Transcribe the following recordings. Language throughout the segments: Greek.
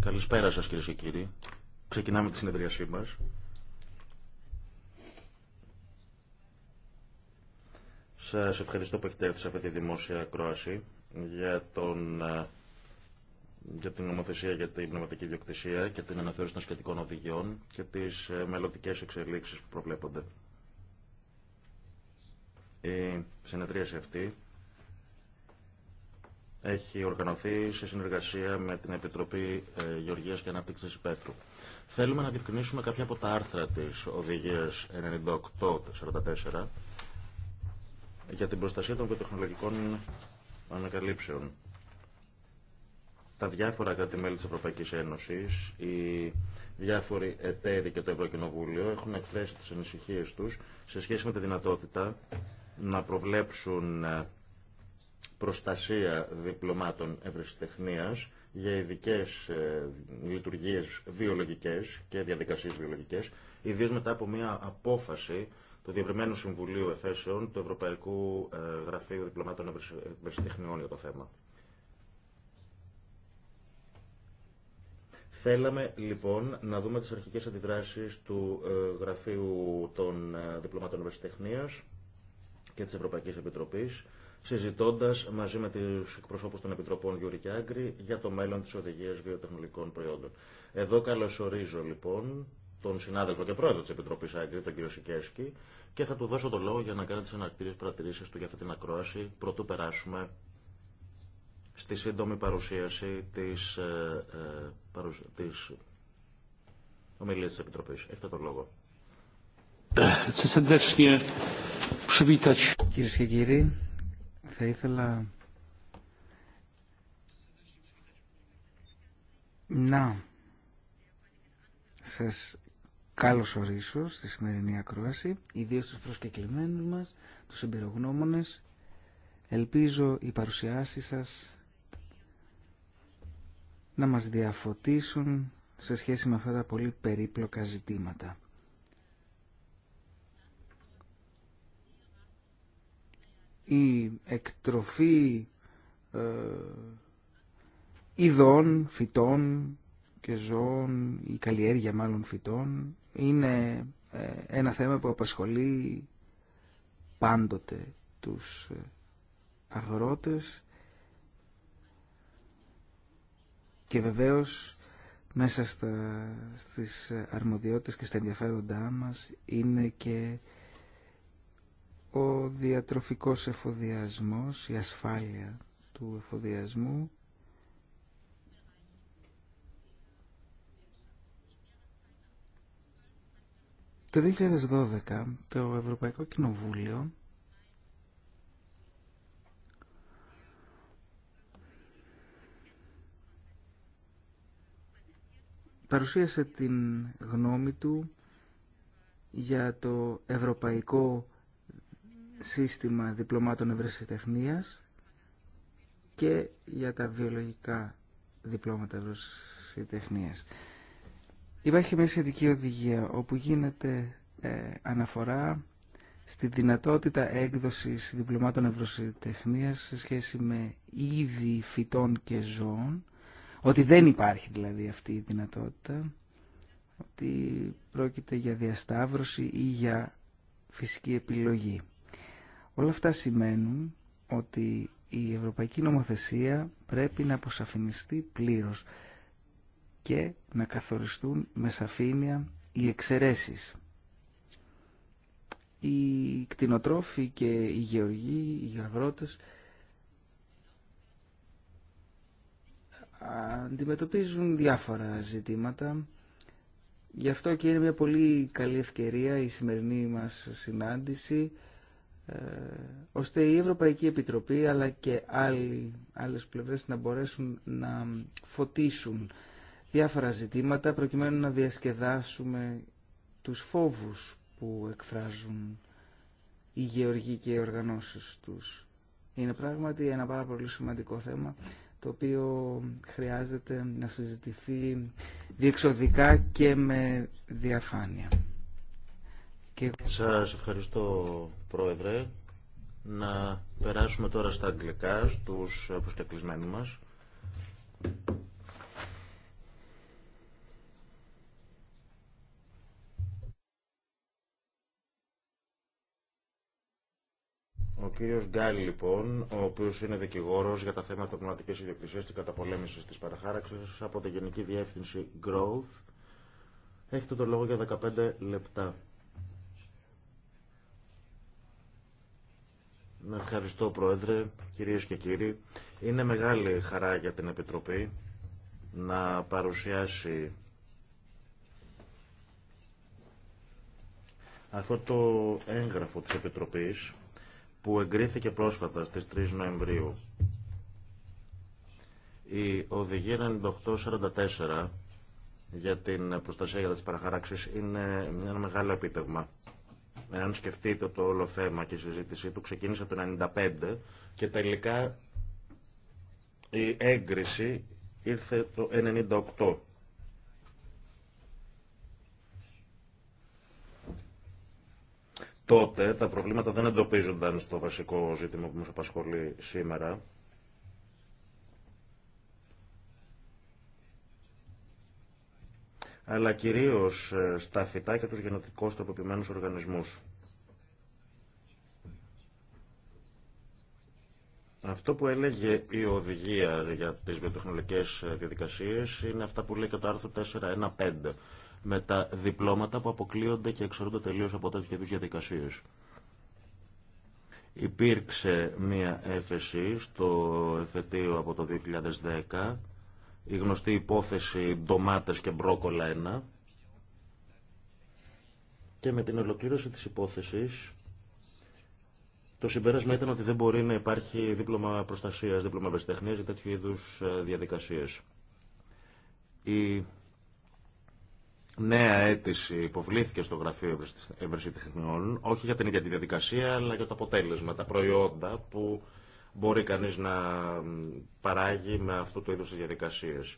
Καλησπέρα σας κυρίες και κύριοι. Ξεκινάμε τη συνεδρίασή μας. Σας ευχαριστώ που σε αυτή τη δημόσια ακρόαση για, τον, ε, για την νομοθεσία για την πνευματική ιδιοκτησία και την αναθεώρηση των σχετικών οδηγιών και τις ε, μελλοντικέ εξελίξεις που προβλέπονται. Η συνεδρίαση αυτή έχει οργανωθεί σε συνεργασία με την Επιτροπή ε, Γεωργίας και Ανάπτυξης ΠΕΤΡΟΥ. Θέλουμε να διευκρινίσουμε κάποια από τα άρθρα της οδηγιας 9844 για την προστασία των βιοτεχνολογικών ανακαλύψεων. Τα διάφορα κράτη-μέλη της Ευρωπαϊκής Ένωσης, οι διάφοροι εταίροι και το Ευρωκοινοβούλιο έχουν εκφράσει τις ανησυχίες τους σε σχέση με τη δυνατότητα να προβλέψουν ε, προστασία διπλωμάτων ευρεσιτεχνίας για ειδικέ ε, λειτουργίες βιολογικές και διαδικασίες βιολογικές, ιδίως μετά από μια απόφαση του Διευρυμένου Συμβουλίου Εφέσεων του Ευρωπαϊκού ε, Γραφείου Διπλωμάτων Ευρεσιτεχνιών για το θέμα. Θέλαμε λοιπόν να δούμε τις αρχικές αντιδράσεις του ε, Γραφείου των Διπλωμάτων Ευρεσιτεχνίας και της Ευρωπαϊκής Επιτροπής συζητώντα μαζί με του εκπροσώπου των Επιτροπών Γιούρι και Άγκρη για το μέλλον τη οδηγία βιοτεχνολογικών προϊόντων. Εδώ καλωσορίζω λοιπόν τον συνάδελφο και πρόεδρο τη Επιτροπή Άγκρη, τον κύριο Σικέσκι, και θα του δώσω το λόγο για να κάνει τι ανακτήριε παρατηρήσει του για αυτή την ακρόαση, πρωτού περάσουμε στη σύντομη παρουσίαση τη ε, ε ομιλία τη Επιτροπή. Έχετε τον λόγο. Κυρίε και κύριοι, θα ήθελα να σας καλωσορίσω στη σημερινή ακρόαση, ιδίως τους προσκεκλημένους μας, τους εμπειρογνώμονες. Ελπίζω οι παρουσιάσεις σας να μας διαφωτίσουν σε σχέση με αυτά τα πολύ περίπλοκα ζητήματα. η εκτροφή ε, ειδών, φυτών και ζώων, η καλλιέργεια μάλλον φυτών, είναι ε, ένα θέμα που απασχολεί πάντοτε τους ε, αγρότες και βεβαίως μέσα στα, στις ε, αρμοδιότητες και στα ενδιαφέροντά μας είναι και ο διατροφικός εφοδιασμός, η ασφάλεια του εφοδιασμού Το 2012 το Ευρωπαϊκό Κοινοβούλιο παρουσίασε την γνώμη του για το Ευρωπαϊκό σύστημα διπλωμάτων ευρεσιτεχνίας και για τα βιολογικά διπλώματα ευρεσιτεχνίας. Υπάρχει μια σχετική οδηγία όπου γίνεται ε, αναφορά στη δυνατότητα έκδοσης διπλωμάτων ευρωσιτεχνίας σε σχέση με είδη φυτών και ζώων, ότι δεν υπάρχει δηλαδή αυτή η δυνατότητα, ότι πρόκειται για διασταύρωση ή για φυσική επιλογή. Όλα αυτά σημαίνουν ότι η ευρωπαϊκή νομοθεσία πρέπει να αποσαφινιστεί πλήρως και να καθοριστούν με σαφήνεια οι εξαιρέσεις. Οι κτηνοτρόφοι και οι γεωργοί, οι αγρότες αντιμετωπίζουν διάφορα ζητήματα. Γι' αυτό και είναι μια πολύ καλή ευκαιρία η σημερινή μας συνάντηση ε, ώστε η Ευρωπαϊκή Επιτροπή αλλά και άλλοι, άλλες πλευρές να μπορέσουν να φωτίσουν διάφορα ζητήματα προκειμένου να διασκεδάσουμε τους φόβους που εκφράζουν οι γεωργοί και οι οργανώσεις τους. Είναι πράγματι ένα πάρα πολύ σημαντικό θέμα το οποίο χρειάζεται να συζητηθεί διεξοδικά και με διαφάνεια. Και... Σας ευχαριστώ Πρόεδρε. Να περάσουμε τώρα στα αγγλικά, στους προσκεκλισμένους μας. Ο κύριος Γκάλι λοιπόν, ο οποίος είναι δικηγόρος για τα θέματα πνευματικής ιδιοκτησίας και καταπολέμησης της παραχάραξης από τη Γενική Διεύθυνση Growth, έχετε το λόγο για 15 λεπτά. Ευχαριστώ Πρόεδρε, κυρίες και κύριοι. Είναι μεγάλη χαρά για την Επιτροπή να παρουσιάσει αυτό το έγγραφο της Επιτροπής που εγκρίθηκε πρόσφατα στις 3 Νοεμβρίου. Η Οδηγία 9844 για την προστασία για τις παραχαράξεις είναι ένα μεγάλο επίτευγμα Εάν σκεφτείτε το όλο θέμα και η συζήτησή του ξεκίνησε το 1995 και τελικά η έγκριση ήρθε το 1998. Τότε τα προβλήματα δεν εντοπίζονταν στο βασικό ζήτημα που μας απασχολεί σήμερα, αλλά κυρίως ε, στα φυτά και τους γενετικώς τροποποιημένους οργανισμούς. Αυτό που έλεγε η οδηγία για τις βιοτεχνολογικές ε, διαδικασίες είναι αυτά που λέει και το άρθρο 4.1.5 με τα διπλώματα που αποκλείονται και εξαρτούνται τελείως από τέτοιες διαδικασίες. Υπήρξε μία έφεση στο εφετείο από το 2010 η γνωστή υπόθεση ντομάτες και μπρόκολα ένα. και με την ολοκλήρωση της υπόθεσης το συμπέρασμα ήταν ότι δεν μπορεί να υπάρχει δίπλωμα προστασίας, δίπλωμα βεστεχνίας Η τέτοιου είδους ε, διαδικασίες. Η νέα αίτηση υποβλήθηκε στο Γραφείο Τεχνιών, όχι για την ίδια τη διαδικασία, αλλά για το αποτέλεσμα, τα προϊόντα που μπορεί κανείς να παράγει με αυτού του είδους τις διαδικασίες.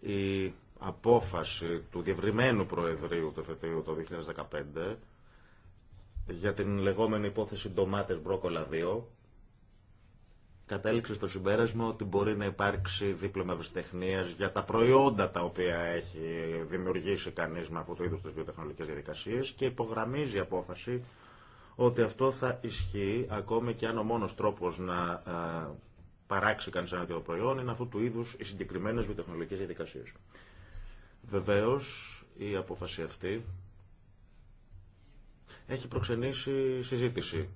Η απόφαση του διευρυμένου Προεδρείου του Εφετείου το 2015 για την λεγόμενη υπόθεση ντομάτες μπρόκολα 2 κατέληξε στο συμπέρασμα ότι μπορεί να υπάρξει δίπλωμα ευρεσιτεχνία για τα προϊόντα τα οποία έχει δημιουργήσει κανεί με αυτού του είδου τι βιοτεχνολογικέ διαδικασίε και υπογραμμίζει η απόφαση ότι αυτό θα ισχύει ακόμη και αν ο μόνος τρόπος να παράξει κανείς ένα τέτοιο προϊόν είναι αυτού του είδους οι συγκεκριμένες βιοτεχνολογικές διαδικασίες. Βεβαίως, η απόφαση αυτή έχει προξενήσει συζήτηση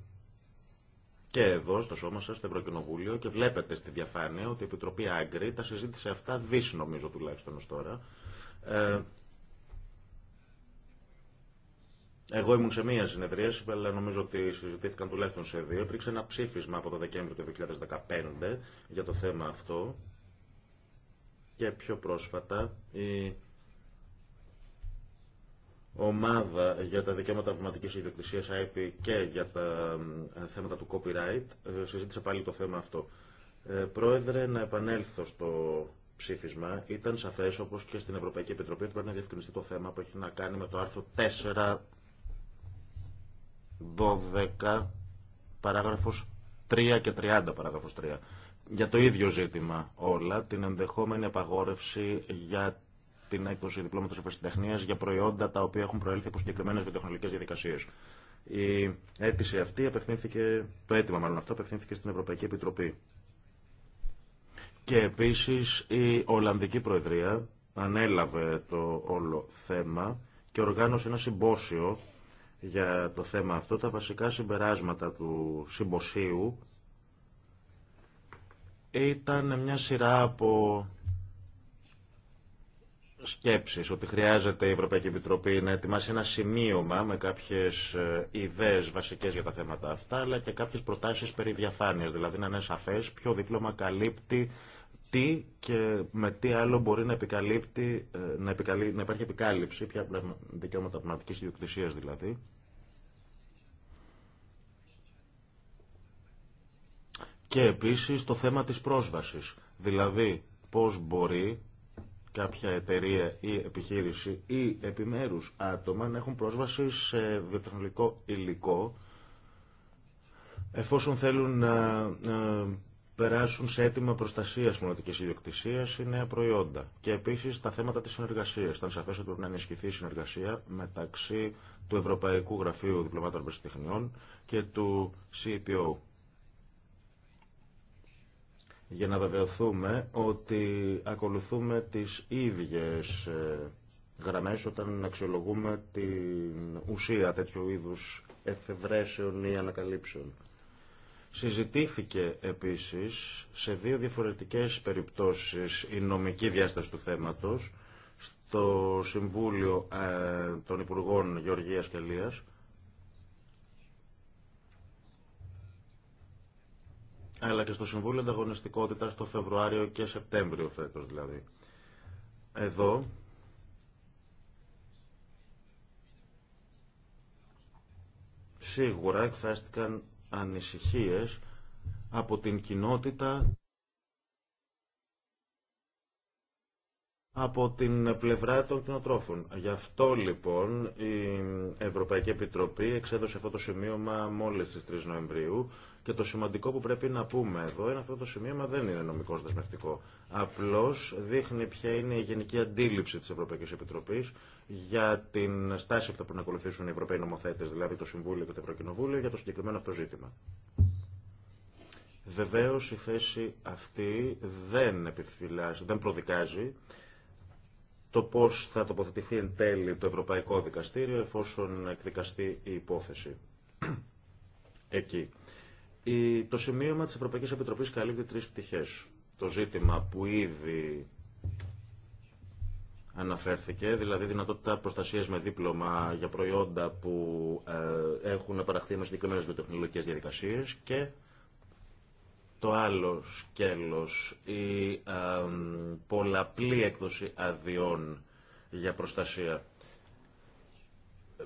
και εδώ στο σώμα σας, στο Ευρωκοινοβούλιο και βλέπετε στη διαφάνεια ότι η Επιτροπή Άγκρη τα συζήτησε αυτά δύση, νομίζω τουλάχιστον ως τώρα ε, Εγώ ήμουν σε μία συνεδρία, αλλά νομίζω ότι συζητήθηκαν τουλάχιστον σε δύο. Υπήρξε ένα ψήφισμα από το Δεκέμβριο του 2015 για το θέμα αυτό. Και πιο πρόσφατα η ομάδα για τα δικαιώματα αυματική ιδιοκτησία, IP και για τα ε, θέματα του copyright, ε, συζήτησε πάλι το θέμα αυτό. Ε, πρόεδρε, να επανέλθω στο ψήφισμα. Ήταν σαφέ, όπω και στην Ευρωπαϊκή Επιτροπή, ότι πρέπει να διευκρινιστεί το θέμα που έχει να κάνει με το άρθρο 4 12 παράγραφος 3 και 30 παράγραφος 3 για το ίδιο ζήτημα όλα, την ενδεχόμενη απαγόρευση για την έκδοση διπλώματο ευρεσιτεχνία για προϊόντα τα οποία έχουν προέλθει από συγκεκριμένε βιοτεχνολογικέ διαδικασίε. Η αίτηση αυτή απευθύνθηκε, το αίτημα μάλλον αυτό απευθύνθηκε στην Ευρωπαϊκή Επιτροπή. Και επίση η Ολλανδική Προεδρία ανέλαβε το όλο θέμα και οργάνωσε ένα συμπόσιο για το θέμα αυτό. Τα βασικά συμπεράσματα του συμποσίου ήταν μια σειρά από σκέψεις ότι χρειάζεται η Ευρωπαϊκή Επιτροπή να ετοιμάσει ένα σημείωμα με κάποιες ε, ιδέες βασικές για τα θέματα αυτά αλλά και κάποιες προτάσεις περί διαφάνειας, δηλαδή να είναι σαφές ποιο δίπλωμα καλύπτει τι και με τι άλλο μπορεί να, επικαλύπτει, ε, να, να υπάρχει επικάλυψη, ποια δικαιώματα πνευματικής ιδιοκτησίας δηλαδή. Και επίσης το θέμα της πρόσβασης, δηλαδή πώς μπορεί κάποια εταιρεία ή επιχείρηση ή επιμέρους άτομα να έχουν πρόσβαση σε βιοτεχνολογικό υλικό εφόσον θέλουν να περάσουν σε έτοιμα ή νέα προϊόντα. Και επίση τα θέματα τη συνεργασία. Ήταν σαφέ ότι πρέπει να ενισχυθεί η συνεργασία μεταξύ του Ευρωπαϊκού Γραφείου Διπλωμάτων Περιστεχνιών και του CPO. Για να βεβαιωθούμε ότι ακολουθούμε τις ίδιες ε, γραμμές όταν αξιολογούμε την ουσία τέτοιου είδου εφευρέσεων ή ανακαλύψεων. Συζητήθηκε επίσης σε δύο διαφορετικές περιπτώσεις η νομική διάσταση του θέματος στο Συμβούλιο ε, των Υπουργών Γεωργίας και Λίας. αλλά και στο Συμβούλιο ανταγωνιστικότητα το Φεβρουάριο και Σεπτέμβριο φέτος δηλαδή. Εδώ σίγουρα εκφράστηκαν ανησυχίες από την κοινότητα από την πλευρά των κοινοτρόφων. Γι' αυτό λοιπόν η Ευρωπαϊκή Επιτροπή εξέδωσε αυτό το σημείωμα μόλις στις 3 Νοεμβρίου και το σημαντικό που πρέπει να πούμε εδώ είναι αυτό το σημείωμα δεν είναι νομικό δεσμευτικό. Απλώ δείχνει ποια είναι η γενική αντίληψη τη Ευρωπαϊκή Επιτροπή για την στάση θα που να ακολουθήσουν οι Ευρωπαίοι νομοθέτε, δηλαδή το Συμβούλιο και το Ευρωκοινοβούλιο, για το συγκεκριμένο αυτό ζήτημα. Βεβαίω η θέση αυτή δεν δεν προδικάζει το πώ θα τοποθετηθεί εν τέλει το Ευρωπαϊκό Δικαστήριο εφόσον εκδικαστεί η υπόθεση εκεί. Το σημείωμα της Ευρωπαϊκής Επιτροπής καλύπτει τρεις πτυχές. Το ζήτημα που ήδη αναφέρθηκε, δηλαδή δυνατότητα προστασίας με δίπλωμα για προϊόντα που ε, έχουν παραχθεί με συγκεκριμένες βιοτεχνολογικές διαδικασίες και το άλλο σκέλος, η ε, πολλαπλή έκδοση αδειών για προστασία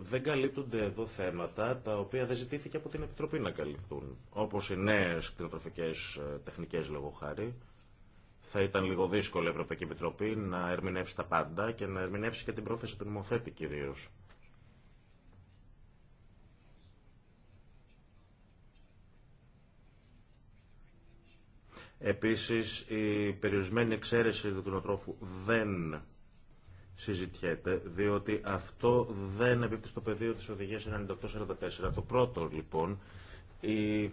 δεν καλύπτονται εδώ θέματα τα οποία δεν ζητήθηκε από την Επιτροπή να καλυφθούν. Όπως οι νέε κτηνοτροφικέ ε, τεχνικέ λόγω χάρη, θα ήταν λίγο δύσκολο η Ευρωπαϊκή Επιτροπή να ερμηνεύσει τα πάντα και να ερμηνεύσει και την πρόθεση του νομοθέτη κυρίω. Επίσης, η περιορισμένη εξαίρεση του κοινοτρόφου δεν συζητιέται, διότι αυτό δεν επίπτει στο πεδίο της οδηγίας 9844. Το πρώτο, λοιπόν, η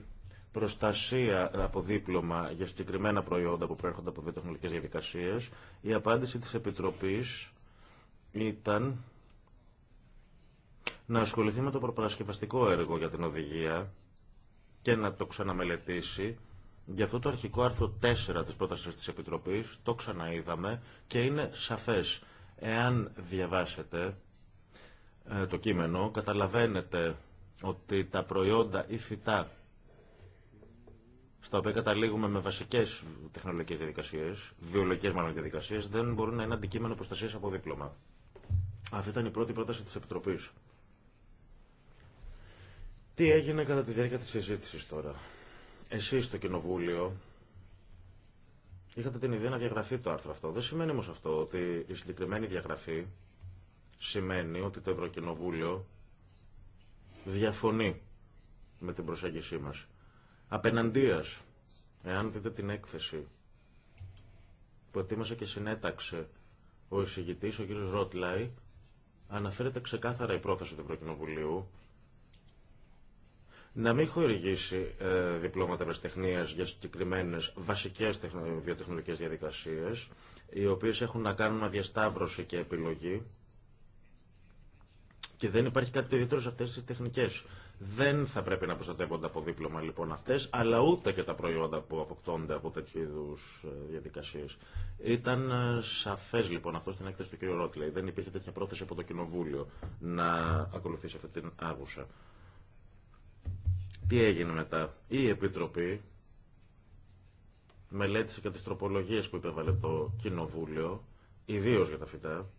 προστασία από δίπλωμα για συγκεκριμένα προϊόντα που προέρχονται από βιοτεχνολογικές διαδικασίες, η απάντηση της Επιτροπής ήταν να ασχοληθεί με το προπαρασκευαστικό έργο για την οδηγία και να το ξαναμελετήσει. Γι' αυτό το αρχικό άρθρο 4 της πρότασης της Επιτροπής το ξαναείδαμε και είναι σαφές. Εάν διαβάσετε ε, το κείμενο, καταλαβαίνετε ότι τα προϊόντα ή φυτά στα οποία καταλήγουμε με βασικέ τεχνολογικέ διαδικασίε, βιολογικέ μάλλον διαδικασίε, δεν μπορούν να είναι αντικείμενο προστασία από δίπλωμα. Αυτή ήταν η πρώτη πρόταση τη Επιτροπή. Τι έγινε κατά τη διάρκεια τη συζήτηση τώρα. Εσεί στο Κοινοβούλιο είχατε την ιδέα να διαγραφεί το άρθρο αυτό. Δεν σημαίνει όμω αυτό ότι η συγκεκριμένη διαγραφή σημαίνει ότι το Ευρωκοινοβούλιο διαφωνεί με την προσέγγιση μας. Απέναντίας, εάν δείτε την έκθεση που ετοίμασε και συνέταξε ο εισηγητής, ο κ. Ρότλαϊ, αναφέρεται ξεκάθαρα η πρόθεση του Ευρωκοινοβουλίου να μην χορηγήσει ε, διπλώματα ευρεσιτεχνία για συγκεκριμένε βασικέ βιοτεχνολογικέ διαδικασίε, οι οποίε έχουν να κάνουν με διασταύρωση και επιλογή. Και δεν υπάρχει κάτι ιδιαίτερο σε αυτέ τι τεχνικέ. Δεν θα πρέπει να προστατεύονται από δίπλωμα λοιπόν αυτέ, αλλά ούτε και τα προϊόντα που αποκτώνται από τέτοιου είδου ε, διαδικασίε. Ήταν ε, σαφέ λοιπόν αυτό στην έκθεση του κ. Ρότλεϊ. Δεν υπήρχε τέτοια πρόθεση από το Κοινοβούλιο να ακολουθήσει αυτή την άγουσα. Τι έγινε μετά. Η Επιτροπή μελέτησε και τις τροπολογίες που υπέβαλε το Κοινοβούλιο, ιδίως για τα φυτά.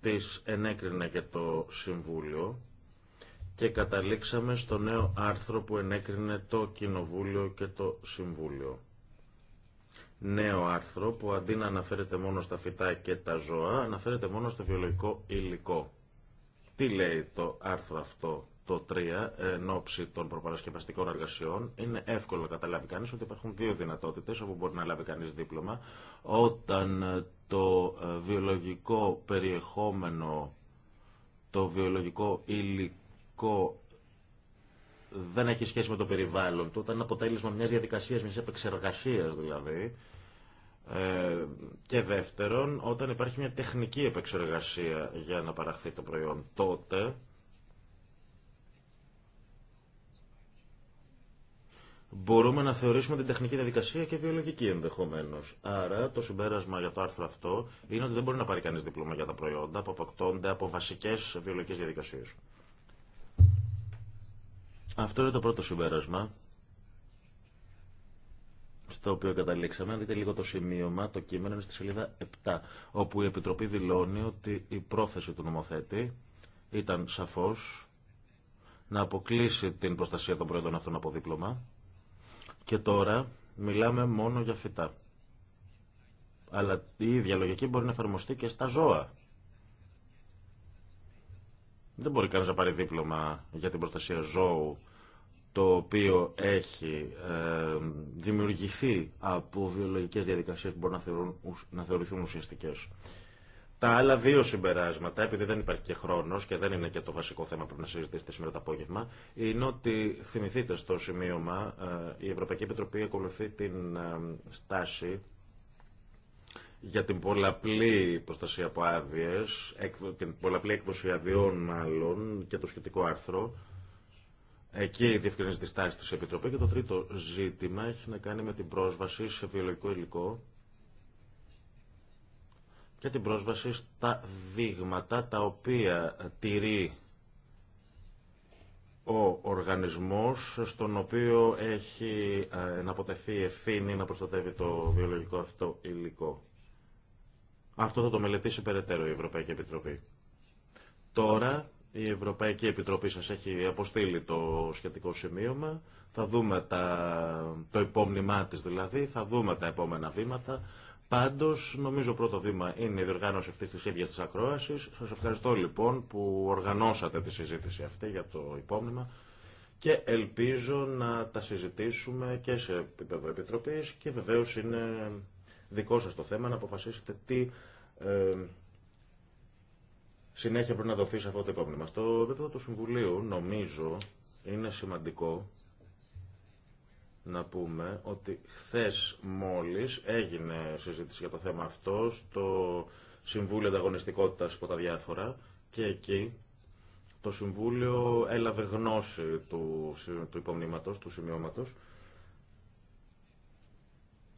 Τις ενέκρινε και το Συμβούλιο και καταλήξαμε στο νέο άρθρο που ενέκρινε το Κοινοβούλιο και το Συμβούλιο. Νέο άρθρο που αντί να αναφέρεται μόνο στα φυτά και τα ζώα, αναφέρεται μόνο στο βιολογικό υλικό. Τι λέει το άρθρο αυτό το 3 εν ώψη των προπαρασκευαστικών εργασιών είναι εύκολο να καταλάβει κανείς ότι υπάρχουν δύο δυνατότητες όπου μπορεί να λάβει κανείς δίπλωμα όταν το ε, βιολογικό περιεχόμενο, το βιολογικό υλικό δεν έχει σχέση με το περιβάλλον του, όταν είναι αποτέλεσμα μια διαδικασία, μια επεξεργασίας δηλαδή. Ε, και δεύτερον, όταν υπάρχει μια τεχνική επεξεργασία για να παραχθεί το προϊόν, τότε Μπορούμε να θεωρήσουμε την τεχνική διαδικασία και βιολογική ενδεχομένω. Άρα το συμπέρασμα για το άρθρο αυτό είναι ότι δεν μπορεί να πάρει κανεί δίπλωμα για τα προϊόντα που αποκτώνται από βασικέ βιολογικέ διαδικασίε. Αυτό είναι το πρώτο συμπέρασμα στο οποίο καταλήξαμε. Αν δείτε λίγο το σημείωμα, το κείμενο είναι στη σελίδα 7, όπου η Επιτροπή δηλώνει ότι η πρόθεση του νομοθέτη ήταν σαφώς να αποκλείσει την προστασία των προϊόντων αυτών από δίπλωμα και τώρα μιλάμε μόνο για φυτά. Αλλά η ίδια λογική μπορεί να εφαρμοστεί και στα ζώα. Δεν μπορεί κανείς να πάρει δίπλωμα για την προστασία ζώου το οποίο έχει ε, δημιουργηθεί από βιολογικές διαδικασίες που μπορούν να, να θεωρηθούν ουσιαστικές. Τα άλλα δύο συμπεράσματα, επειδή δεν υπάρχει και χρόνο και δεν είναι και το βασικό θέμα που πρέπει να συζητήσετε σήμερα το απόγευμα, είναι ότι θυμηθείτε στο σημείωμα ε, η Ευρωπαϊκή Επιτροπή ακολουθεί την ε, στάση για την πολλαπλή προστασία από άδειε, την πολλαπλή έκδοση αδειών μάλλον και το σχετικό άρθρο. Εκεί διευκρινίζει τη στάση τη Επιτροπή. Και το τρίτο ζήτημα έχει να κάνει με την πρόσβαση σε βιολογικό υλικό και την πρόσβαση στα δείγματα τα οποία τηρεί ο οργανισμός στον οποίο έχει ε, να αποτεθεί ευθύνη να προστατεύει το βιολογικό αυτό υλικό. Αυτό θα το μελετήσει περαιτέρω η Ευρωπαϊκή Επιτροπή. Τώρα η Ευρωπαϊκή Επιτροπή σας έχει αποστείλει το σχετικό σημείωμα. Θα δούμε τα... το υπόμνημά της δηλαδή, θα δούμε τα επόμενα βήματα. Πάντω, νομίζω πρώτο βήμα είναι η διοργάνωση αυτή τη ίδια τη ακρόαση. Σα ευχαριστώ λοιπόν που οργανώσατε τη συζήτηση αυτή για το υπόμνημα και ελπίζω να τα συζητήσουμε και σε επίπεδο Επιτροπή και βεβαίω είναι δικό σα το θέμα να αποφασίσετε τι ε, συνέχεια πρέπει να δοθεί σε αυτό το υπόμνημα. Στο επίπεδο του Συμβουλίου νομίζω είναι σημαντικό να πούμε ότι χθες μόλις έγινε συζήτηση για το θέμα αυτό στο Συμβούλιο Ανταγωνιστικότητας από τα διάφορα και εκεί το Συμβούλιο έλαβε γνώση του, του υπομνήματος, του σημειώματος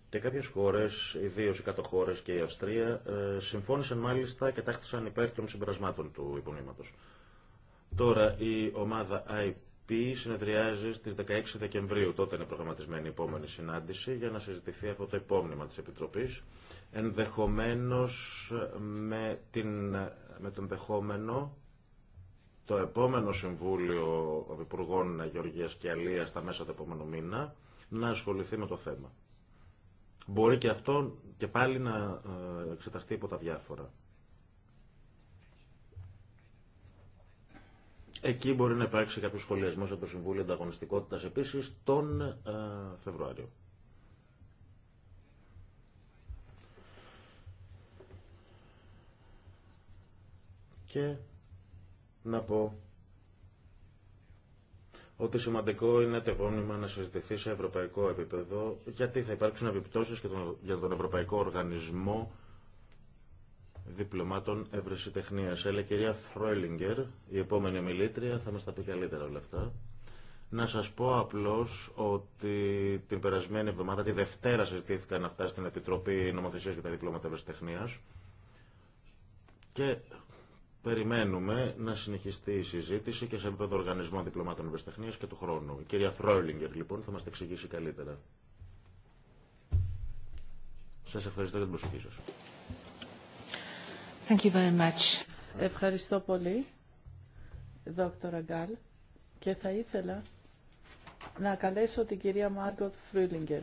και κάποιες χώρες, ιδίως οι κατοχώρες και η Αυστρία, ε, συμφώνησαν μάλιστα και τάχθησαν υπέρ των συμπερασμάτων του υπομνήματος. Τώρα η ομάδα IP Επιτροπή συνεδριάζει στι 16 Δεκεμβρίου. Τότε είναι προγραμματισμένη η επόμενη συνάντηση για να συζητηθεί αυτό το υπόμνημα τη Επιτροπή, ενδεχομένω με, την, με τον το επόμενο Συμβούλιο Υπουργών Γεωργίας και Αλίας στα μέσα του επόμενου μήνα να ασχοληθεί με το θέμα. Μπορεί και αυτό και πάλι να ε, εξεταστεί από τα διάφορα. Εκεί μπορεί να υπάρξει κάποιο σχολιασμό από το Συμβούλιο Ανταγωνιστικότητα επίση τον ε, Φεβρουάριο. Και να πω ότι σημαντικό είναι το επόμενο να συζητηθεί σε ευρωπαϊκό επίπεδο γιατί θα υπάρξουν επιπτώσεις για τον Ευρωπαϊκό Οργανισμό διπλωμάτων ευρεσιτεχνία. Έλα κυρία Φρόιλιγκερ, η επόμενη μιλήτρια θα μα τα πει καλύτερα όλα αυτά. Να σα πω απλώ ότι την περασμένη εβδομάδα, τη Δευτέρα συζητήθηκαν αυτά στην Επιτροπή Νομοθεσία για τα Διπλώματα Ευρεσιτεχνία. και περιμένουμε να συνεχιστεί η συζήτηση και σε επίπεδο οργανισμών διπλωμάτων Ευρεσιτεχνία και του χρόνου. Η κυρία Φρόιλιγκερ λοιπόν θα μα τα εξηγήσει καλύτερα. Σας ευχαριστώ για την προσοχή σας. Thank Ευχαριστώ πολύ, δόκτωρα Γκάλ. Και θα ήθελα να καλέσω την κυρία Μάργκοτ Φρούλιγκερ,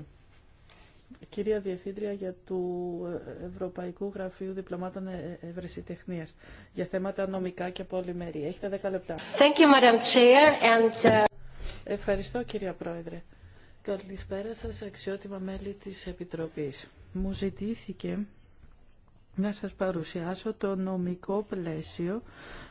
κυρία Διευθύντρια για του Ευρωπαϊκού Γραφείου Διπλωμάτων ε- Ευρεσιτεχνίας, για θέματα νομικά και πολυμερή. Έχετε 10 λεπτά. Thank you, Madam Chair, and... Uh, Ευχαριστώ, κυρία Πρόεδρε. Καλησπέρα σας, αξιότιμα μέλη της Επιτροπής. Μου ζητήθηκε να σας παρουσιάσω το νομικό πλαίσιο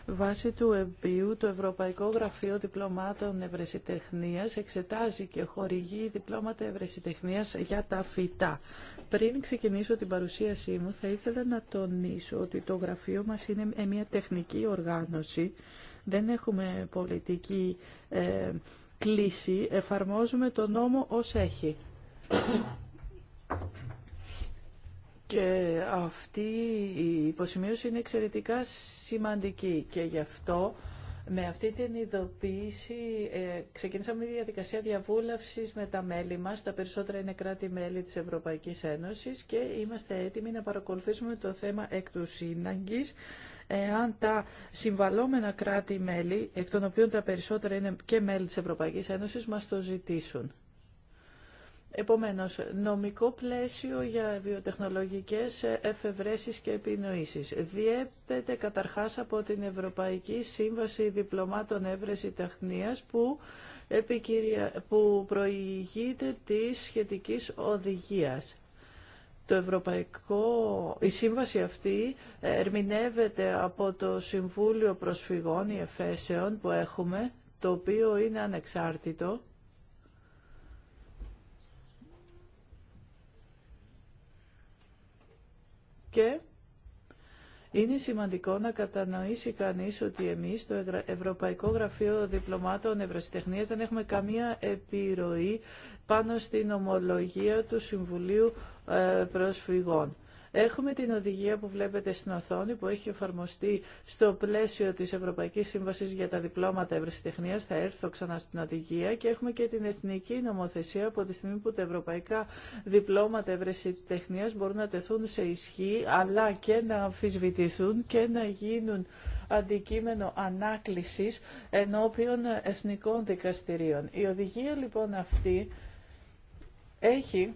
βάσει του ΕΠΙΟΥ, το Ευρωπαϊκό Γραφείο Διπλωμάτων Ευρεσιτεχνίας εξετάζει και χορηγεί διπλώματα ευρεσιτεχνίας για τα φυτά. Πριν ξεκινήσω την παρουσίασή μου θα ήθελα να τονίσω ότι το γραφείο μας είναι μια τεχνική οργάνωση. Δεν έχουμε πολιτική ε, κλίση. Εφαρμόζουμε το νόμο ως έχει. Και αυτή η υποσημείωση είναι εξαιρετικά σημαντική και γι' αυτό με αυτή την ειδοποίηση ε, ξεκινήσαμε τη διαδικασία διαβούλευσης με τα μέλη μας. Τα περισσότερα είναι κράτη-μέλη της Ευρωπαϊκής Ένωσης και είμαστε έτοιμοι να παρακολουθήσουμε το θέμα εκ του σύναγκης εάν τα συμβαλόμενα κράτη-μέλη, εκ των οποίων τα περισσότερα είναι και μέλη της Ευρωπαϊκής Ένωσης, μας το ζητήσουν. Επομένως, νομικό πλαίσιο για βιοτεχνολογικές εφευρέσεις και επινοήσεις. Διέπεται καταρχάς από την Ευρωπαϊκή Σύμβαση Διπλωμάτων Εύρεση Τεχνίας που, επικυρια... που προηγείται της σχετικής οδηγίας. Το ευρωπαϊκό, η σύμβαση αυτή ερμηνεύεται από το Συμβούλιο Προσφυγών ή Εφέσεων που έχουμε, το οποίο είναι ανεξάρτητο και είναι σημαντικό να κατανοήσει κανείς ότι εμείς στο Ευρωπαϊκό Γραφείο Διπλωμάτων Ευρεσιτεχνίας δεν έχουμε καμία επιρροή πάνω στην ομολογία του Συμβουλίου ε, Προσφυγών. Έχουμε την οδηγία που βλέπετε στην οθόνη που έχει εφαρμοστεί στο πλαίσιο της Ευρωπαϊκής Σύμβασης για τα Διπλώματα Ευρεσιτεχνίας. Θα έρθω ξανά στην οδηγία και έχουμε και την εθνική νομοθεσία από τη στιγμή που τα ευρωπαϊκά διπλώματα ευρεσιτεχνίας μπορούν να τεθούν σε ισχύ αλλά και να αμφισβητηθούν και να γίνουν αντικείμενο ανάκλησης ενώπιον εθνικών δικαστηρίων. Η οδηγία λοιπόν αυτή έχει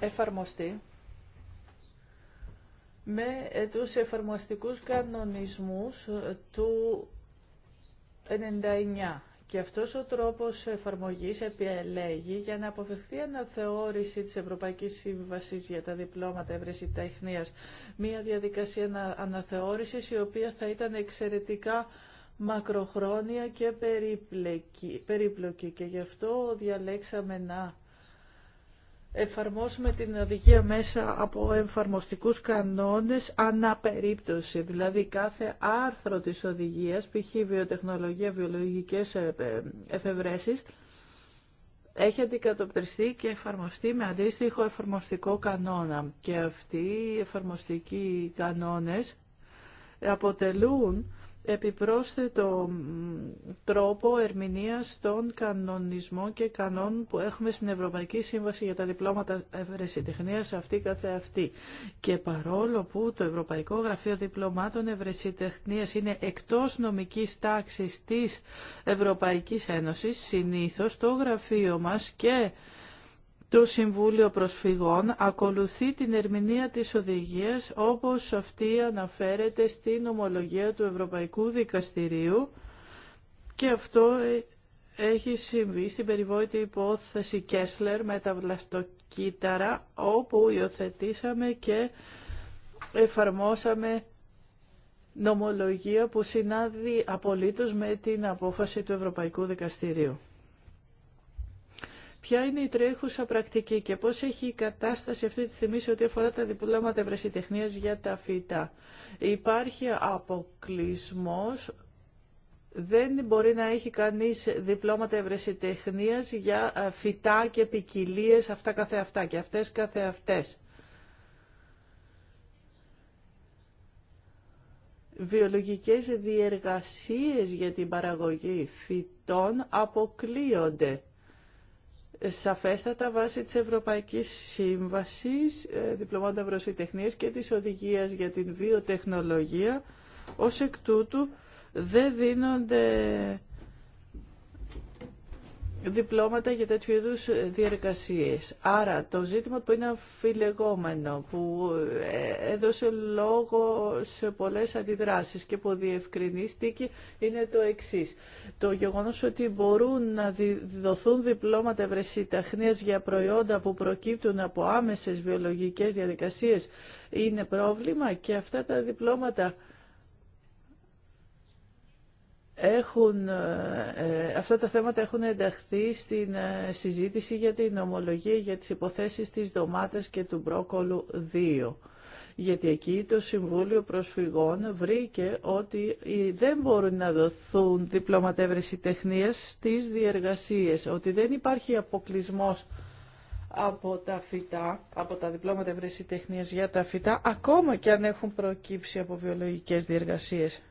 εφαρμοστεί με ε, τους εφαρμοστικούς κανονισμούς ε, του 99. Και αυτός ο τρόπος εφαρμογής επιλέγει για να αποφευχθεί αναθεώρηση της Ευρωπαϊκής Σύμβασης για τα διπλώματα τεχνίας. Μία διαδικασία αναθεώρησης η οποία θα ήταν εξαιρετικά μακροχρόνια και περίπλοκη. Και γι' αυτό διαλέξαμε να εφαρμόσουμε την οδηγία μέσα από εφαρμοστικούς κανόνες αναπερίπτωση. Δηλαδή κάθε άρθρο της οδηγίας, π.χ. βιοτεχνολογία, βιολογικές ε, ε, εφευρέσεις, έχει αντικατοπτριστεί και εφαρμοστεί με αντίστοιχο εφαρμοστικό κανόνα. Και αυτοί οι εφαρμοστικοί κανόνες αποτελούν επιπρόσθετο τρόπο ερμηνείας των κανονισμών και κανόνων που έχουμε στην Ευρωπαϊκή Σύμβαση για τα Διπλώματα Ευρεσιτεχνίας αυτή καθε αυτή. Και παρόλο που το Ευρωπαϊκό Γραφείο Διπλωμάτων Ευρεσιτεχνίας είναι εκτός νομικής τάξης της Ευρωπαϊκής Ένωσης, συνήθως το γραφείο μας και το Συμβούλιο Προσφυγών ακολουθεί την ερμηνεία της οδηγίας όπως αυτή αναφέρεται στην ομολογία του Ευρωπαϊκού Δικαστηρίου και αυτό έχει συμβεί στην περιβόητη υπόθεση Κέσλερ με τα βλαστοκύτταρα όπου υιοθετήσαμε και εφαρμόσαμε νομολογία που συνάδει απολύτως με την απόφαση του Ευρωπαϊκού Δικαστηρίου. Ποια είναι η τρέχουσα πρακτική και πώς έχει η κατάσταση αυτή τη στιγμή σε ό,τι αφορά τα διπλώματα ευρεσιτεχνίας για τα φύτα. Υπάρχει αποκλεισμός δεν μπορεί να έχει κανείς διπλώματα ευρεσιτεχνίας για ε, φυτά και ποικιλίε αυτά καθεαυτά και αυτές καθεαυτές. Βιολογικές διεργασίες για την παραγωγή φυτών αποκλείονται σαφέστατα βάσει της Ευρωπαϊκής Σύμβασης ε, Διπλωμάτων Βροσιτεχνίας και της Οδηγίας για την Βιοτεχνολογία. Ως εκ τούτου δεν δίνονται διπλώματα για τέτοιου είδους διεργασίες. Άρα το ζήτημα που είναι αφιλεγόμενο, που ε, έδωσε λόγο σε πολλές αντιδράσεις και που διευκρινίστηκε είναι το εξής. Το γεγονός ότι μπορούν να δοθούν διπλώματα χνές για προϊόντα που προκύπτουν από άμεσες βιολογικές διαδικασίες είναι πρόβλημα και αυτά τα διπλώματα έχουν, ε, ε, αυτά τα θέματα έχουν ενταχθεί στην ε, συζήτηση για την ομολογία για τις υποθέσεις της ντομάτας και του μπρόκολου 2. Γιατί εκεί το Συμβούλιο Προσφυγών βρήκε ότι δεν μπορούν να δοθούν διπλωματεύρεση τεχνίας στις διεργασίες, ότι δεν υπάρχει αποκλεισμό από τα φυτά, από τα διπλώματα τεχνίας για τα φυτά, ακόμα και αν έχουν προκύψει από βιολογικές διεργασίες.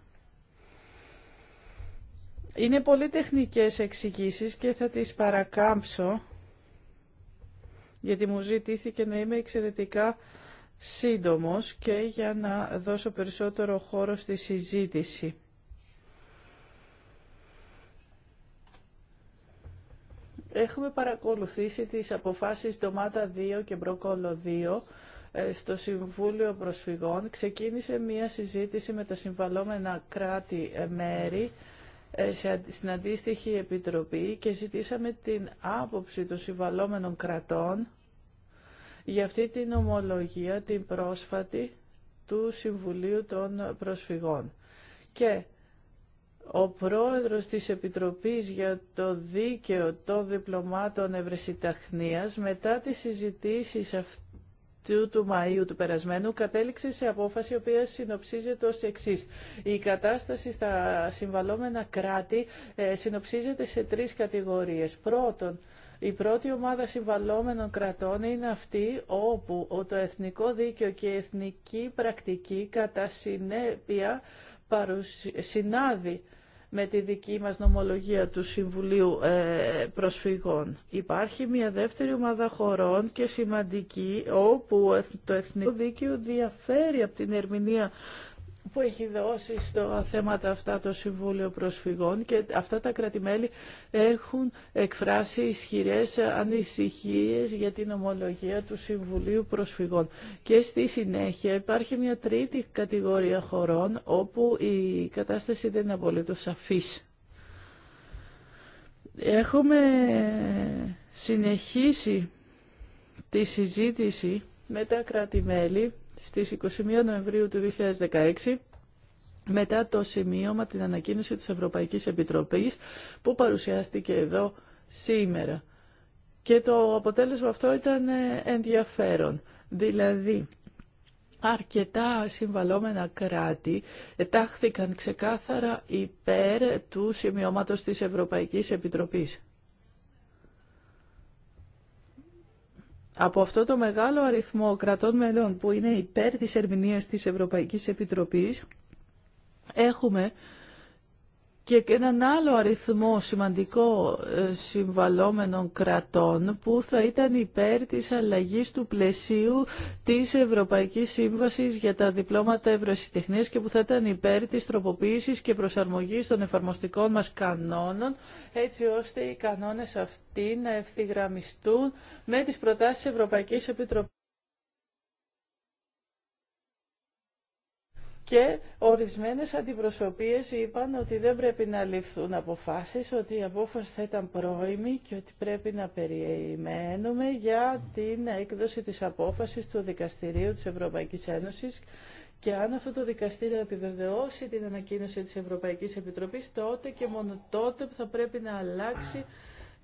Είναι πολύ τεχνικές εξηγήσεις και θα τις παρακάμψω γιατί μου ζητήθηκε να είμαι εξαιρετικά σύντομος και για να δώσω περισσότερο χώρο στη συζήτηση. Έχουμε παρακολουθήσει τις αποφάσεις ντομάτα 2 και μπροκόλο 2 ε, στο Συμβούλιο Προσφυγών. Ξεκίνησε μία συζήτηση με τα συμβαλόμενα κράτη-μέρη ε, στην αντίστοιχη επιτροπή και ζητήσαμε την άποψη των συμβαλόμενων κρατών για αυτή την ομολογία, την πρόσφατη του Συμβουλίου των Προσφυγών. Και ο πρόεδρος της Επιτροπής για το Δίκαιο των Διπλωμάτων Ευρεσιταχνίας μετά τις συζητήσεις αυτές του, του Μαΐου του περασμένου κατέληξε σε απόφαση η οποία συνοψίζεται ως εξή. Η κατάσταση στα συμβαλόμενα κράτη ε, συνοψίζεται σε τρεις κατηγορίες. Πρώτον, η πρώτη ομάδα συμβαλόμενων κρατών είναι αυτή όπου το εθνικό δίκαιο και η εθνική πρακτική κατά συνέπεια συνάδει με τη δική μας νομολογία του Συμβουλίου ε, Προσφυγών. Υπάρχει μια δεύτερη ομάδα χωρών και σημαντική όπου το Εθνικό Δίκαιο διαφέρει από την ερμηνεία που έχει δώσει στο θέματα αυτά το Συμβούλιο Προσφυγών και αυτά τα κρατημέλη έχουν εκφράσει ισχυρές ανησυχίες για την ομολογία του Συμβουλίου Προσφυγών. Και στη συνέχεια υπάρχει μια τρίτη κατηγορία χωρών όπου η κατάσταση δεν είναι απολύτως σαφής. Έχουμε συνεχίσει τη συζήτηση με τα κρατημέλη στις 21 Νοεμβρίου του 2016 μετά το σημείωμα την ανακοίνωση της Ευρωπαϊκής Επιτροπής που παρουσιάστηκε εδώ σήμερα. Και το αποτέλεσμα αυτό ήταν ε, ενδιαφέρον. Δηλαδή, αρκετά συμβαλόμενα κράτη τάχθηκαν ξεκάθαρα υπέρ του σημειώματος της Ευρωπαϊκής Επιτροπής. Από αυτό το μεγάλο αριθμό κρατών μελών που είναι υπέρ της ερμηνείας της Ευρωπαϊκής Επιτροπής, έχουμε και έναν άλλο αριθμό σημαντικό ε, συμβαλόμενων κρατών που θα ήταν υπέρ της αλλαγής του πλαισίου της Ευρωπαϊκής Σύμβασης για τα διπλώματα ευρωσιτεχνίας και που θα ήταν υπέρ της τροποποίησης και προσαρμογής των εφαρμοστικών μας κανόνων έτσι ώστε οι κανόνες αυτοί να ευθυγραμμιστούν με τις προτάσεις Ευρωπαϊκής Επιτροπής. και ορισμένες αντιπροσωπείες είπαν ότι δεν πρέπει να ληφθούν αποφάσεις, ότι η απόφαση θα ήταν πρόημη και ότι πρέπει να περιμένουμε για την έκδοση της απόφασης του Δικαστηρίου της Ευρωπαϊκής Ένωσης και αν αυτό το δικαστήριο επιβεβαιώσει την ανακοίνωση της Ευρωπαϊκής Επιτροπής, τότε και μόνο τότε θα πρέπει να αλλάξει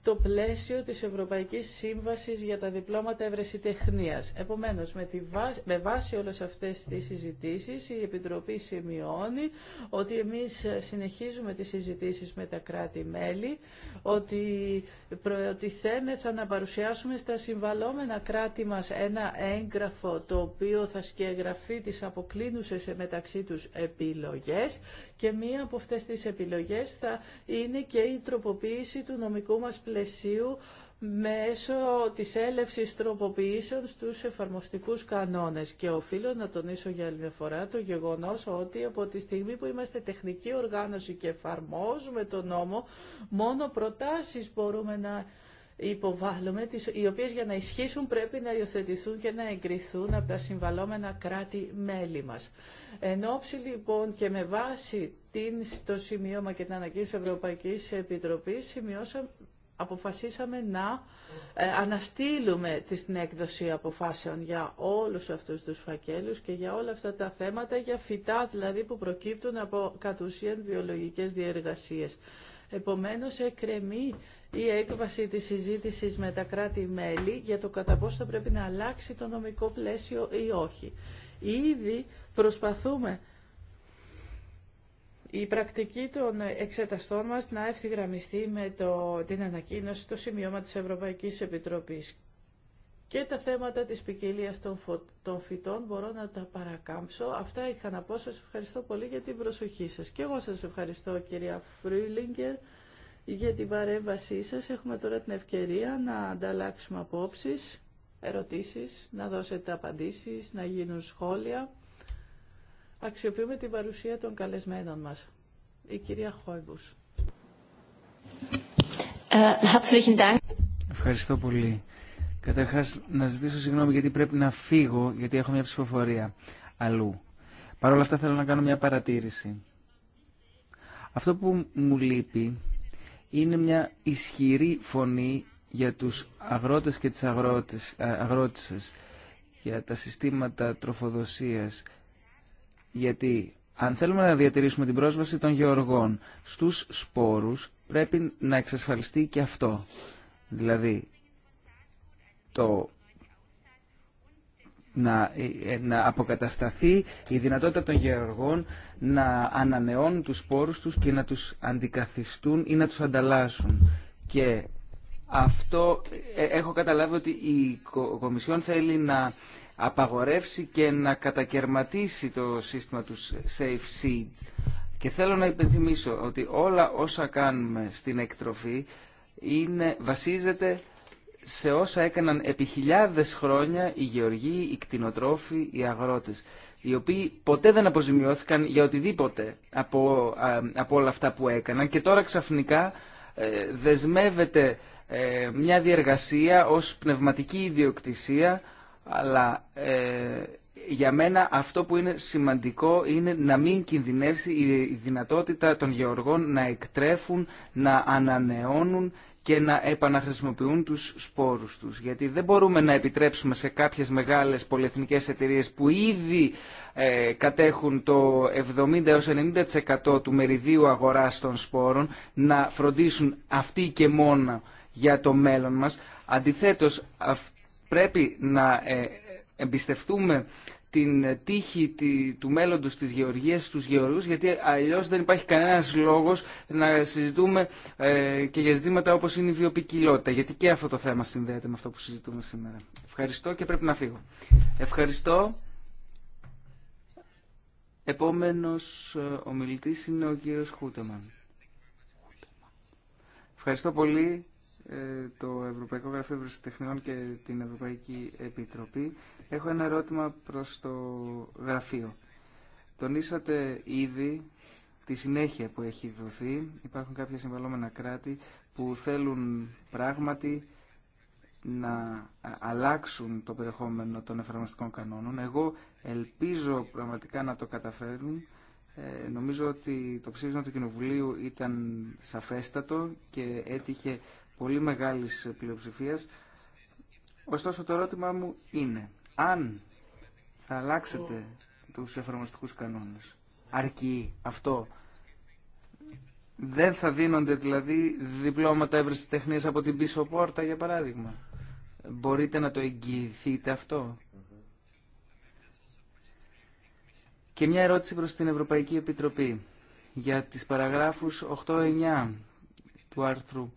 το πλαίσιο της Ευρωπαϊκής Σύμβασης για τα Διπλώματα Ευρεσιτεχνίας. Επομένως, με, τη βάση, με βάση όλες αυτές τις συζητήσεις, η Επιτροπή σημειώνει ότι εμείς συνεχίζουμε τις συζητήσεις με τα κράτη-μέλη, ότι Προετοιθέμεθα να παρουσιάσουμε στα συμβαλόμενα κράτη μας ένα έγγραφο το οποίο θα σκεγγραφεί τις αποκλίνουσες μεταξύ τους επιλογές και μία από αυτές τις επιλογές θα είναι και η τροποποίηση του νομικού μας πλαισίου μέσω της έλευσης τροποποιήσεων στους εφαρμοστικούς κανόνες. Και οφείλω να τονίσω για άλλη φορά το γεγονός ότι από τη στιγμή που είμαστε τεχνική οργάνωση και εφαρμόζουμε τον νόμο, μόνο προτάσεις μπορούμε να υποβάλλουμε, τις, οι οποίες για να ισχύσουν πρέπει να υιοθετηθούν και να εγκριθούν από τα συμβαλόμενα κράτη-μέλη μας. Εν όψη λοιπόν και με βάση την, το σημείωμα και την ανακοίνωση Ευρωπαϊκής Επιτροπής σημειώσαμε αποφασίσαμε να ε, αναστείλουμε την έκδοση αποφάσεων για όλους αυτούς τους φακέλους και για όλα αυτά τα θέματα, για φυτά δηλαδή που προκύπτουν από κατ' ουσίαν βιολογικές διεργασίες. Επομένως, εκκρεμεί η έκβαση της συζήτησης με τα κράτη-μέλη για το κατά πόσο θα πρέπει να αλλάξει το νομικό πλαίσιο ή όχι. Ήδη προσπαθούμε η πρακτική των εξεταστών μας να ευθυγραμμιστεί με το, την ανακοίνωση, το σημείωμα της Ευρωπαϊκής Επιτροπής. Και τα θέματα της ποικιλία των, των φυτών μπορώ να τα παρακάμψω. Αυτά είχα να πω. Σας ευχαριστώ πολύ για την προσοχή σας. Και εγώ σας ευχαριστώ κυρία Φρύλιγκερ για την παρέμβασή σας. Έχουμε τώρα την ευκαιρία να ανταλλάξουμε απόψεις, ερωτήσεις, να δώσετε απαντήσεις, να γίνουν σχόλια αξιοποιούμε την παρουσία των καλεσμένων μας. Η κυρία Χόιμπους. Ε, Ευχαριστώ πολύ. Καταρχάς, να ζητήσω συγγνώμη γιατί πρέπει να φύγω, γιατί έχω μια ψηφοφορία αλλού. Παρ' όλα αυτά θέλω να κάνω μια παρατήρηση. Αυτό που μου λείπει είναι μια ισχυρή φωνή για τους αγρότες και τις αγρότες, ε, αγρότησες, για τα συστήματα τροφοδοσίας, γιατί αν θέλουμε να διατηρήσουμε την πρόσβαση των γεωργών στους σπόρους, πρέπει να εξασφαλιστεί και αυτό. Δηλαδή, το να, ε, να αποκατασταθεί η δυνατότητα των γεωργών να ανανεώνουν τους σπόρους τους και να τους αντικαθιστούν ή να τους ανταλλάσσουν. Και αυτό ε, έχω καταλάβει ότι η Κομισιόν θέλει να απαγορεύσει και να κατακαιρματίσει το σύστημα του Safe Seed. Και θέλω να υπενθυμίσω ότι όλα όσα κάνουμε στην εκτροφή είναι, βασίζεται σε όσα έκαναν επί χιλιάδες χρόνια οι γεωργοί, οι κτηνοτρόφοι, οι αγρότες οι οποίοι ποτέ δεν αποζημιώθηκαν για οτιδήποτε από, από όλα αυτά που έκαναν και τώρα ξαφνικά ε, δεσμεύεται ε, μια διεργασία ως πνευματική ιδιοκτησία αλλά ε, για μένα αυτό που είναι σημαντικό είναι να μην κινδυνεύσει η δυνατότητα των γεωργών να εκτρέφουν, να ανανεώνουν και να επαναχρησιμοποιούν τους σπόρους τους. Γιατί δεν μπορούμε να επιτρέψουμε σε κάποιες μεγάλες πολυεθνικές εταιρείες που ήδη ε, κατέχουν το 70 90% του μεριδίου αγοράς των σπόρων να φροντίσουν αυτοί και μόνο για το μέλλον μας. Αντιθέτως, πρέπει να ε, εμπιστευτούμε την τύχη του μέλλοντος της γεωργίας στους γεωργούς γιατί αλλιώς δεν υπάρχει κανένας λόγος να συζητούμε ε, και για ζητήματα όπως είναι η βιοπικιλότητα γιατί και αυτό το θέμα συνδέεται με αυτό που συζητούμε σήμερα. Ευχαριστώ και πρέπει να φύγω. Ευχαριστώ. Επόμενος ε, ομιλητής είναι ο κύριος Χούτεμαν. Ευχαριστώ πολύ ε, το Ευρωπαϊκό Γραφείο Βρουσιτεχνιών και την Ευρωπαϊκή Επιτροπή. Έχω ένα ερώτημα προς το γραφείο. Τονίσατε ήδη τη συνέχεια που έχει δοθεί. Υπάρχουν κάποια συμβαλόμενα κράτη που θέλουν πράγματι να αλλάξουν το περιεχόμενο των εφαρμοστικών κανόνων. Εγώ ελπίζω πραγματικά να το καταφέρουν. Ε, νομίζω ότι το ψήφισμα του Κοινοβουλίου ήταν σαφέστατο και έτυχε πολύ μεγάλης πλειοψηφίας. Ωστόσο το ερώτημά μου είναι, αν θα αλλάξετε τους εφαρμοστικούς κανόνες, αρκεί αυτό, δεν θα δίνονται δηλαδή διπλώματα έβρεση τεχνίας από την πίσω πόρτα για παράδειγμα. Μπορείτε να το εγγυηθείτε αυτό. Και μια ερώτηση προς την Ευρωπαϊκή Επιτροπή για τις παραγράφους 8-9 του άρθρου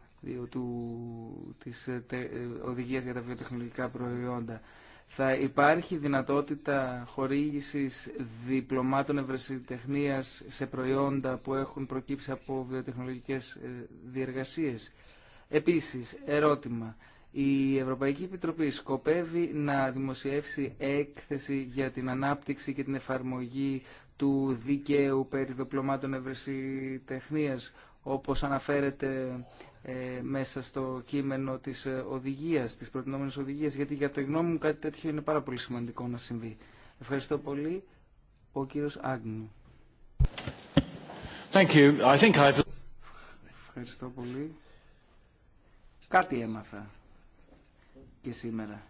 του, της ε, ε, οδηγίας για τα βιοτεχνολογικά προϊόντα. Θα υπάρχει δυνατότητα χορήγησης διπλωμάτων ευρεσιτεχνίας σε προϊόντα που έχουν προκύψει από βιοτεχνολογικές ε, διεργασίες. Επίσης, ερώτημα. Η Ευρωπαϊκή Επιτροπή σκοπεύει να δημοσιεύσει έκθεση για την ανάπτυξη και την εφαρμογή του δικαίου περί διπλωμάτων ευρεσιτεχνίας, όπως αναφέρεται ε, μέσα στο κείμενο της ε, οδηγία, της προτινόμενης οδηγίας, γιατί για το γνώμη μου κάτι τέτοιο είναι πάρα πολύ σημαντικό να συμβεί. Ευχαριστώ πολύ. Ο κύριος Άγνου. Thank you. I think I've... Ευχαριστώ πολύ. Κάτι έμαθα και σήμερα.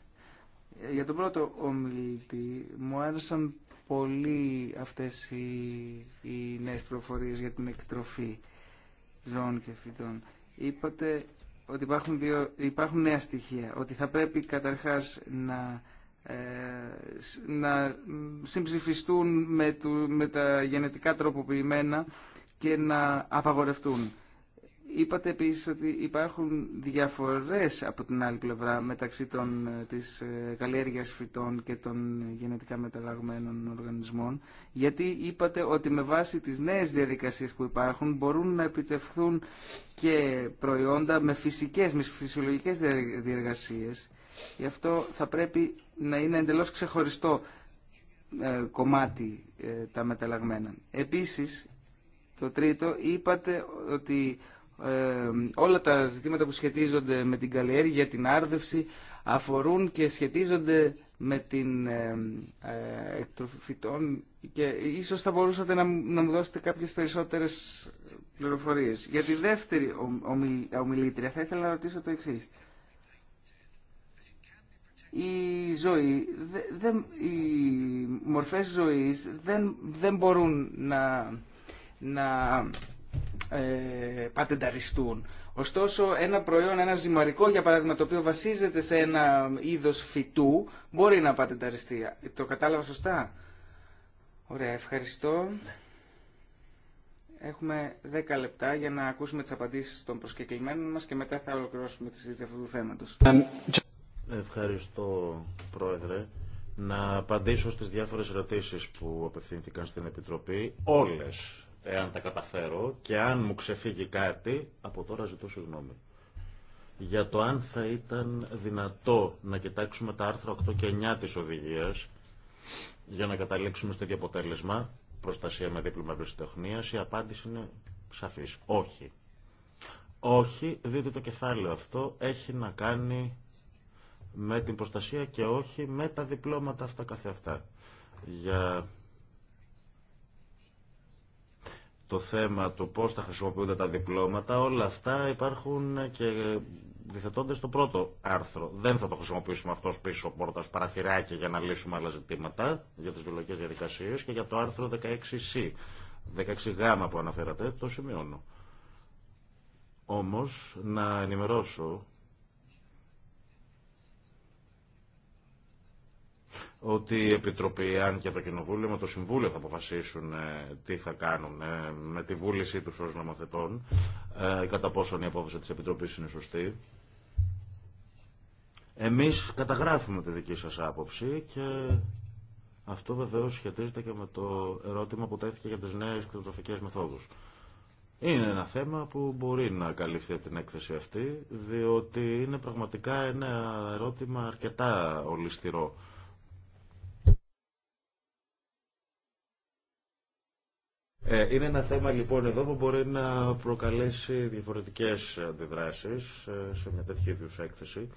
Ε, για τον πρώτο ομιλητή μου άρεσαν πολύ αυτές οι, οι νέες προφορίες για την εκτροφή ζώων και φυτών είπατε ότι υπάρχουν, δύο, υπάρχουν νέα στοιχεία. Ότι θα πρέπει καταρχάς να, ε, να συμψηφιστούν με, του, με τα γενετικά τροποποιημένα και να απαγορευτούν. Είπατε επίσης ότι υπάρχουν διαφορές από την άλλη πλευρά μεταξύ των, ε, της ε, καλλιέργειας φυτών και των γενετικά μεταλλαγμένων οργανισμών γιατί είπατε ότι με βάση τις νέες διαδικασίες που υπάρχουν μπορούν να επιτευχθούν και προϊόντα με φυσικές, με φυσιολογικές διεργασίες γι' αυτό θα πρέπει να είναι εντελώς ξεχωριστό ε, κομμάτι τα μεταλλαγμένα. Επίσης, το τρίτο, είπατε ότι ε, όλα τα ζητήματα που σχετίζονται με την καλλιέργεια, την άρδευση, αφορούν και σχετίζονται με την ε, ε, εκτροφή φυτών και ίσως θα μπορούσατε να, να μου δώσετε κάποιες περισσότερες πληροφορίες. Για τη δεύτερη ομιλήτρια θα ήθελα να ρωτήσω το εξή. Η ζωή, δε, οι μορφές ζωής δεν, δεν μπορούν να, να ε, πατενταριστούν. Ωστόσο, ένα προϊόν, ένα ζυμαρικό, για παράδειγμα, το οποίο βασίζεται σε ένα είδος φυτού, μπορεί να πατενταριστεί. Το κατάλαβα σωστά. Ωραία, ευχαριστώ. Έχουμε 10 λεπτά για να ακούσουμε τις απαντήσεις των προσκεκλημένων μας και μετά θα ολοκληρώσουμε τη συζήτηση αυτού του θέματος. Ευχαριστώ, Πρόεδρε. Να απαντήσω στις διάφορες ερωτήσεις που απευθύνθηκαν στην Επιτροπή. Όλες εάν τα καταφέρω και αν μου ξεφύγει κάτι, από τώρα ζητώ συγγνώμη. Για το αν θα ήταν δυνατό να κοιτάξουμε τα άρθρα 8 και 9 της οδηγίας για να καταλήξουμε στο ίδιο αποτέλεσμα, προστασία με δίπλωμα ευρεσιτεχνίας, η απάντηση είναι σαφής. Όχι. Όχι, δείτε το κεφάλαιο αυτό έχει να κάνει με την προστασία και όχι με τα διπλώματα αυτά καθεαυτά. Για το θέμα του πώς θα χρησιμοποιούνται τα διπλώματα, όλα αυτά υπάρχουν και διθετώνται στο πρώτο άρθρο. Δεν θα το χρησιμοποιήσουμε αυτό πίσω πόρτα ως παραθυράκι για να λύσουμε άλλα ζητήματα για τις βιολογικές διαδικασίες και για το άρθρο 16C, 16Γ που αναφέρατε, το σημειώνω. Όμως να ενημερώσω ότι η Επιτροπή, αν και το Κοινοβούλιο με το Συμβούλιο θα αποφασίσουν ε, τι θα κάνουν ε, με τη βούλησή τους ως νομοθετών, ε, κατά πόσον η απόφαση της Επιτροπής είναι σωστή. Εμείς καταγράφουμε τη δική σας άποψη και αυτό βεβαίως σχετίζεται και με το ερώτημα που τέθηκε για τις νέες κτηνοτροφικές μεθόδους. Είναι ένα θέμα που μπορεί να καλυφθεί από την έκθεση αυτή, διότι είναι πραγματικά ένα ερώτημα αρκετά ολιστηρό Ε, είναι ένα θέμα λοιπόν εδώ που μπορεί να προκαλέσει διαφορετικές αντιδράσεις ε, σε μια τέτοια είδους έκθεση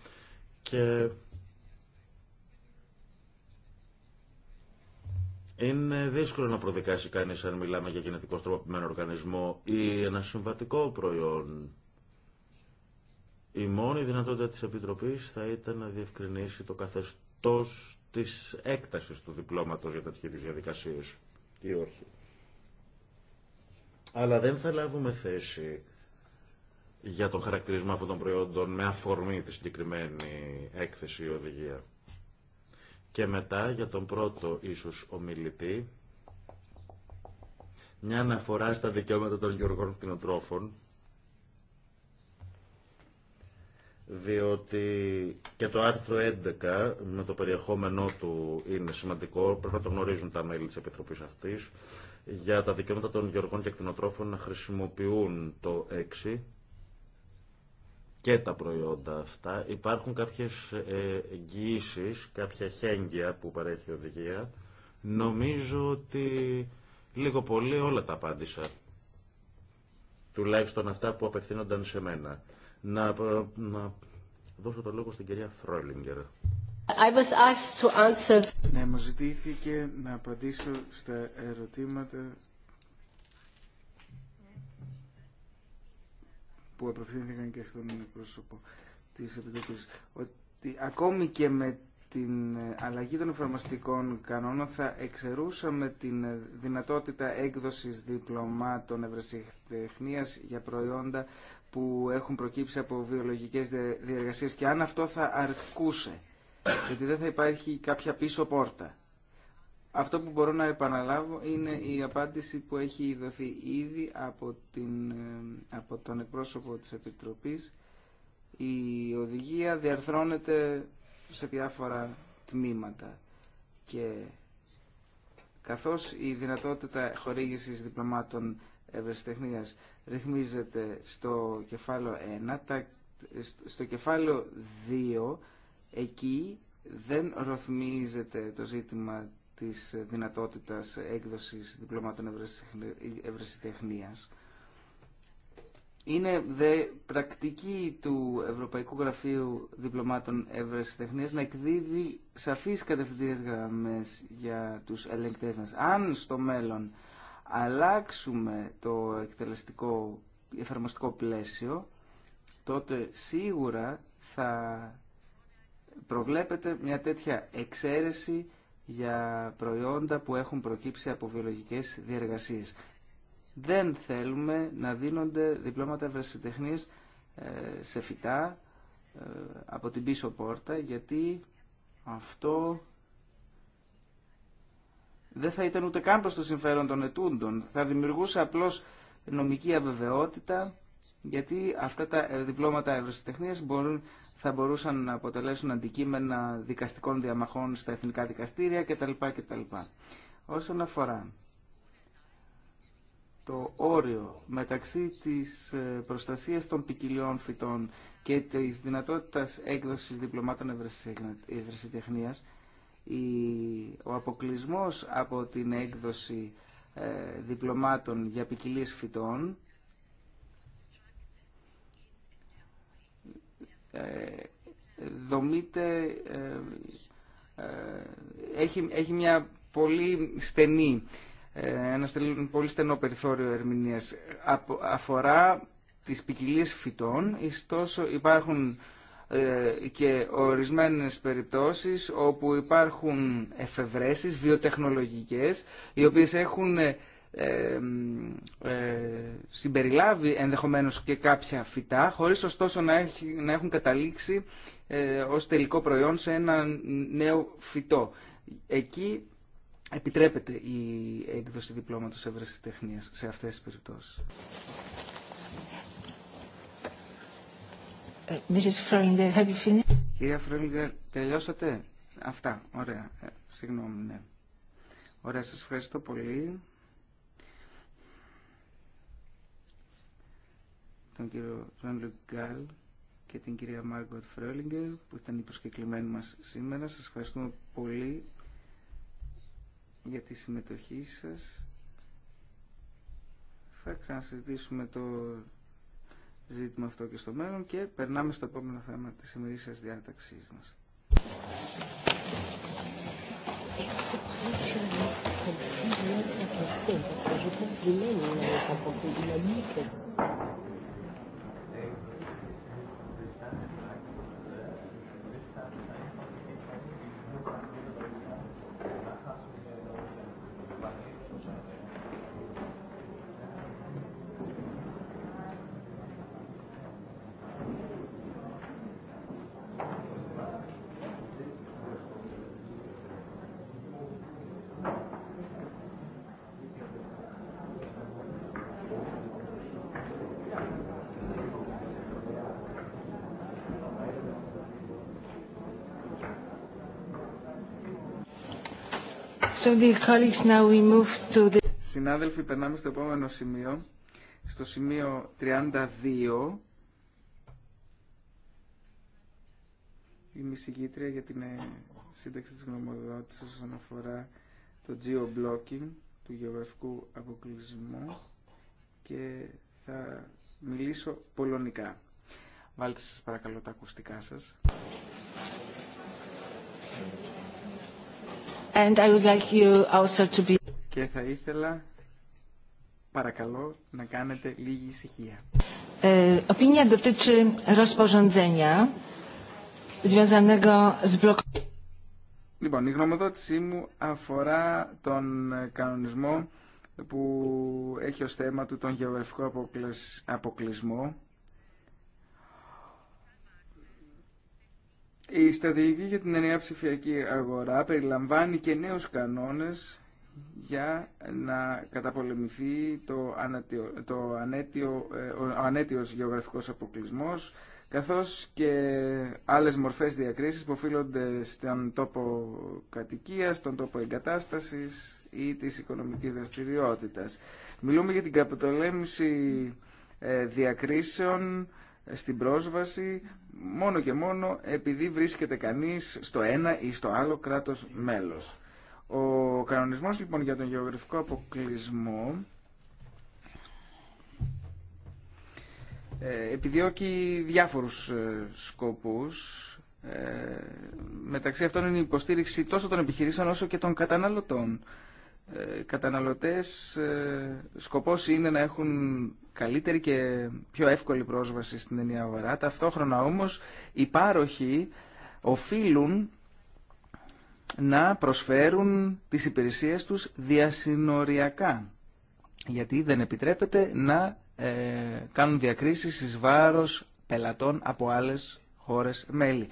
και είναι δύσκολο να προδικάσει κανείς αν μιλάμε για γενετικό τροποποιημένο οργανισμό ή ένα συμβατικό προϊόν. Η μόνη δυνατότητα της Επιτροπής θα ήταν να διευκρινίσει το καθεστώς της έκτασης του διπλώματος για τέτοιες διαδικασίες ή όχι αλλά δεν θα λάβουμε θέση για τον χαρακτηρισμό αυτών των προϊόντων με αφορμή τη συγκεκριμένη έκθεση ή οδηγία. Και μετά για τον πρώτο ίσως ομιλητή, μια αναφορά στα δικαιώματα των γεωργών κτηνοτρόφων, διότι και το άρθρο 11 με το περιεχόμενό του είναι σημαντικό, πρέπει να το γνωρίζουν τα μέλη της Επιτροπής αυτής, για τα δικαιώματα των γεωργών και εκτινοτρόφων να χρησιμοποιούν το 6 και τα προϊόντα αυτά. Υπάρχουν κάποιες ε, εγγυήσει, κάποια χέγγια που παρέχει η οδηγία. Νομίζω ότι λίγο πολύ όλα τα απάντησα. Τουλάχιστον αυτά που απευθύνονταν σε μένα. Να, να δώσω το λόγο στην κυρία Φρόλιγκερ. I ναι, μου ζητήθηκε να απαντήσω στα ερωτήματα που απευθύνθηκαν και στον πρόσωπο της Επιτροπή. Ότι ακόμη και με την αλλαγή των εφαρμοστικών κανόνων θα εξαιρούσαμε την δυνατότητα έκδοσης διπλωμάτων ευρεσιτεχνίας για προϊόντα που έχουν προκύψει από βιολογικές διεργασίες και αν αυτό θα αρκούσε γιατί δεν θα υπάρχει κάποια πίσω πόρτα. Αυτό που μπορώ να επαναλάβω είναι η απάντηση που έχει δοθεί ήδη από, την, ε, από τον εκπρόσωπο της Επιτροπής. Η οδηγία διαρθρώνεται σε διάφορα τμήματα και καθώς η δυνατότητα χορήγησης διπλωμάτων ευρεσιτεχνίας ρυθμίζεται στο κεφάλαιο 1, στο κεφάλαιο 2 Εκεί δεν ρυθμίζεται το ζήτημα της δυνατότητας έκδοσης διπλωμάτων ευρεσιτεχνίας. Είναι δε πρακτική του Ευρωπαϊκού Γραφείου Διπλωμάτων Ευρεσιτεχνίας να εκδίδει σαφείς κατευθυντήρες γραμμές για τους ελεγκτές μας. Αν στο μέλλον αλλάξουμε το εκτελεστικό εφαρμοστικό πλαίσιο, τότε σίγουρα θα προβλέπεται μια τέτοια εξαίρεση για προϊόντα που έχουν προκύψει από βιολογικές διεργασίες. Δεν θέλουμε να δίνονται διπλώματα ευρεσιτεχνής ε, σε φυτά ε, από την πίσω πόρτα γιατί αυτό δεν θα ήταν ούτε καν προς το συμφέρον των ετούντων. Θα δημιουργούσε απλώς νομική αβεβαιότητα γιατί αυτά τα διπλώματα ευρεσιτεχνίας μπορούν θα μπορούσαν να αποτελέσουν αντικείμενα δικαστικών διαμαχών στα εθνικά δικαστήρια κτλ. κτλ. Όσον αφορά το όριο μεταξύ της ε, προστασίας των ποικιλιών φυτών και της δυνατότητας έκδοσης διπλωμάτων ευρεσιτεχνίας, ο αποκλεισμός από την έκδοση ε, διπλωμάτων για ποικιλίε φυτών Ε, δομείται, ε, ε, έχει, μια πολύ στενή, ένα πολύ στενό περιθώριο ερμηνείας. Αφορά τις ποικιλίε φυτών, ιστόσο υπάρχουν και ορισμένες περιπτώσεις όπου υπάρχουν εφευρέσεις βιοτεχνολογικές οι οποίες έχουν ε, συμπεριλάβει ενδεχομένως και κάποια φυτά, χωρίς ωστόσο να, έχει, να έχουν καταλήξει ε, ως τελικό προϊόν σε ένα νέο φυτό. Εκεί επιτρέπεται η έκδοση διπλώματος ευρεσιτεχνίας σε αυτές τις περιπτώσεις. Ε, Κυρία Φρόλιγκερ, τελειώσατε. Αυτά, ωραία. Ε, συγγνώμη, ναι. Ωραία, σας ευχαριστώ πολύ. τον κύριο Ραν Γκάλ και την κυρία Μάργκοτ Φρόλιγκερ που ήταν η προσκεκλημένοι μας σήμερα. Σας ευχαριστούμε πολύ για τη συμμετοχή σας. Θα ξανασυζητήσουμε το ζήτημα αυτό και στο μέλλον και περνάμε στο επόμενο θέμα της σημερινής σας διάταξής μας. Συνάδελφοι, περνάμε στο επόμενο σημείο. Στο σημείο 32, Είμαι συγκήτρια για την ε, σύνταξη της γνωμοδότησης όσον αφορά το geoblocking, του γεωγραφικού αποκλεισμού και θα μιλήσω πολωνικά. Βάλτε σας παρακαλώ τα ακουστικά σας. Και θα ήθελα, παρακαλώ, να κάνετε λίγη ησυχία. Ε, λοιπόν, η γνωμοδότησή μου αφορά τον κανονισμό που έχει ως θέμα του τον γεωγραφικό αποκλεισμό Η στρατηγική για την ενιαία ψηφιακή αγορά περιλαμβάνει και νέους κανόνες για να καταπολεμηθεί το, το ανέτιο, ε, ο ανέτιος γεωγραφικός αποκλεισμός καθώς και άλλες μορφές διακρίσεις που οφείλονται στον τόπο κατοικίας, στον τόπο εγκατάστασης ή της οικονομικής δραστηριότητας. Μιλούμε για την καπιτολέμηση ε, διακρίσεων ε, στην πρόσβαση μόνο και μόνο επειδή βρίσκεται κανείς στο ένα ή στο άλλο κράτος μέλος. Ο κανονισμός λοιπόν για τον γεωγραφικό αποκλεισμό ε, επιδιώκει διάφορους ε, σκοπούς ε, μεταξύ αυτών είναι η υποστήριξη τόσο των επιχειρήσεων όσο και των καταναλωτών. Ε, καταναλωτές σκοπός είναι να έχουν καλύτερη και πιο εύκολη πρόσβαση στην ενιαία αγορά. Ταυτόχρονα όμως οι πάροχοι οφείλουν να προσφέρουν τις υπηρεσίες τους διασυνοριακά. Γιατί δεν επιτρέπεται να ε, κάνουν διακρίσεις εις βάρος πελατών από άλλες μέλη.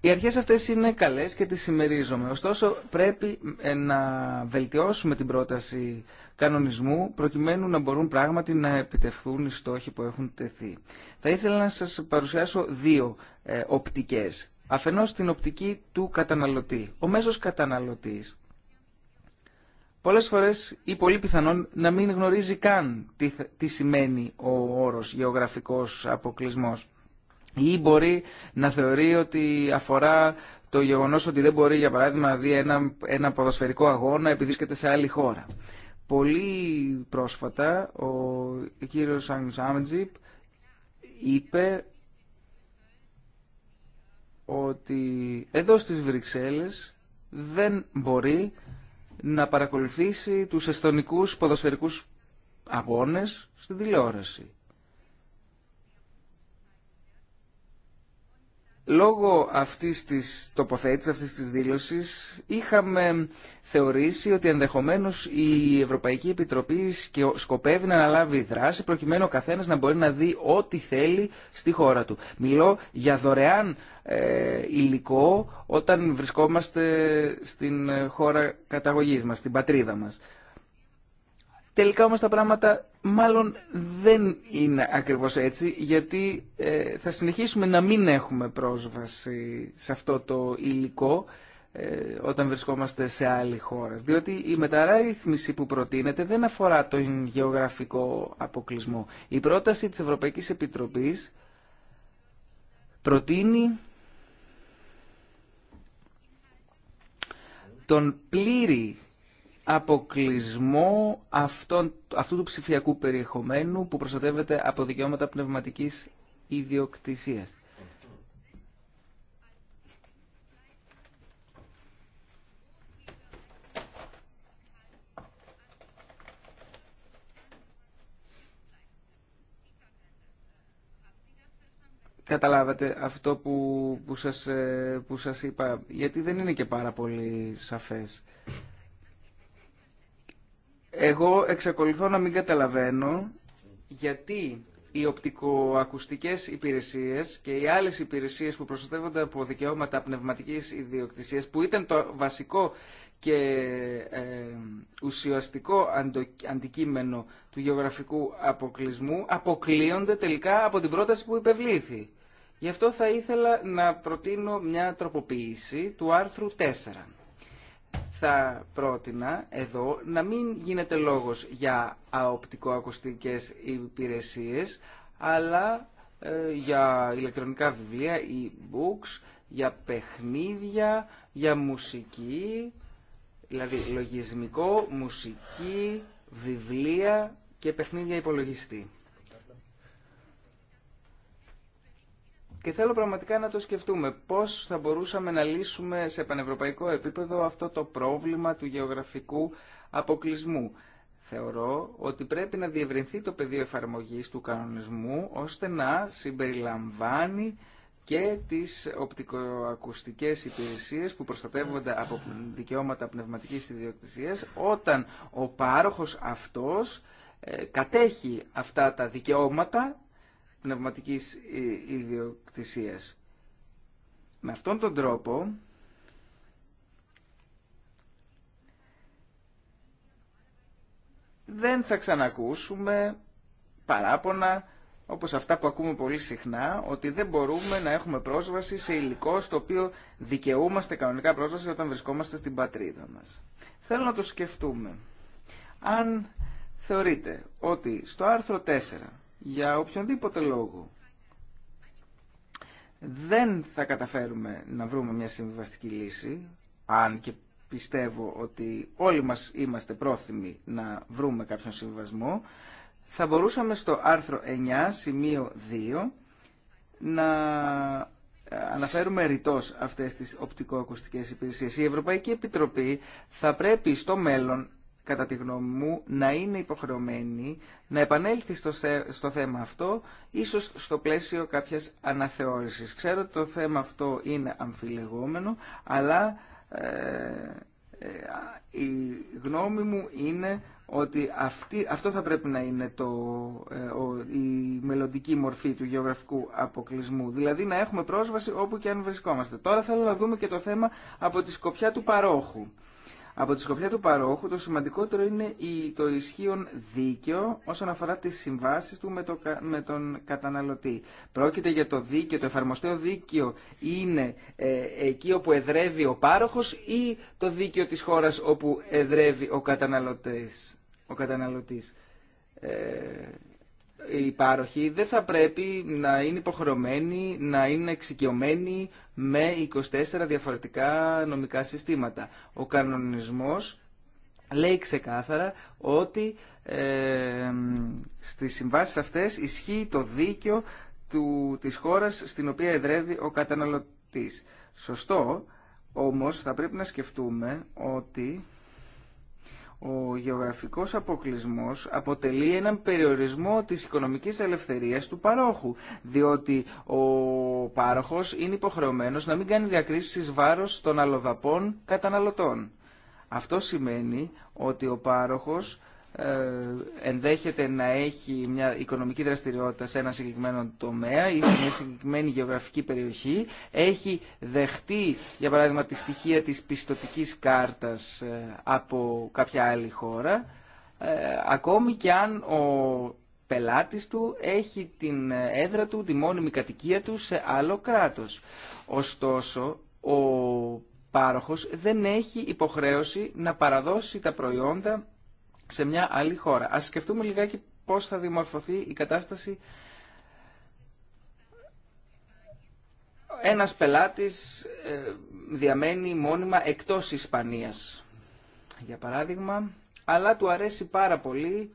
Οι αρχέ αυτές είναι καλές και τις συμμερίζομαι. Ωστόσο πρέπει ε, να βελτιώσουμε την πρόταση κανονισμού προκειμένου να μπορούν πράγματι να επιτευχθούν οι στόχοι που έχουν τεθεί. Θα ήθελα να σας παρουσιάσω δύο ε, οπτικές. Αφενός την οπτική του καταναλωτή. Ο μέσος καταναλωτής πολλές φορές ή πολύ πιθανόν να μην γνωρίζει καν τι, τι σημαίνει ο όρος γεωγραφικός αποκλεισμός ή μπορεί να θεωρεί ότι αφορά το γεγονός ότι δεν μπορεί για παράδειγμα να δει ένα, ένα ποδοσφαιρικό αγώνα επειδή βρίσκεται σε άλλη χώρα. Πολύ πρόσφατα ο κύριος Άγνους είπε ότι εδώ στις Βρυξέλλες δεν μπορεί να παρακολουθήσει τους εστονικούς ποδοσφαιρικούς αγώνες στη τηλεόραση. Λόγω αυτής της τοποθέτησης, αυτής της δήλωσης, είχαμε θεωρήσει ότι ενδεχομένως η Ευρωπαϊκή Επιτροπή σκοπεύει να αναλάβει δράση προκειμένου ο καθένας να μπορεί να δει ό,τι θέλει στη χώρα του. Μιλώ για δωρεάν ε, υλικό όταν βρισκόμαστε στην ε, χώρα καταγωγής μας, στην πατρίδα μας. Τελικά όμως τα πράγματα μάλλον δεν είναι ακριβώς έτσι, γιατί ε, θα συνεχίσουμε να μην έχουμε πρόσβαση σε αυτό το υλικό ε, όταν βρισκόμαστε σε άλλη χώρα. Διότι η μεταρρύθμιση που προτείνεται δεν αφορά τον γεωγραφικό αποκλεισμό. Η πρόταση της Ευρωπαϊκής Επιτροπής προτείνει τον πλήρη αποκλεισμό αυτών, αυτού του ψηφιακού περιεχομένου που προστατεύεται από δικαιώματα πνευματικής ιδιοκτησίας. Καταλάβατε αυτό που, που, σας, ε, που σας είπα, γιατί δεν είναι και πάρα πολύ σαφές. Εγώ εξακολουθώ να μην καταλαβαίνω γιατί οι οπτικοακουστικές υπηρεσίες και οι άλλες υπηρεσίες που προστατεύονται από δικαιώματα πνευματικής ιδιοκτησίας που ήταν το βασικό και ε, ουσιαστικό αντικείμενο του γεωγραφικού αποκλεισμού αποκλείονται τελικά από την πρόταση που υπευλήθη. Γι' αυτό θα ήθελα να προτείνω μια τροποποίηση του άρθρου 4 θα πρότεινα εδώ να μην γίνεται λόγος για οπτικοακουστικές υπηρεσίες, αλλά ε, για ηλεκτρονικά βιβλία, e-books, για παιχνίδια, για μουσική, δηλαδή λογισμικό, μουσική, βιβλία και παιχνίδια υπολογιστή. Και θέλω πραγματικά να το σκεφτούμε πώς θα μπορούσαμε να λύσουμε σε πανευρωπαϊκό επίπεδο αυτό το πρόβλημα του γεωγραφικού αποκλεισμού. Θεωρώ ότι πρέπει να διευρυνθεί το πεδίο εφαρμογής του κανονισμού ώστε να συμπεριλαμβάνει και τις οπτικοακουστικές υπηρεσίες που προστατεύονται από δικαιώματα πνευματικής ιδιοκτησίας όταν ο πάροχος αυτός ε, κατέχει αυτά τα δικαιώματα πνευματικής ιδιοκτησίας. Με αυτόν τον τρόπο δεν θα ξανακούσουμε παράπονα όπως αυτά που ακούμε πολύ συχνά, ότι δεν μπορούμε να έχουμε πρόσβαση σε υλικό στο οποίο δικαιούμαστε κανονικά πρόσβαση όταν βρισκόμαστε στην πατρίδα μας. Θέλω να το σκεφτούμε. Αν θεωρείτε ότι στο άρθρο 4 για οποιονδήποτε λόγο. Δεν θα καταφέρουμε να βρούμε μια συμβιβαστική λύση, αν και πιστεύω ότι όλοι μας είμαστε πρόθυμοι να βρούμε κάποιον συμβασμό, θα μπορούσαμε στο άρθρο 9, σημείο 2, να ε, αναφέρουμε ρητός αυτές τις οπτικοακουστικές υπηρεσίες. Η Ευρωπαϊκή Επιτροπή θα πρέπει στο μέλλον κατά τη γνώμη μου, να είναι υποχρεωμένη να επανέλθει στο, στο θέμα αυτό, ίσως στο πλαίσιο κάποιας αναθεώρησης. Ξέρω ότι το θέμα αυτό είναι αμφιλεγόμενο, αλλά ε, ε, η γνώμη μου είναι ότι αυτή, αυτό θα πρέπει να είναι το, ε, ο, η μελλοντική μορφή του γεωγραφικού αποκλεισμού. Δηλαδή να έχουμε πρόσβαση όπου και αν βρισκόμαστε. Τώρα θέλω να δούμε και το θέμα από τη σκοπιά του παρόχου. Από τη σκοπιά του παρόχου το σημαντικότερο είναι το ισχύον δίκαιο όσον αφορά τις συμβάσεις του με, τον καταναλωτή. Πρόκειται για το δίκαιο, το εφαρμοστέο δίκαιο είναι ε, εκεί όπου εδρεύει ο πάροχος ή το δίκαιο της χώρας όπου εδρεύει ο καταναλωτής. Ο ε, οι πάροχοι δεν θα πρέπει να είναι υποχρεωμένοι να είναι εξοικειωμένοι με 24 διαφορετικά νομικά συστήματα. Ο κανονισμός λέει ξεκάθαρα ότι ε, στις συμβάσεις αυτές ισχύει το δίκαιο του, της χώρας στην οποία εδρεύει ο καταναλωτής. Σωστό, όμως θα πρέπει να σκεφτούμε ότι ο γεωγραφικός αποκλεισμός αποτελεί έναν περιορισμό της οικονομικής ελευθερίας του παρόχου, διότι ο πάροχος είναι υποχρεωμένος να μην κάνει διακρίσεις εις βάρος των αλλοδαπών καταναλωτών. Αυτό σημαίνει ότι ο πάροχος ε, ενδέχεται να έχει μια οικονομική δραστηριότητα σε ένα συγκεκριμένο τομέα ή σε μια συγκεκριμένη γεωγραφική περιοχή, έχει δεχτεί, για παράδειγμα, τη στοιχεία της πιστοτικής κάρτας ε, από κάποια άλλη χώρα, ε, ακόμη και αν ο πελάτης του έχει την έδρα του, τη μόνιμη κατοικία του σε άλλο κράτος. Ωστόσο, ο πάροχος δεν έχει υποχρέωση να παραδώσει τα προϊόντα σε μια άλλη χώρα. Ας σκεφτούμε λιγάκι πώς θα δημορφωθεί η κατάσταση ένας πελάτης ε, διαμένει μόνιμα εκτός Ισπανίας, για παράδειγμα, αλλά του αρέσει πάρα πολύ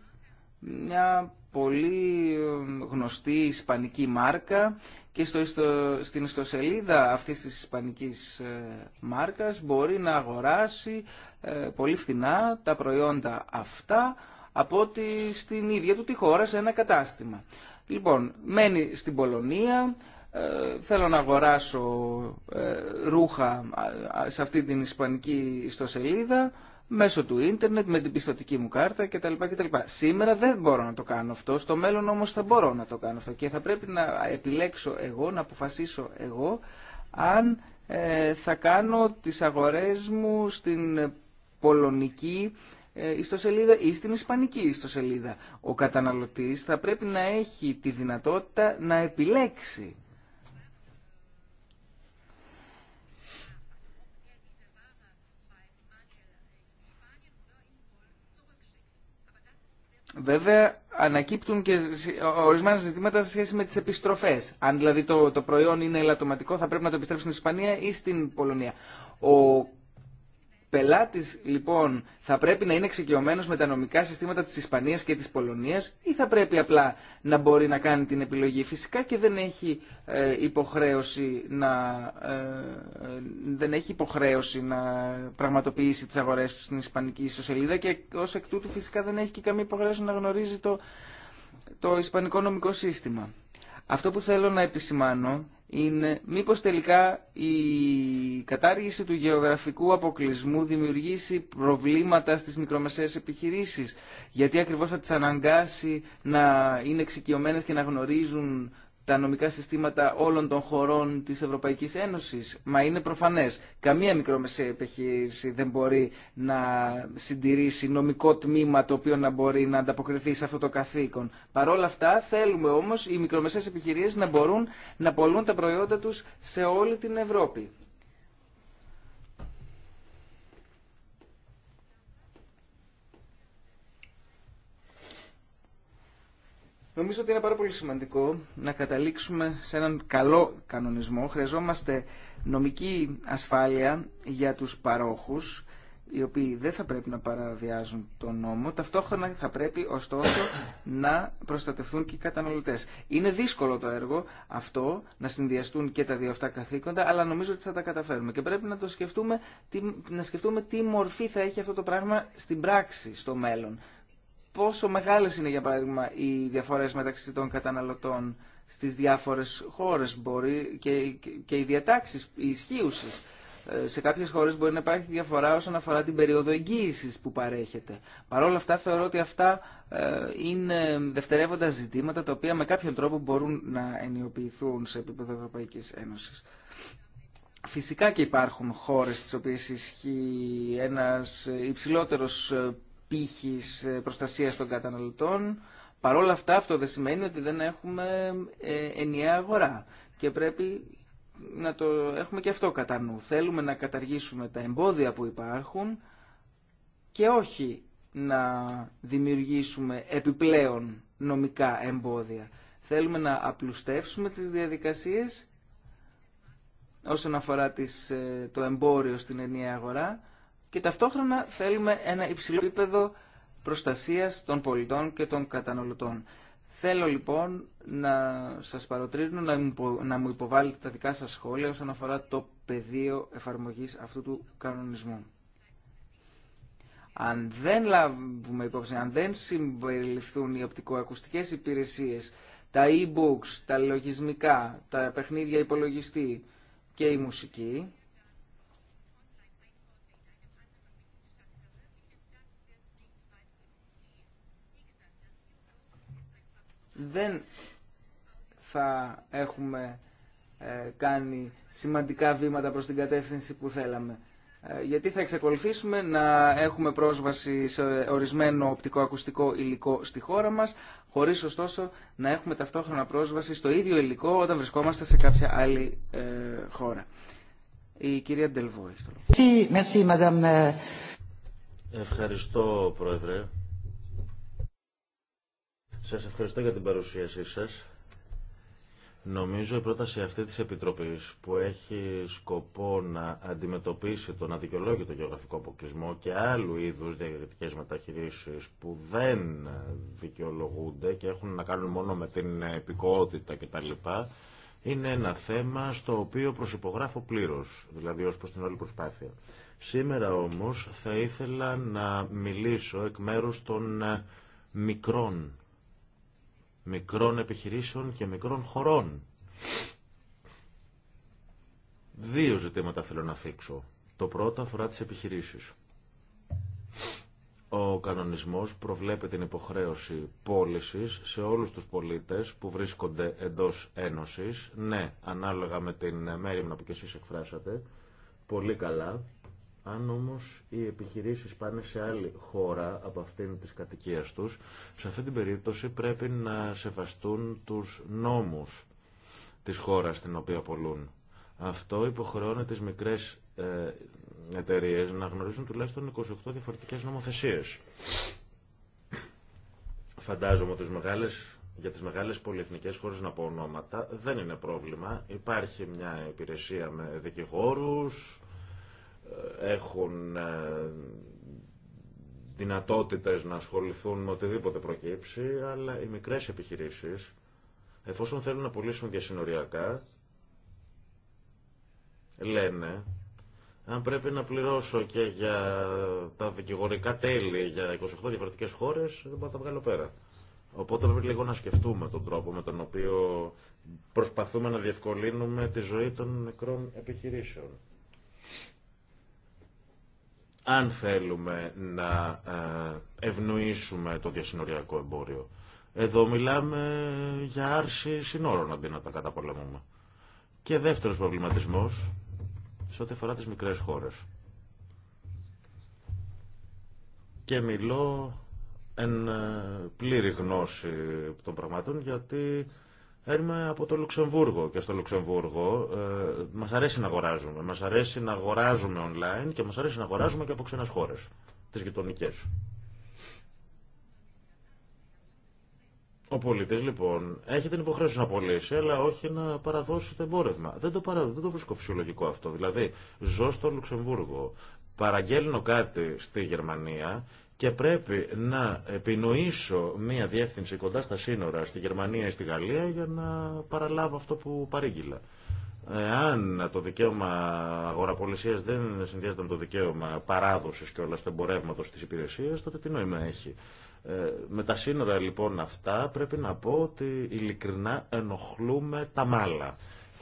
μια πολύ ε, γνωστή ισπανική μάρκα και στο, στο, στην ιστοσελίδα αυτής της ισπανικής ε, μάρκας μπορεί να αγοράσει ε, πολύ φθηνά τα προϊόντα αυτά από ότι στην ίδια του τη χώρα σε ένα κατάστημα. Λοιπόν, μένει στην Πολωνία, ε, θέλω να αγοράσω ε, ρούχα σε αυτή την ισπανική ιστοσελίδα μέσω του ίντερνετ, με την πιστοτική μου κάρτα κτλ. κτλ. Σήμερα δεν μπορώ να το κάνω αυτό, στο μέλλον όμως θα μπορώ να το κάνω αυτό και θα πρέπει να επιλέξω εγώ, να αποφασίσω εγώ αν θα κάνω τις αγορές μου στην πολωνική ε, ιστοσελίδα ή στην ισπανική ιστοσελίδα. Ο καταναλωτής θα πρέπει να έχει τη δυνατότητα να επιλέξει. Βέβαια, ανακύπτουν και ορισμένα ζητήματα σε σχέση με τι επιστροφέ. Αν δηλαδή το, το προϊόν είναι ελαττωματικό, θα πρέπει να το επιστρέψει στην Ισπανία ή στην Πολωνία. Ο πελάτης λοιπόν θα πρέπει να είναι εξοικειωμένο με τα νομικά συστήματα της Ισπανίας και της Πολωνίας ή θα πρέπει απλά να μπορεί να κάνει την επιλογή. Φυσικά και δεν έχει ε, υποχρέωση να, ε, ε, δεν έχει υποχρέωση να πραγματοποιήσει τις αγορές του στην Ισπανική ιστοσελίδα και ως εκ τούτου φυσικά δεν έχει και καμία υποχρέωση να γνωρίζει το, το Ισπανικό νομικό σύστημα. Αυτό που θέλω να επισημάνω είναι μήπως τελικά η κατάργηση του γεωγραφικού αποκλεισμού δημιουργήσει προβλήματα στις μικρομεσαίες επιχειρήσεις γιατί ακριβώς θα τις αναγκάσει να είναι εξοικειωμένε και να γνωρίζουν τα νομικά συστήματα όλων των χωρών της Ευρωπαϊκής Ένωσης. Μα είναι προφανές, καμία μικρομεσαία επιχείρηση δεν μπορεί να συντηρήσει νομικό τμήμα το οποίο να μπορεί να ανταποκριθεί σε αυτό το καθήκον. Παρ' όλα αυτά θέλουμε όμως οι μικρομεσαίες επιχειρήσεις να μπορούν να πολλούν τα προϊόντα τους σε όλη την Ευρώπη. Νομίζω ότι είναι πάρα πολύ σημαντικό να καταλήξουμε σε έναν καλό κανονισμό. Χρειαζόμαστε νομική ασφάλεια για τους παρόχους, οι οποίοι δεν θα πρέπει να παραβιάζουν τον νόμο. Ταυτόχρονα θα πρέπει ωστόσο να προστατευτούν και οι καταναλωτές. Είναι δύσκολο το έργο αυτό να συνδυαστούν και τα δύο αυτά καθήκοντα, αλλά νομίζω ότι θα τα καταφέρουμε. Και πρέπει να, το σκεφτούμε, να σκεφτούμε τι μορφή θα έχει αυτό το πράγμα στην πράξη, στο μέλλον πόσο μεγάλε είναι για παράδειγμα οι διαφορέ μεταξύ των καταναλωτών στι διάφορε χώρε μπορεί και, και οι διατάξει οι ισχύουσες. Ε, σε κάποιε χώρε μπορεί να υπάρχει διαφορά όσον αφορά την περίοδο εγγύηση που παρέχεται. Παρ' όλα αυτά θεωρώ ότι αυτά ε, είναι δευτερεύοντα ζητήματα τα οποία με κάποιον τρόπο μπορούν να ενιοποιηθούν σε επίπεδο Ευρωπαϊκή Ένωση. Φυσικά και υπάρχουν χώρες στις οποίες ισχύει ένας υψηλότερος ε, πύχης ε, προστασίας των καταναλωτών. παρόλα αυτά αυτό δεν σημαίνει ότι δεν έχουμε ε, ενιαία αγορά και πρέπει να το έχουμε και αυτό κατά νου. Θέλουμε να καταργήσουμε τα εμπόδια που υπάρχουν και όχι να δημιουργήσουμε επιπλέον νομικά εμπόδια. Θέλουμε να απλουστεύσουμε τις διαδικασίες όσον αφορά ε, το εμπόριο στην ενιαία αγορά και ταυτόχρονα θέλουμε ένα υψηλό επίπεδο προστασίας των πολιτών και των καταναλωτών. Θέλω λοιπόν να σας παροτρύνω να μου υποβάλλετε τα δικά σας σχόλια όσον αφορά το πεδίο εφαρμογής αυτού του κανονισμού. Αν δεν λάβουμε υπόψη, αν δεν συμπεριληφθούν οι οπτικοακουστικές υπηρεσίες, τα e-books, τα λογισμικά, τα παιχνίδια υπολογιστή και η μουσική, δεν θα έχουμε ε, κάνει σημαντικά βήματα προς την κατεύθυνση που θέλαμε. Ε, γιατί θα εξακολουθήσουμε να έχουμε πρόσβαση σε ορισμένο οπτικοακουστικό υλικό στη χώρα μας, χωρίς ωστόσο να έχουμε ταυτόχρονα πρόσβαση στο ίδιο υλικό όταν βρισκόμαστε σε κάποια άλλη ε, χώρα. Η κυρία Ντελβόη. Ευχαριστώ, Πρόεδρε. Σας ευχαριστώ για την παρουσίασή σας. Νομίζω η πρόταση αυτή της Επιτροπής που έχει σκοπό να αντιμετωπίσει τον αδικαιολόγητο γεωγραφικό αποκλεισμό και άλλου είδους διακριτικές μεταχειρήσεις που δεν δικαιολογούνται και έχουν να κάνουν μόνο με την επικότητα κτλ. Είναι ένα θέμα στο οποίο προσυπογράφω πλήρως, δηλαδή ως προς την όλη προσπάθεια. Σήμερα όμως θα ήθελα να μιλήσω εκ μέρους των μικρών μικρών επιχειρήσεων και μικρών χωρών. Δύο ζητήματα θέλω να θίξω. Το πρώτο αφορά τις επιχειρήσεις. Ο κανονισμός προβλέπει την υποχρέωση πώλησης σε όλους τους πολίτες που βρίσκονται εντός ένωσης. Ναι, ανάλογα με την μέρημνα που και εσείς εκφράσατε. Πολύ καλά. Αν όμως οι επιχειρήσει πάνε σε άλλη χώρα από αυτήν της κατοικία τους, σε αυτή την περίπτωση πρέπει να σεβαστούν τους νόμους της χώρα στην οποία πολλούν. Αυτό υποχρεώνει τις μικρές ε, εταιρείε να γνωρίζουν τουλάχιστον 28 διαφορετικές νομοθεσίες. Φαντάζομαι ότι μεγάλες, για τις μεγάλες πολυεθνικές χώρε να πω ονόματα δεν είναι πρόβλημα. Υπάρχει μια υπηρεσία με δικηγόρους, ε, έχουν ε, δυνατότητες να ασχοληθούν με οτιδήποτε προκύψει, αλλά οι μικρές επιχειρήσεις, εφόσον θέλουν να πουλήσουν διασυνοριακά, λένε, αν πρέπει να πληρώσω και για τα δικηγορικά τέλη για 28 διαφορετικές χώρες, δεν μπορώ να τα βγάλω πέρα. Οπότε πρέπει λίγο να σκεφτούμε τον τρόπο με τον οποίο προσπαθούμε να διευκολύνουμε τη ζωή των μικρών επιχειρήσεων αν θέλουμε να ε, ευνοήσουμε το διασυνοριακό εμπόριο. Εδώ μιλάμε για άρση συνόρων αντί να τα καταπολεμούμε. Και δεύτερος προβληματισμός σε ό,τι αφορά τις μικρές χώρες. Και μιλώ εν ε, πλήρη γνώση των πραγμάτων γιατί Έρχομαι από το Λουξεμβούργο και στο Λουξεμβούργο ε, μας αρέσει να αγοράζουμε. Μας αρέσει να αγοράζουμε online και μας αρέσει να αγοράζουμε και από ξένες χώρες, τις γειτονικέ. Ο πολίτης λοιπόν έχει την υποχρέωση να πωλήσει αλλά όχι να παραδώσει το εμπόρευμα. Δεν το, παρα... δεν το βρίσκω φυσιολογικό αυτό. Δηλαδή ζω στο Λουξεμβούργο, παραγγέλνω κάτι στη Γερμανία και πρέπει να επινοήσω μία διεύθυνση κοντά στα σύνορα στη Γερμανία ή στη Γαλλία για να παραλάβω αυτό που παρήγγειλα. Αν το δικαίωμα αγοραπολισίας δεν συνδυάζεται με το δικαίωμα παράδοσης και όλα στο εμπορεύματος της υπηρεσίας, τότε τι νόημα έχει. Ε, με τα σύνορα λοιπόν αυτά πρέπει να πω ότι ειλικρινά ενοχλούμε τα μάλα.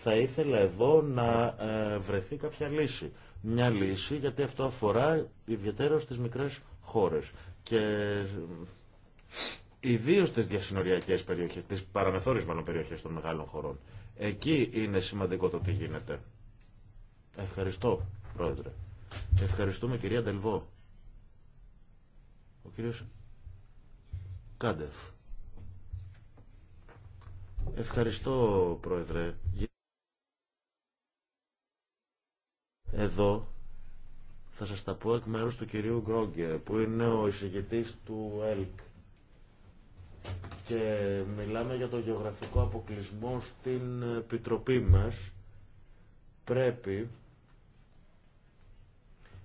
Θα ήθελα εδώ να ε, βρεθεί κάποια λύση. Μια λύση γιατί αυτό αφορά ιδιαίτερα στις μικρές χώρες. Και ιδίω τι διασυνοριακές περιοχές, τις παραμεθόριες μάλλον περιοχές των μεγάλων χωρών. Εκεί είναι σημαντικό το τι γίνεται. Ευχαριστώ, Πρόεδρε. Ευχαριστούμε, κυρία Ντελβό. Ο κύριος Κάντεφ. Ευχαριστώ, Πρόεδρε. Εδώ θα σας τα πω εκ μέρους του κυρίου Γκρόγκε, που είναι ο εισηγητής του ΕΛΚ. Και μιλάμε για το γεωγραφικό αποκλεισμό στην επιτροπή μας. Πρέπει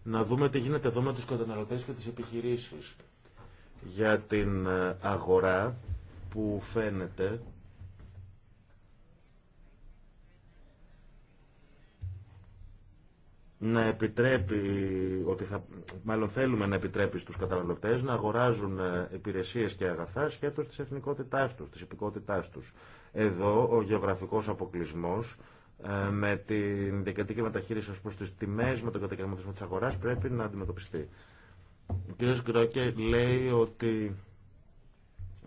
να δούμε τι γίνεται εδώ με τους καταναλωτές και τις επιχειρήσεις. Για την ε, αγορά που φαίνεται να επιτρέπει, ότι θα, μάλλον θέλουμε να επιτρέπει στους καταναλωτές να αγοράζουν ε, υπηρεσίες και αγαθά σχέτως της εθνικότητάς τους, της υπηκότητάς τους. Εδώ ο γεωγραφικός αποκλεισμός ε, με την διακριτική μεταχείριση προ προς τις τιμές, με τον κατακαιρματισμό της αγοράς πρέπει να αντιμετωπιστεί. Ο κ. Γκρόκε λέει ότι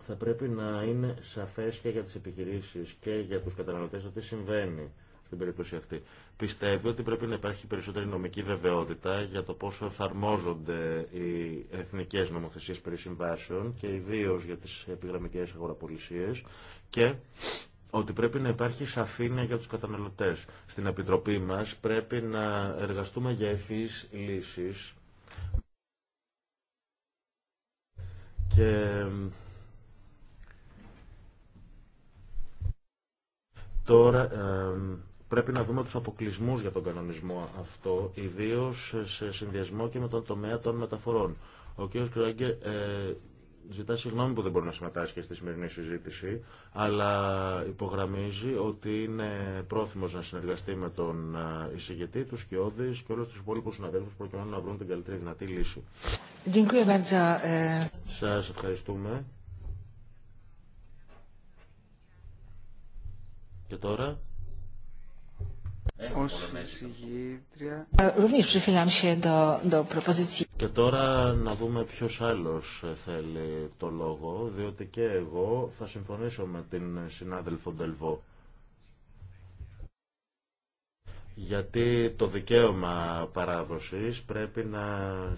θα πρέπει να είναι σαφές και για τις επιχειρήσεις και για τους καταναλωτές ότι συμβαίνει στην περίπτωση αυτή. Πιστεύει ότι πρέπει να υπάρχει περισσότερη νομική βεβαιότητα για το πόσο εφαρμόζονται οι εθνικές νομοθεσίες περί συμβάσεων και ιδίω για τις επιγραμμικές αγοραπολισίες και ότι πρέπει να υπάρχει σαφήνεια για τους καταναλωτές. Στην Επιτροπή μας πρέπει να εργαστούμε για ευθύς λύσεις και τώρα Πρέπει να δούμε τους αποκλεισμού για τον κανονισμό αυτό, ιδίως σε συνδυασμό και με τον τομέα των μεταφορών. Ο κ. Κράγκε ε, ζητά συγγνώμη που δεν μπορεί να συμμετάσχει στη σημερινή συζήτηση, αλλά υπογραμμίζει ότι είναι πρόθυμος να συνεργαστεί με τον ε, εισηγητή, τους Σκιώδης και όλους τους υπόλοιπους συναδέλφους προκειμένου να βρουν την καλύτερη δυνατή λύση. Ε. Σας ευχαριστούμε. Και τώρα εισηγήτρια... Ε, και τώρα να δούμε ποιο άλλο θέλει το λόγο, διότι και εγώ θα συμφωνήσω με την συνάδελφο Ντελβό. Γιατί το δικαίωμα παράδοσης πρέπει να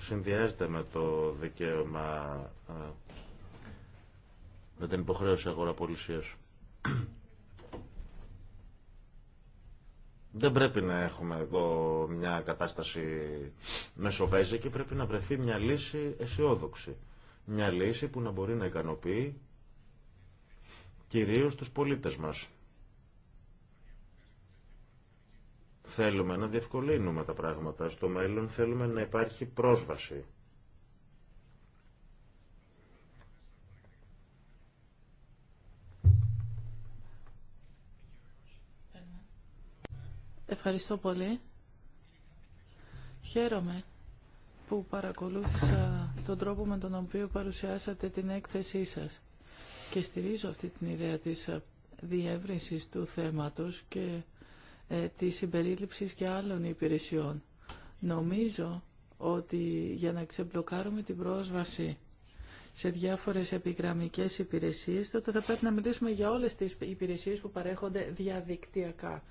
συνδυάζεται με το δικαίωμα ε, με την υποχρέωση αγοραπολισίας. Δεν πρέπει να έχουμε εδώ μια κατάσταση και πρέπει να βρεθεί μια λύση αισιόδοξη. Μια λύση που να μπορεί να ικανοποιεί κυρίως τους πολίτες μας. Θέλουμε να διευκολύνουμε τα πράγματα. Στο μέλλον θέλουμε να υπάρχει πρόσβαση Ευχαριστώ πολύ. Χαίρομαι που παρακολούθησα τον τρόπο με τον οποίο παρουσιάσατε την έκθεσή σας και στηρίζω αυτή την ιδέα της διεύρυνσης του θέματος και ε, της συμπερίληψης και άλλων υπηρεσιών. Νομίζω ότι για να ξεμπλοκάρουμε την πρόσβαση σε διάφορες επιγραμμικές υπηρεσίες, τότε θα πρέπει να μιλήσουμε για όλες τις υπηρεσίες που παρέχονται διαδικτυακά.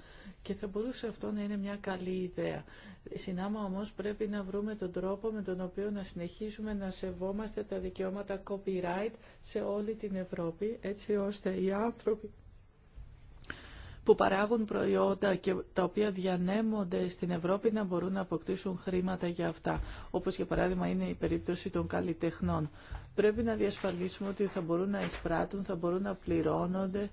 Και θα μπορούσε αυτό να είναι μια καλή ιδέα. Συνάμα όμως πρέπει να βρούμε τον τρόπο με τον οποίο να συνεχίσουμε να σεβόμαστε τα δικαιώματα copyright σε όλη την Ευρώπη, έτσι ώστε οι άνθρωποι που παράγουν προϊόντα και τα οποία διανέμονται στην Ευρώπη να μπορούν να αποκτήσουν χρήματα για αυτά, όπως για παράδειγμα είναι η περίπτωση των καλλιτεχνών. Πρέπει να διασφαλίσουμε ότι θα μπορούν να εισπράττουν, θα μπορούν να πληρώνονται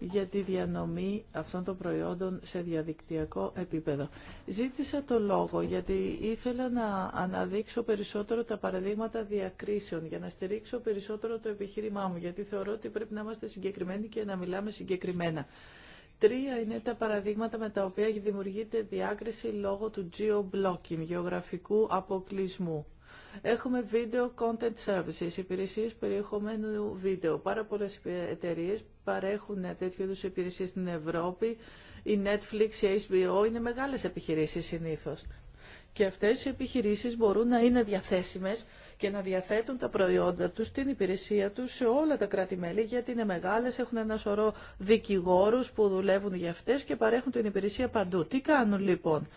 για τη διανομή αυτών των προϊόντων σε διαδικτυακό επίπεδο. Ζήτησα το λόγο γιατί ήθελα να αναδείξω περισσότερο τα παραδείγματα διακρίσεων για να στηρίξω περισσότερο το επιχείρημά μου γιατί θεωρώ ότι πρέπει να είμαστε συγκεκριμένοι και να μιλάμε συγκεκριμένα. Τρία είναι τα παραδείγματα με τα οποία δημιουργείται διάκριση λόγω του geo-blocking, γεωγραφικού αποκλεισμού. Έχουμε video content services, υπηρεσίες περιεχομένου βίντεο. Πάρα πολλές εταιρείες παρέχουν τέτοιου είδους υπηρεσίες στην Ευρώπη. Η Netflix, η HBO είναι μεγάλες επιχειρήσεις συνήθως και αυτές οι επιχειρήσεις μπορούν να είναι διαθέσιμες και να διαθέτουν τα προϊόντα τους, την υπηρεσία τους σε όλα τα κράτη-μέλη, γιατί είναι μεγάλες, έχουν ένα σωρό δικηγόρους που δουλεύουν για αυτές και παρέχουν την υπηρεσία παντού. Τι κάνουν λοιπόν.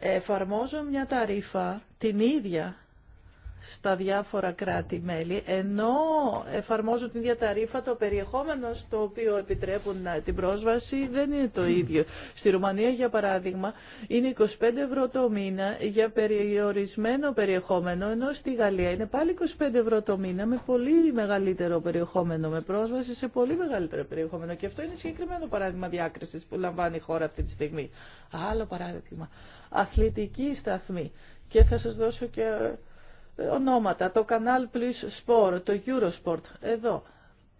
Εφαρμόζουν μια ταρίφα την ίδια στα διάφορα κράτη-μέλη, ενώ εφαρμόζουν την ίδια το περιεχόμενο στο οποίο επιτρέπουν ε, την πρόσβαση δεν είναι το ίδιο. Στη Ρουμανία, για παράδειγμα, είναι 25 ευρώ το μήνα για περιορισμένο περιεχόμενο, ενώ στη Γαλλία είναι πάλι 25 ευρώ το μήνα με πολύ μεγαλύτερο περιεχόμενο, με πρόσβαση σε πολύ μεγαλύτερο περιεχόμενο. Και αυτό είναι συγκεκριμένο παράδειγμα διάκριση που λαμβάνει η χώρα αυτή τη στιγμή. Άλλο παράδειγμα. Αθλητική σταθμή. Και θα σας δώσω και ονόματα, το Canal Plus Sport, το Eurosport, εδώ.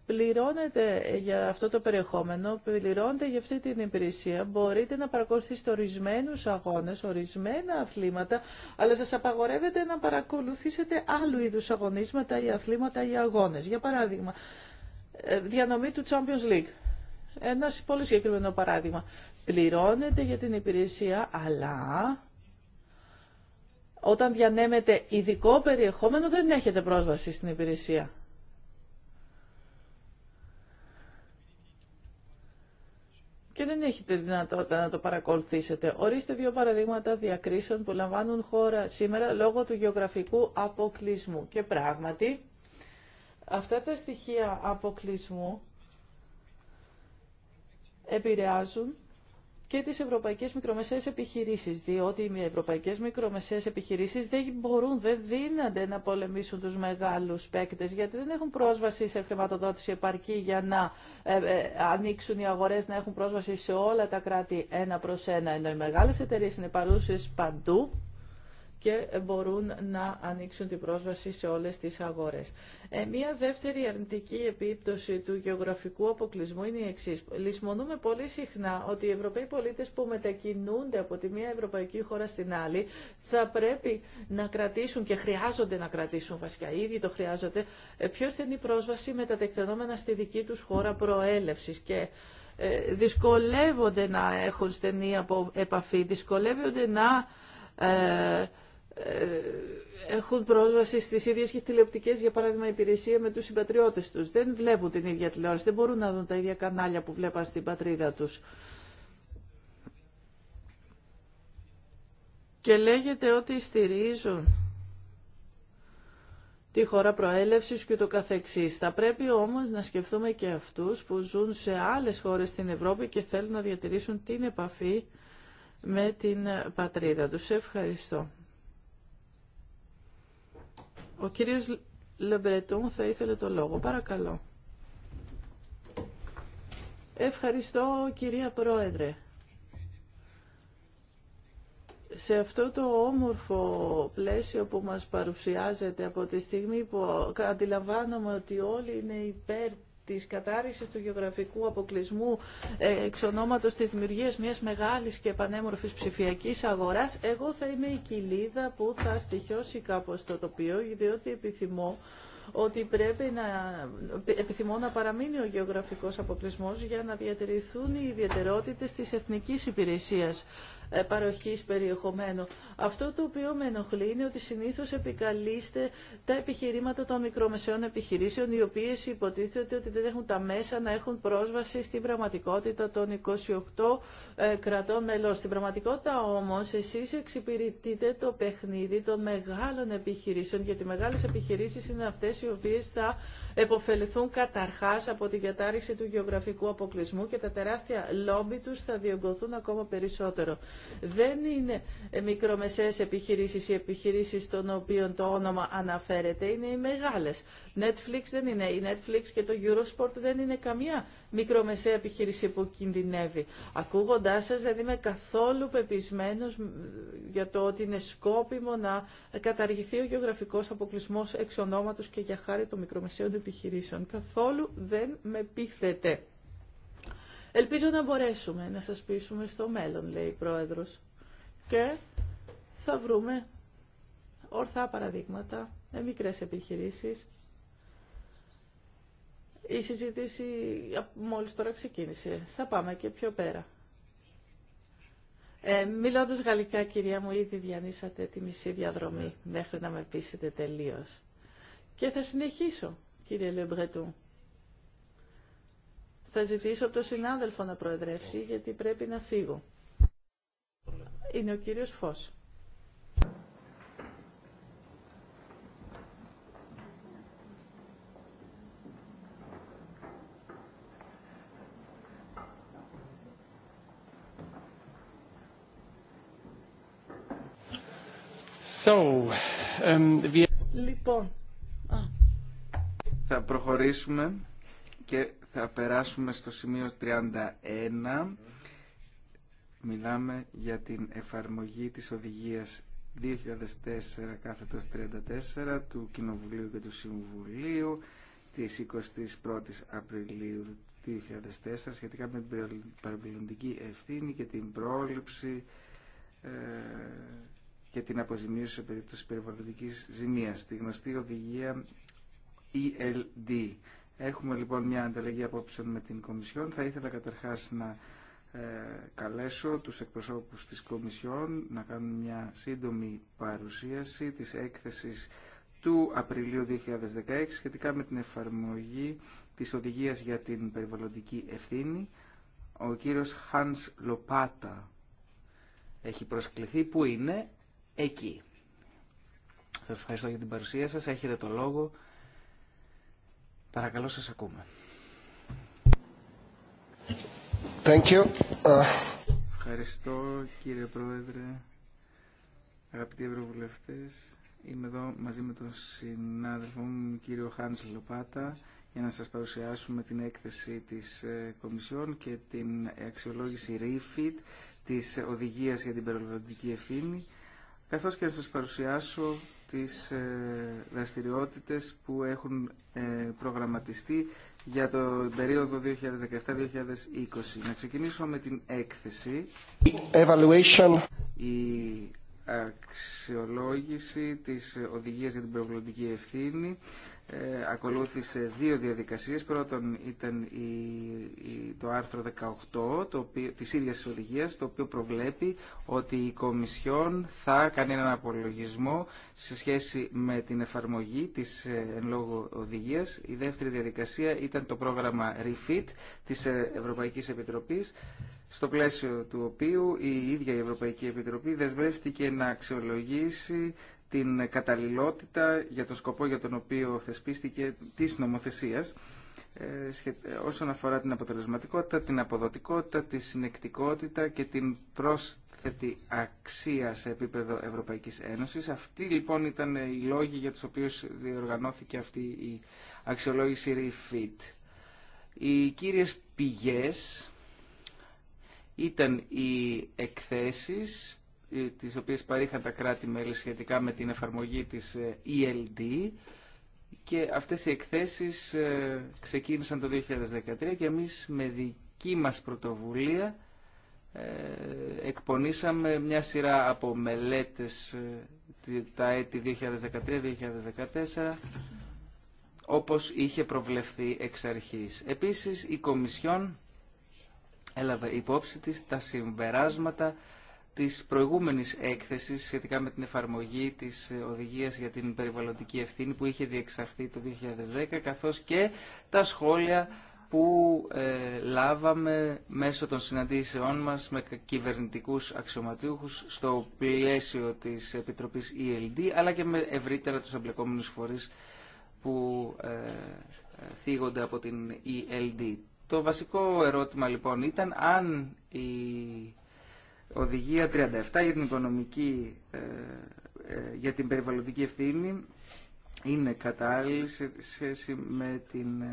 Πληρώνετε για αυτό το περιεχόμενο, πληρώνετε για αυτή την υπηρεσία, μπορείτε να παρακολουθήσετε ορισμένους αγώνες, ορισμένα αθλήματα, αλλά σας απαγορεύεται να παρακολουθήσετε άλλου είδους αγωνίσματα ή αθλήματα ή αγώνες. Για παράδειγμα, ε, διανομή του Champions League. Ένα πολύ συγκεκριμένο παράδειγμα. Πληρώνετε για την υπηρεσία, αλλά όταν διανέμετε ειδικό περιεχόμενο δεν έχετε πρόσβαση στην υπηρεσία. και δεν έχετε δυνατότητα να το παρακολουθήσετε. Ορίστε δύο παραδείγματα διακρίσεων που λαμβάνουν χώρα σήμερα λόγω του γεωγραφικού αποκλεισμού. Και πράγματι, αυτά τα στοιχεία αποκλεισμού επηρεάζουν και τις ευρωπαϊκές μικρομεσαίες επιχειρήσεις, διότι οι ευρωπαϊκές μικρομεσαίες επιχειρήσεις δεν μπορούν, δεν δύνανται να πολεμήσουν τους μεγάλους παίκτες, γιατί δεν έχουν πρόσβαση σε χρηματοδότηση επαρκή για να ε, ε, ανοίξουν οι αγορές, να έχουν πρόσβαση σε όλα τα κράτη ένα προς ένα, ενώ οι μεγάλες εταιρείες είναι παρούσες παντού και μπορούν να ανοίξουν την πρόσβαση σε όλες τις αγορές. Ε, μία δεύτερη αρνητική επίπτωση του γεωγραφικού αποκλεισμού είναι η εξή. Λυσμονούμε πολύ συχνά ότι οι Ευρωπαίοι πολίτες που μετακινούνται από τη μία ευρωπαϊκή χώρα στην άλλη θα πρέπει να κρατήσουν και χρειάζονται να κρατήσουν βασικά, ήδη το χρειάζονται, ε, πιο στενή πρόσβαση με τα τεκτενόμενα στη δική τους χώρα προέλευσης και ε, δυσκολεύονται να έχουν στενή επαφή, δυσκολεύονται να ε, ε, έχουν πρόσβαση στι ίδιε και τηλεοπτικέ, για παράδειγμα, υπηρεσία με του συμπατριώτε του. Δεν βλέπουν την ίδια τηλεόραση, δεν μπορούν να δουν τα ίδια κανάλια που βλέπαν στην πατρίδα του. Και λέγεται ότι στηρίζουν τη χώρα προέλευσης και το καθεξής. Θα πρέπει όμως να σκεφτούμε και αυτούς που ζουν σε άλλες χώρες στην Ευρώπη και θέλουν να διατηρήσουν την επαφή με την πατρίδα τους. Ευχαριστώ. Ο κύριος Λεμπρετού θα ήθελε το λόγο. Παρακαλώ. Ευχαριστώ κυρία Πρόεδρε. Σε αυτό το όμορφο πλαίσιο που μας παρουσιάζεται από τη στιγμή που αντιλαμβάνομαι ότι όλοι είναι υπέρ της κατάρρισης του γεωγραφικού αποκλεισμού ε, εξ ονόματος της δημιουργίας μιας μεγάλης και πανέμορφης ψηφιακής αγοράς, εγώ θα είμαι η κοιλίδα που θα στοιχιώσει κάπως το τοπίο, διότι επιθυμώ ότι πρέπει να επιθυμώ να παραμείνει ο γεωγραφικός αποκλεισμός για να διατηρηθούν οι ιδιαιτερότητες της εθνικής υπηρεσίας ε, παροχής περιεχομένου. Αυτό το οποίο με ενοχλεί είναι ότι συνήθως επικαλείστε τα επιχειρήματα των μικρομεσαίων επιχειρήσεων, οι οποίες υποτίθεται ότι δεν έχουν τα μέσα να έχουν πρόσβαση στην πραγματικότητα των 28 ε, κρατών μελών. Στην πραγματικότητα όμω, εσεί εξυπηρετείτε το παιχνίδι των μεγάλων επιχειρήσεων, γιατί μεγάλες επιχειρήσεις είναι αυτές οι οποίες θα επωφεληθούν καταρχάς από την κατάρριξη του γεωγραφικού αποκλεισμού και τα τεράστια λόμπι τους θα διωγγωθούν ακόμα περισσότερο δεν είναι μικρομεσαίες επιχειρήσεις ή επιχειρήσεις των οποίων το όνομα αναφέρεται, είναι οι μεγάλες. Netflix δεν είναι. Η Netflix και το Eurosport δεν είναι καμία μικρομεσαία επιχείρηση που κινδυνεύει. Ακούγοντάς σας δεν είμαι καθόλου πεπισμένος για το ότι είναι σκόπιμο να καταργηθεί ο γεωγραφικός αποκλεισμός εξ και για χάρη των μικρομεσαίων επιχειρήσεων. Καθόλου δεν με πείθεται. Ελπίζω να μπορέσουμε να σας πείσουμε στο μέλλον, λέει η Πρόεδρος. Και θα βρούμε ορθά παραδείγματα με μικρές επιχειρήσεις. Η συζήτηση μόλις τώρα ξεκίνησε. Θα πάμε και πιο πέρα. Ε, μιλώντας γαλλικά, κυρία μου, ήδη διανύσατε τη μισή διαδρομή μέχρι να με πείσετε τελείως. Και θα συνεχίσω, κύριε Λεμπρετού. Θα ζητήσω από τον συνάδελφο να προεδρεύσει, γιατί πρέπει να φύγω. Είναι ο κύριος Φως. Um, λοιπόν, θα προχωρήσουμε και θα περάσουμε στο σημείο 31. Μιλάμε για την εφαρμογή της οδηγίας 2004 34 του Κοινοβουλίου και του Συμβουλίου της 21ης Απριλίου 2004 σχετικά με την παραπληκτική ευθύνη και την πρόληψη ε, και την αποζημίωση σε περίπτωση περιβαλλοντικής ζημίας, τη γνωστή οδηγία ELD. Έχουμε λοιπόν μια ανταλλαγή απόψεων με την Κομισιόν. Θα ήθελα καταρχάς να ε, καλέσω τους εκπροσώπους της Κομισιόν να κάνουν μια σύντομη παρουσίαση της έκθεσης του Απριλίου 2016 σχετικά με την εφαρμογή της Οδηγίας για την Περιβαλλοντική Ευθύνη. Ο κύριος Hans Λοπάτα έχει προσκληθεί. Πού είναι? Εκεί. Σας ευχαριστώ για την παρουσία σας. Έχετε το λόγο Παρακαλώ σας ακούμε. Thank you. Uh, Ευχαριστώ κύριε Πρόεδρε, αγαπητοί ευρωβουλευτές. Είμαι εδώ μαζί με τον συνάδελφό μου κύριο Χάνς Λοπάτα για να σας παρουσιάσουμε την έκθεση της ε, Κομισιόν και την αξιολόγηση REFIT της Οδηγίας για την Περιβαλλοντική Ευθύνη καθώς και να σας παρουσιάσω τις ε, δραστηριότητες που έχουν ε, προγραμματιστεί για το περίοδο 2017-2020. Να ξεκινήσω με την έκθεση. Evaluation. Η αξιολόγηση της οδηγίας για την προβληματική ευθύνη ε, ακολούθησε δύο διαδικασίες. Πρώτον ήταν η, το άρθρο 18 το της ίδιας της οδηγίας, το οποίο προβλέπει ότι η Κομισιόν θα κάνει έναν απολογισμό σε σχέση με την εφαρμογή της ε, εν λόγω οδηγίας. Η δεύτερη διαδικασία ήταν το πρόγραμμα REFIT της ε, Ευρωπαϊκής Επιτροπής, στο πλαίσιο του οποίου η ίδια η Ευρωπαϊκή Επιτροπή δεσμεύτηκε να αξιολογήσει την καταλληλότητα για το σκοπό για τον οποίο θεσπίστηκε της νομοθεσίας ε, όσον αφορά την αποτελεσματικότητα, την αποδοτικότητα, τη συνεκτικότητα και την πρόσθετη αξία σε επίπεδο Ευρωπαϊκής Ένωσης. Αυτοί λοιπόν ήταν οι λόγοι για τους οποίους διοργανώθηκε αυτή η αξιολόγηση REFIT. Οι κύριες πηγές ήταν οι εκθέσεις ε, τις οποίες παρήχαν τα κράτη-μέλη σχετικά με την εφαρμογή της ε, ELD και αυτές οι εκθέσεις ε, ξεκίνησαν το 2013 και εμείς με δική μας πρωτοβουλία εκπονήσαμε μια σειρά από μελέτες τα έτη 2013-2014 όπως είχε προβλεφθεί εξ αρχής. Επίσης η Κομισιόν έλαβε υπόψη της τα συμπεράσματα της προηγούμενης έκθεσης σχετικά με την εφαρμογή της οδηγίας για την περιβαλλοντική ευθύνη που είχε διεξαχθεί το 2010 καθώς και τα σχόλια που ε, λάβαμε μέσω των συναντήσεών μας με κυβερνητικούς αξιωματούχους στο πλαίσιο της Επιτροπής ELD αλλά και με ευρύτερα τους εμπλεκόμενους φορείς που ε, θίγονται από την ELD. Το βασικό ερώτημα λοιπόν ήταν αν η Οδηγία 37 για την οικονομική, ε, ε, για την περιβαλλοντική ευθύνη είναι κατάλληλη σε σχέση με, την, ε,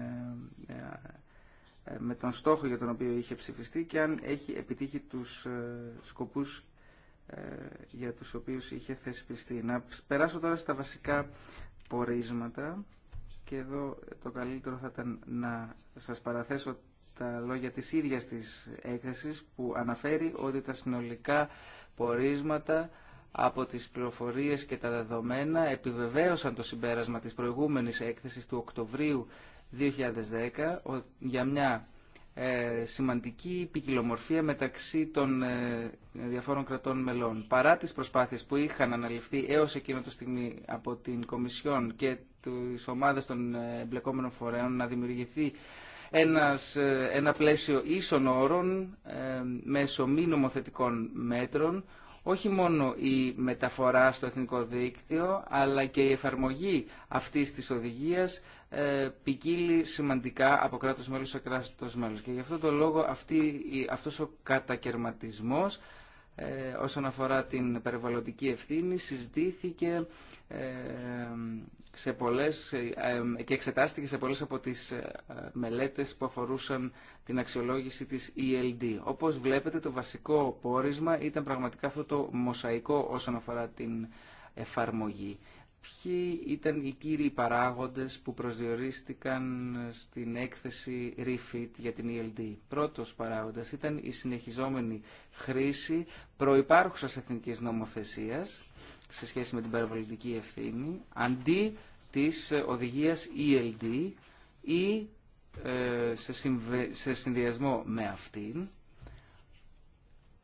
με τον στόχο για τον οποίο είχε ψηφιστεί και αν έχει επιτύχει τους σκοπούς για τους οποίους είχε θεσπιστεί. Να περάσω τώρα στα βασικά πορίσματα και εδώ το καλύτερο θα ήταν να σας παραθέσω τα λόγια της ίδιας της έκθεσης που αναφέρει ότι τα συνολικά πορίσματα από τις πληροφορίες και τα δεδομένα επιβεβαίωσαν το συμπέρασμα της προηγούμενης έκθεσης του Οκτωβρίου 2010 για μια ε, σημαντική ποικιλομορφία μεταξύ των ε, διαφόρων κρατών μελών. Παρά τις προσπάθειες που είχαν αναλυφθεί έως εκείνο το στιγμή από την Κομισιόν και τις ομάδες των ε, εμπλεκόμενων φορέων να δημιουργηθεί ένας, ε, ένα πλαίσιο ίσων όρων ε, μέσω μη νομοθετικών μέτρων, όχι μόνο η μεταφορά στο εθνικό δίκτυο, αλλά και η εφαρμογή αυτής της οδηγίας ε, ποικίλει σημαντικά από κράτος μέλος σε κράτος μέλος. Και γι' αυτό το λόγο αυτή, αυτός ο κατακαιρματισμός όσον αφορά την περιβαλλοντική ευθύνη συζητήθηκε ε, σε πολλές, ε, και εξετάστηκε σε πολλές από τις ε, μελέτες που αφορούσαν την αξιολόγηση της ELD. Όπως βλέπετε το βασικό πόρισμα ήταν πραγματικά αυτό το μοσαϊκό όσον αφορά την εφαρμογή. Ποιοι ήταν οι κύριοι παράγοντες που προσδιορίστηκαν στην έκθεση REFIT για την ELD. Πρώτος παράγοντας ήταν η συνεχιζόμενη χρήση προϋπάρχουσας εθνικής νομοθεσίας σε σχέση με την περιβαλλοντική ευθύνη αντί της οδηγίας ELD ή ε, σε συνδυασμό με αυτήν.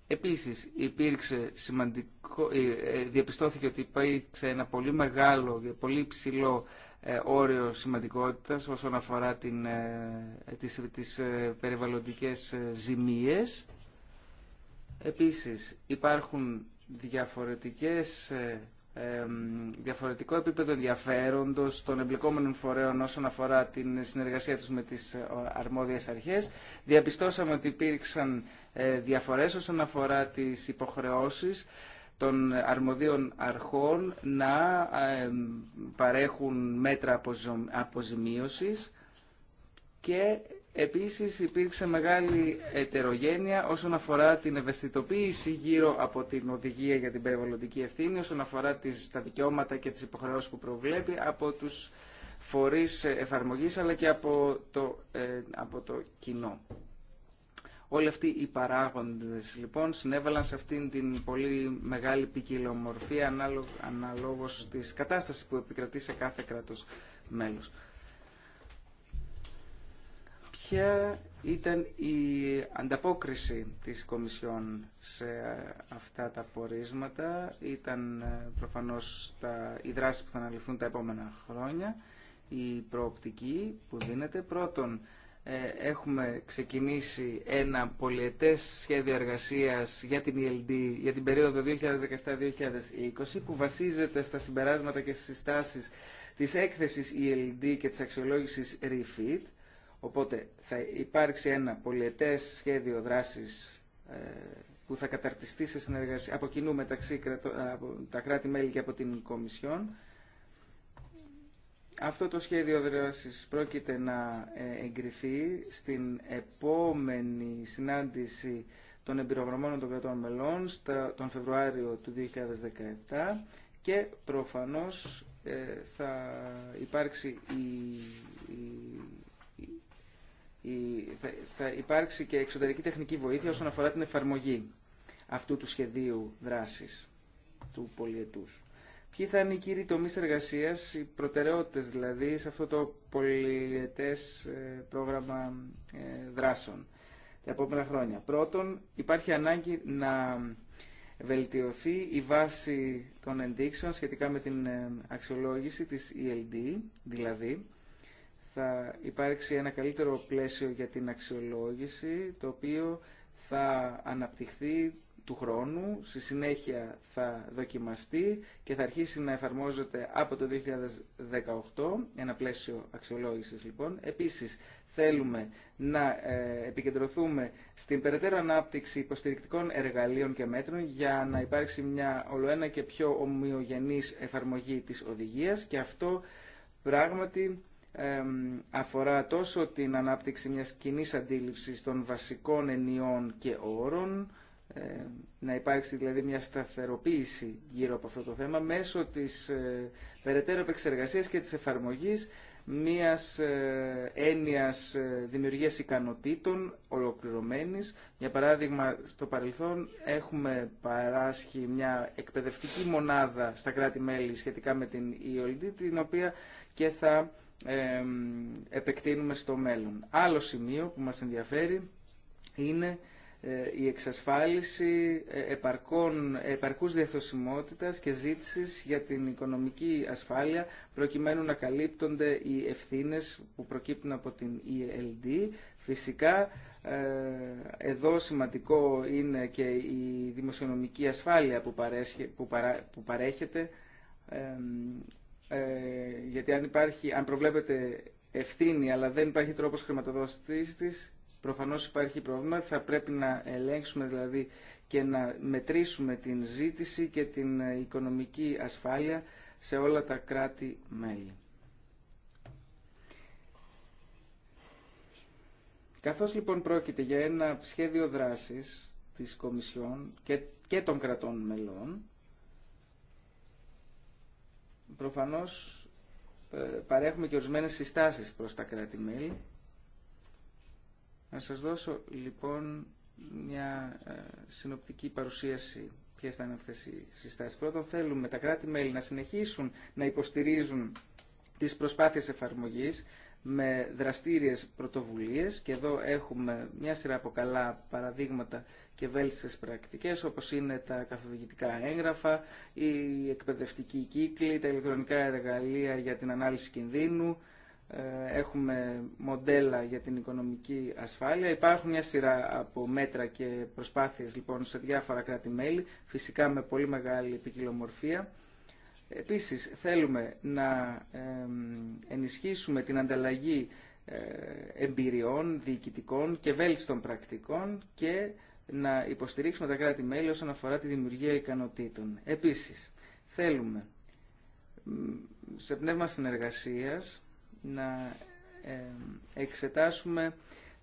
Επίσης, υπήρξε σημαντικό, ε, ε, διαπιστώθηκε ότι υπήρξε ένα πολύ μεγάλο, πολύ ψηλό όριο σημαντικότητας όσον αφορά την, τις, τις περιβαλλοντικές ζημίες. Επίσης, υπάρχουν διαφορετικές ε, διαφορετικό επίπεδο ενδιαφέροντος των εμπλεκόμενων φορέων όσον αφορά την συνεργασία τους με τις ε, αρμόδιες αρχές. Διαπιστώσαμε ότι υπήρξαν ε, διαφορές όσον αφορά τις υποχρεώσεις των αρμοδίων αρχών να παρέχουν μέτρα αποζημίωσης και Επίσης υπήρξε μεγάλη ετερογένεια όσον αφορά την ευαισθητοποίηση γύρω από την οδηγία για την περιβαλλοντική ευθύνη, όσον αφορά τις, τα δικαιώματα και τις υποχρεώσεις που προβλέπει από τους φορείς εφαρμογής αλλά και από το, ε, από το κοινό. Όλοι αυτοί οι παράγοντες λοιπόν συνέβαλαν σε αυτήν την πολύ μεγάλη ποικιλομορφία ανάλογος της κατάστασης που επικρατεί σε κάθε κράτος μέλος. Ποια ήταν η ανταπόκριση της Κομισιόν σε αυτά τα πορίσματα. Ήταν ε, προφανώς τα, οι δράσεις που θα αναλυθούν τα επόμενα χρόνια, η προοπτική που δίνεται. Πρώτον, ε, έχουμε ξεκινήσει ένα πολυετές σχέδιο εργασίας για την ELD για την περίοδο 2017-2020 που βασίζεται στα συμπεράσματα και στις συστάσεις της έκθεσης ELD και της αξιολόγησης REFIT Οπότε θα υπάρξει ένα πολιετές σχέδιο δράσης ε, που θα καταρτιστεί σε συνεργασία από κοινού μεταξύ ε, από τα κράτη-μέλη και από την Κομισιόν. Αυτό το σχέδιο δράσης πρόκειται να ε, εγκριθεί στην επόμενη συνάντηση των εμπειρογνωμόνων των κρατών μελών τον Φεβρουάριο του 2017 και προφανώς θα υπάρξει η θα υπάρξει και εξωτερική τεχνική βοήθεια όσον αφορά την εφαρμογή αυτού του σχεδίου δράσης του πολιετούς. Ποιοι θα είναι οι κύριοι τομείς εργασίας, οι προτεραιότητες δηλαδή σε αυτό το πολιετές ε, πρόγραμμα ε, δράσεων τα επόμενα χρόνια. Πρώτον, υπάρχει ανάγκη να βελτιωθεί η βάση των ενδείξεων σχετικά με την ε, αξιολόγηση της ELD, δηλαδή θα υπάρξει ένα καλύτερο πλαίσιο για την αξιολόγηση, το οποίο θα αναπτυχθεί του χρόνου, στη συνέχεια θα δοκιμαστεί και θα αρχίσει να εφαρμόζεται από το 2018, ένα πλαίσιο αξιολόγησης λοιπόν. Επίσης θέλουμε να ε, επικεντρωθούμε στην περαιτέρω ανάπτυξη υποστηρικτικών εργαλείων και μέτρων για να υπάρξει μια ολοένα και πιο ομοιογενής εφαρμογή της οδηγίας και αυτό πράγματι αφορά τόσο την ανάπτυξη μιας κοινή αντίληψης των βασικών ενιών και όρων, να υπάρξει δηλαδή μια σταθεροποίηση γύρω από αυτό το θέμα μέσω της ε, περαιτέρω επεξεργασίας και της εφαρμογής μιας ε, έννοιας ε, δημιουργίας ικανοτήτων ολοκληρωμένης. Για παράδειγμα, στο παρελθόν έχουμε παράσχει μια εκπαιδευτική μονάδα στα κράτη-μέλη σχετικά με την EOLD, την οποία και θα επεκτείνουμε στο μέλλον. Άλλο σημείο που μας ενδιαφέρει είναι ε, η εξασφάλιση ε, επαρκών, επαρκούς και ζήτησης για την οικονομική ασφάλεια προκειμένου να καλύπτονται οι ευθύνες που προκύπτουν από την ELD. Φυσικά ε, εδώ σημαντικό είναι και η δημοσιονομική ασφάλεια που, παρέχεται ε, γιατί αν, υπάρχει, αν προβλέπεται ευθύνη αλλά δεν υπάρχει τρόπος χρηματοδότησης της, προφανώς υπάρχει πρόβλημα. Θα πρέπει να ελέγξουμε δηλαδή και να μετρήσουμε την ζήτηση και την οικονομική ασφάλεια σε όλα τα κράτη-μέλη. Καθώς λοιπόν πρόκειται για ένα σχέδιο δράσης της Κομισιόν και, και των κρατών μελών, προφανώς ε, παρέχουμε και ορισμένες συστάσεις προς τα κράτη-μέλη. Να σας δώσω λοιπόν μια ε, συνοπτική παρουσίαση ποιες θα είναι αυτές οι συστάσεις. Πρώτον θέλουμε τα κράτη-μέλη να συνεχίσουν να υποστηρίζουν τις προσπάθειες εφαρμογής με δραστήριες πρωτοβουλίες και εδώ έχουμε μια σειρά από καλά παραδείγματα και βέλτιστες πρακτικές όπως είναι τα καθοδηγητικά έγγραφα, η εκπαιδευτική κύκλη, τα ηλεκτρονικά εργαλεία για την ανάλυση κινδύνου, ε, έχουμε μοντέλα για την οικονομική ασφάλεια. Υπάρχουν μια σειρά από μέτρα και προσπάθειες λοιπόν σε διάφορα κράτη-μέλη, φυσικά με πολύ μεγάλη ποικιλομορφία. Επίσης θέλουμε να ενισχύσουμε την ανταλλαγή ε, εμπειριών, διοικητικών και βέλτιστων πρακτικών και να υποστηρίξουμε τα κράτη-μέλη όσον αφορά τη δημιουργία ικανοτήτων. Επίσης, θέλουμε σε πνεύμα συνεργασίας να εξετάσουμε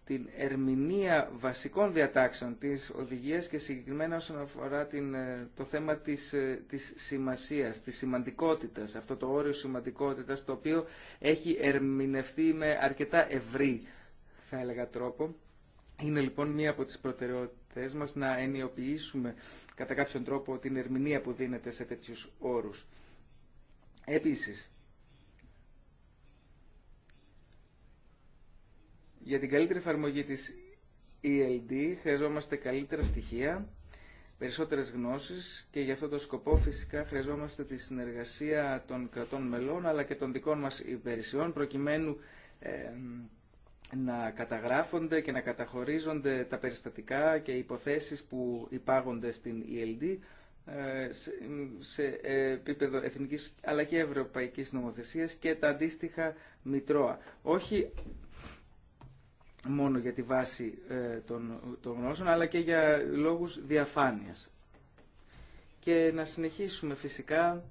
την ερμηνεία βασικών διατάξεων της οδηγίας και συγκεκριμένα όσον αφορά ε, το θέμα της, ε, της σημασίας, της σημαντικότητας, αυτό το όριο σημαντικότητας το οποίο έχει ερμηνευτεί με αρκετά ευρύ θα έλεγα τρόπο. Είναι λοιπόν μία από τις προτεραιότητες μας να ενιοποιήσουμε κατά κάποιον τρόπο την ερμηνεία που δίνεται σε τέτοιους όρους. Επίσης, Για την καλύτερη εφαρμογή της ELD χρειαζόμαστε καλύτερα στοιχεία, περισσότερες γνώσεις και για αυτό το σκοπό φυσικά χρειαζόμαστε τη συνεργασία των κρατών μελών αλλά και των δικών μας υπηρεσιών προκειμένου να καταγράφονται και να καταχωρίζονται τα περιστατικά και οι υποθέσεις που υπάγονται στην ELD ε, σε επίπεδο εθνικής αλλά και ευρωπαϊκής νομοθεσίας και τα αντίστοιχα μητρώα. Όχι μόνο για τη βάση ε, των, γνώσεων, αλλά και για λόγους διαφάνειας. Και να συνεχίσουμε φυσικά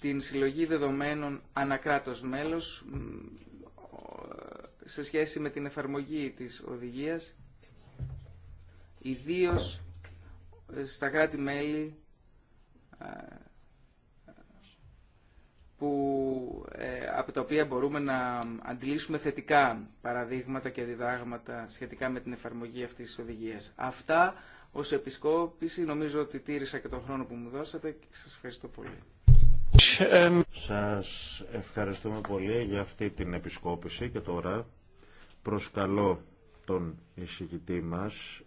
την συλλογή δεδομένων ανακράτος μέλος σε σχέση με την εφαρμογή της οδηγίας, ιδίως ε, στα κράτη-μέλη ε, που, ε, από τα οποία μπορούμε να αντιλήσουμε θετικά παραδείγματα και διδάγματα σχετικά με την εφαρμογή αυτής της οδηγίας. Αυτά ως επισκόπηση νομίζω ότι τήρησα και τον χρόνο που μου δώσατε και σας ευχαριστώ πολύ. Σας ευχαριστούμε πολύ για αυτή την επισκόπηση και τώρα προσκαλώ τον εισηγητή μας,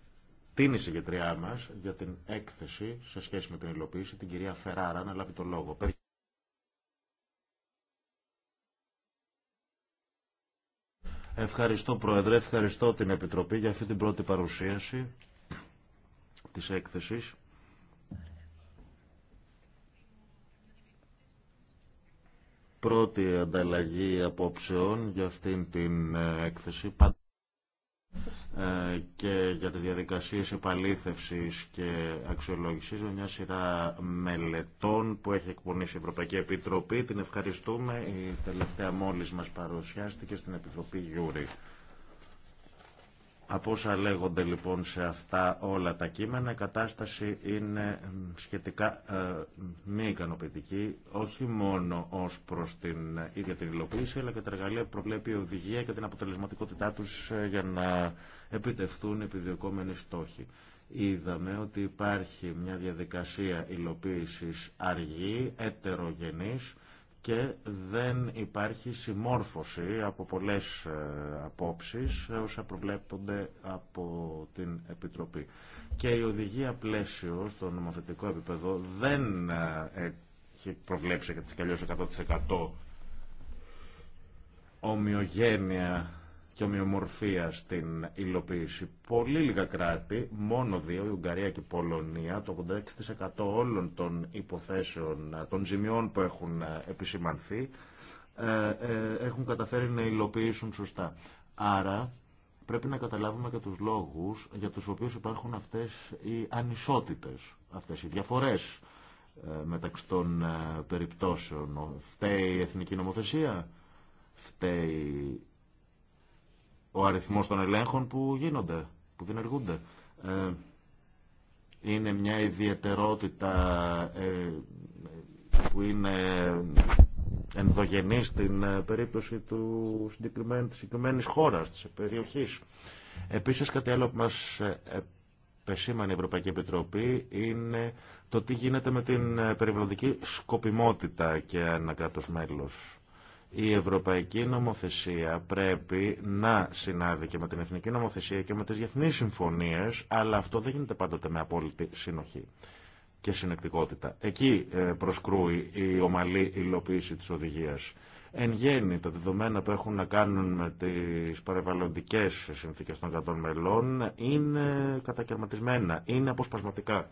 την εισηγητριά μας για την έκθεση σε σχέση με την υλοποίηση, την κυρία Φεράρα να λάβει το λόγο. Ευχαριστώ Πρόεδρε, ευχαριστώ την Επιτροπή για αυτή την πρώτη παρουσίαση της έκθεσης. Πρώτη ανταλλαγή απόψεων για αυτήν την ε, έκθεση. Ε, και για τις διαδικασίες επαλήθευσης και αξιολόγησης με μια σειρά μελετών που έχει εκπονήσει η Ευρωπαϊκή Επιτροπή. Την ευχαριστούμε. Η τελευταία μόλις μας παρουσιάστηκε στην Επιτροπή Γιούρη. Από όσα λέγονται λοιπόν σε αυτά όλα τα κείμενα, η κατάσταση είναι σχετικά ε, μη ικανοποιητική, όχι μόνο ως προς την ε, ίδια την υλοποίηση, αλλά και τα εργαλεία που προβλέπει η οδηγία και την αποτελεσματικότητά τους ε, για να επιτευχθούν επιδιωκόμενοι στόχοι. Είδαμε ότι υπάρχει μια διαδικασία υλοποίησης αργή, ετερογενής, και δεν υπάρχει συμμόρφωση από πολλές ε, απόψεις ε, όσα προβλέπονται από την Επιτροπή. Και η οδηγία πλαίσιο στο νομοθετικό επίπεδο δεν ε, έχει προβλέψει κατά τις 100% ομοιογένεια και ομοιομορφία στην υλοποίηση. Πολύ λίγα κράτη, μόνο δύο, η Ουγγαρία και η Πολωνία, το 86% όλων των υποθέσεων, των ζημιών που έχουν ε, επισημανθεί, ε, ε, έχουν καταφέρει να υλοποιήσουν σωστά. Άρα πρέπει να καταλάβουμε και τους λόγους για τους οποίους υπάρχουν αυτές οι ανισότητες, αυτές οι διαφορές μεταξύ των περιπτώσεων. Φταίει η εθνική νομοθεσία, φταίει ο αριθμός των ελέγχων που γίνονται, που δημιουργούνται, ε, είναι μια ιδιαιτερότητα ε, που είναι ενδογενή στην ε, περίπτωση του συγκεκριμένη χώρα, τη περιοχή. Επίση, κάτι άλλο που μα ε, επεσήμανε η Ευρωπαϊκή Επιτροπή είναι το τι γίνεται με την περιβαλλοντική σκοπιμότητα και ένα κράτο μέλο. Η ευρωπαϊκή νομοθεσία πρέπει να συνάδει και με την εθνική νομοθεσία και με τις διεθνείς συμφωνίες, αλλά αυτό δεν γίνεται πάντοτε με απόλυτη συνοχή και συνεκτικότητα. Εκεί ε, προσκρούει η ομαλή υλοποίηση της οδηγίας. Εν γέννη, τα δεδομένα που έχουν να κάνουν με τις παρεμβαλλοντικές συνθήκες των κρατών μελών είναι κατακαιρματισμένα, είναι αποσπασματικά.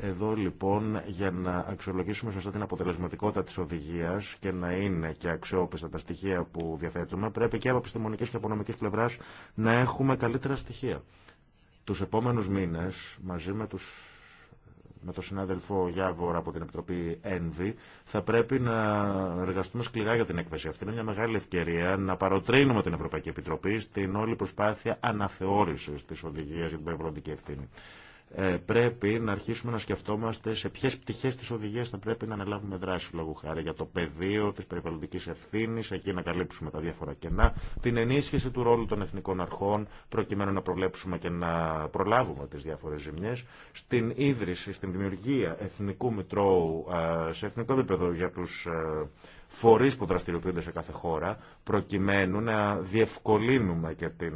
Εδώ λοιπόν για να αξιολογήσουμε σωστά την αποτελεσματικότητα της οδηγίας και να είναι και αξιόπιστα τα στοιχεία που διαθέτουμε πρέπει και από επιστημονικής και νομικής πλευράς να έχουμε καλύτερα στοιχεία. Τους επόμενους μήνες μαζί με τους με τον συνάδελφο Γιάβορα από την Επιτροπή ΕΝΒΗ, θα πρέπει να εργαστούμε σκληρά για την έκβαση αυτή. Είναι μια μεγάλη ευκαιρία να παροτρύνουμε την Ευρωπαϊκή Επιτροπή στην όλη προσπάθεια αναθεώρηση τη οδηγία για την περιβαλλοντική ευθύνη. Ε, πρέπει να αρχίσουμε να σκεφτόμαστε σε ποιε πτυχέ τη οδηγία θα πρέπει να αναλάβουμε δράση λόγου χάρη για το πεδίο τη περιβαλλοντική ευθύνη, εκεί να καλύψουμε τα διάφορα κενά, την ενίσχυση του ρόλου των εθνικών αρχών, προκειμένου να προβλέψουμε και να προλάβουμε τι διάφορε ζημιέ, στην ίδρυση, στην δημιουργία εθνικού μητρώου ε, σε εθνικό επίπεδο για του ε, φορεί που δραστηριοποιούνται σε κάθε χώρα, προκειμένου να διευκολύνουμε και την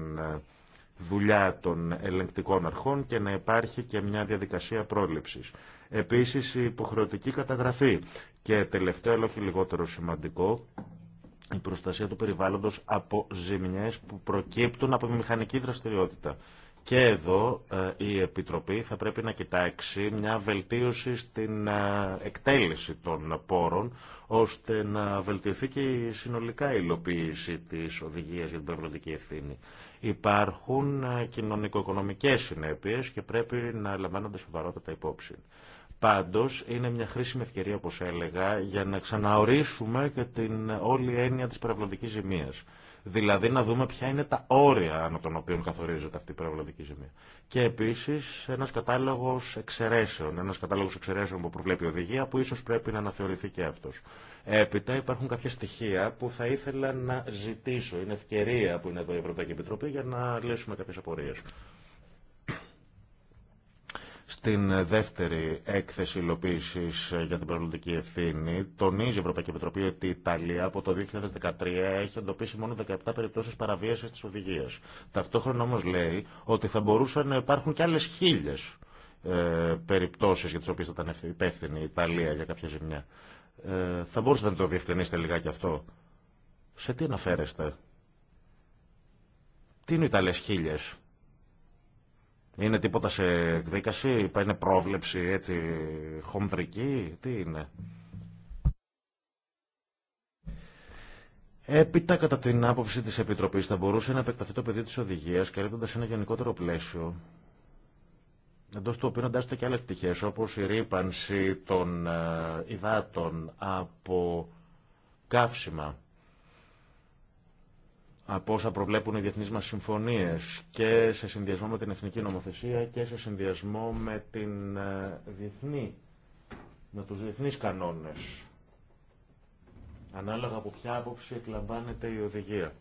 δουλειά των ελεγκτικών αρχών και να υπάρχει και μια διαδικασία πρόληψης. Επίσης η υποχρεωτική καταγραφή και τελευταίο αλλά όχι λιγότερο σημαντικό η προστασία του περιβάλλοντος από ζημιές που προκύπτουν από μηχανική δραστηριότητα. Και εδώ ε, η Επιτροπή θα πρέπει να κοιτάξει μια βελτίωση στην ε, εκτέλεση των πόρων, ώστε να βελτιωθεί και η συνολικά υλοποίηση της οδηγίας για την περιβαλλοντική ευθύνη. Υπάρχουν ε, κοινωνικο-οικονομικές συνέπειες και πρέπει να λαμβάνονται σοβαρότατα υπόψη. Πάντως, είναι μια χρήσιμη ευκαιρία, όπως έλεγα, για να ξαναορίσουμε και την όλη έννοια της παραπλανητικής ζημίας. Δηλαδή να δούμε ποια είναι τα όρια ανά των οποίων καθορίζεται αυτή η πραγματική ζημία. Και επίση ένα κατάλογο εξαιρέσεων. Ένα κατάλογο εξαιρέσεων που προβλέπει η οδηγία που ίσω πρέπει να αναθεωρηθεί και αυτό. Έπειτα υπάρχουν κάποια στοιχεία που θα ήθελα να ζητήσω. Είναι ευκαιρία που είναι εδώ η Ευρωπαϊκή Επιτροπή για να λύσουμε κάποιε απορίε. Στην δεύτερη έκθεση υλοποίηση για την περιβαλλοντική ευθύνη, τονίζει η Ευρωπαϊκή Επιτροπή ότι η Ιταλία από το 2013 έχει εντοπίσει μόνο 17 περιπτώσει παραβίαση τη οδηγία. Ταυτόχρονα όμω λέει ότι θα μπορούσαν να υπάρχουν και άλλε χίλιε ε, περιπτώσει για τι οποίε θα ήταν υπεύθυνη η Ιταλία για κάποια ζημιά. Ε, θα μπορούσατε να το διευκρινίσετε λιγάκι αυτό. Σε τι αναφέρεστε, Τι είναι οι Ιταλέ χίλιε είναι τίποτα σε εκδίκαση, είναι πρόβλεψη έτσι χονδρική, τι είναι. Έπειτα, κατά την άποψη της Επιτροπής, θα μπορούσε να επεκταθεί το πεδίο της οδηγίας, καλύπτοντας ένα γενικότερο πλαίσιο, εντός του οποίου εντάσσεται και άλλες πτυχές, όπως η ρήπανση των ε, υδάτων από καύσιμα, από όσα προβλέπουν οι διεθνεί μα συμφωνίες και σε συνδυασμό με την εθνική νομοθεσία και σε συνδυασμό με, την, ε, διεθνή, με τους διεθνείς κανόνες. Ανάλογα από ποια άποψη εκλαμβάνεται η οδηγία.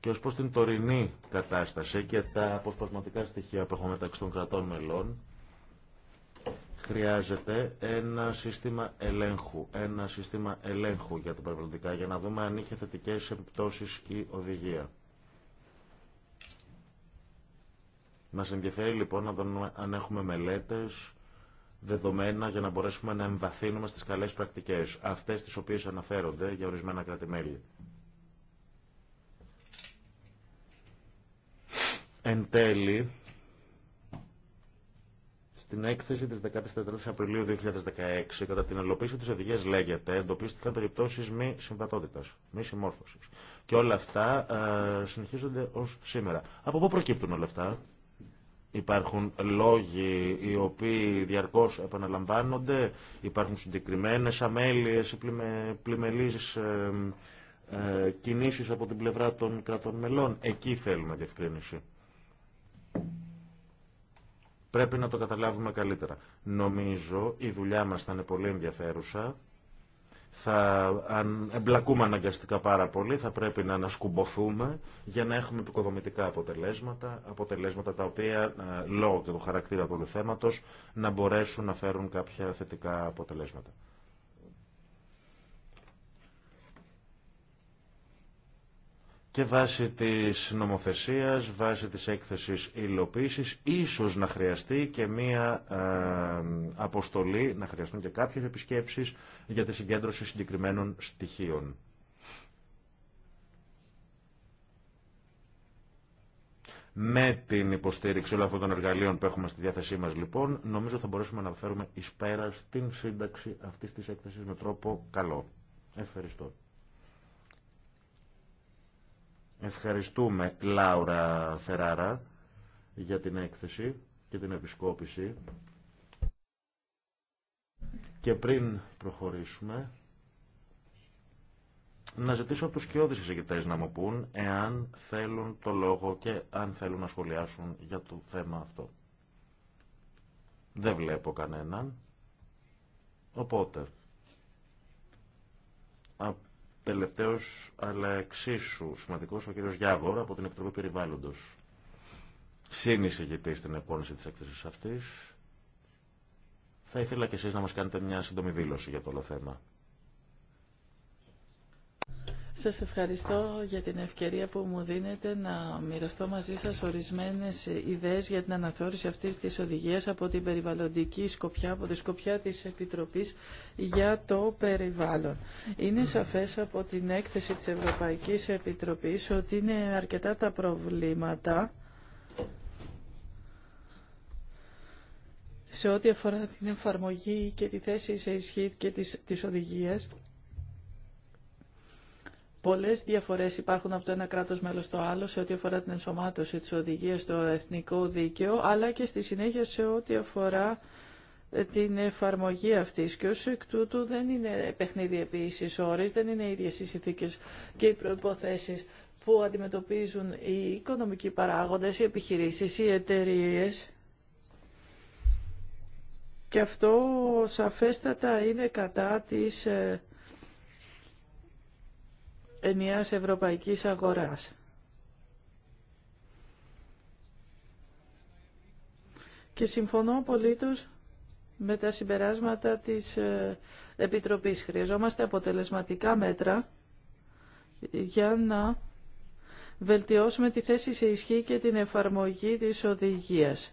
Και ως προς την τωρινή κατάσταση και τα αποσπασματικά στοιχεία που έχω μεταξύ των κρατών μελών, Χρειάζεται ένα σύστημα ελέγχου, ένα σύστημα ελέγχου για τα περιβαλλοντικά, για να δούμε αν είχε θετικέ επιπτώσεις η οδηγία. Μα ενδιαφέρει λοιπόν να δούμε αν έχουμε μελέτες, δεδομένα για να μπορέσουμε να εμβαθύνουμε στις καλές πρακτικές, αυτές τις οποίες αναφέρονται για ορισμένα κράτη-μέλη. Εν τέλει, στην έκθεση τη 14η Απριλίου 2016, κατά την ελοπίση τη οδηγία λέγεται, εντοπίστηκαν περιπτώσει μη συμβατότητα, μη συμμόρφωση. Και όλα αυτά ε, συνεχίζονται ω σήμερα. Από πού προκύπτουν όλα αυτά, Υπάρχουν λόγοι οι οποίοι διαρκώ επαναλαμβάνονται, υπάρχουν συγκεκριμένε αμέλειε ή πλημελεί ε, ε κινήσει από την πλευρά των κρατών μελών. Εκεί θέλουμε διευκρίνηση. Πρέπει να το καταλάβουμε καλύτερα. Νομίζω η δουλειά μας θα είναι πολύ ενδιαφέρουσα. Θα εμπλακούμε αναγκαστικά πάρα πολύ, θα πρέπει να ανασκουμποθούμε για να έχουμε επικοδομητικά αποτελέσματα, αποτελέσματα τα οποία ε, λόγω και του χαρακτήρα του θέματος να μπορέσουν να φέρουν κάποια θετικά αποτελέσματα. Και βάσει της νομοθεσίας, βάσει της έκθεσης υλοποίησης, ίσως να χρειαστεί και μία ε, αποστολή, να χρειαστούν και κάποιες επισκέψεις για τη συγκέντρωση συγκεκριμένων στοιχείων. Με την υποστήριξη όλων αυτών των εργαλείων που έχουμε στη διάθεσή μας, λοιπόν, νομίζω θα μπορέσουμε να φέρουμε εις πέρα στην σύνταξη αυτής της έκθεσης με τρόπο καλό. Ευχαριστώ. Ευχαριστούμε Λάουρα Φεράρα για την έκθεση και την επισκόπηση. Και πριν προχωρήσουμε, να ζητήσω από τους σκιώδεις εισηγητές να μου πούν εάν θέλουν το λόγο και αν θέλουν να σχολιάσουν για το θέμα αυτό. Δεν βλέπω κανέναν. Οπότε, Τελευταίο, αλλά εξίσου σημαντικό ο κύριος Γιάγορα από την Επιτροπή περιβάλλοντο Σύνησε στην επόμενη τη έκθεση αυτή. Θα ήθελα και εσεί να μα κάνετε μια σύντομη δήλωση για το όλο θέμα. Σας ευχαριστώ για την ευκαιρία που μου δίνετε να μοιραστώ μαζί σας ορισμένες ιδέες για την αναθεώρηση αυτής της οδηγίας από την περιβαλλοντική σκοπιά, από τη σκοπιά της Επιτροπής για το περιβάλλον. Είναι σαφές από την έκθεση της Ευρωπαϊκής Επιτροπής ότι είναι αρκετά τα προβλήματα σε ό,τι αφορά την εφαρμογή και τη θέση σε ισχύ και της, της Πολλέ διαφορές υπάρχουν από το ένα κράτος μέλος στο άλλο σε ό,τι αφορά την ενσωμάτωση τη οδηγία στο εθνικό δίκαιο, αλλά και στη συνέχεια σε ό,τι αφορά ε, την εφαρμογή αυτής και ω εκ τούτου δεν είναι παιχνίδι επίση ώρε, δεν είναι ίδιες οι συνθήκες και οι προϋποθέσεις που αντιμετωπίζουν οι οικονομικοί παράγοντε, οι επιχειρήσει, οι εταιρείε. Και αυτό σαφέστατα είναι κατά της ε, ενιαίας ευρωπαϊκής αγοράς. Και συμφωνώ απολύτως με τα συμπεράσματα της ε, Επιτροπής. Χρειαζόμαστε αποτελεσματικά μέτρα για να βελτιώσουμε τη θέση σε ισχύ και την εφαρμογή της οδηγίας.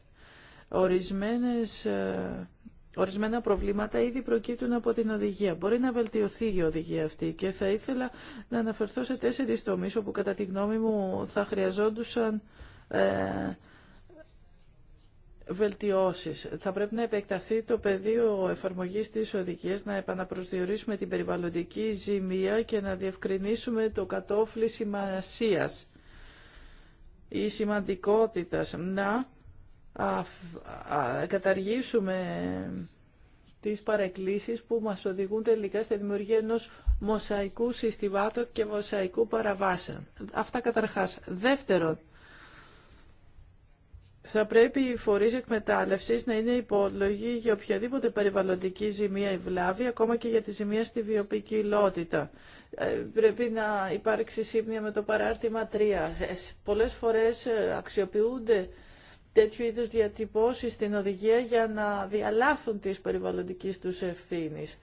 Ορισμένες ε, Ορισμένα προβλήματα ήδη προκύπτουν από την οδηγία. Μπορεί να βελτιωθεί η οδηγία αυτή και θα ήθελα να αναφερθώ σε τέσσερις τομείς όπου κατά τη γνώμη μου θα χρειαζόντουσαν ε, βελτιώσεις. Θα πρέπει να επεκταθεί το πεδίο εφαρμογής της οδηγίας, να επαναπροσδιορίσουμε την περιβαλλοντική ζημία και να διευκρινίσουμε το κατόφλι σημασίας ή σημαντικότητας, να καταργήσουμε τις παρεκκλήσεις που μας οδηγούν τελικά στη δημιουργία ενός μοσαϊκού συστημάτων και μοσαϊκού παραβάσεων. Αυτά καταρχάς. Δεύτερον, θα πρέπει οι φορείς εκμετάλλευσης να είναι υπόλογοι για οποιαδήποτε περιβαλλοντική ζημία ή βλάβη, ακόμα και για τη ζημία στη βιοποικιλότητα. Ε, πρέπει να υπάρξει σύμπνοια με το παράρτημα 3. Ε, πολλές φορές ε, αξιοποιούνται τέτοιου είδους διατυπώσεις στην οδηγία για να διαλάθουν τις περιβαλλοντικές τους ευθύνης.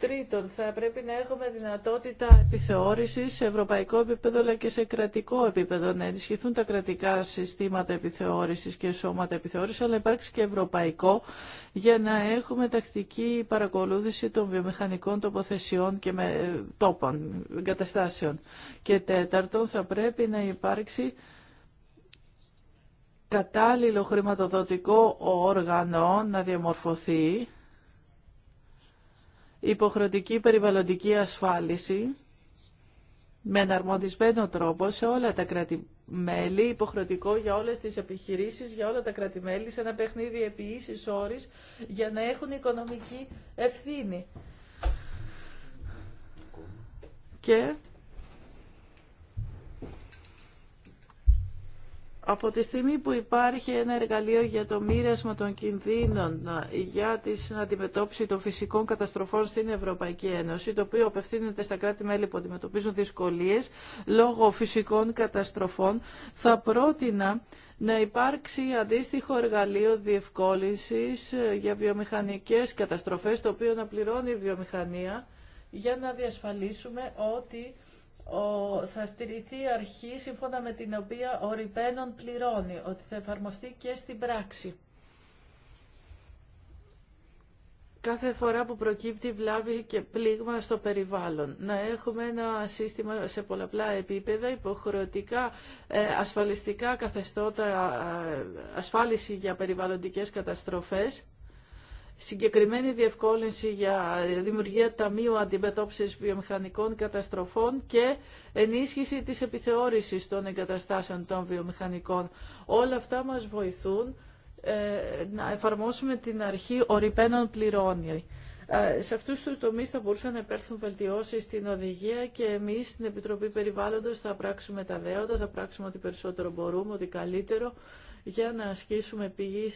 Τρίτον, θα πρέπει να έχουμε δυνατότητα επιθεώρησης σε ευρωπαϊκό επίπεδο αλλά και σε κρατικό επίπεδο, να ενισχυθούν τα κρατικά συστήματα επιθεώρησης και σώματα επιθεώρησης, αλλά υπάρξει και ευρωπαϊκό για να έχουμε τακτική παρακολούθηση των βιομηχανικών τοποθεσιών και με, τόπων, εγκαταστάσεων. Και τέταρτον, θα πρέπει να υπάρξει κατάλληλο χρηματοδοτικό όργανο να διαμορφωθεί, υποχρεωτική περιβαλλοντική ασφάλιση, με εναρμοντισμένο τρόπο σε όλα τα κράτη-μέλη, υποχρεωτικό για όλες τις επιχειρήσεις, για όλα τα κράτη-μέλη, σε ένα παιχνίδι επίησης όρης, για να έχουν οικονομική ευθύνη. Και Από τη στιγμή που υπάρχει ένα εργαλείο για το μοίρασμα των κινδύνων ε, για την αντιμετώπιση των φυσικών καταστροφών στην Ευρωπαϊκή Ένωση, το οποίο απευθύνεται στα κράτη-μέλη που αντιμετωπίζουν δυσκολίες λόγω φυσικών καταστροφών, θα πρότεινα να υπάρξει αντίστοιχο εργαλείο διευκόλυνσης ε, για βιομηχανικές καταστροφές, το οποίο να πληρώνει η βιομηχανία, για να διασφαλίσουμε ότι ο, θα στηριχθεί αρχή σύμφωνα με την οποία ο πληρώνει, ότι θα εφαρμοστεί και στην πράξη. Κάθε φορά που προκύπτει βλάβη και πλήγμα στο περιβάλλον. Να έχουμε ένα σύστημα σε πολλαπλά επίπεδα, υποχρεωτικά ε, ασφαλιστικά καθεστώτα ε, ασφάλιση για περιβαλλοντικές καταστροφές συγκεκριμένη διευκόλυνση για δημιουργία Ταμείου Αντιμετώπισης Βιομηχανικών Καταστροφών και ενίσχυση της επιθεώρησης των εγκαταστάσεων των βιομηχανικών. Όλα αυτά μας βοηθούν ε, να εφαρμόσουμε την αρχή «Ορυπαίνων πληρώνει». Ε, σε αυτού του τομεί θα μπορούσαν να επέρθουν βελτιώσει στην οδηγία και εμεί στην Επιτροπή Περιβάλλοντο θα πράξουμε τα δέοντα, θα πράξουμε ό,τι περισσότερο μπορούμε, ό,τι καλύτερο για να ασκήσουμε πηγή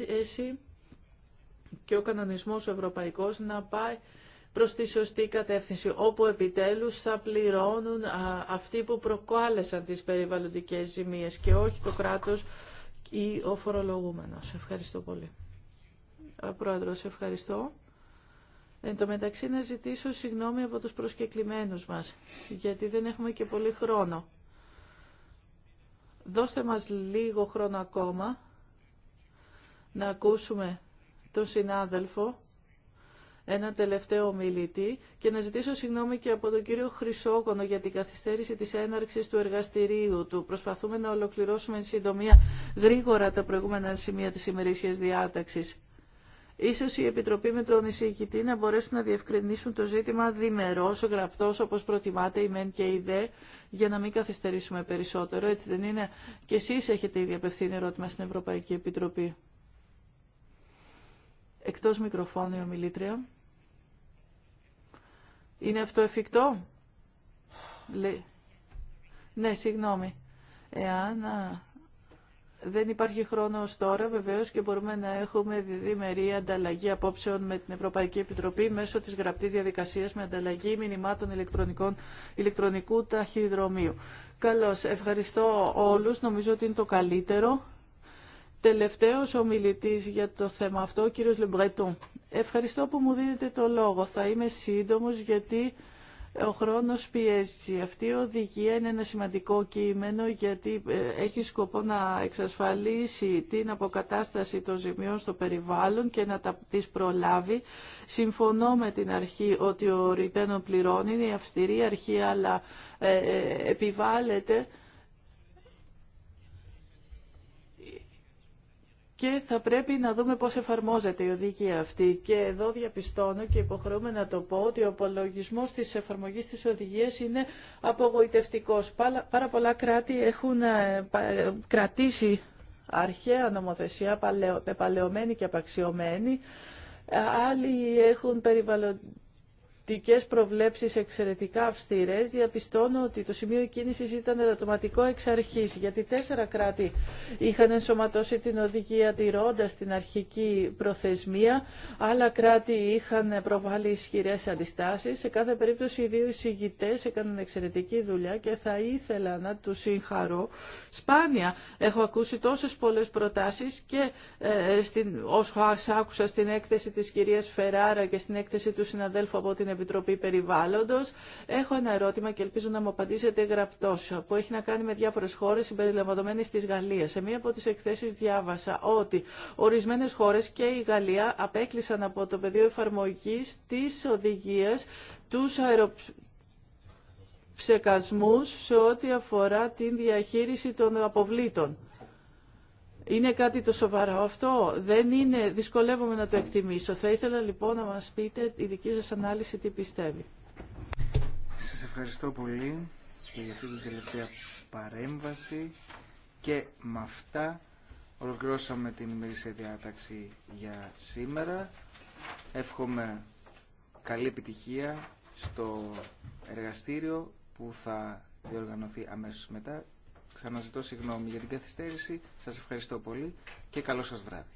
και ο κανονισμός ευρωπαϊκός να πάει προς τη σωστή κατεύθυνση, όπου επιτέλους θα πληρώνουν αυτοί που προκάλεσαν τις περιβαλλοντικές ζημίες και όχι το κράτος ή ο φορολογούμενος. Ευχαριστώ πολύ. σε ευχαριστώ. Εν τω μεταξύ να ζητήσω συγγνώμη από τους προσκεκλημένους μας, γιατί δεν έχουμε και πολύ χρόνο. Δώστε μας λίγο χρόνο ακόμα να ακούσουμε τον συνάδελφο, ένα τελευταίο μιλητή και να ζητήσω συγγνώμη και από τον κύριο Χρυσόκονο για την καθυστέρηση της έναρξης του εργαστηρίου του. Προσπαθούμε να ολοκληρώσουμε εν συντομία γρήγορα τα προηγούμενα σημεία της ημερήσιας διάταξης. Ίσως η Επιτροπή με τον εισηγητή να μπορέσουν να διευκρινίσουν το ζήτημα διμερός, γραπτός, όπως προτιμάτε η ΜΕΝ και η ΔΕ, για να μην καθυστερήσουμε περισσότερο. Έτσι δεν είναι. Και εσείς έχετε ήδη απευθύνει ερώτημα στην Ευρωπαϊκή Επιτροπή. Εκτός μικροφώνου η ομιλήτρια. Είναι αυτό εφικτό? Ναι, συγγνώμη. Εάν δεν υπάρχει χρόνος τώρα βεβαίως και μπορούμε να έχουμε διδημερή ανταλλαγή απόψεων με την Ευρωπαϊκή Επιτροπή μέσω της γραπτής διαδικασίας με ανταλλαγή μηνυμάτων ηλεκτρονικών, ηλεκτρονικού ταχυδρομείου. Καλώς. Ευχαριστώ όλους. Νομίζω ότι είναι το καλύτερο τελευταίος ομιλητής για το θέμα αυτό, ο κύριος Λεμπρέτου. Ευχαριστώ που μου δίνετε το λόγο. Θα είμαι σύντομος γιατί ο χρόνος πιέζει. Αυτή η οδηγία είναι ένα σημαντικό κείμενο γιατί ε, έχει σκοπό να εξασφαλίσει την αποκατάσταση των ζημιών στο περιβάλλον και να τα, τις προλάβει. Συμφωνώ με την αρχή ότι ο Ριπένον πληρώνει, είναι αυστηρή αρχή αλλά ε, ε, επιβάλλεται και θα πρέπει να δούμε πώς εφαρμόζεται η οδηγία αυτή. Και εδώ διαπιστώνω και υποχρεούμε να το πω ότι ο απολογισμός της εφαρμογής της οδηγίας είναι απογοητευτικός. Πάρα πολλά κράτη έχουν ε, ε, κρατήσει αρχαία νομοθεσία, πεπαλαιωμένη και απαξιωμένη. Άλλοι έχουν περιβαλλον τικές προβλέψεις εξαιρετικά αυστηρές, διαπιστώνω ότι το σημείο κίνησης ήταν ερωτηματικό εξ αρχής, γιατί τέσσερα κράτη είχαν ενσωματώσει την οδηγία τηρώντας την αρχική προθεσμία, άλλα κράτη είχαν προβάλει ισχυρές αντιστάσεις. Σε κάθε περίπτωση οι δύο εισηγητές έκαναν εξαιρετική δουλειά και θα ήθελα να του συγχαρώ. Σπάνια έχω ακούσει τόσες πολλές προτάσεις και ε, στην, όσο άκουσα στην έκθεση της κυρίας Φεράρα και στην έκθεση του συναδέλφου από την Επιτροπή Περιβάλλοντος. Έχω ένα ερώτημα και ελπίζω να μου απαντήσετε γραπτό, που έχει να κάνει με διάφορες χώρες συμπεριλαμβανομένε τη Γαλλία. Σε μία από τι εκθέσει διάβασα ότι ορισμένες χώρες και η Γαλλία απέκλεισαν από το πεδίο εφαρμογή τη οδηγία του αεροψεκασμού σε ό,τι αφορά την διαχείριση των αποβλήτων. Είναι κάτι το σοβαρό αυτό. Δεν είναι, δυσκολεύομαι να το εκτιμήσω. Θα ήθελα λοιπόν να μας πείτε η δική σας ανάλυση τι πιστεύει. Σας ευχαριστώ πολύ για αυτή την τελευταία παρέμβαση και με αυτά ολοκληρώσαμε την ημερήσια διάταξη για σήμερα. Εύχομαι καλή επιτυχία στο εργαστήριο που θα διοργανωθεί αμέσως μετά Ξαναζητώ συγγνώμη για την καθυστέρηση. Σας ευχαριστώ πολύ και καλό σας βράδυ.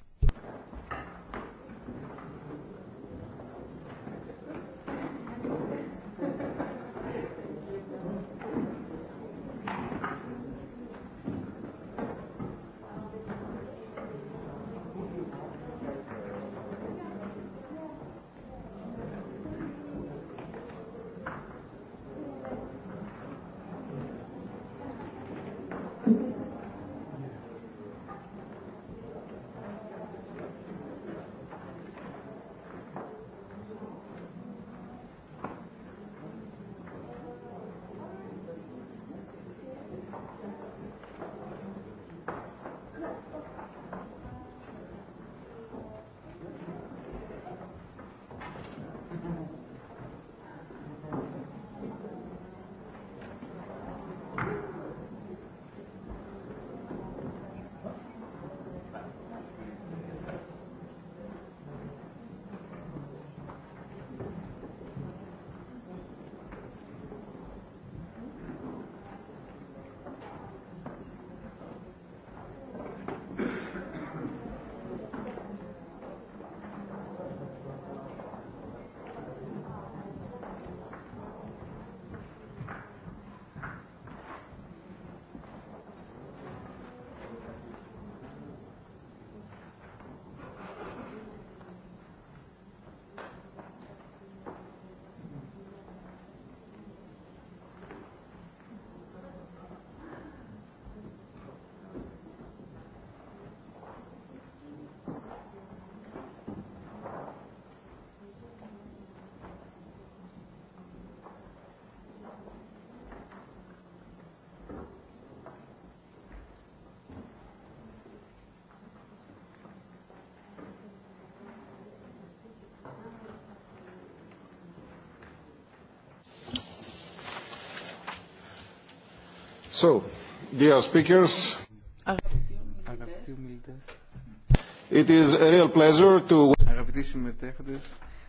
Αγαπητοί συμμετέχοντε.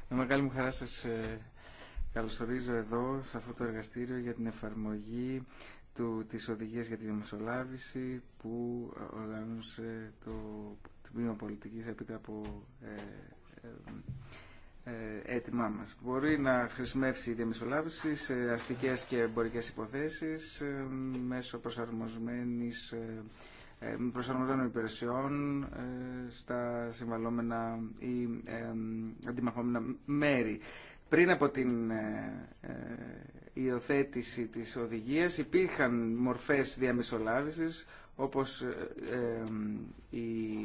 με μεγάλη μου χαρά σα ε, καλωσορίζω εδώ, σε αυτό το εργαστήριο για την εφαρμογή του, της οδηγίας για τη δημοσιολάβηση που ε, οργάνωσε το Τμήμα Πολιτικής έπειτα από ε, ε ε, μας. Μπορεί να χρησιμεύσει η διαμεσολάβηση σε αστικές και εμπορικές υποθέσεις ε, μέσω προσαρμοσμένης ε, προσαρμοσμένων υπηρεσιών στα συμβαλόμενα ή αντιμαχόμενα μέρη. Πριν από την υιοθέτηση της οδηγίας υπήρχαν μορφές διαμεσολάβησης όπως ε, ε, η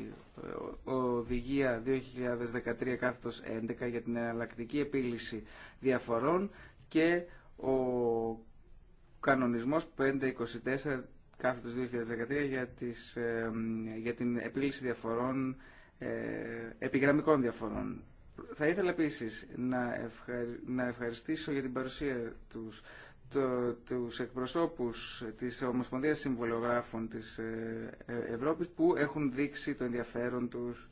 ε, Οδηγία 2013 κάθετος 11 για την εναλλακτική επίλυση διαφορών και ο κανονισμός 524 κάθετος 2013 για, τις, για την επίλυση διαφορών, επιγραμμικών διαφορών. Θα ήθελα επίσης να, να ευχαριστήσω για την παρουσία τους τους εκπροσώπους της Ομοσπονδίας Συμβολογράφων της ε, ε, Ευρώπης που έχουν δείξει το ενδιαφέρον τους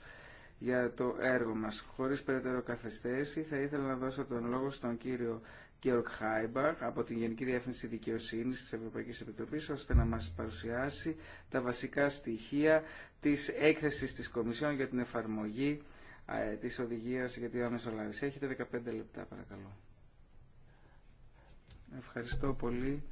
για το έργο μας. Χωρίς περαιτέρω καθυστέρηση θα ήθελα να δώσω τον λόγο στον κύριο Georg Χάιμπα από την Γενική Διεύθυνση Δικαιοσύνης της Ευρωπαϊκής Επιτροπής ώστε να μας παρουσιάσει τα βασικά στοιχεία της έκθεσης της Κομισιόν για την εφαρμογή ε, της οδηγίας για τη διαμεσολάβηση. Έχετε 15 λεπτά παρακαλώ. Ευχαριστώ πολύ.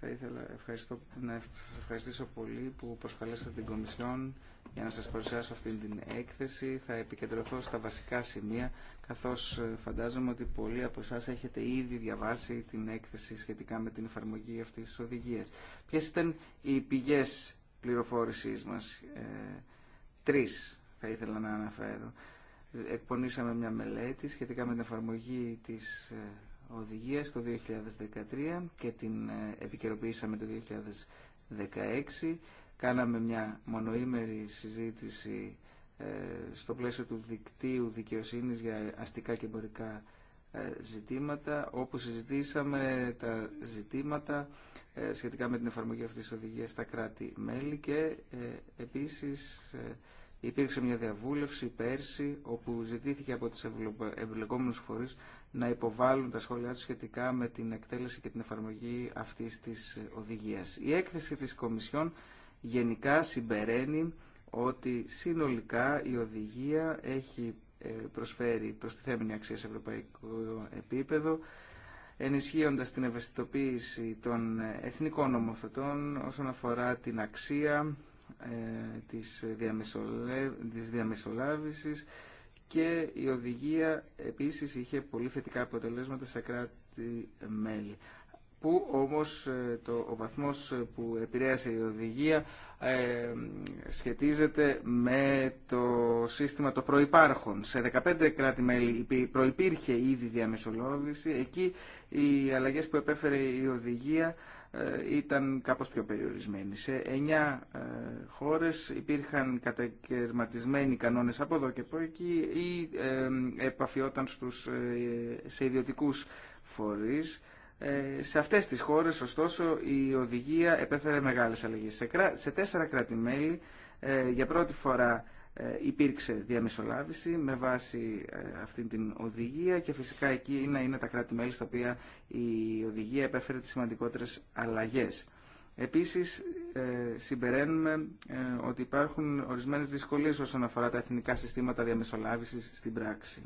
Θα ήθελα ευχαριστώ, να ευχαριστήσω πολύ που προσκαλέσατε την Κομισιόν για να σας παρουσιάσω αυτή την έκθεση. Θα επικεντρωθώ στα βασικά σημεία, καθώς ε, φαντάζομαι ότι πολλοί από εσά έχετε ήδη διαβάσει την έκθεση σχετικά με την εφαρμογή αυτής της οδηγίας. Ποιες ήταν οι πηγές πληροφόρησής μας. Ε, τρεις θα ήθελα να αναφέρω. Εκπονήσαμε μια μελέτη σχετικά με την εφαρμογή της ε, οδηγίας το 2013 και την ε, επικαιροποιήσαμε το 2016. Κάναμε μια μονοήμερη συζήτηση ε, στο πλαίσιο του δικτύου δικαιοσύνης για αστικά και εμπορικά ε, ζητήματα, όπου συζητήσαμε τα ζητήματα σχετικά με την εφαρμογή αυτής της οδηγίας στα κράτη-μέλη και επίσης Υπήρξε μια διαβούλευση πέρσι όπου ζητήθηκε από τους εμπλεκόμενους φορείς να υποβάλουν τα σχόλιά τους σχετικά με την εκτέλεση και την εφαρμογή αυτής της οδηγίας. Η έκθεση της Κομισιόν γενικά συμπεραίνει ότι συνολικά η οδηγία έχει ε, προσφέρει προστιθέμενη αξία σε ευρωπαϊκό επίπεδο ενισχύοντας την ευαισθητοποίηση των εθνικών νομοθετών όσον αφορά την αξία ε, της, διαμεσολε... διαμεσολάβησης και η οδηγία επίσης είχε πολύ θετικά αποτελέσματα σε κράτη-μέλη που όμως ε, το, ο βαθμός που επηρέασε η οδηγία ε, σχετίζεται με το σύστημα το προϋπάρχων Σε 15 κράτη-μέλη προϋπήρχε ήδη διαμεσολάβηση. Εκεί οι αλλαγές που επέφερε η οδηγία ε, ήταν κάπως πιο περιορισμένη. Σε εννιά ε, χώρες υπήρχαν κατακαιρματισμένοι κανόνες από εδώ και από εκεί ή ε, επαφιόταν στους, σε ιδιωτικούς φορείς. Σε αυτές τις χώρες, ωστόσο, η οδηγία επέφερε μεγάλες αλλαγές. Σε τέσσερα κράτη-μέλη, για πρώτη φορά ε, υπήρξε διαμεσολάβηση με βάση ε, αυτή την οδηγία και φυσικά εκεί είναι, είναι τα κράτη-μέλη στα οποία η οδηγία επέφερε τις σημαντικότερες αλλαγές. Επίσης, ε, συμπεραίνουμε ότι υπάρχουν ορισμένες δυσκολίες όσον αφορά τα εθνικά συστήματα διαμεσολάβησης στην πράξη.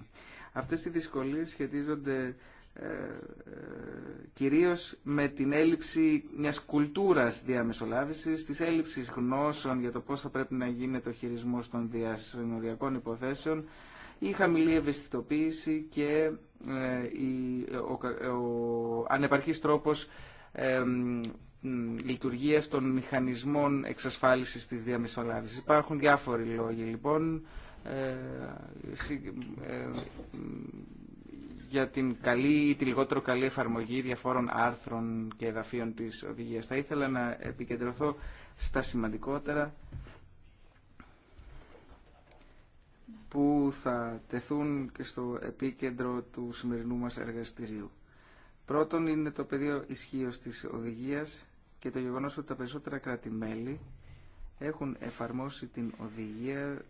Αυτές οι δυσκολίες σχετίζονται κυρίως με την έλλειψη μιας κουλτούρας διαμεσολάβησης, της έλλειψης γνώσεων για το πώς θα πρέπει να γίνεται ο χειρισμός των διασυνοριακών υποθέσεων, η χαμηλή ευαισθητοποίηση και ε, ο, ο ανεπαρχής τρόπος λειτουργίας των μηχανισμών εξασφάλισης της διαμεσολάβησης. Υπάρχουν διάφοροι λόγοι λοιπόν. Ε, ε, για την καλή ή τη λιγότερο καλή εφαρμογή διαφόρων άρθρων και εδαφείων της οδηγίας. Θα ήθελα να επικεντρωθώ στα σημαντικότερα που θα τεθούν και στο επίκεντρο του σημερινού μας εργαστηρίου. Πρώτον είναι το πεδίο ισχύω της οδηγίας και το γεγονός ότι τα περισσότερα κράτη-μέλη έχουν εφαρμόσει την οδηγία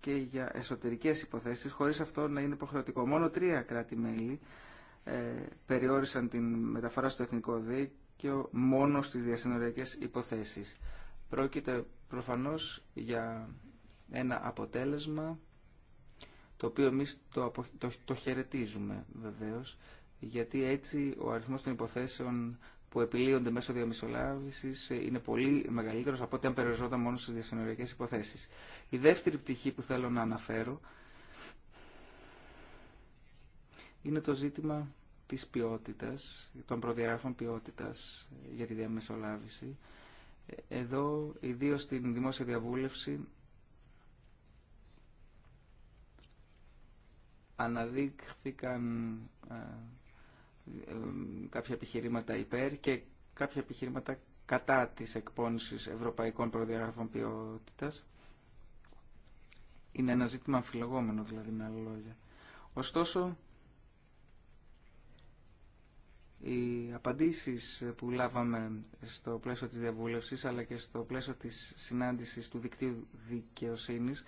και για εσωτερικές υποθέσεις, χωρίς αυτό να είναι υποχρεωτικό. Μόνο τρία κράτη-μέλη ε, περιόρισαν την μεταφορά στο εθνικό δίκαιο μόνο στις διασυνοριακές υποθέσεις. Πρόκειται προφανώς για ένα αποτέλεσμα το οποίο εμείς το, το, το χαιρετίζουμε βεβαίως, γιατί έτσι ο αριθμός των υποθέσεων που επιλύονται μέσω διαμεσολάβηση ε, είναι πολύ μεγαλύτερο από ό,τι αν περιοριζόταν μόνο στι διασυνοριακέ υποθέσει. Η δεύτερη πτυχή που θέλω να αναφέρω είναι το ζήτημα της ποιότητας, των προδιαγράφων ποιότητας ε, για τη διαμεσολάβηση. Ε, εδώ, ιδίως στην δημόσια διαβούλευση, αναδείχθηκαν ε, κάποια επιχειρήματα υπέρ και κάποια επιχειρήματα κατά της εκπόνησης ευρωπαϊκών προδιαγραφών ποιότητας. Είναι ένα ζήτημα αμφιλεγόμενο δηλαδή με άλλα λόγια. Ωστόσο, οι απαντήσεις που λάβαμε στο πλαίσιο της διαβούλευσης αλλά και στο πλαίσιο της συνάντησης του δικτύου δικαιοσύνης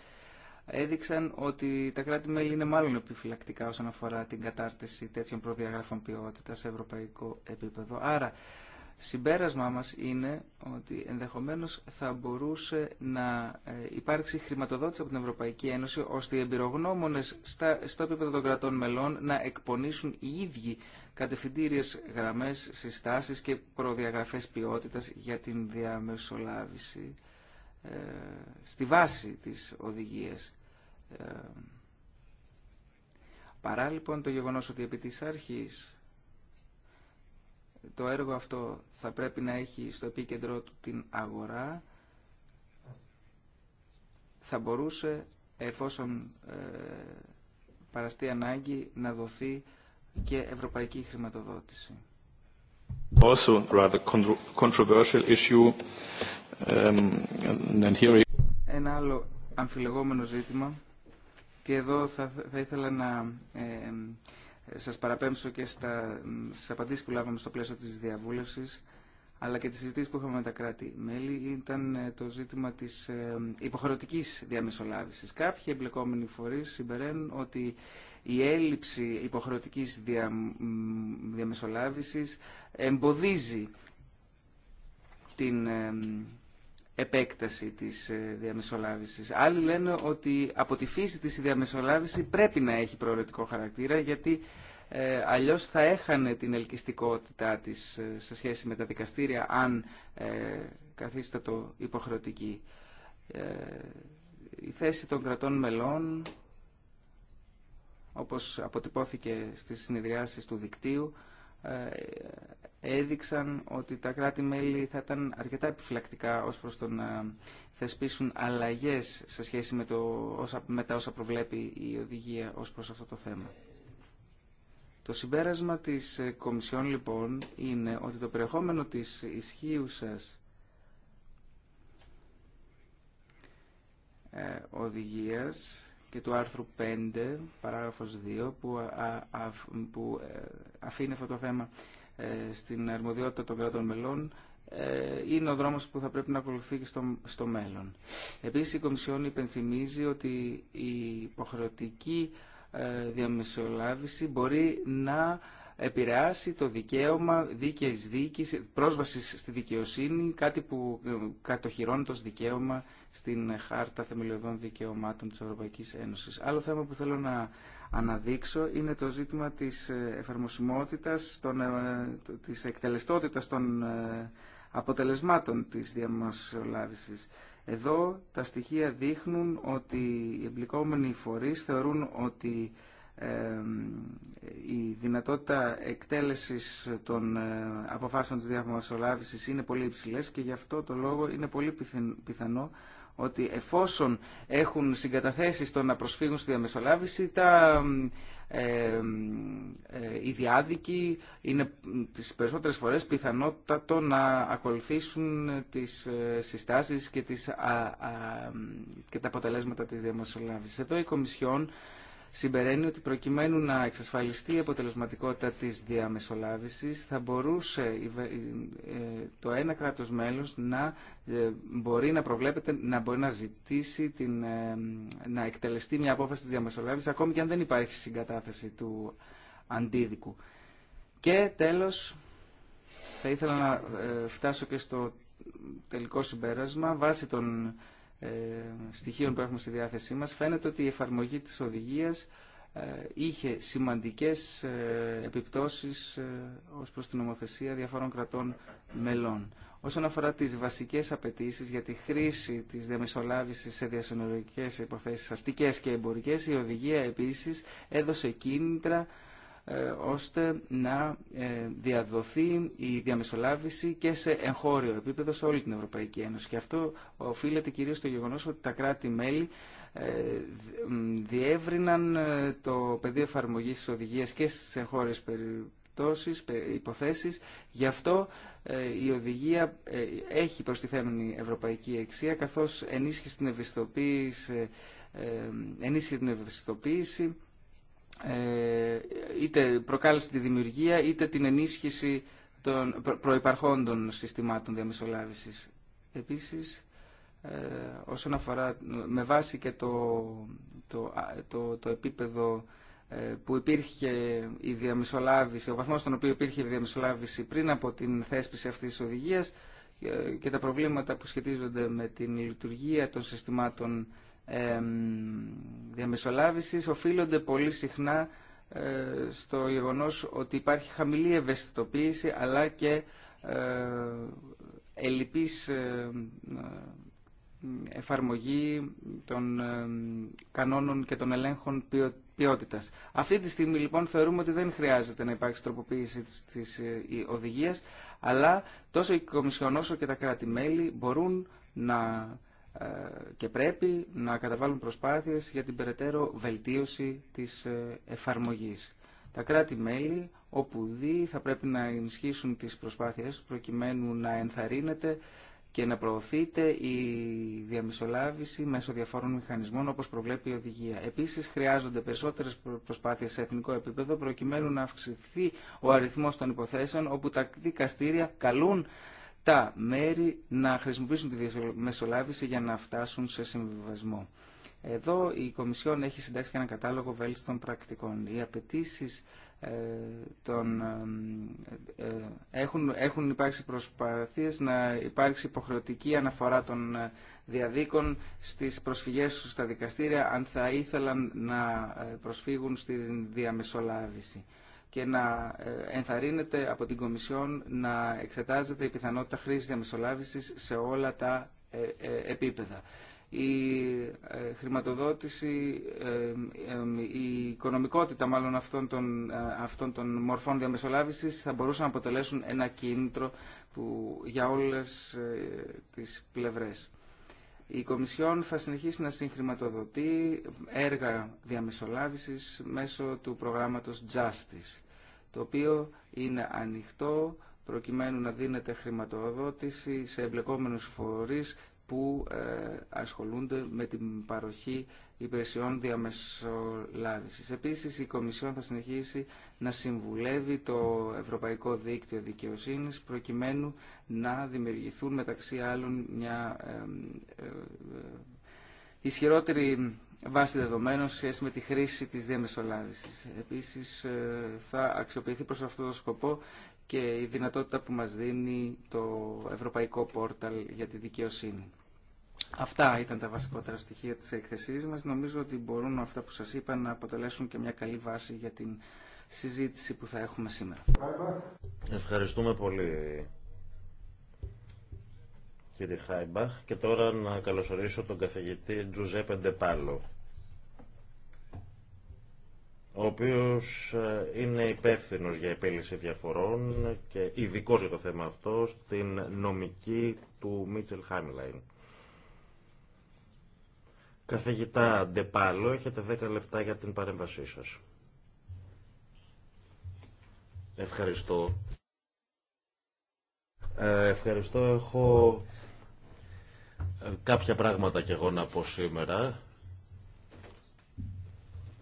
έδειξαν ότι τα κράτη-μέλη είναι μάλλον επιφυλακτικά όσον αφορά την κατάρτιση τέτοιων προδιαγράφων ποιότητα σε ευρωπαϊκό επίπεδο. Άρα, συμπέρασμά μας είναι ότι ενδεχομένως θα μπορούσε να ε, υπάρξει χρηματοδότηση από την Ευρωπαϊκή Ένωση ώστε οι εμπειρογνώμονες στο επίπεδο των κρατών μελών να εκπονήσουν οι ίδιοι κατευθυντήριες γραμμές, συστάσεις και προδιαγραφές ποιότητας για την διαμεσολάβηση ε, στη βάση της οδηγίας ε, παρά λοιπόν το γεγονός ότι επί της αρχής το έργο αυτό θα πρέπει να έχει στο επίκεντρό του την αγορά, θα μπορούσε εφόσον ε, παραστεί ανάγκη να δοθεί και ευρωπαϊκή χρηματοδότηση. Also rather controversial issue. Um, Ένα άλλο αμφιλεγόμενο ζήτημα και εδώ θα, ήθελα να ε, σας παραπέμψω και στα, στις απαντήσεις που λάβαμε στο πλαίσιο της διαβούλευσης αλλά και τις συζητήσεις που είχαμε με τα κράτη-μέλη ήταν ε, το ζήτημα της ε, υποχρεωτικής διαμεσολάβησης. Κάποιοι εμπλεκόμενοι φορείς συμπεραίνουν ότι η έλλειψη υποχρεωτικής δια, διαμεσολάβησης εμποδίζει την ε, επέκταση της ε, διαμεσολάβησης. Άλλοι λένε ότι από τη φύση της η διαμεσολάβηση πρέπει να έχει προαιρετικό χαρακτήρα γιατί ε, αλλιώς θα έχανε την ελκυστικότητά της ε, σε σχέση με τα δικαστήρια αν ε, καθίστατο υποχρεωτική. Ε, η θέση των κρατών μελών, όπως αποτυπώθηκε στις συνεδριάσεις του δικτύου, έδειξαν ότι τα κράτη-μέλη θα ήταν αρκετά επιφυλακτικά ως προς το να θεσπίσουν αλλαγές σε σχέση με, το, με τα όσα προβλέπει η οδηγία ως προς αυτό το θέμα. Το συμπέρασμα της ε, Κομισιόν λοιπόν είναι ότι το περιεχόμενο της ισχύουσας ε, οδηγίας και του άρθρου 5, παράγραφος 2, που, α, που ε, αφήνει αυτό το θέμα ε, στην αρμοδιότητα των κρατών μελών ε, είναι ο δρόμος που θα πρέπει να ακολουθεί και στο, στο μέλλον. Επίσης η Κομισιόν υπενθυμίζει ότι η υποχρεωτική ε, διαμεσολάβηση μπορεί να επηρεάσει το δικαίωμα δίκαιης δίκης, πρόσβασης στη δικαιοσύνη, κάτι που κατοχυρώνεται ως δικαίωμα στην Χάρτα Θεμελιωδών Δικαιωμάτων της Ευρωπαϊκής Ένωσης. Άλλο θέμα που θέλω να αναδείξω είναι το ζήτημα της ε, εφαρμοσιμότητας, των, ε, της εκτελεστότητας των ε, αποτελεσμάτων της διαμοσολάβησης. Εδώ τα στοιχεία δείχνουν ότι οι εμπλικόμενοι φορείς θεωρούν ότι η δυνατότητα εκτέλεσης των αποφάσεων της διαμοσολάβησης είναι πολύ υψηλές και γι' αυτό το λόγο είναι πολύ πιθανό ότι εφόσον έχουν συγκαταθέσει στο να προσφύγουν στη διαμεσολάβηση, τα, ε, ε, οι διάδικοι είναι τις περισσότερες φορές πιθανότατο να ακολουθήσουν τις ε, συστάσεις και, τις, α, α, τα αποτελέσματα της διαμεσολάβησης. Εδώ η Κομισιόν συμπεραίνει ότι προκειμένου να εξασφαλιστεί η αποτελεσματικότητα της διαμεσολάβησης θα μπορούσε ε, το ένα κράτος μέλος να ε, μπορεί να προβλέπεται να μπορεί να ζητήσει την, ε, να εκτελεστεί μια απόφαση της διαμεσολάβησης ακόμη και αν δεν υπάρχει συγκατάθεση του αντίδικου. Και τέλος θα ήθελα να φτάσω και στο τελικό συμπέρασμα βάσει των ε, στοιχείων που έχουμε στη διάθεσή μας, φαίνεται ότι η εφαρμογή της οδηγίας ε, είχε σημαντικές ε, επιπτώσεις ως προς την νομοθεσία διαφόρων κρατών μελών. Όσον αφορά τις βασικές απαιτήσει για τη χρήση της διαμεσολάβησης σε διασυνολογικές υποθέσεις αστικές και εμπορικές, η οδηγία επίσης έδωσε κίνητρα ε, ώστε να ε, διαδοθεί η διαμεσολάβηση και σε εγχώριο επίπεδο σε όλη την Ευρωπαϊκή Ένωση. Και αυτό οφείλεται κυρίως στο γεγονός ότι τα κράτη-μέλη ε, διεύρυναν το πεδίο εφαρμογής της οδηγίας και στις εγχώριες περιπτώσεις, υποθέσεις. Γι' αυτό η οδηγία έχει προστιθέμενη ευρωπαϊκή αξία καθώς ενίσχυσε την ευαισθητοποίηση, ενίσχυσε την ευαισθητοποίηση ε, είτε προκάλεσε τη δημιουργία είτε την ενίσχυση των προϋπαρχόντων συστημάτων διαμεσολάβησης. Επίσης, ε, όσον αφορά με βάση και το, το, το, το επίπεδο ε, που υπήρχε η διαμεσολάβηση, ο βαθμός στον οποίο υπήρχε η διαμεσολάβηση πριν από την θέσπιση αυτής της οδηγίας και τα προβλήματα που σχετίζονται με την λειτουργία των συστημάτων διαμεσολάβησης οφείλονται πολύ συχνά ε, στο γεγονός ότι υπάρχει χαμηλή ευαισθητοποίηση αλλά και ε, ελλειπής ε, εφαρμογή των κανόνων και των ελέγχων ποιότητας. Αυτή τη στιγμή λοιπόν θεωρούμε ότι δεν χρειάζεται να υπάρξει τροποποίηση της οδηγίας αλλά τόσο οι Κομισιόν και τα κράτη-μέλη μπορούν να ε, και πρέπει να καταβάλουν προσπάθειες για την περαιτέρω βελτίωση της ε, εφαρμογής. Τα κράτη-μέλη όπου δει θα πρέπει να ενισχύσουν τις προσπάθειες προκειμένου να ενθαρρύνεται και να προωθείται η διαμεσολάβηση μέσω διαφόρων μηχανισμών όπως προβλέπει η οδηγία. Επίσης χρειάζονται περισσότερες προσπάθειες σε εθνικό επίπεδο προκειμένου να αυξηθεί ο αριθμός των υποθέσεων όπου τα δικαστήρια καλούν τα μέρη να χρησιμοποιήσουν τη μεσολάβηση για να φτάσουν σε συμβιβασμό. Εδώ η Κομισιόν έχει συντάξει και ένα κατάλογο βέλτιστων πρακτικών. Οι απαιτήσει ε, ε, ε, έχουν, έχουν υπάρξει προσπαθίες να υπάρξει υποχρεωτική αναφορά των διαδίκων στις προσφυγές τους στα δικαστήρια αν θα ήθελαν να προσφύγουν στη διαμεσολάβηση και να ε, ενθαρρύνεται από την Κομισιόν να εξετάζεται η πιθανότητα χρήσης διαμεσολάβησης σε όλα τα ε, ε, επίπεδα. Η χρηματοδότηση, η οικονομικότητα μάλλον αυτών των, μορφών διαμεσολάβησης θα μπορούσαν να αποτελέσουν ένα κίνητρο που, για όλες τις πλευρές. Η Κομισιόν θα συνεχίσει να συγχρηματοδοτεί έργα διαμεσολάβησης μέσω του προγράμματος Justice το οποίο είναι ανοιχτό προκειμένου να δίνεται χρηματοδότηση σε εμπλεκόμενους φορείς που ε, ασχολούνται με την παροχή υπηρεσιών διαμεσολάβησης. Επίσης, η Κομισιόν θα συνεχίσει να συμβουλεύει το Ευρωπαϊκό Δίκτυο Δικαιοσύνης προκειμένου να δημιουργηθούν μεταξύ άλλων μια ε, ε, ισχυρότερη βάση δεδομένων σε σχέση με τη χρήση της διαμεσολάβησης. Επίσης ε, θα αξιοποιηθεί προς αυτό το σκοπό και η δυνατότητα που μας δίνει το Ευρωπαϊκό Πόρταλ για τη Δικαιοσύνη. Αυτά ήταν τα βασικότερα στοιχεία της έκθεσής μας. Νομίζω ότι μπορούν αυτά που σας είπα να αποτελέσουν και μια καλή βάση για την συζήτηση που θα έχουμε σήμερα. Ευχαριστούμε πολύ κύριε Χάιμπαχ και τώρα να καλωσορίσω τον καθηγητή Τζουζέπε Ντεπάλο ο οποίος ε, είναι υπεύθυνος για επίλυση διαφορών και ειδικό για το θέμα αυτό στην νομική του Μίτσελ Χάμιλαϊν. Καθηγητά Ντεπάλο, έχετε 10 λεπτά για την παρέμβασή σας. Ευχαριστώ. Ε, ευχαριστώ. Έχω κάποια πράγματα και εγώ να πω σήμερα.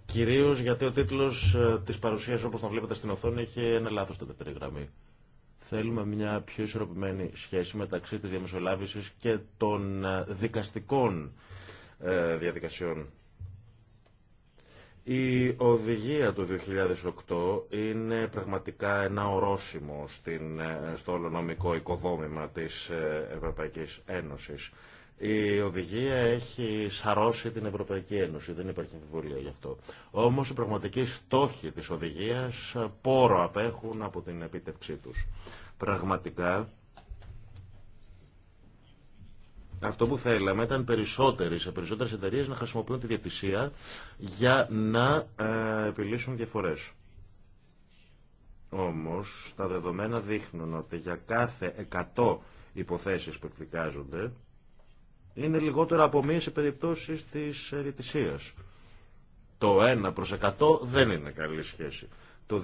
Κυρίω γιατί ο τίτλο ε, τη παρουσίας όπω τον βλέπετε στην οθόνη, έχει ένα λάθο στην δεύτερη γραμμή. Θέλουμε μια πιο ισορροπημένη σχέση μεταξύ τη διαμεσολάβηση και των ε, δικαστικών ε, διαδικασιών. Η οδηγία του 2008 είναι πραγματικά ένα ορόσημο στην, στο ολονομικό οικοδόμημα της Ευρωπαϊκής Ένωσης. Η οδηγία έχει σαρώσει την Ευρωπαϊκή Ένωση, δεν υπάρχει αμφιβολία γι' αυτό. Όμω οι πραγματικοί στόχοι τη οδηγία πόρο απέχουν από την επίτευξή του. Πραγματικά αυτό που θέλαμε ήταν περισσότεροι, σε περισσότερες εταιρείε να χρησιμοποιούν τη διατησία για να ε, επιλύσουν διαφορές. Όμως, τα δεδομένα δείχνουν ότι για κάθε 100 υποθέσεις που εκδικάζονται, είναι λιγότερο από μία σε περιπτώσεις της ε, διαιτησίας. Το 1 προς 100 δεν είναι καλή σχέση. Το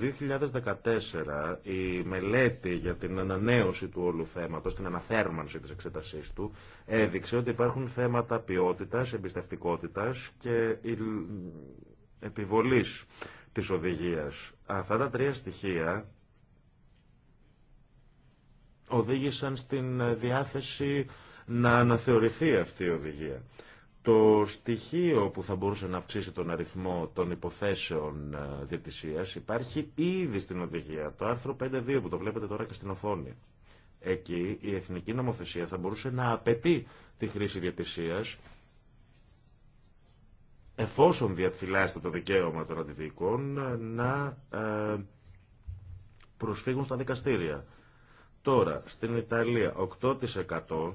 2014 η μελέτη για την ανανέωση του όλου θέματος, την αναθέρμανση της εξέτασής του, έδειξε ότι υπάρχουν θέματα ποιότητας, εμπιστευτικότητας και επιβολής της οδηγίας. Αυτά τα τρία στοιχεία οδήγησαν στην ε, διάθεση να αναθεωρηθεί αυτή η οδηγία. Το στοιχείο που θα μπορούσε να αυξήσει τον αριθμό των υποθέσεων ε, διαιτησίας υπάρχει ήδη στην οδηγία, το άρθρο 5.2 που το βλέπετε τώρα και στην οθόνη. Εκεί η εθνική νομοθεσία θα μπορούσε να απαιτεί τη χρήση διατησίας εφόσον διαφυλάσσεται το δικαίωμα των αντιδίκων ε, να ε, προσφύγουν στα δικαστήρια. Τώρα, στην Ιταλία 8%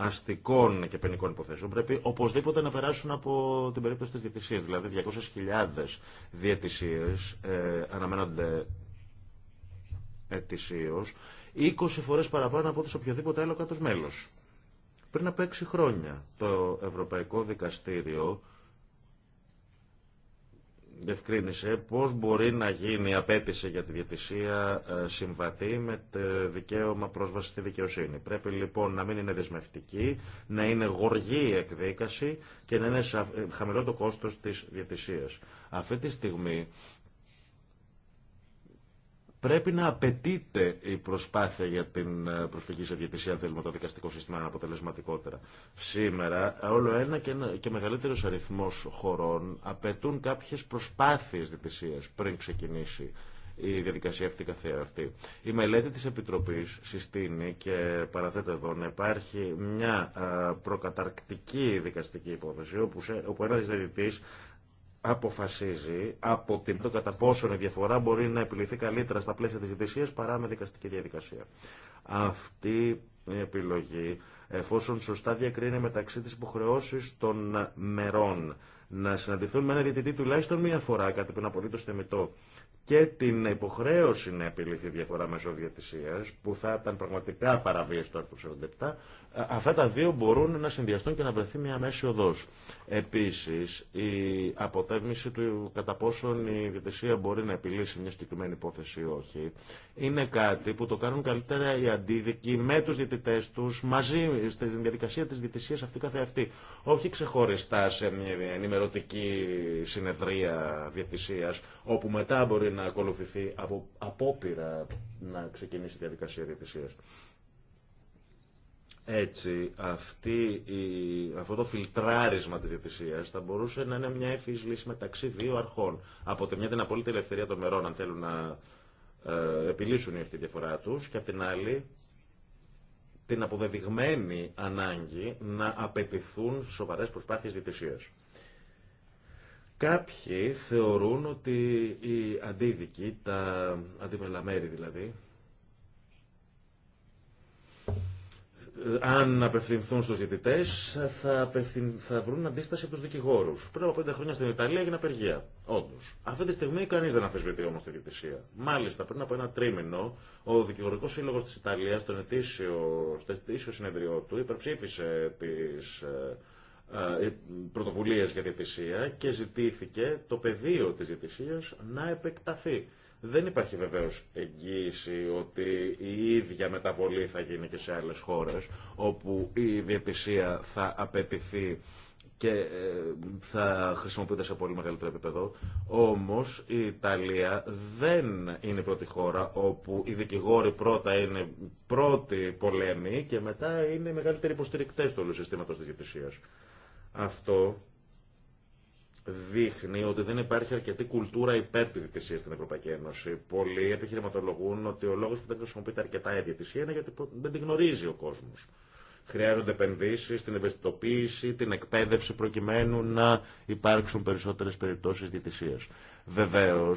αστικών και πενικών υποθέσεων πρέπει οπωσδήποτε να περάσουν από την περίπτωση της διαιτησίας. Δηλαδή 200.000 διαιτησίες ε, αναμένονται ετησίως 20 φορές παραπάνω από σε οποιοδήποτε άλλο κάτω μέλος. Πριν από 6 χρόνια το Ευρωπαϊκό Δικαστήριο διευκρίνησε πώς μπορεί να γίνει η απέτηση για τη διατησία ε, συμβατή με το δικαίωμα πρόσβαση στη δικαιοσύνη. Πρέπει λοιπόν να μην είναι δεσμευτική, να είναι γοργή η εκδίκαση και να είναι ε, χαμηλό το κόστος της διατησίας. Αυτή τη στιγμή Πρέπει να απαιτείται η προσπάθεια για την ε, προσφυγή σε διατησία, αν θέλουμε το δικαστικό σύστημα να αποτελεσματικότερα. Σήμερα, όλο ένα και, και μεγαλύτερο αριθμό χωρών απαιτούν κάποιε προσπάθειες διατησία πριν ξεκινήσει η διαδικασία αυτή καθεαυτή. Η μελέτη της Επιτροπής συστήνει και παραθέτω εδώ να υπάρχει μια ε, προκαταρκτική δικαστική υπόθεση όπου, ένας αποφασίζει από την το κατά πόσο η διαφορά μπορεί να επιληθεί καλύτερα στα πλαίσια της ειδησία παρά με δικαστική διαδικασία. Αυτή η επιλογή, εφόσον σωστά διακρίνει μεταξύ της υποχρεώσης των μερών να συναντηθούν με ένα διαιτητή τουλάχιστον μία φορά, κάτι που είναι απολύτως θεμητό, και την υποχρέωση να επιληθεί διαφορά μέσω διατησία, που θα ήταν πραγματικά παραβίαση του άρθρου 47, αυτά τα δύο μπορούν να συνδυαστούν και να βρεθεί μια μέση οδό. Επίση, η αποτέμιση του κατά πόσον η διατησία μπορεί να επιλύσει μια συγκεκριμένη υπόθεση ή όχι, είναι κάτι που το κάνουν καλύτερα οι αντίδικοι με του διαιτητέ του μαζί στη διαδικασία τη διαιτησία αυτή καθεαυτή. Όχι ξεχωριστά σε μια ενημερωτική συνεδρία διατησία, όπου μετά μπορεί να να ακολουθηθεί από απόπειρα να ξεκινήσει η διαδικασία διευθυνσία. Έτσι, αυτή η, αυτό το φιλτράρισμα της διευθυνσία θα μπορούσε να είναι μια εύφυης λύση μεταξύ δύο αρχών. Από τη μια την απολύτη ελευθερία των μερών, αν θέλουν να ε, επιλύσουν ή τη διαφορά τους, και από την άλλη την αποδεδειγμένη ανάγκη να απαιτηθούν σοβαρές προσπάθειες διευθυνσίας. Κάποιοι θεωρούν ότι οι αντίδικοι, τα μέρη δηλαδή, αν απευθυνθούν στους διαιτητές, θα, θα βρουν αντίσταση από τους δικηγόρους. Πριν από πέντε χρόνια στην Ιταλία έγινε απεργία, όντως. Αυτή τη στιγμή κανείς δεν αφισβητεί όμως τη διαιτησία. Μάλιστα, πριν από ένα τρίμηνο, ο Δικηγορικός Σύλλογος της Ιταλίας, ετήσιο, στο ετήσιο συνεδριό του, υπερψήφισε τις ε, ε, ε, πρωτοβουλίε για διαιτησία και ζητήθηκε το πεδίο της διαιτησία να επεκταθεί. Δεν υπάρχει βεβαίω εγγύηση ότι η ίδια μεταβολή θα γίνει και σε άλλες χώρες όπου η διαιτησία θα απαιτηθεί και ε, θα χρησιμοποιείται σε πολύ μεγαλύτερο επίπεδο. Όμως η Ιταλία δεν είναι η πρώτη χώρα όπου οι δικηγόροι πρώτα είναι πρώτοι πολέμοι και μετά είναι οι μεγαλύτεροι υποστηρικτές του όλου συστήματος της αυτό δείχνει ότι δεν υπάρχει αρκετή κουλτούρα υπέρ τη διαιτησία στην Ευρωπαϊκή Ένωση. Πολλοί επιχειρηματολογούν ότι ο λόγο που δεν χρησιμοποιείται αρκετά η διαιτησία είναι γιατί δεν την γνωρίζει ο κόσμο. Χρειάζονται επενδύσει στην ευαισθητοποίηση, την εκπαίδευση προκειμένου να υπάρξουν περισσότερε περιπτώσει διαιτησία. Βεβαίω,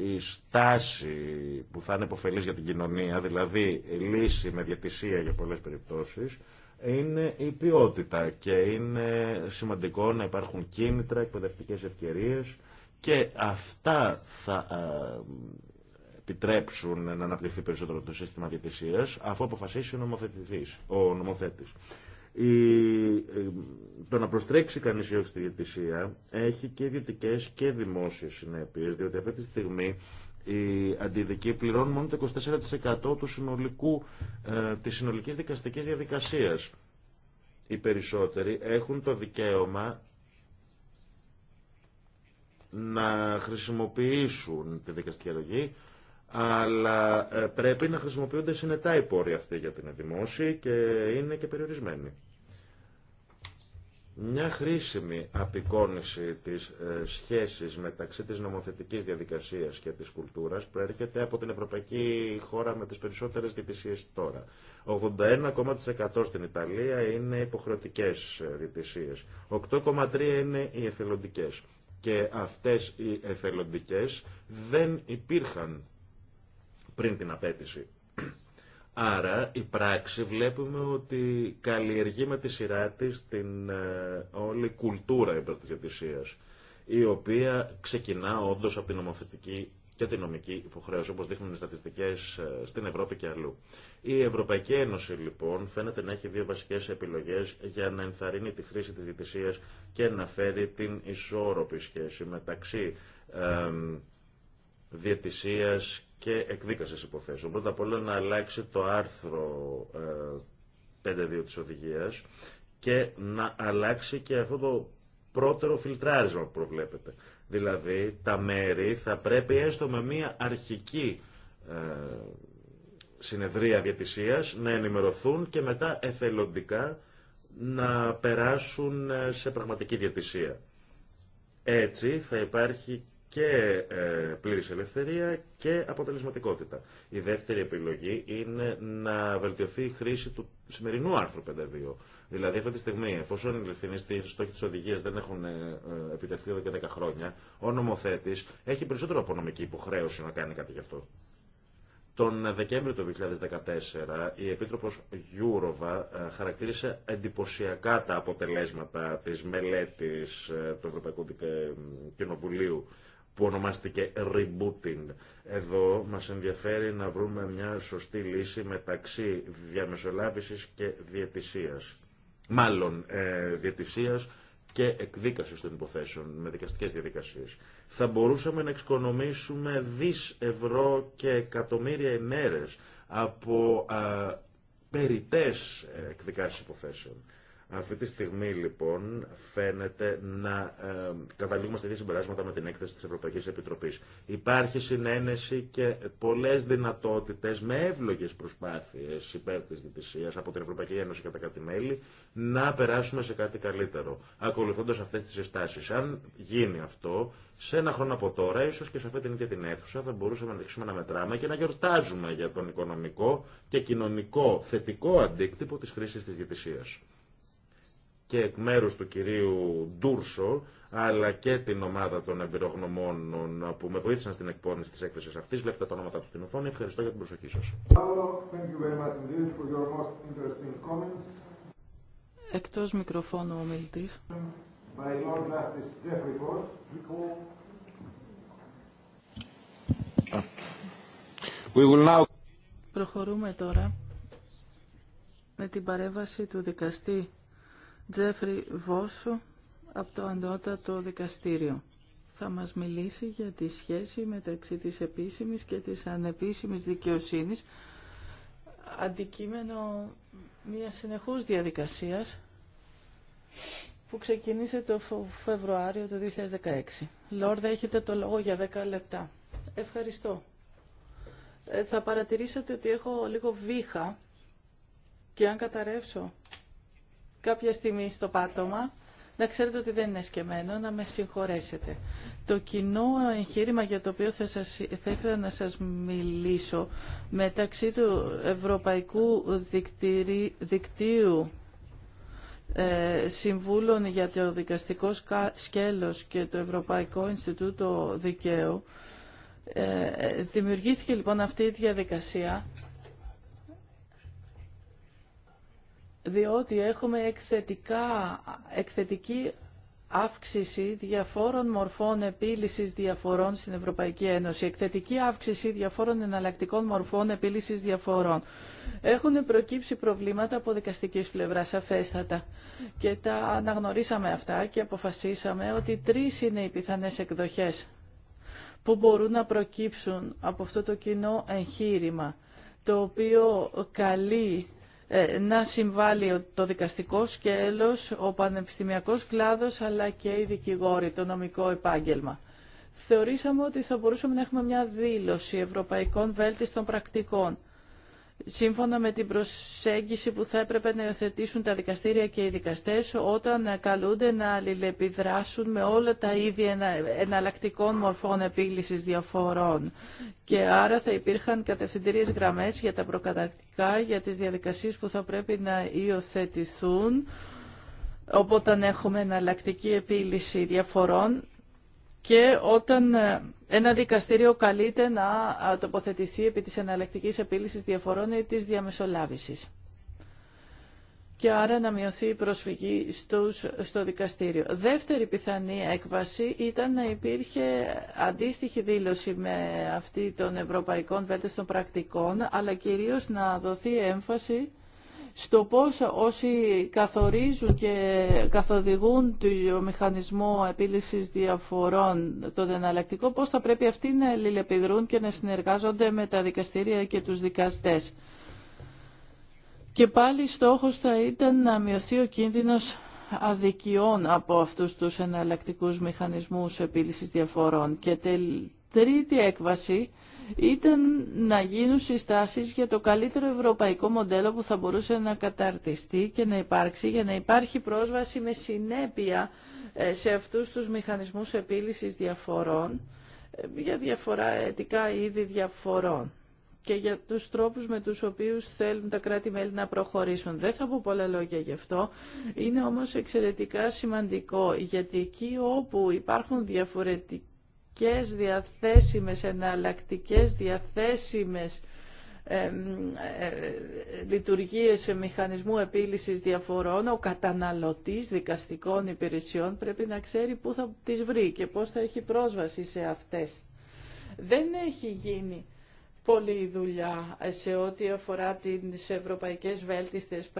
ε, η στάση που θα είναι υποφελή για την κοινωνία, δηλαδή λύση με διαιτησία για πολλέ περιπτώσει, είναι η ποιότητα και είναι σημαντικό να υπάρχουν κίνητρα, εκπαιδευτικές ευκαιρίες και αυτά θα ε, επιτρέψουν να αναπτυχθεί περισσότερο το σύστημα διατησίας αφού αποφασίσει ο νομοθετής. Ο νομοθέτης. Ε, το να προστρέξει κανείς ή όχι στη διευθυνσία έχει και ιδιωτικές και δημόσιες συνέπειες, διότι αυτή τη στιγμή οι αντιδικοί πληρώνουν μόνο το 24% του συνολικού, ε, της συνολικής δικαστικής διαδικασίας. Οι περισσότεροι έχουν το δικαίωμα να χρησιμοποιήσουν τη δικαστική αλλογή, αλλά ε, πρέπει να χρησιμοποιούνται συνετά οι πόροι αυτοί για την δημόσια και είναι και περιορισμένοι. Μια χρήσιμη απεικόνηση της ε, σχέσης μεταξύ της νομοθετικής διαδικασίας και της κουλτούρας προέρχεται από την ευρωπαϊκή χώρα με τις περισσότερες διαιτησίες τώρα. 81,1% στην Ιταλία είναι υποχρεωτικές ε, διαιτησίες. 8,3% είναι οι εθελοντικές. Και αυτές οι εθελοντικές δεν υπήρχαν πριν την απέτηση. Άρα η πράξη βλέπουμε ότι καλλιεργεί με τη σειρά της την ε, όλη κουλτούρα υπερτιδιατησίας η οποία ξεκινά όντω από την νομοθετική και την νομική υποχρέωση, όπω δείχνουν οι στατιστικέ ε, στην Ευρώπη και αλλού. Η Ευρωπαϊκή Ένωση, λοιπόν, φαίνεται να έχει δύο βασικέ επιλογέ για να ενθαρρύνει τη χρήση τη διαιτησία και να φέρει την ισόρροπη σχέση μεταξύ ε, και και εκδίκασες υποθέσεων. Πρώτα απ' όλα να αλλάξει το άρθρο 5.2 ε, της οδηγίας και να αλλάξει και αυτό το πρώτερο φιλτράρισμα που προβλέπετε. Δηλαδή τα μέρη θα πρέπει έστω με μία αρχική ε, συνεδρία διατησίας να ενημερωθούν και μετά εθελοντικά να περάσουν ε, σε πραγματική διατησία. Έτσι θα υπάρχει και ε, πλήρης ελευθερία και αποτελεσματικότητα. Η δεύτερη επιλογή είναι να βελτιωθεί η χρήση του σημερινού άρθρου 52. Δηλαδή αυτή τη στιγμή, εφόσον οι ελευθερινοί στόχοι τη οδηγία δεν έχουν ε, ε, επιτευχθεί εδώ και 10 χρόνια, ο νομοθέτης έχει περισσότερο απονομική υποχρέωση να κάνει κάτι γι' αυτό. Τον Δεκέμβριο του 2014 η Επίτροπος Γιούροβα χαρακτήρισε εντυπωσιακά τα αποτελέσματα της μελέτης του Ευρωπαϊκού Κοινοβουλίου που ονομάστηκε rebooting. Εδώ μας ενδιαφέρει να βρούμε μια σωστή λύση μεταξύ διαμεσολάβησης και διαιτησίας. Μάλλον ε, και εκδίκασης των υποθέσεων με δικαστικές διαδικασίες. Θα μπορούσαμε να εξοικονομήσουμε δις ευρώ και εκατομμύρια ημέρες από ε, περιτές εκδικάσεις υποθέσεων. Αυτή τη στιγμή λοιπόν φαίνεται να ε, καταλήγουμε στα ίδια συμπεράσματα με την έκθεση της Ευρωπαϊκής Επιτροπής. Υπάρχει συνένεση και πολλές δυνατότητες με εύλογες προσπάθειες υπέρ της Διευθυνσία από την Ευρωπαϊκή Ένωση και τα κράτη-μέλη να περάσουμε σε κάτι καλύτερο, ακολουθώντας αυτές τις συστάσεις. Αν γίνει αυτό, σε ένα χρόνο από τώρα, ίσως και σε αυτή την ίδια την αίθουσα, θα μπορούσαμε να αρχίσουμε να μετράμε και να γιορτάζουμε για τον οικονομικό και κοινωνικό θετικό αντίκτυπο τη χρήση της Διευθυνσία και εκ μέρου του κυρίου Ντούρσο, αλλά και την ομάδα των εμπειρογνωμόνων που με βοήθησαν στην εκπόνηση τη έκθεση αυτή. Βλέπετε τα ονόματα του στην οθόνη. Ευχαριστώ για την προσοχή σα. Εκτός μικροφώνου ο μιλητή. now... Προχωρούμε τώρα με την παρέμβαση του δικαστή Τζέφρι Βόσο από το Αντώτατο Δικαστήριο. Θα μας μιλήσει για τη σχέση μεταξύ της επίσημης και της ανεπίσημης δικαιοσύνης, αντικείμενο μια συνεχούς διαδικασίας που ξεκίνησε το Φεβρουάριο του 2016. Λόρδα, έχετε το λόγο για 10 λεπτά. Ευχαριστώ. Ε, θα παρατηρήσατε ότι έχω λίγο βήχα και αν καταρρεύσω κάποια στιγμή στο πάτωμα, να ξέρετε ότι δεν είναι σκεμμένο, να με συγχωρέσετε. Το κοινό εγχείρημα για το οποίο θα, ήθελα να σας μιλήσω μεταξύ του Ευρωπαϊκού Δικτύου ε, Συμβούλων για το Δικαστικό Σκέλος και το Ευρωπαϊκό Ινστιτούτο Δικαίου ε, δημιουργήθηκε λοιπόν αυτή η διαδικασία διότι έχουμε εκθετικά, εκθετική αύξηση διαφόρων μορφών επίλυσης διαφορών στην Ευρωπαϊκή Ένωση, εκθετική αύξηση διαφόρων εναλλακτικών μορφών επίλυσης διαφορών. Έχουν προκύψει προβλήματα από δικαστικής πλευράς, αφέστατα. Και τα αναγνωρίσαμε αυτά και αποφασίσαμε ότι τρεις είναι οι πιθανές εκδοχές που μπορούν να προκύψουν από αυτό το κοινό εγχείρημα, το οποίο καλεί ε, να συμβάλλει το δικαστικό σκέλος, ο πανεπιστημιακός κλάδος, αλλά και οι δικηγόροι, το νομικό επάγγελμα. Θεωρήσαμε ότι θα μπορούσαμε να έχουμε μια δήλωση ευρωπαϊκών βέλτιστων πρακτικών σύμφωνα με την προσέγγιση που θα έπρεπε να υιοθετήσουν τα δικαστήρια και οι δικαστές όταν καλούνται να αλληλεπιδράσουν με όλα τα ίδια εναλλακτικών μορφών επίλυσης διαφορών. Και άρα θα υπήρχαν κατευθυντηρίες γραμμές για τα προκαταρκτικά, για τις διαδικασίες που θα πρέπει να υιοθετηθούν όταν έχουμε εναλλακτική επίλυση διαφορών και όταν ε, ένα δικαστήριο καλείται να τοποθετηθεί επί της εναλλακτική επίλυση διαφορών ή της διαμεσολάβησης και άρα να μειωθεί η προσφυγή στους, στο δικαστήριο. Δεύτερη πιθανή έκβαση ήταν να υπήρχε αντίστοιχη δήλωση με αυτή των ευρωπαϊκών των πρακτικών, αλλά κυρίως να δοθεί έμφαση στο πώς όσοι καθορίζουν και καθοδηγούν το μηχανισμό επίλυσης διαφορών τον εναλλακτικό, πώς θα πρέπει αυτοί να λιλεπιδρούν και να συνεργάζονται με τα δικαστήρια και τους δικαστές. Και πάλι στόχος θα ήταν να μειωθεί ο κίνδυνος αδικιών από αυτούς τους εναλλακτικούς μηχανισμούς επίλυσης διαφορών. Και τρίτη έκβαση ήταν να γίνουν συστάσεις για το καλύτερο ευρωπαϊκό μοντέλο που θα μπορούσε να καταρτιστεί και να υπάρξει για να υπάρχει πρόσβαση με συνέπεια ε, σε αυτούς τους μηχανισμούς επίλυσης διαφορών ε, για διαφορά αιτικά είδη διαφορών και για τους τρόπους με τους οποίους θέλουν τα κράτη-μέλη να προχωρήσουν. Δεν θα πω πολλά λόγια γι' αυτό. Είναι όμως εξαιρετικά σημαντικό, γιατί εκεί όπου υπάρχουν διαφορετικές εναλλακτικές διαθέσιμες, εναλλακτικές διαθέσιμες ε, λειτουργίες σε μηχανισμού επίλυσης διαφορών, ο καταναλωτής δικαστικών υπηρεσιών πρέπει να ξέρει πού θα τις βρει και πώς θα έχει πρόσβαση σε αυτές. Δεν έχει γίνει Πολύ δουλειά σε ό,τι αφορά τις ευρωπαϊκές βέλτιστες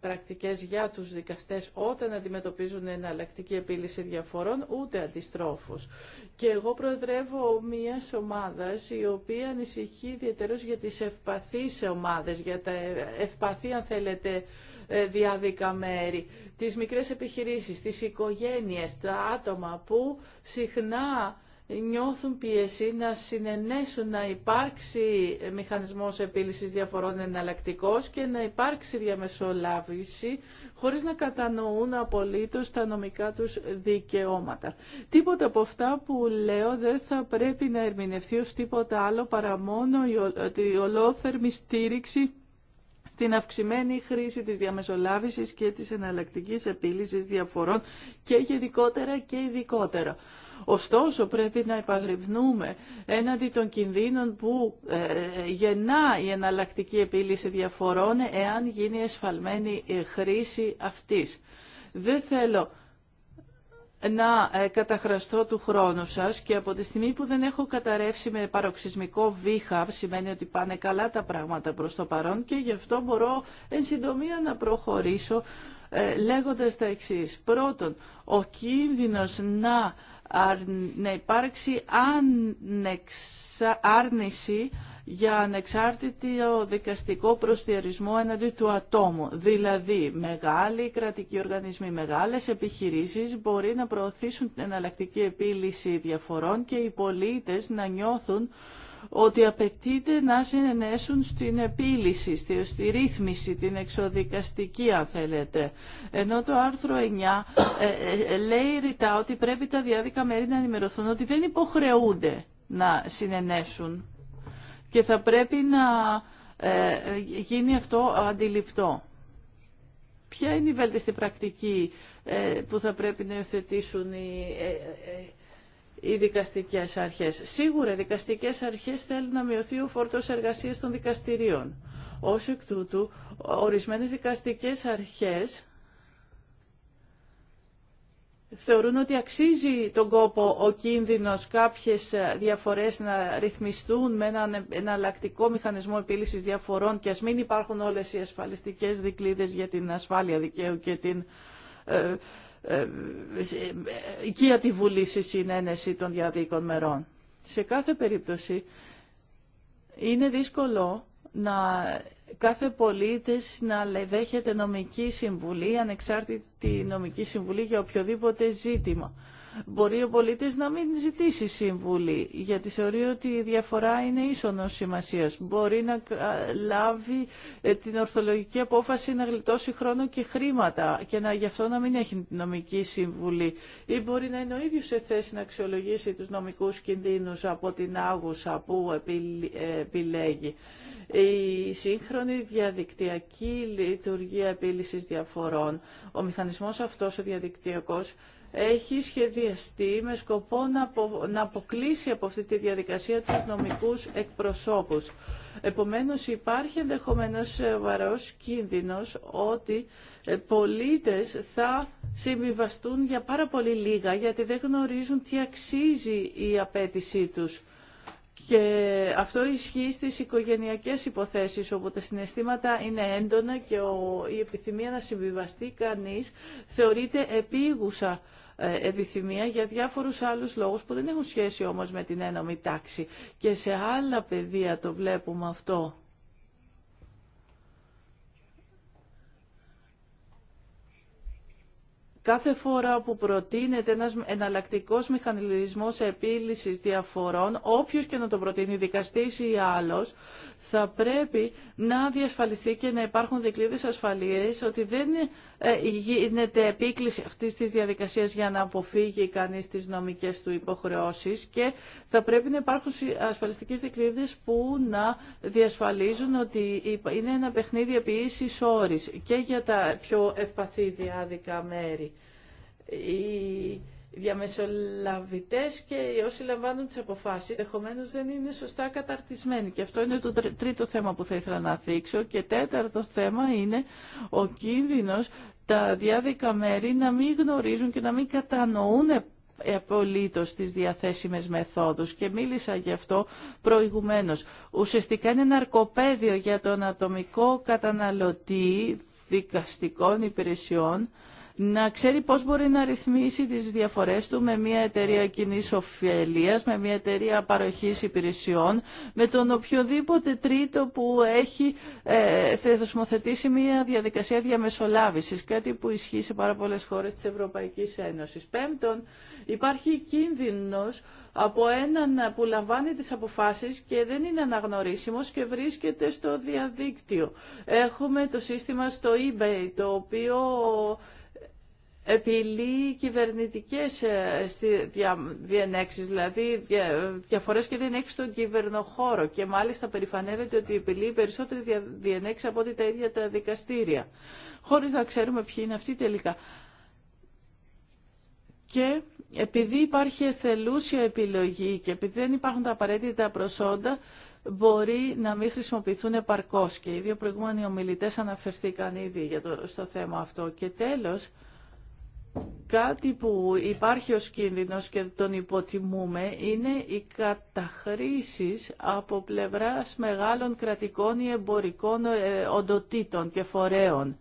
πρακτικές, για τους δικαστές όταν αντιμετωπίζουν εναλλακτική επίλυση διαφορών, ούτε αντιστρόφους. Και εγώ προεδρεύω μια ομάδα η οποία ανησυχεί ιδιαίτερως για τις ευπαθείς ομάδες, για τα ευπαθή αν θέλετε ε, διάδικα μέρη, τις μικρές επιχειρήσεις, τις οικογένειες, τα άτομα που συχνά νιώθουν πίεση να συνενέσουν να υπάρξει μηχανισμός επίλυσης διαφορών εναλλακτικός και να υπάρξει διαμεσολάβηση χωρίς να κατανοούν απολύτως τα νομικά τους δικαιώματα. Τίποτα από αυτά που λέω δεν θα πρέπει να ερμηνευθεί ως τίποτα άλλο παρά μόνο η ολόθερμη στήριξη στην αυξημένη χρήση της διαμεσολάβησης και της εναλλακτικής επίλυσης διαφορών και γενικότερα και ειδικότερα. Ωστόσο πρέπει να επαγρυπνούμε έναντι των κινδύνων που ε, γεννά η εναλλακτική επίλυση διαφορών εάν γίνει εσφαλμένη χρήση αυτής. Δεν θέλω να ε, καταχραστώ του χρόνου σας και από τη στιγμή που δεν έχω καταρρεύσει με παροξυσμικό βήχα σημαίνει ότι πάνε καλά τα πράγματα προς το παρόν και γι' αυτό μπορώ εν συντομία να προχωρήσω ε, λέγοντας τα εξής. Πρώτον, ο κίνδυνος να να υπάρξει άρνηση για ανεξάρτητο δικαστικό προσδιορισμό έναντι του ατόμου. Δηλαδή, μεγάλοι κρατικοί οργανισμοί, μεγάλες επιχειρήσεις μπορεί να προωθήσουν την εναλλακτική επίλυση διαφορών και οι πολίτες να νιώθουν ότι απαιτείται να συνενέσουν στην επίλυση, στη ρύθμιση, την εξοδικαστική αν θέλετε. Ενώ το άρθρο 9 ε, ε, λέει ρητά ότι πρέπει τα διάδικα μέρη να ενημερωθούν ότι δεν υποχρεούνται να συνενέσουν και θα πρέπει να ε, γίνει αυτό αντιληπτό. Ποια είναι η βέλτιστη πρακτική που θα πρέπει να υιοθετήσουν οι οι δικαστικές αρχές. Σίγουρα οι δικαστικές αρχές θέλουν να μειωθεί ο φόρτος εργασίας των δικαστηρίων. Ως εκ τούτου, ορισμένες δικαστικές αρχές θεωρούν ότι αξίζει τον κόπο ο κίνδυνος κάποιες διαφορές να ρυθμιστούν με έναν εναλλακτικό μηχανισμό επίλυσης διαφορών και ας μην υπάρχουν όλες οι ασφαλιστικές δικλείδες για την ασφάλεια δικαίου και την ε, για ε, ε, τη Βουλή στη συνένεση των διαδίκων μερών. Σε κάθε περίπτωση είναι δύσκολο να κάθε πολίτης να δέχεται νομική συμβουλή, ανεξάρτητη νομική συμβουλή για οποιοδήποτε ζήτημα. Μπορεί ο πολίτης να μην ζητήσει σύμβουλη, γιατί θεωρεί ότι η διαφορά είναι ίσονος σημασίας. Μπορεί να λάβει ε, την ορθολογική απόφαση να γλιτώσει χρόνο και χρήματα και να, γι' αυτό να μην έχει νομική σύμβουλη. Ή μπορεί να είναι ο ίδιος σε θέση να αξιολογήσει τους νομικούς κινδύνους από την άγουσα που ε, επιλέγει. Η σύγχρονη διαδικτυακή λειτουργία επίλυσης διαφορών, ο ιδιο σε θεση να αξιολογησει τους νομικους κινδυνους απο την αυτός ο διαδικτυακός έχει σχεδιαστεί με σκοπό να αποκλείσει από αυτή τη διαδικασία τους νομικούς εκπροσώπους. Επομένως υπάρχει ενδεχομένως ε, βαρός κίνδυνος ότι ε, πολίτες θα συμβιβαστούν για πάρα πολύ λίγα γιατί δεν γνωρίζουν τι αξίζει η απέτησή τους. Και αυτό ισχύει στις οικογενειακές υποθέσεις όπου τα συναισθήματα είναι έντονα και η επιθυμία να συμβιβαστεί κανείς θεωρείται επίγουσα ε, επιθυμία για διάφορους άλλους λόγους που δεν έχουν σχέση όμως με την ένομη τάξη. Και σε άλλα πεδία το βλέπουμε αυτό. Κάθε φορά που προτείνεται ένας εναλλακτικός μηχανισμός επίλυσης διαφορών, όποιος και να το προτείνει, δικαστής ή άλλος, θα πρέπει να διασφαλιστεί και να υπάρχουν δικλείδες ασφαλείας ότι δεν ε, γίνεται επίκληση αυτής της διαδικασίας για να αποφύγει κανείς τις νομικές του υποχρεώσεις και θα πρέπει να υπάρχουν ασφαλιστικές δικλείδες που να διασφαλίζουν ότι είναι ένα παιχνίδι επίσης όρης και για τα πιο ευπαθή διάδικα μέρη οι διαμεσολαβητές και οι όσοι λαμβάνουν τις αποφάσεις ενδεχομένω δεν είναι σωστά καταρτισμένοι. Και αυτό είναι το τρίτο θέμα που θα ήθελα να δείξω Και τέταρτο θέμα είναι ο κίνδυνος τα διάδικα μέρη να μην γνωρίζουν και να μην κατανοούν ε, απολύτως τις διαθέσιμες μεθόδους και μίλησα γι' αυτό προηγουμένως. Ουσιαστικά είναι ένα αρκοπέδιο για τον ατομικό καταναλωτή δικαστικών υπηρεσιών να ξέρει πώς μπορεί να ρυθμίσει τις διαφορές του με μια εταιρεία κοινή ωφελία, με μια εταιρεία παροχής υπηρεσιών, με τον οποιοδήποτε τρίτο που έχει ε, θεσμοθετήσει μια διαδικασία διαμεσολάβησης, κάτι που ισχύει σε πάρα πολλές χώρες της Ευρωπαϊκής Ένωσης. Πέμπτον, υπάρχει κίνδυνος από έναν που λαμβάνει τις αποφάσεις και δεν είναι αναγνωρίσιμος και βρίσκεται στο διαδίκτυο. Έχουμε το σύστημα στο eBay, το οποίο επιλύει κυβερνητικές ε, διενέξεις, δηλαδή διαφορές και διενέξεις στον κυβερνοχώρο και μάλιστα περηφανεύεται ότι επιλύει περισσότερες διενέξεις από ό,τι τα ίδια τα δικαστήρια, χωρίς να ξέρουμε ποιοι είναι αυτοί τελικά. Και επειδή υπάρχει εθελούσια επιλογή και επειδή δεν υπάρχουν τα απαραίτητα προσόντα, μπορεί να μην χρησιμοποιηθούν επαρκώς. Και οι δύο προηγούμενοι ομιλητές αναφερθήκαν ήδη για το, στο θέμα αυτό. Και τέλος, κάτι που υπάρχει ως κίνδυνος και τον υποτιμούμε είναι οι καταχρήσεις από πλευράς μεγάλων κρατικών ή εμπορικών ε, οντοτήτων και φορέων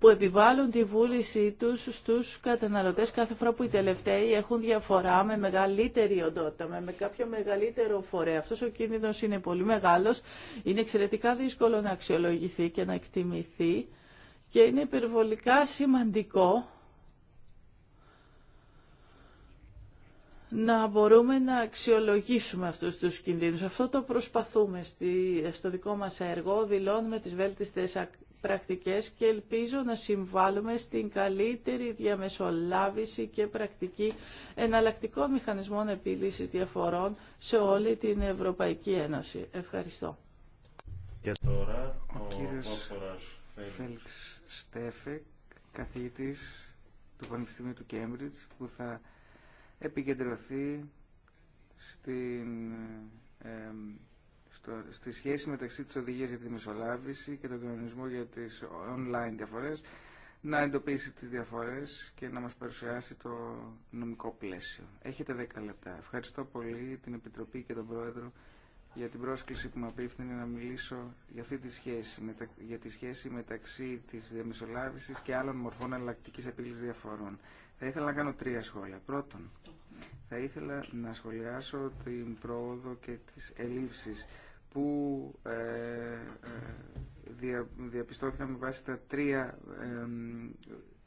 που επιβάλλουν τη βούλησή τους στους καταναλωτές κάθε φορά που οι τελευταίοι έχουν διαφορά με μεγαλύτερη οντότητα, με κάποιο μεγαλύτερο φορέα. Αυτός ο κίνδυνος είναι πολύ μεγάλος, είναι εξαιρετικά δύσκολο να αξιολογηθεί και να εκτιμηθεί και είναι υπερβολικά σημαντικό να μπορούμε να αξιολογήσουμε αυτούς τους κινδύνους. Αυτό το προσπαθούμε στη, στο δικό μας έργο, δηλώνουμε τις βέλτιστες πρακτικές και ελπίζω να συμβάλλουμε στην καλύτερη διαμεσολάβηση και πρακτική εναλλακτικών μηχανισμών επίλυσης διαφορών σε όλη την Ευρωπαϊκή Ένωση. Ευχαριστώ. Και τώρα ο, ο κύριος Φέλξ Στέφεκ, καθηγητής του Πανεπιστημίου του Κέμπριτζ, που θα επικεντρωθεί στην, ε, στο, στη σχέση μεταξύ της οδηγίας για τη μεσολάβηση και τον κοινωνισμό για τις online διαφορές, να εντοπίσει τις διαφορές και να μας παρουσιάσει το νομικό πλαίσιο. Έχετε 10 λεπτά. Ευχαριστώ πολύ την Επιτροπή και τον Πρόεδρο για την πρόσκληση που με απίφθηνε να μιλήσω για αυτή τη σχέση, για τη σχέση μεταξύ της διαμεσολάβησης και άλλων μορφών αλλακτική επίλυσης διαφορών. Θα ήθελα να κάνω τρία σχόλια. Πρώτον, θα ήθελα να σχολιάσω την πρόοδο και τις ελλείψεις που ε, ε διαπιστώθηκαν με βάση τα τρία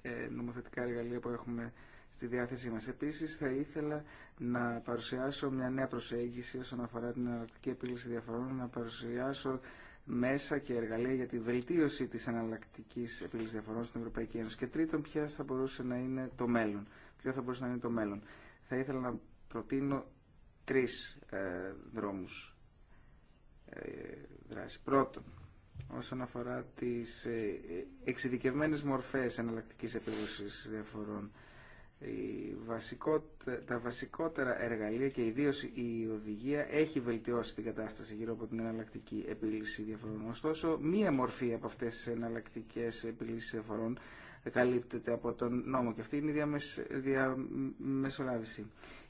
ε, νομοθετικά εργαλεία που έχουμε στη διάθεσή μας. Επίσης, θα ήθελα να παρουσιάσω μια νέα προσέγγιση όσον αφορά την αναρτική επίλυση διαφορών, να παρουσιάσω μέσα και εργαλεία για τη βελτίωση της εναλλακτική επίλυσης διαφορών στην Ευρωπαϊκή Ένωση. Και τρίτον, ποια θα μπορούσε να είναι το μέλλον. Ποιο θα μπορούσε να είναι το μέλλον. Θα ήθελα να προτείνω τρεις ε, δρόμους ε, δράση. Πρώτον, όσον αφορά τις ε, εξειδικευμένες μορφές εναλλακτικής επίλυση διαφορών τα βασικότερα εργαλεία και ιδίω η οδηγία έχει βελτιώσει την κατάσταση γύρω από την εναλλακτική επίλυση διαφορών. Ωστόσο, μία μορφή από αυτές τις εναλλακτικέ επιλύσεις διαφορών καλύπτεται από τον νόμο και αυτή είναι η διαμεσολάβηση.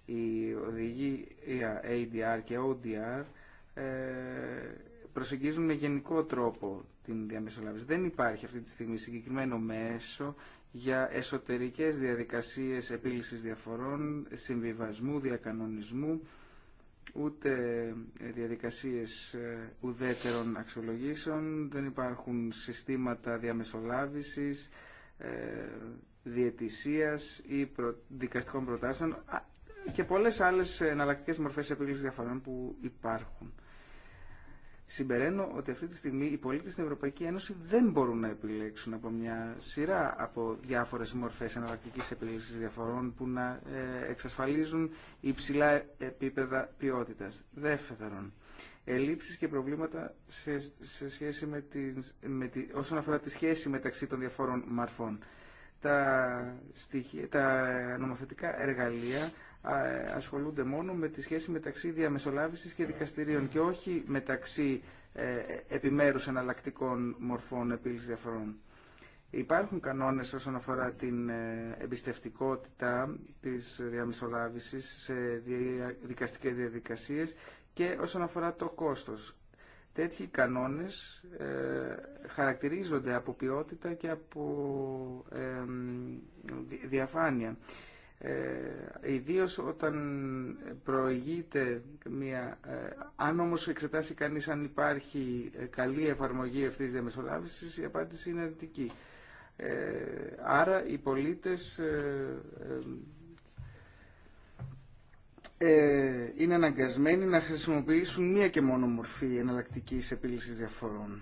Η οδηγία ADR και ODR ε, προσεγγίζουν με γενικό τρόπο την διαμεσολάβηση. Δεν υπάρχει αυτή τη στιγμή συγκεκριμένο μέσο για εσωτερικές διαδικασίες επίλυσης διαφορών, συμβιβασμού, διακανονισμού, ούτε ε, διαδικασίες ε, ουδέτερων αξιολογήσεων, δεν υπάρχουν συστήματα διαμεσολάβησης, ε, διαιτησίας ή δικαστικών προτάσεων και πολλές άλλες εναλλακτικές μορφές επίλυσης διαφορών που υπάρχουν. Συμπεραίνω ότι αυτή τη στιγμή οι πολίτες στην Ευρωπαϊκή Ένωση δεν μπορούν να επιλέξουν από μια σειρά από διάφορες μορφές εναλλακτικής επίληξης διαφορών που να ε, εξασφαλίζουν υψηλά επίπεδα ποιότητας. Δεύτερον, ελλείψεις και προβλήματα σε, σε σχέση με, την με τη, όσον αφορά τη σχέση μεταξύ των διαφόρων μαρφών. Τα, τα νομοθετικά εργαλεία ασχολούνται μόνο με τη σχέση μεταξύ διαμεσολάβησης και δικαστηρίων και όχι μεταξύ ε, επιμέρους εναλλακτικών μορφών επίλυση διαφορών. Υπάρχουν κανόνες όσον αφορά την ε, εμπιστευτικότητα της διαμεσολάβησης σε δικαστικές διαδικασίες και όσον αφορά το κόστος. Τέτοιοι κανόνες ε, χαρακτηρίζονται από ποιότητα και από διαφάνεια ε, ιδίως όταν προηγείται μια... Ε, αν όμω εξετάσει κανείς αν υπάρχει ε, καλή εφαρμογή αυτής της διαμεσολάβησης, η απάντηση είναι αρνητική. Ε, άρα οι πολίτες ε, ε, είναι αναγκασμένοι να χρησιμοποιήσουν μία και μόνο μορφή εναλλακτικής επίλυσης διαφορών.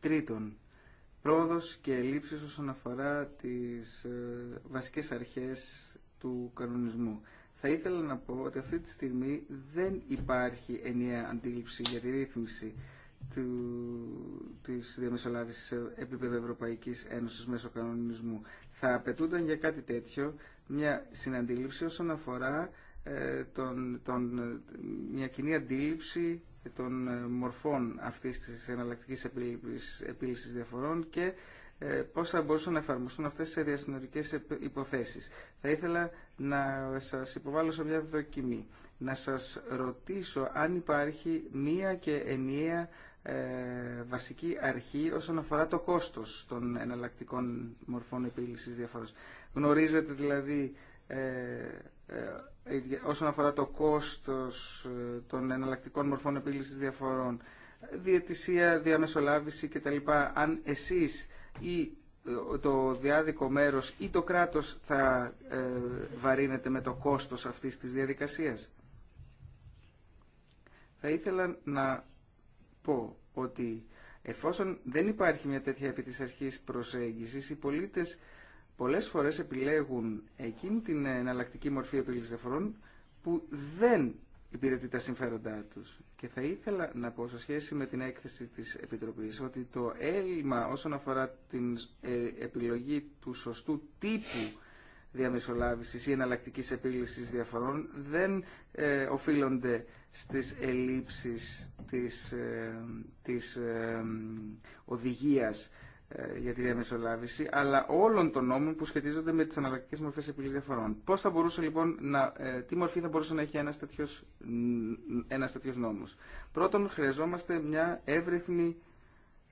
Τρίτον, πρόοδος και ελλείψεις όσον αφορά τις ε, βασικές αρχές του κανονισμού. Θα ήθελα να πω ότι αυτή τη στιγμή δεν υπάρχει ενιαία αντίληψη για τη ρύθμιση του, της διαμεσολάβησης σε επίπεδο Ευρωπαϊκής Ένωσης μέσω κανονισμού. Θα απαιτούνταν για κάτι τέτοιο μια συναντήληψη όσον αφορά ε, τον, τον, μια κοινή αντίληψη των ε, μορφών αυτής της εναλλακτικής επίλυσης διαφορών και ε, πώς θα μπορούσαν να εφαρμοστούν αυτές σε διασυνορικές υποθέσεις. Θα ήθελα να σας υποβάλω σε μια δοκιμή. Να σας ρωτήσω αν υπάρχει μία και ενιαία ε, βασική αρχή όσον αφορά το κόστος των εναλλακτικών μορφών επίλυσης διαφορών. Γνωρίζετε δηλαδή ε, όσον αφορά το κόστος ε, των εναλλακτικών μορφών επίλυσης διαφορών, διαιτησία, διαμεσολάβηση κτλ. Αν εσείς ή ε, το διάδικο μέρος ή το κράτος θα βαρύνεται με το κόστος αυτής της διαδικασίας. Θα ήθελα να πω ότι εφόσον δεν υπάρχει μια τέτοια επί της αρχής προσέγγισης, οι πολίτες πολλές φορές επιλέγουν εκείνη την εναλλακτική μορφή επίλυσης διαφορών που δεν υπηρετεί τα συμφέροντά τους. Και θα ήθελα να πω σε σχέση με την έκθεση της Επιτροπής ότι το έλλειμμα όσον αφορά την ε, επιλογή του σωστού τύπου διαμεσολάβησης ή εναλλακτική επίλυση διαφορών δεν ε, οφείλονται στις ελλείψεις της, ε, της ε, οδηγίας ε, για τη διαμεσολάβηση, αλλά όλων των νόμων που σχετίζονται με τι αναλλακτικέ μορφέ επιλογή διαφορών. Πώ θα μπορούσε λοιπόν να. Ε, τι μορφή θα μπορούσε να έχει ένα τέτοιο ένας τέτοιος νόμος. Πρώτον, χρειαζόμαστε μια εύρυθμη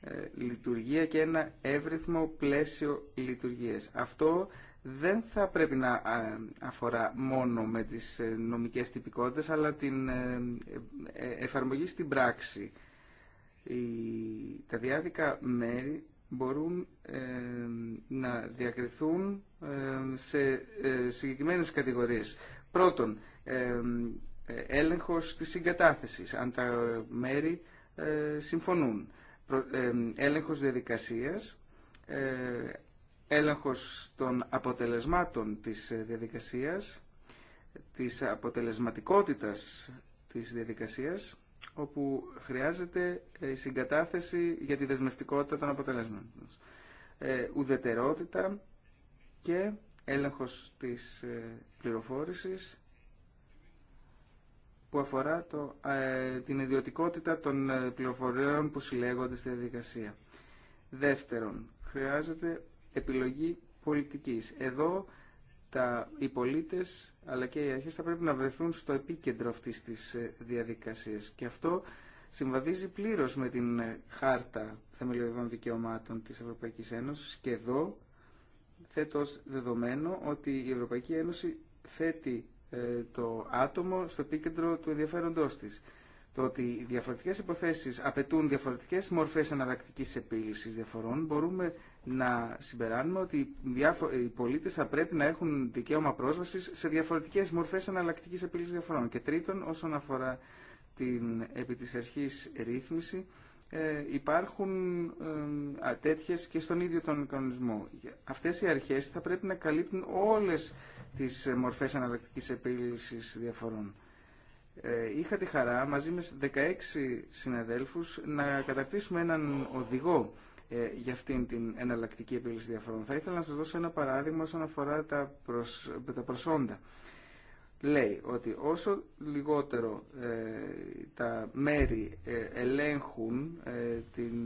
ε, λειτουργία και ένα εύρυθμο πλαίσιο λειτουργίες Αυτό δεν θα πρέπει να αφορά μόνο με τις νομικές τυπικότητες, αλλά την εφαρμογή στην πράξη. Τα διάδικα μέρη μπορούν ε, να διακριθούν ε, σε ε, συγκεκριμένες κατηγορίες. Πρώτον, ε, έλεγχος της συγκατάθεσης, αν τα μέρη συμφωνούν. Προ, έλεγχος διαδικασίας, έλεγχος των αποτελεσμάτων της διαδικασίας, της αποτελεσματικότητας της διαδικασίας, όπου χρειάζεται ε, συγκατάθεση για τη δεσμευτικότητα των αποτελέσματων. Ε, ουδετερότητα και έλεγχος της ε, πληροφόρησης που αφορά ε, την ιδιωτικότητα των πληροφοριών που συλλέγονται στη διαδικασία. Δεύτερον, χρειάζεται επιλογή πολιτικής. Εδώ τα, οι πολίτες αλλά και οι αρχές θα πρέπει να βρεθούν στο επίκεντρο αυτής της ε, διαδικασίας. Και αυτό συμβαδίζει πλήρως με την ε, χάρτα θεμελιωδών δικαιωμάτων της Ευρωπαϊκής Ένωσης και εδώ θέτω δεδομένο ότι η Ευρωπαϊκή Ένωση θέτει ε, το άτομο στο επίκεντρο του ενδιαφέροντός της. Το ότι οι διαφορετικές υποθέσεις απαιτούν διαφορετικές μορφές αναρακτικής επίλυσης διαφορών μπορούμε να συμπεράνουμε ότι οι πολίτες θα πρέπει να έχουν δικαίωμα πρόσβασης σε διαφορετικές μορφές αναλλακτικής επίλυσης διαφορών. Και τρίτον, όσον αφορά την επί της αρχής ρύθμιση, ε, υπάρχουν ε, τέτοιες και στον ίδιο τον κανονισμό. Αυτές οι αρχές θα πρέπει να καλύπτουν όλες τις μορφές αναλλακτικής επίλυσης διαφορών. Ε, είχα τη χαρά μαζί με 16 συναδέλφους να κατακτήσουμε έναν οδηγό ε, για αυτήν την εναλλακτική επίλυση διαφορών. Θα ήθελα να σας δώσω ένα παράδειγμα όσον αφορά τα, τα προσόντα. Λέει ότι όσο λιγότερο ε, τα μέρη ε, ελέγχουν την,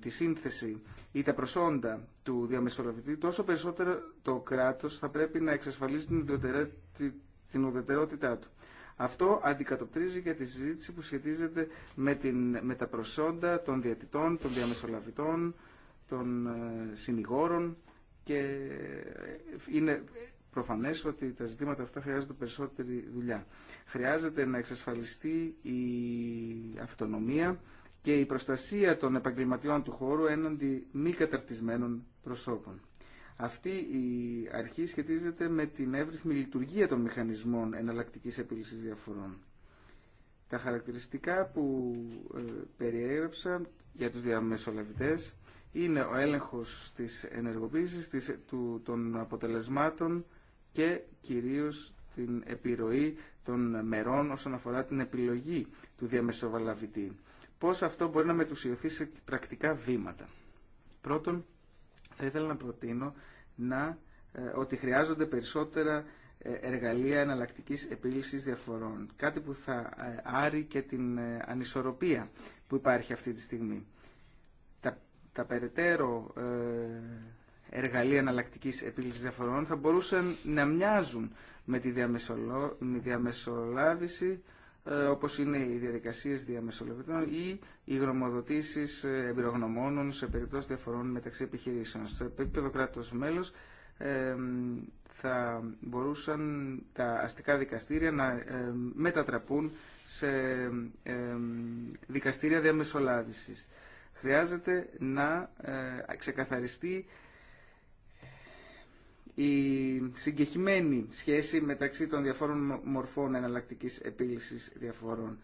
τη σύνθεση ή τα προσόντα του διαμεσολαβητή, τόσο περισσότερο το κράτος θα πρέπει να εξασφαλίσει την ουδετερότητά του. Αυτό αντικατοπτρίζει και τη συζήτηση που σχετίζεται με, την, με τα προσόντα των διατητών, των διαμεσολαβητών, των ε, συνηγόρων και ε, είναι προφανές ότι τα ζητήματα αυτά χρειάζονται περισσότερη δουλειά. Χρειάζεται να εξασφαλιστεί η αυτονομία και η προστασία των επαγγελματιών του χώρου έναντι μη καταρτισμένων προσώπων. Αυτή η αρχή σχετίζεται με την εύρυθμη λειτουργία των μηχανισμών εναλλακτικής επίλυσης διαφορών. Τα χαρακτηριστικά που ε, περιέγραψα για τους διαμεσολαβητές είναι ο έλεγχος της ενεργοποίησης, του, των αποτελεσμάτων και κυρίως την επιρροή των μερών όσον αφορά την επιλογή του διαμεσοβαλαβητή. Πώς αυτό μπορεί να μετουσιωθεί σε πρακτικά βήματα. Πρώτον, θα ήθελα να προτείνω να, ε, ότι χρειάζονται περισσότερα ε, εργαλεία εναλλακτική επίλυση διαφορών. Κάτι που θα ε, άρει και την ανισορροπία που υπάρχει αυτή τη στιγμή τα περαιτέρω ε, εργαλεία εναλλακτική επίλυση διαφορών θα μπορούσαν να μοιάζουν με τη διαμεσολάβηση ε, όπως είναι οι διαδικασίες διαμεσολαβητών ή οι γνωμοδοτήσεις ε, εμπειρογνωμόνων σε περιπτώσεις διαφορών μεταξύ επιχειρήσεων. Στο επίπεδο κράτος μέλος θα μπορούσαν τα αστικά δικαστήρια να μετατραπούν σε δικαστήρια διαμεσολάβησης χρειάζεται να ε, ξεκαθαριστεί η συγκεχημένη σχέση μεταξύ των διαφόρων μορφών εναλλακτικής επίλυσης διαφορών.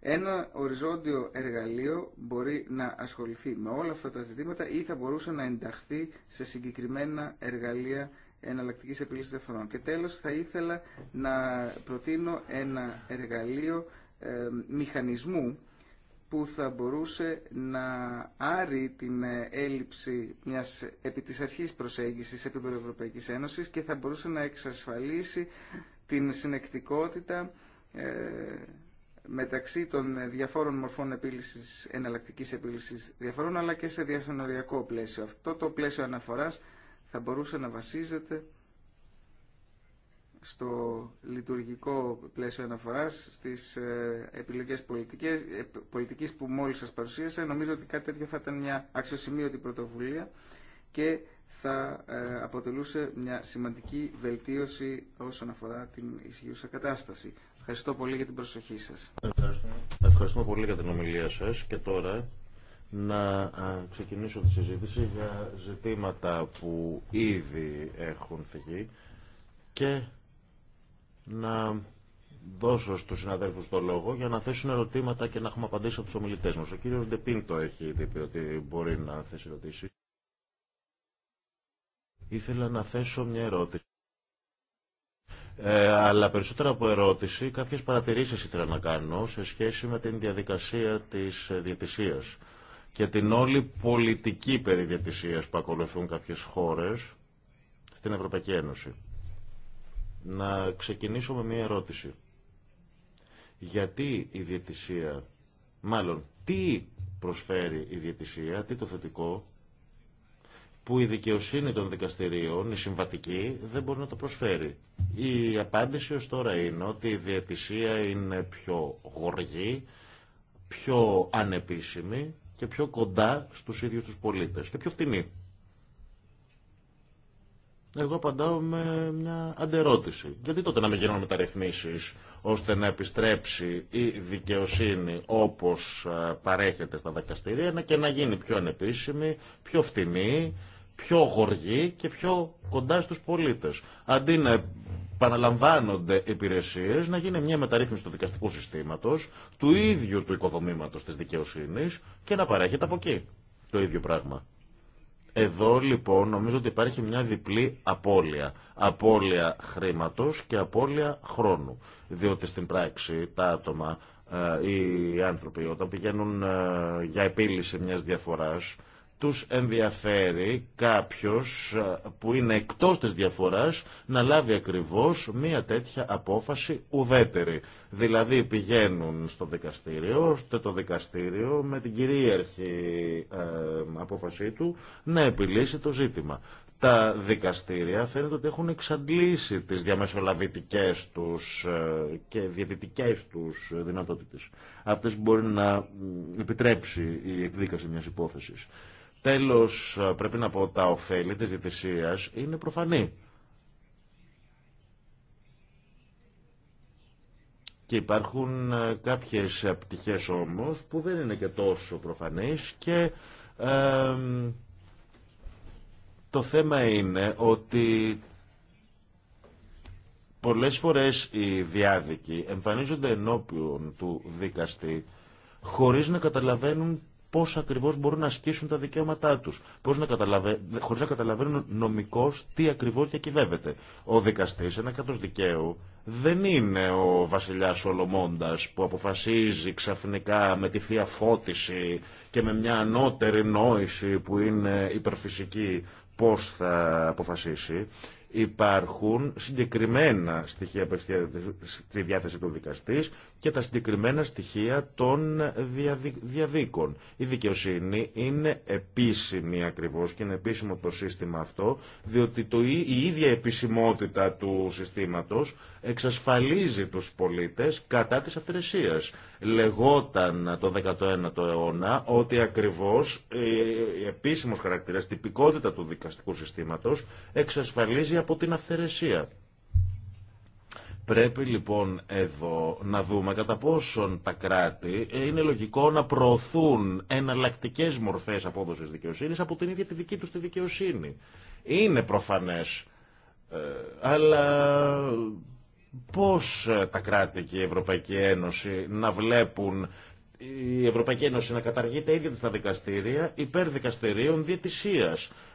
Ένα οριζόντιο εργαλείο μπορεί να ασχοληθεί με όλα αυτά τα ζητήματα ή θα μπορούσε να ενταχθεί σε συγκεκριμένα εργαλεία εναλλακτική επίλυση διαφορών. Και τέλος θα ήθελα να προτείνω ένα εργαλείο ε, μηχανισμού που θα μπορούσε να άρει την ε, έλλειψη μιας επί της αρχής προσέγγισης επίπεδο Ευρωπαϊκής Ένωσης και θα μπορούσε να εξασφαλίσει την συνεκτικότητα ε, μεταξύ των διαφόρων μορφών επίλυσης, εναλλακτικής επίλυσης διαφορών αλλά και σε διασυνοριακό πλαίσιο. Αυτό το πλαίσιο αναφοράς θα μπορούσε να βασίζεται στο λειτουργικό πλαίσιο αναφοράς, στις ε, επιλογές πολιτικές, ε, πολιτικής που μόλις σας παρουσίασα. Νομίζω ότι κάτι τέτοιο θα ήταν μια αξιοσημείωτη πρωτοβουλία και θα ε, αποτελούσε μια σημαντική βελτίωση όσον αφορά την ισχύουσα κατάσταση. Ευχαριστώ πολύ για την προσοχή σας. Ευχαριστούμε, Ευχαριστούμε πολύ για την ομιλία σας και τώρα να ξεκινήσω τη συζήτηση για ζητήματα που ήδη έχουν θυγεί και να δώσω στους συναδέλφους το λόγο για να θέσουν ερωτήματα και να έχουμε απαντήσει από τους ομιλητές μας. Ο κύριος Ντεπίντο έχει πει ότι μπορεί να θέσει ερωτήσεις. Ήθελα να θέσω μια ερώτηση. Ε, αλλά περισσότερο από ερώτηση, κάποιες παρατηρήσεις ήθελα να κάνω σε σχέση με την διαδικασία της διαιτησίας και την όλη πολιτική περί που ακολουθούν κάποιες χώρες στην Ευρωπαϊκή Ένωση. Να ξεκινήσω με μία ερώτηση. Γιατί η διαιτησία, μάλλον τι προσφέρει η διαιτησία, τι το θετικό, που η δικαιοσύνη των δικαστηρίων, η συμβατική, δεν μπορεί να το προσφέρει. Η απάντηση ως τώρα είναι ότι η διαιτησία είναι πιο γοργή, πιο ανεπίσημη και πιο κοντά στους ίδιους τους πολίτες και πιο φτηνή. Εγώ απαντάω με μια αντερώτηση. Γιατί τότε να μην γίνουν μεταρρυθμίσει ώστε να επιστρέψει η δικαιοσύνη όπω παρέχεται στα δικαστηρία και να γίνει πιο ανεπίσημη, πιο φτηνή, πιο γοργή και πιο κοντά στου πολίτε. Αντί να επαναλαμβάνονται υπηρεσίε, να γίνει μια μεταρρύθμιση του δικαστικού συστήματο, του ίδιου του οικοδομήματο τη δικαιοσύνη και να παρέχεται από εκεί το ίδιο πράγμα. Εδώ λοιπόν νομίζω ότι υπάρχει μια διπλή απώλεια. Απώλεια χρήματος και απώλεια χρόνου. Διότι στην πράξη τα άτομα, ε, οι άνθρωποι όταν πηγαίνουν ε, για επίλυση μιας διαφοράς τους ενδιαφέρει κάποιος ε, που είναι εκτός της διαφοράς να λάβει ακριβώς μία τέτοια απόφαση ουδέτερη. Δηλαδή πηγαίνουν στο δικαστήριο, στο το δικαστήριο με την κυρίαρχη ε, απόφασή του να επιλύσει το ζήτημα. Τα δικαστήρια φαίνεται ότι έχουν εξαντλήσει τις διαμεσολαβητικές τους ε, και διαιτητικές τους δυνατότητες. Αυτές μπορεί να επιτρέψει η εκδίκαση μιας υπόθεσης. Τέλος, ε, πρέπει να πω τα ωφέλη της διαιτησίας είναι προφανή. Και υπάρχουν ε, κάποιες ε, πτυχές όμως που δεν είναι και τόσο προφανείς και το θέμα είναι ότι πολλές φορές οι διάδικοι εμφανίζονται ενώπιον του δικαστή χωρίς να καταλαβαίνουν πώ ακριβώ μπορούν να ασκήσουν τα δικαιώματά του, χωρί να καταλαβαίνουν νομικώ τι ακριβώ διακυβεύεται. Ο δικαστή, ένα κράτο δικαίου, δεν είναι ο βασιλιά Σολομώντα που αποφασίζει ξαφνικά με τη θεία φώτιση και με μια ανώτερη νόηση που είναι υπερφυσική πώ θα αποφασίσει. Υπάρχουν συγκεκριμένα στοιχεία στη διάθεση του δικαστή και τα συγκεκριμένα στοιχεία των διαδίκων. Η δικαιοσύνη είναι επίσημη ακριβώς και είναι επίσημο το σύστημα αυτό, διότι το, η ίδια επισημότητα του συστήματος εξασφαλίζει τους πολίτες κατά της αυθαιρεσίας. Λεγόταν το 19ο αιώνα ότι ακριβώς ε, η επίσημος χαρακτήρας, τυπικότητα του δικαστικού συστήματος εξασφαλίζει από την αυθαιρεσία. Πρέπει λοιπόν εδώ να δούμε κατά πόσον τα κράτη ε, είναι λογικό να προωθούν εναλλακτικέ μορφέ απόδοση δικαιοσύνη από την ίδια τη δική του τη δικαιοσύνη. Είναι προφανέ. Ε, αλλά πώ ε, τα κράτη και η Ευρωπαϊκή Ένωση να βλέπουν η Ευρωπαϊκή Ένωση να καταργείται ίδια στα δικαστήρια υπέρ δικαστηρίων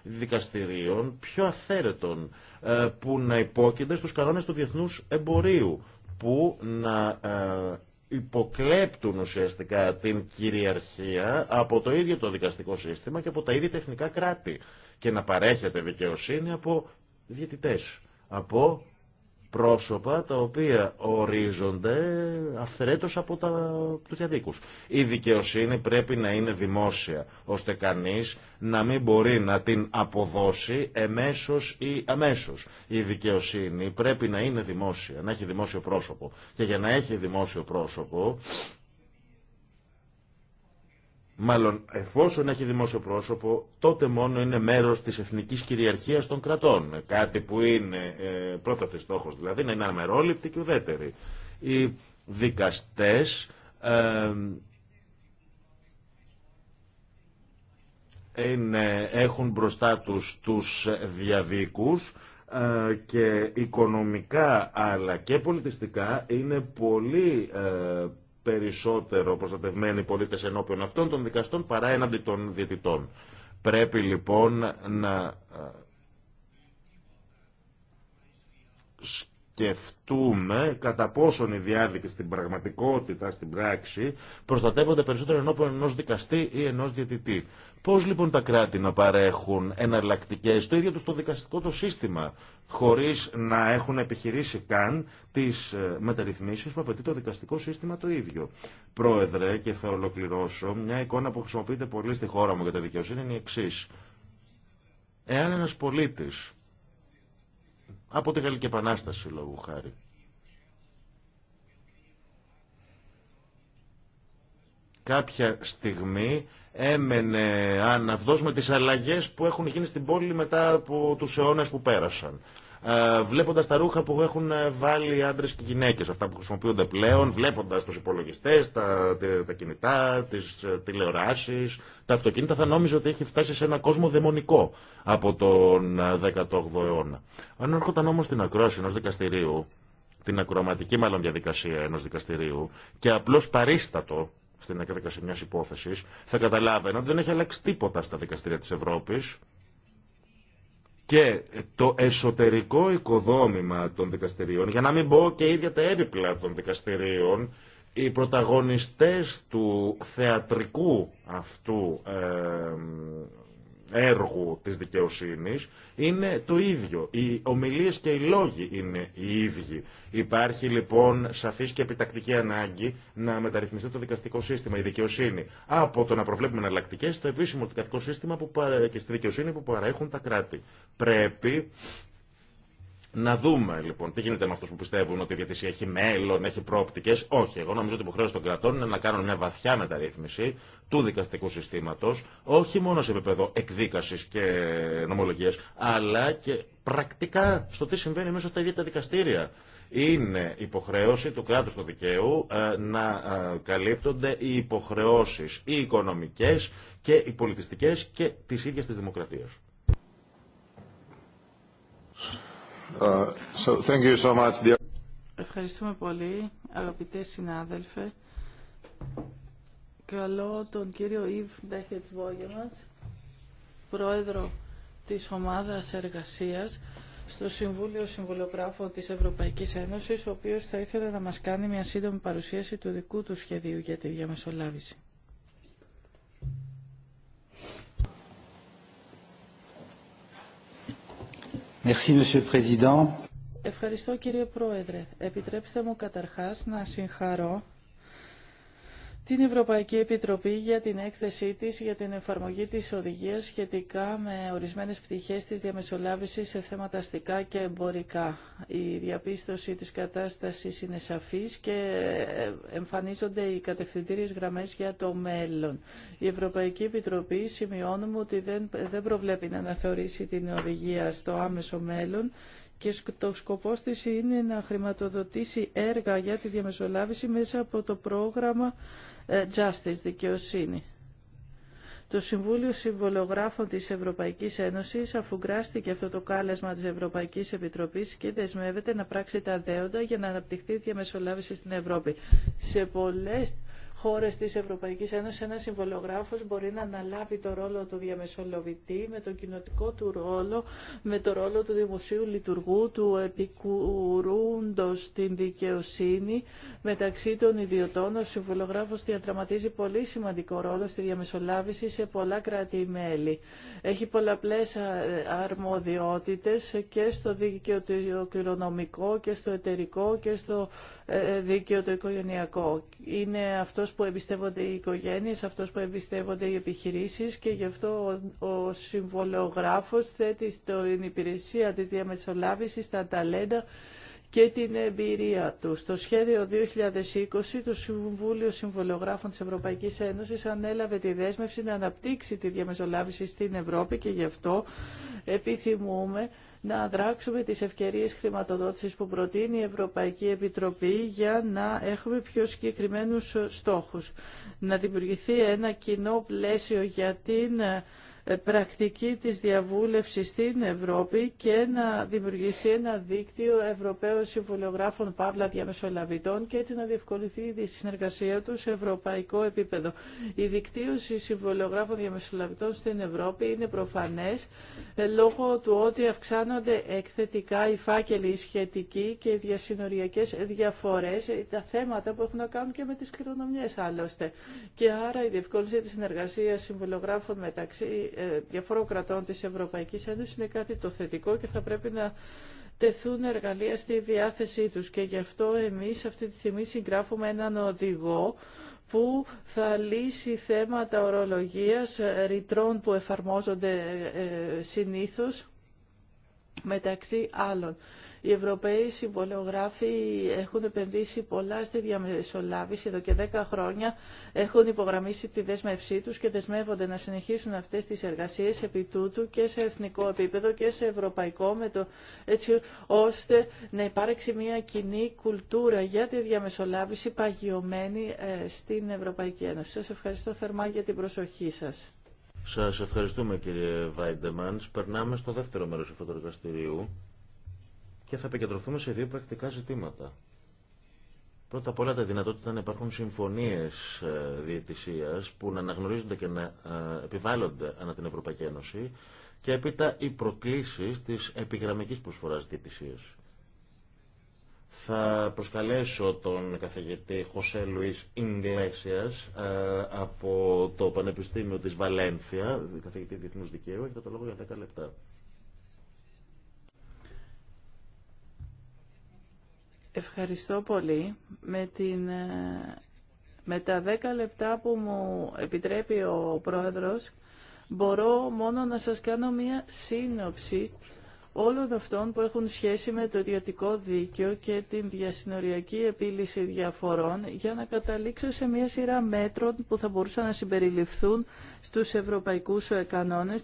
δικαστηρίων πιο αυθαίρετων ε, που να υπόκεινται στους κανόνες του διεθνούς εμπορίου που να ε, υποκλέπτουν ουσιαστικά την κυριαρχία από το ίδιο το δικαστικό σύστημα και από τα ίδια τεχνικά κράτη και να παρέχεται δικαιοσύνη από διαιτητές, από πρόσωπα τα οποία ορίζονται αυθρέτως από τα, τους διαδίκους. Η δικαιοσύνη πρέπει να είναι δημόσια, ώστε κανείς να μην μπορεί να την αποδώσει εμέσως ή αμέσως. Η δικαιοσύνη πρέπει να είναι δημόσια, να έχει δημόσιο πρόσωπο. Και για να έχει δημόσιο πρόσωπο Μάλλον, εφόσον έχει δημόσιο πρόσωπο, τότε μόνο είναι μέρος της εθνικής κυριαρχίας των κρατών. Ε, κάτι που είναι ε, της στόχος, δηλαδή να είναι αμερόληπτη και ουδέτερη. Οι δικαστές ε, είναι, έχουν μπροστά τους τους διαδίκους ε, και οικονομικά αλλά και πολιτιστικά είναι πολύ περισσότερο προστατευμένοι πολίτες ενώπιον αυτών των δικαστών παρά έναντι των διαιτητών. Πρέπει λοιπόν να ε, σκεφτούμε κατά πόσον οι διάδικοι στην πραγματικότητα, στην πράξη, προστατεύονται περισσότερο ενώπιον ενό δικαστή ή ενό διαιτητή. Πώ λοιπόν τα κράτη να παρέχουν εναλλακτικέ στο ίδιο του το δικαστικό το σύστημα, χωρί να έχουν επιχειρήσει καν τι ε, μεταρρυθμίσει που απαιτεί το δικαστικό σύστημα το ίδιο. Πρόεδρε, και θα ολοκληρώσω, μια εικόνα που χρησιμοποιείται πολύ στη χώρα μου για τη δικαιοσύνη είναι η εξή. Εάν ένα πολίτη από τη Γαλλική Επανάσταση λόγου χάρη. Κάποια στιγμή έμενε άναυδος με τις αλλαγές που έχουν γίνει στην πόλη μετά από τους αιώνες που πέρασαν. Ε, βλέποντα τα ρούχα που έχουν ε, βάλει άντρε και γυναίκε, αυτά που χρησιμοποιούνται πλέον, βλέποντα του υπολογιστέ, τα, τα κινητά, τι ε, τηλεοράσει, τα αυτοκίνητα, θα νόμιζε ότι έχει φτάσει σε ένα κόσμο δαιμονικό από τον 18ο αιώνα. Αν έρχονταν όμω στην ακρόαση ενό δικαστηρίου, την ακροαματική μάλλον διαδικασία ενό δικαστηρίου και απλώ παρίστατο στην εκδίκαση μια υπόθεση, θα καταλάβαινα ότι δεν έχει αλλάξει τίποτα στα δικαστήρια τη Ευρώπη και το εσωτερικό οικοδόμημα των δικαστηρίων, για να μην πω και ίδια τα έπιπλα των δικαστηρίων, οι πρωταγωνιστές του θεατρικού αυτού ε, έργου της δικαιοσύνης είναι το ίδιο. Οι ομιλίες και οι λόγοι είναι οι ίδιοι. Υπάρχει λοιπόν σαφής και επιτακτική ανάγκη να μεταρρυθμιστεί το δικαστικό σύστημα, η δικαιοσύνη, από το να προβλέπουμε εναλλακτικέ στο επίσημο δικαστικό σύστημα που, και στη δικαιοσύνη που παρέχουν τα κράτη. Πρέπει να δούμε λοιπόν τι γίνεται με αυτού που πιστεύουν ότι η διατησία έχει μέλλον, έχει πρόπτικέ, Όχι, εγώ νομίζω ότι η υποχρέωση των κρατών είναι να κάνουν μια βαθιά μεταρρύθμιση του δικαστικού συστήματο, όχι μόνο σε επίπεδο εκδίκαση και νομολογία, αλλά και πρακτικά στο τι συμβαίνει μέσα στα ίδια τα δικαστήρια. Είναι υποχρέωση του κράτου του δικαίου ε, να ε, καλύπτονται οι υποχρεώσει οι οικονομικέ και οι πολιτιστικέ και τις ίδιες τη δημοκρατία. Uh, Ευχαριστούμε πολύ, αγαπητέ συνάδελφε. Καλώ τον κύριο Ιβ Μπέχετς Βόγεμας, πρόεδρο της ομάδας εργασίας στο Συμβούλιο συμβολογράφων της Ευρωπαϊκής Ένωσης, ο οποίος θα ήθελε να μας κάνει μια σύντομη παρουσίαση του δικού του σχεδίου για τη διαμεσολάβηση. Ευχαριστώ κύριε Πρόεδρε. Επιτρέψτε μου καταρχάς να συγχαρώ την Ευρωπαϊκή Επιτροπή για την έκθεσή της για την εφαρμογή της οδηγίας σχετικά με ορισμένες πτυχές της διαμεσολάβησης σε θέματα αστικά και εμπορικά. Η διαπίστωση της κατάστασης είναι σαφής και εμφανίζονται οι κατευθυντήριες γραμμές για το μέλλον. Η Ευρωπαϊκή Επιτροπή σημειώνουμε ότι δεν, προβλέπει να αναθεωρήσει την οδηγία στο άμεσο μέλλον και το σκοπός της είναι να χρηματοδοτήσει έργα για τη διαμεσολάβηση μέσα από το πρόγραμμα ε, justice, δικαιοσύνη. Το Συμβούλιο Συμβολογράφων της Ευρωπαϊκής Ένωσης αφουγκράστηκε αυτό το κάλεσμα της Ευρωπαϊκής Επιτροπής και δεσμεύεται να πράξει τα δέοντα για να αναπτυχθεί η διαμεσολάβηση στην Ευρώπη. Σε πολλές χώρες τη Ευρωπαϊκή Ένωση, ένα συμβολογράφο μπορεί να αναλάβει το ρόλο του διαμεσολαβητή με τον κοινοτικό του ρόλο, με το ρόλο του δημοσίου λειτουργού, του επικουρούντος στην δικαιοσύνη μεταξύ των ιδιωτών. Ο συμβολογράφο διαδραματίζει πολύ σημαντικό ρόλο στη διαμεσολάβηση σε πολλά κράτη-μέλη. Έχει πολλαπλέ ε, αρμοδιότητε και στο δίκαιο κληρονομικό και στο εταιρικό και στο ε, δίκαιο το οικογενειακό. Είναι αυτός που εμπιστεύονται οι οικογένειες, αυτός που εμπιστεύονται οι επιχειρήσεις και γι' αυτό ο, ο συμβολογράφος θέτει στην υπηρεσία της διαμεσολάβησης τα ταλέντα και την εμπειρία του. Στο σχέδιο 2020, το Συμβούλιο Συμβολογράφων της Ευρωπαϊκής Ένωσης ανέλαβε τη δέσμευση να αναπτύξει τη διαμεσολάβηση στην Ευρώπη και γι' αυτό επιθυμούμε να δράξουμε τις ευκαιρίες χρηματοδότησης που προτείνει η Ευρωπαϊκή Επιτροπή για να έχουμε πιο συγκεκριμένους στόχους. Να δημιουργηθεί ένα κοινό πλαίσιο για την ε, πρακτική της διαβούλευσης στην Ευρώπη και να δημιουργηθεί ένα δίκτυο Ευρωπαίων συμβολογράφων Παύλα Διαμεσολαβητών και έτσι να διευκολυθεί η συνεργασία του σε ευρωπαϊκό επίπεδο. Η δικτύωση συμβολογράφων διαμεσολαβητών στην Ευρώπη είναι προφανές ε, λόγω του ότι αυξάνονται εκθετικά οι φάκελοι σχετικοί και οι διασυνοριακές διαφορές, ε, τα θέματα που έχουν να κάνουν και με τις κληρονομιές άλλωστε. Και άρα η διευκόλυνση της συνεργασίας συμβολιογράφων μεταξύ ε, ε, διαφόρων κρατών της Ευρωπαϊκής Ένωσης είναι κάτι το θετικό και θα πρέπει να τεθούν εργαλεία στη διάθεσή τους και γι' αυτό εμείς αυτή τη στιγμή συγγράφουμε έναν οδηγό που θα λύσει θέματα ορολογίας ε, ρητρών που εφαρμόζονται ε, συνήθως μεταξύ άλλων. Οι Ευρωπαίοι συμβολεογράφοι έχουν επενδύσει πολλά στη διαμεσολάβηση εδώ και 10 χρόνια. Έχουν υπογραμμίσει τη δέσμευσή τους και δεσμεύονται να συνεχίσουν αυτές τις εργασίες επί τούτου και σε εθνικό επίπεδο και σε ευρωπαϊκό με το, έτσι ώστε να υπάρξει μια κοινή κουλτούρα για τη διαμεσολάβηση παγιωμένη ε, στην Ευρωπαϊκή Ένωση. Σα ευχαριστώ θερμά για την προσοχή σα. Σας ευχαριστούμε κύριε Βάιντεμανς. Περνάμε στο δεύτερο μέρος του φωτοργαστηρίου και θα επικεντρωθούμε σε δύο πρακτικά ζητήματα. Πρώτα απ' όλα τα δυνατότητα να υπάρχουν συμφωνίες ε, διαιτησίας που να αναγνωρίζονται και να ε, επιβάλλονται ανά την Ευρωπαϊκή Ένωση και έπειτα οι προκλήσεις της επιγραμμικής προσφοράς διαιτησίας. Θα προσκαλέσω τον καθηγητή Χωσέ Λουίς Ιγκλέσιας ε, από το Πανεπιστήμιο της Βαλένθια, καθηγητή Διεθνούς Δικαίου, έχει το λόγο για 10 λεπτά. Ευχαριστώ πολύ. Με, ε, με τα δέκα λεπτά που μου επιτρέπει ο Πρόεδρος, μπορώ μόνο να σας κάνω μία σύνοψη όλων αυτών που έχουν σχέση με το ιδιωτικό δίκαιο και την διασυνοριακή επίλυση διαφορών για να καταλήξω σε μια σειρά μέτρων που θα μπορούσαν να συμπεριληφθούν στους ευρωπαϊκούς κανόνες,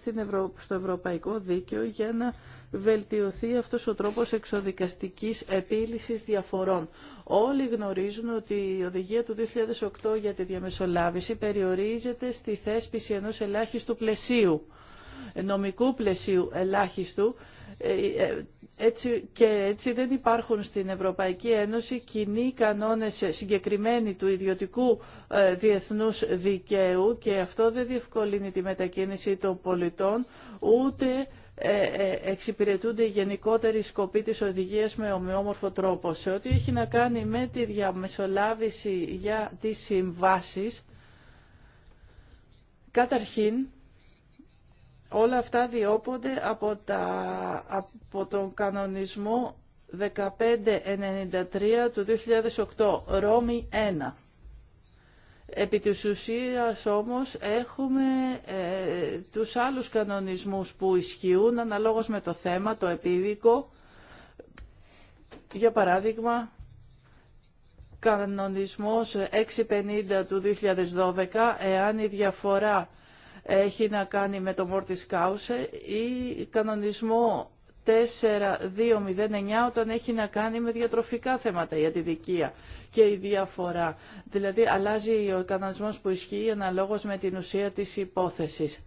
στο ευρωπαϊκό δίκαιο για να βελτιωθεί αυτός ο τρόπος εξοδικαστικής επίλυσης διαφορών. Όλοι γνωρίζουν ότι η οδηγία του 2008 για τη διαμεσολάβηση περιορίζεται στη θέσπιση ενός ελάχιστου πλαισίου, νομικού πλαισίου ελάχιστου, ε, ε, έτσι, και έτσι δεν υπάρχουν στην Ευρωπαϊκή Ένωση κοινοί κανόνες συγκεκριμένοι του ιδιωτικού ε, διεθνούς δικαίου και αυτό δεν διευκολύνει τη μετακίνηση των πολιτών ούτε εξυπηρετούνται οι γενικότεροι σκοποί της οδηγίας με ομοιόμορφο τρόπο. Σε ό,τι έχει να κάνει με τη διαμεσολάβηση για τις συμβάσεις, καταρχήν Όλα αυτά διώπονται από, τα, από τον κανονισμό 1593 του 2008, Ρώμη 1. Επί της ουσίας όμως έχουμε ε, τους άλλους κανονισμούς που ισχύουν αναλόγως με το θέμα, το επίδικο. Για παράδειγμα, κανονισμός 650 του 2012, εάν η διαφορά έχει να κάνει με το mortis έχει να κάνει με διατροφικά θέματα η κανονισμο 4209 οταν εχει να κανει με διατροφικα θεματα για τη δικία και η διαφορά. Δηλαδή αλλάζει ο κανονισμός που ισχύει αναλόγως με την ουσία της υπόθεσης.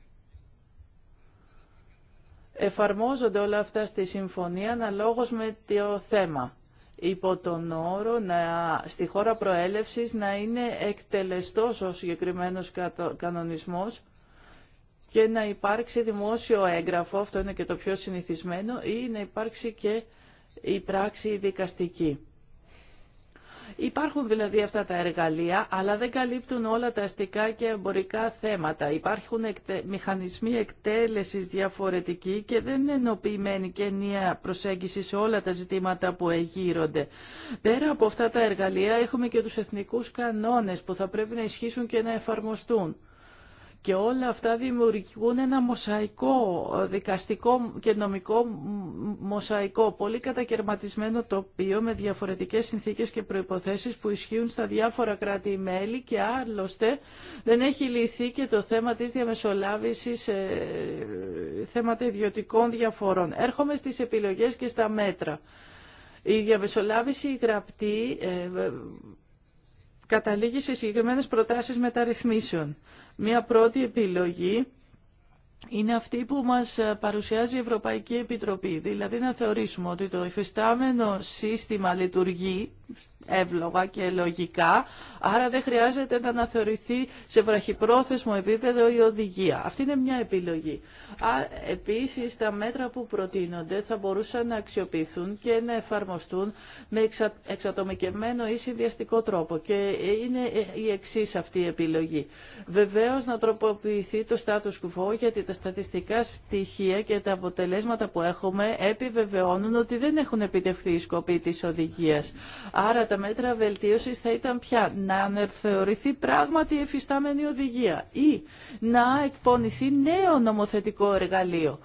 Εφαρμόζονται όλα αυτά στη συμφωνία αναλόγως με το θέμα υπό τον όρο να, στη χώρα προέλευσης να είναι εκτελεστός ο συγκεκριμένος κανονισμός και να υπάρξει δημόσιο έγγραφο, αυτό είναι και το πιο συνηθισμένο, ή να υπάρξει και η πράξη δικαστική. Υπάρχουν δηλαδή αυτά τα εργαλεία, αλλά δεν καλύπτουν όλα τα αστικά και εμπορικά θέματα. Υπάρχουν μηχανισμοί εκτέλεσης διαφορετικοί και δεν είναι ενοποιημένη και νέα προσέγγιση σε όλα τα ζητήματα που εγείρονται. Πέρα από αυτά τα εργαλεία έχουμε και τους εθνικούς κανόνες που θα πρέπει να ισχύσουν και να εφαρμοστούν. Και όλα αυτά δημιουργούν ένα μοσαϊκό, δικαστικό και νομικό μοσαϊκό, πολύ κατακαιρματισμένο τοπίο με διαφορετικές συνθήκες και προϋποθέσεις που ισχύουν στα διάφορα κράτη-μέλη και άλλωστε δεν έχει λυθεί και το θέμα της διαμεσολάβησης ε, θέματα ιδιωτικών διαφορών. Έρχομαι στις επιλογές και στα μέτρα. Η διαμεσολάβηση γραπτή ε, καταλήγει σε συγκεκριμένες προτάσεις μεταρρυθμίσεων. Μία πρώτη επιλογή είναι αυτή που μας παρουσιάζει η Ευρωπαϊκή Επιτροπή. Δηλαδή να θεωρήσουμε ότι το υφιστάμενο σύστημα λειτουργεί εύλογα και λογικά, άρα δεν χρειάζεται να αναθεωρηθεί σε βραχυπρόθεσμο επίπεδο η οδηγία. Αυτή είναι μια επιλογή. Α, επίσης, τα μέτρα που προτείνονται θα μπορούσαν να αξιοποιηθούν και να εφαρμοστούν με εξα, εξατομικευμένο ή συνδυαστικό τρόπο και είναι ε, η εξή αυτή η επιλογή. Βεβαίως, να τροποποιηθεί το status quo γιατί τα στατιστικά στοιχεία και τα αποτελέσματα που έχουμε επιβεβαιώνουν ότι δεν έχουν επιτευχθεί οι σκοποί της οδηγίας. Άρα τα μέτρα βελτίωσης θα ήταν πια να αναθεωρηθεί πράγματι η εφιστάμενη οδηγία ή να εκπονηθεί νέο νομοθετικό εργαλείο.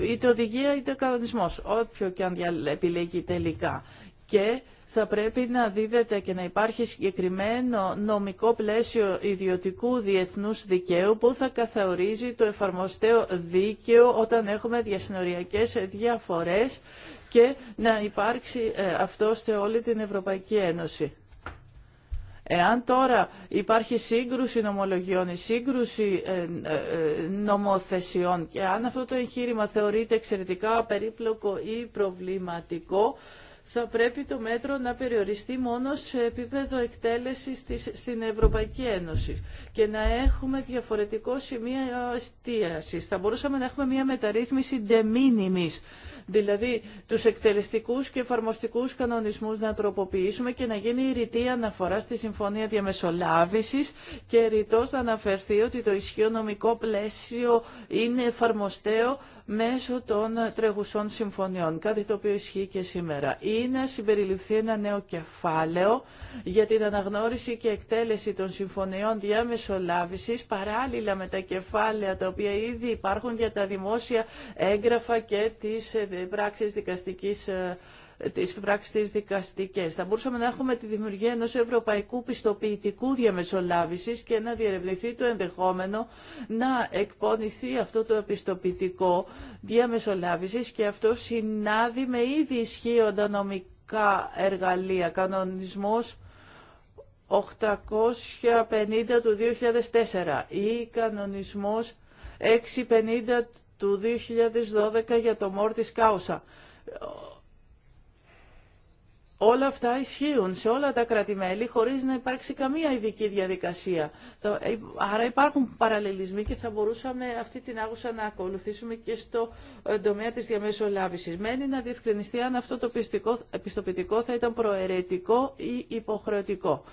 Είτε οδηγία είτε κανονισμός, όποιο και αν επιλέγει τελικά. Και θα πρέπει να δίδεται και να υπάρχει συγκεκριμένο νομικό πλαίσιο ιδιωτικού διεθνούς δικαίου που θα καθορίζει το εφαρμοστέο δίκαιο όταν έχουμε διασυνοριακές διαφορές και να υπάρξει ε, αυτό σε όλη την Ευρωπαϊκή Ένωση. Εάν τώρα υπάρχει σύγκρουση νομολογιών ή σύγκρουση ε, ε, νομοθεσιών και αν αυτό το εγχείρημα θεωρείται εξαιρετικά περίπλοκο ή προβληματικό, θα πρέπει το μέτρο να περιοριστεί μόνο σε επίπεδο εκτέλεσης στην Ευρωπαϊκή Ένωση και να έχουμε διαφορετικό σημείο εστίασης. Θα μπορούσαμε να έχουμε μια μεταρρύθμιση de Δηλαδή τους εκτελεστικούς και εφαρμοστικούς κανονισμούς να τροποποιήσουμε και να γίνει ρητή αναφορά στη Συμφωνία Διαμεσολάβησης και ρητός να αναφερθεί ότι το ισχυρό νομικό πλαίσιο είναι εφαρμοστέο μέσω των τρεγουσών συμφωνιών, κάτι το οποίο ισχύει και σήμερα, Είναι να συμπεριληφθεί ένα νέο κεφάλαιο για την αναγνώριση και εκτέλεση των συμφωνιών διαμεσολάβησης παράλληλα με τα κεφάλαια τα οποία ήδη υπάρχουν για τα δημόσια έγγραφα και τις ε, πράξεις δικαστικής ε, τις πράξει τη Θα μπορούσαμε να έχουμε τη δημιουργία ενός ευρωπαϊκού πιστοποιητικού διαμεσολάβησης και να διερευνηθεί το ενδεχόμενο να εκπονηθεί αυτό το πιστοποιητικό διαμεσολάβησης και αυτό συνάδει με ήδη ισχύοντα νομικά εργαλεία, κανονισμός 850 του 2004 ή κανονισμός 650 του 2012 για το Μόρτις Κάουσα. Όλα αυτά ισχύουν σε όλα τα κρατημέλη χωρίς να υπάρξει καμία ειδική διαδικασία. Ε, άρα υπάρχουν παραλληλισμοί και θα μπορούσαμε αυτή την άγουσα να ακολουθήσουμε και στο ε, τομέα της διαμεσολάβησης. Μένει να διευκρινιστεί αν αυτό το πιστοποιητικό θα ήταν προαιρετικό ή υποχρεωτικό.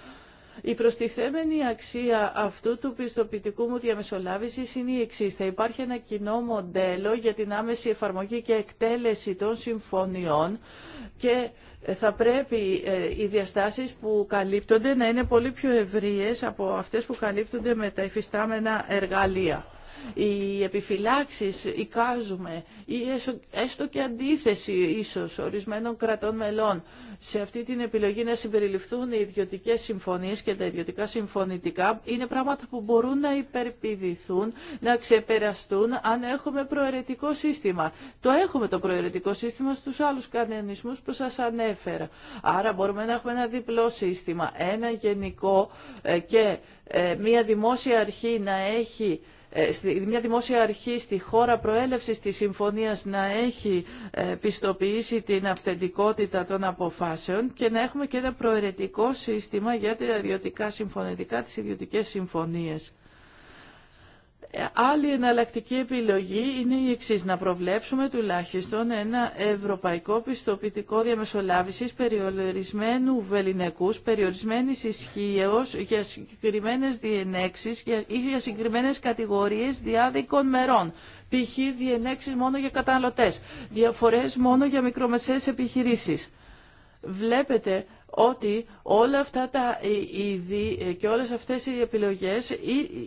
Η προστιθέμενη αξία αυτού του πιστοποιητικού μου διαμεσολάβηση είναι η εξή. Θα υπάρχει ένα κοινό μοντέλο για την άμεση εφαρμογή και εκτέλεση των συμφωνιών και θα πρέπει ε, οι διαστάσεις που καλύπτονται να είναι πολύ πιο ευρείες από αυτές που καλύπτονται με τα υφιστάμενα εργαλεία οι επιφυλάξεις εικάζουμε ή έστω και αντίθεση ίσως ορισμένων κρατών μελών σε αυτή την επιλογή να συμπεριληφθούν οι ιδιωτικές συμφωνίες και τα ιδιωτικά συμφωνητικά είναι πράγματα που μπορούν να υπερπηδηθούν, να ξεπεραστούν αν έχουμε προαιρετικό σύστημα. Το έχουμε το προαιρετικό σύστημα στους άλλους κανονισμούς που σας ανέφερα. Άρα μπορούμε να έχουμε ένα διπλό σύστημα, ένα γενικό ε, και ε, μία δημόσια αρχή να έχει ε, μια δημόσια αρχή στη χώρα προέλευσης της συμφωνίας να έχει ε, πιστοποιήσει την αυθεντικότητα των αποφάσεων και να έχουμε και ένα προαιρετικό σύστημα για τα ιδιωτικά συμφωνητικά, τις ιδιωτικές συμφωνίες. Άλλη εναλλακτική επιλογή είναι η εξή να προβλέψουμε τουλάχιστον ένα ευρωπαϊκό πιστοποιητικό διαμεσολάβησης περιορισμένου βεληνικού, περιορισμένης ισχύω για συγκεκριμένες διενέξεις ή για συγκεκριμένες κατηγορίες διάδικων μερών. Π.χ. διενέξεις μόνο για καταναλωτές, διαφορές μόνο για μικρομεσαίες επιχειρήσει. Βλέπετε ότι όλα αυτά τα ε, είδη ε, και όλες αυτές οι επιλογές ε,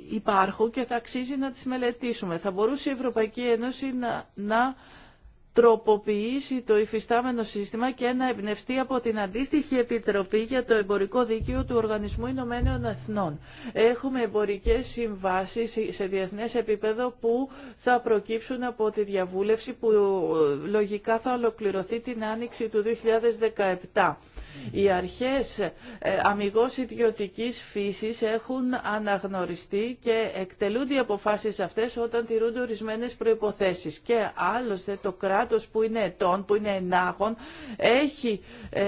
υπάρχουν και θα αξίζει να τις μελετήσουμε. Θα μπορούσε η Ευρωπαϊκή Ένωση να τροποποιήσει το υφιστάμενο σύστημα και να εμπνευστεί από την αντίστοιχη Επιτροπή για το Εμπορικό Δίκαιο του Οργανισμού Ηνωμένων Εθνών. Έχουμε εμπορικέ συμβάσει σε διεθνέ επίπεδο που θα προκύψουν από τη διαβούλευση που ε, λογικά θα ολοκληρωθεί την άνοιξη του 2017. Οι αρχέ ε, αμυγό ιδιωτική φύση έχουν αναγνωριστεί και εκτελούνται οι αποφάσει αυτέ όταν τηρούνται ορισμένε προποθέσει. Και άλλωστε το κράτο κράτος που είναι ετών, που είναι ενάγων, έχει ε,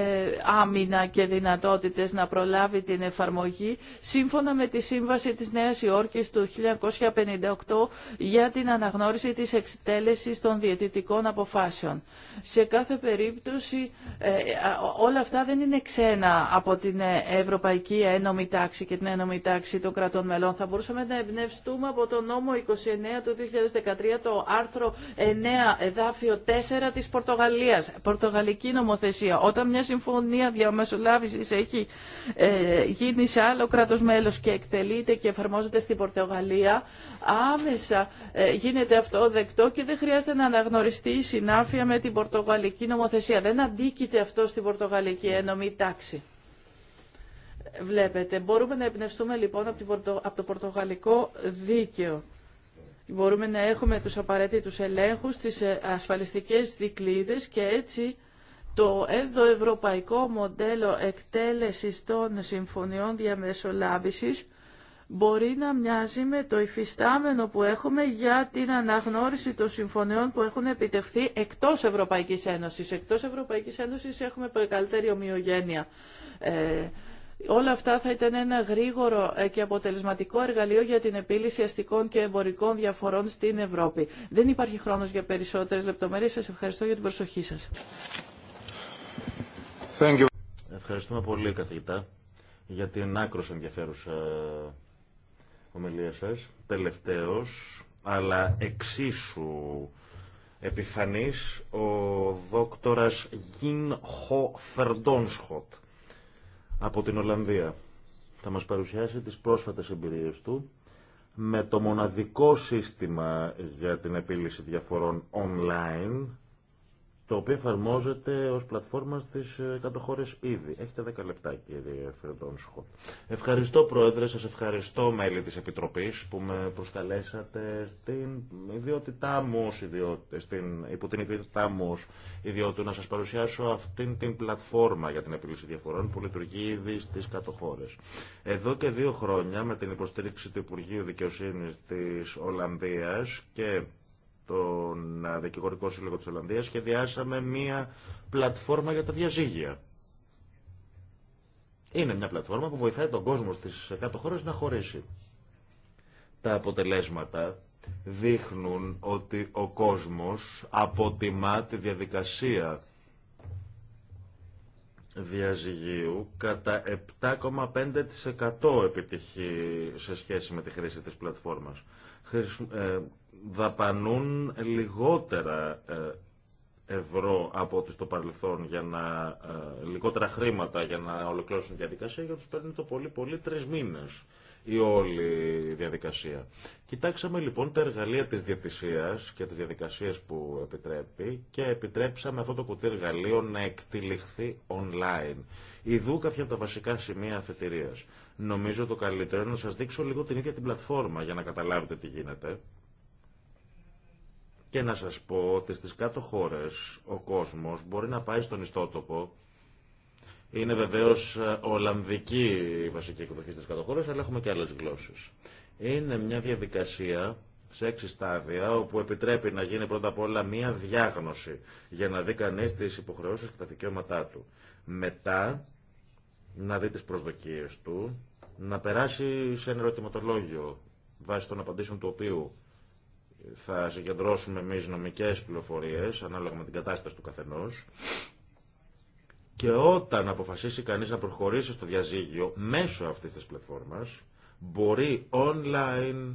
άμυνα και δυνατότητες να προλάβει την εφαρμογή σύμφωνα με τη Σύμβαση της Νέας Υόρκης του 1958 για την αναγνώριση της εξτέλεσης των διαιτητικών αποφάσεων. Σε κάθε περίπτωση ε, όλα αυτά δεν είναι ξένα από την ε, Ευρωπαϊκή Ένωμη Τάξη και την Ένωμη Τάξη των κρατών μελών. Θα μπορούσαμε να εμπνευστούμε από τον νόμο 29 του 2013 το άρθρο 9 εδάφιο 4 της Πορτογαλίας, πορτογαλική νομοθεσία. Όταν μια συμφωνία διαμεσολάβησης έχει ε, γίνει σε άλλο κράτος μέλος και εκτελείται και εφαρμόζεται στην Πορτογαλία, άμεσα ε, γίνεται αυτό δεκτό και δεν χρειάζεται να αναγνωριστεί η συνάφεια με την πορτογαλική νομοθεσία. Δεν αντίκειται αυτό στην πορτογαλική ένωμη τάξη. Βλέπετε, μπορούμε να εμπνευστούμε λοιπόν από το πορτογαλικό δίκαιο. Μπορούμε να έχουμε τους απαραίτητους ελέγχους, τις ε, ασφαλιστικές δικλείδες και έτσι το ευρωπαϊκό μοντέλο εκτέλεσης των συμφωνιών διαμεσολάβησης μπορεί να μοιάζει με το υφιστάμενο που έχουμε για την αναγνώριση των συμφωνιών που έχουν επιτευχθεί εκτός Ευρωπαϊκής Ένωσης. Εκτός Ευρωπαϊκής Ένωσης έχουμε καλύτερη ομοιογένεια ε, Όλα αυτά θα ήταν ένα γρήγορο ε, και αποτελεσματικό εργαλείο για την επίλυση αστικών και εμπορικών διαφορών στην Ευρώπη. Δεν υπάρχει χρόνος για περισσότερες λεπτομέρειες. Σας ευχαριστώ για την προσοχή σας. Thank you. Ευχαριστούμε πολύ καθηγητά για την άκρο ενδιαφέρουσα ε, ομιλία σας. Τελευταίος, αλλά εξίσου επιφανής, ο δόκτορας Γιν Χο από την Ολλανδία. Θα μας παρουσιάσει τις πρόσφατες εμπειρίες του με το μοναδικό σύστημα για την επίλυση διαφορών online το οποίο εφαρμόζεται ως πλατφόρμα στις ε, κατοχώρες ήδη. Έχετε 10 λεπτά κύριε Φερντόνσχο. Ευχαριστώ Πρόεδρε, σας ευχαριστώ μέλη της Επιτροπής που με προσκαλέσατε στην ιδιότητά μου ως υπό την ιδιότητά μου ως ιδιότητα να σας παρουσιάσω αυτήν την πλατφόρμα για την επίλυση διαφορών που λειτουργεί ήδη στις κατοχώρες. Εδώ και δύο χρόνια με την υποστήριξη του Υπουργείου Δικαιοσύνης της Ολλανδίας και τον Δικηγορικό Σύλλογο της Ολλανδίας σχεδιάσαμε μία πλατφόρμα για τα διαζύγια. Είναι μια πλατφόρμα που βοηθάει τον κόσμο στις κάτω χώρες να χωρίσει. Τα αποτελέσματα δείχνουν ότι ο κόσμος αποτιμά τη διαδικασία διαζυγίου κατά 7,5% επιτυχή σε σχέση με τη χρήση της πλατφόρμας. Ε, δαπανούν λιγότερα ε, ευρώ από ό,τι στο παρελθόν για να, ε, λιγότερα χρήματα για να ολοκληρώσουν τη διαδικασία γιατί τους παίρνει το πολύ πολύ τρεις μήνες η όλη διαδικασία. Κοιτάξαμε λοιπόν τα εργαλεία της διατησίας και τις διαδικασίες που επιτρέπει και επιτρέψαμε αυτό το κουτί εργαλείων να εκτυλιχθεί online. Ιδού κάποια από τα βασικά σημεία αφετηρίας. Νομίζω το καλύτερο είναι να σας δείξω λίγο την ίδια την πλατφόρμα για να καταλάβετε τι γίνεται. Και να σας πω ότι στις κάτω χώρες ο κόσμος μπορεί να πάει στον ιστότοπο. Είναι βεβαίως ε, Ολλανδική η βασική εκδοχή στις κάτω χώρες, αλλά έχουμε και άλλες γλώσσες. Είναι μια διαδικασία σε έξι στάδια, όπου επιτρέπει να γίνει πρώτα απ' όλα μία διάγνωση για να δει κανείς τις υποχρεώσεις και τα δικαιώματά του. Μετά να δει τις προσδοκίες του, να περάσει σε ένα ερωτηματολόγιο βάσει των απαντήσεων του οποίου θα συγκεντρώσουμε εμεί νομικές πληροφορίες ανάλογα με την κατάσταση του καθενός και όταν αποφασίσει κανείς να προχωρήσει στο διαζύγιο μέσω αυτής της πλατφόρμας μπορεί online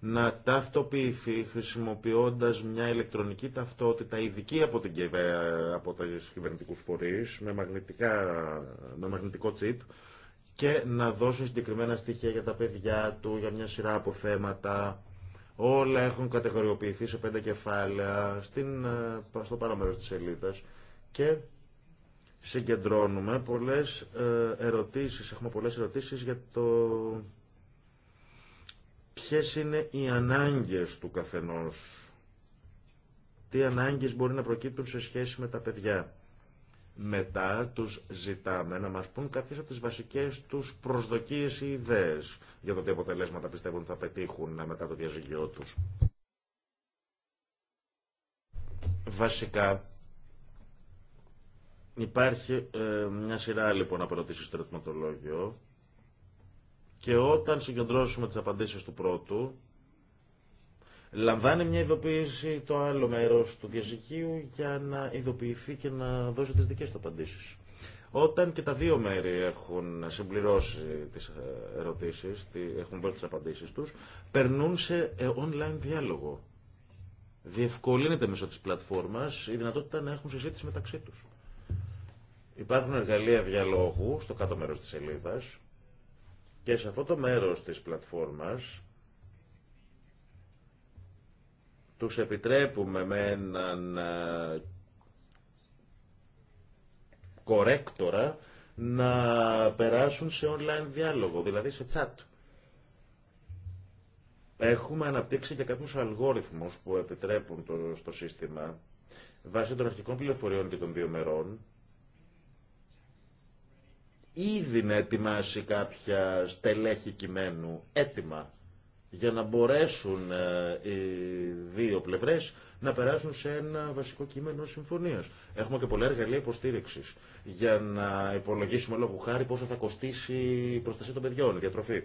να ταυτοποιηθεί χρησιμοποιώντας μια ηλεκτρονική ταυτότητα ειδική από, την, από τις κυβερνητικούς φορείς με, μαγνητικά, με μαγνητικό τσιτ και να δώσει συγκεκριμένα στοιχεία για τα παιδιά του, για μια σειρά από θέματα Όλα έχουν κατηγοριοποιηθεί σε πέντε κεφάλαια στην, ε, στο παράμερο της σελίδας και συγκεντρώνουμε πολλές ε, ερωτήσεις, έχουμε πολλές ερωτήσεις για το ποιες είναι οι ανάγκες του καθενός. Τι ανάγκες μπορεί να προκύπτουν σε σχέση με τα παιδιά. Μετά τους ζητάμε να μας πούν κάποιες από τις βασικές τους προσδοκίες ή ιδέες για το τι αποτελέσματα πιστεύουν θα πετύχουν μετά το διαζυγιό τους. Βασικά, Υπάρχει ε, μια σειρά λοιπόν από ερωτήσει στο ερωτηματολόγιο και όταν συγκεντρώσουμε τις απαντήσεις του πρώτου λαμβάνει μια ειδοποίηση το άλλο μέρος του διαζυγίου για να ειδοποιηθεί και να δώσει τις δικές του απαντήσεις. Όταν και τα δύο μέρη έχουν συμπληρώσει τις ε, ερωτήσεις, έχουν δώσει τις απαντήσεις τους, περνούν σε ε, online διάλογο. Διευκολύνεται μέσω της πλατφόρμας η δυνατότητα να έχουν συζήτηση μεταξύ τους. Υπάρχουν εργαλεία διαλόγου στο κάτω μέρος της σελίδας και σε αυτό το μέρος της πλατφόρμας τους επιτρέπουμε με έναν ε, κορέκτορα να περάσουν σε online διάλογο, δηλαδή σε chat. Έχουμε αναπτύξει και κάποιους αλγόριθμους που επιτρέπουν το, στο σύστημα βάσει των αρχικών πληροφοριών και των δύο μερών ήδη να ετοιμάσει κάποια στελέχη κειμένου έτοιμα για να μπορέσουν ε, οι δύο πλευρές να περάσουν σε ένα βασικό κείμενο συμφωνίας. Έχουμε και πολλά εργαλεία υποστήριξη για να υπολογίσουμε λόγου χάρη πόσο θα κοστίσει η προστασία των παιδιών, η διατροφή.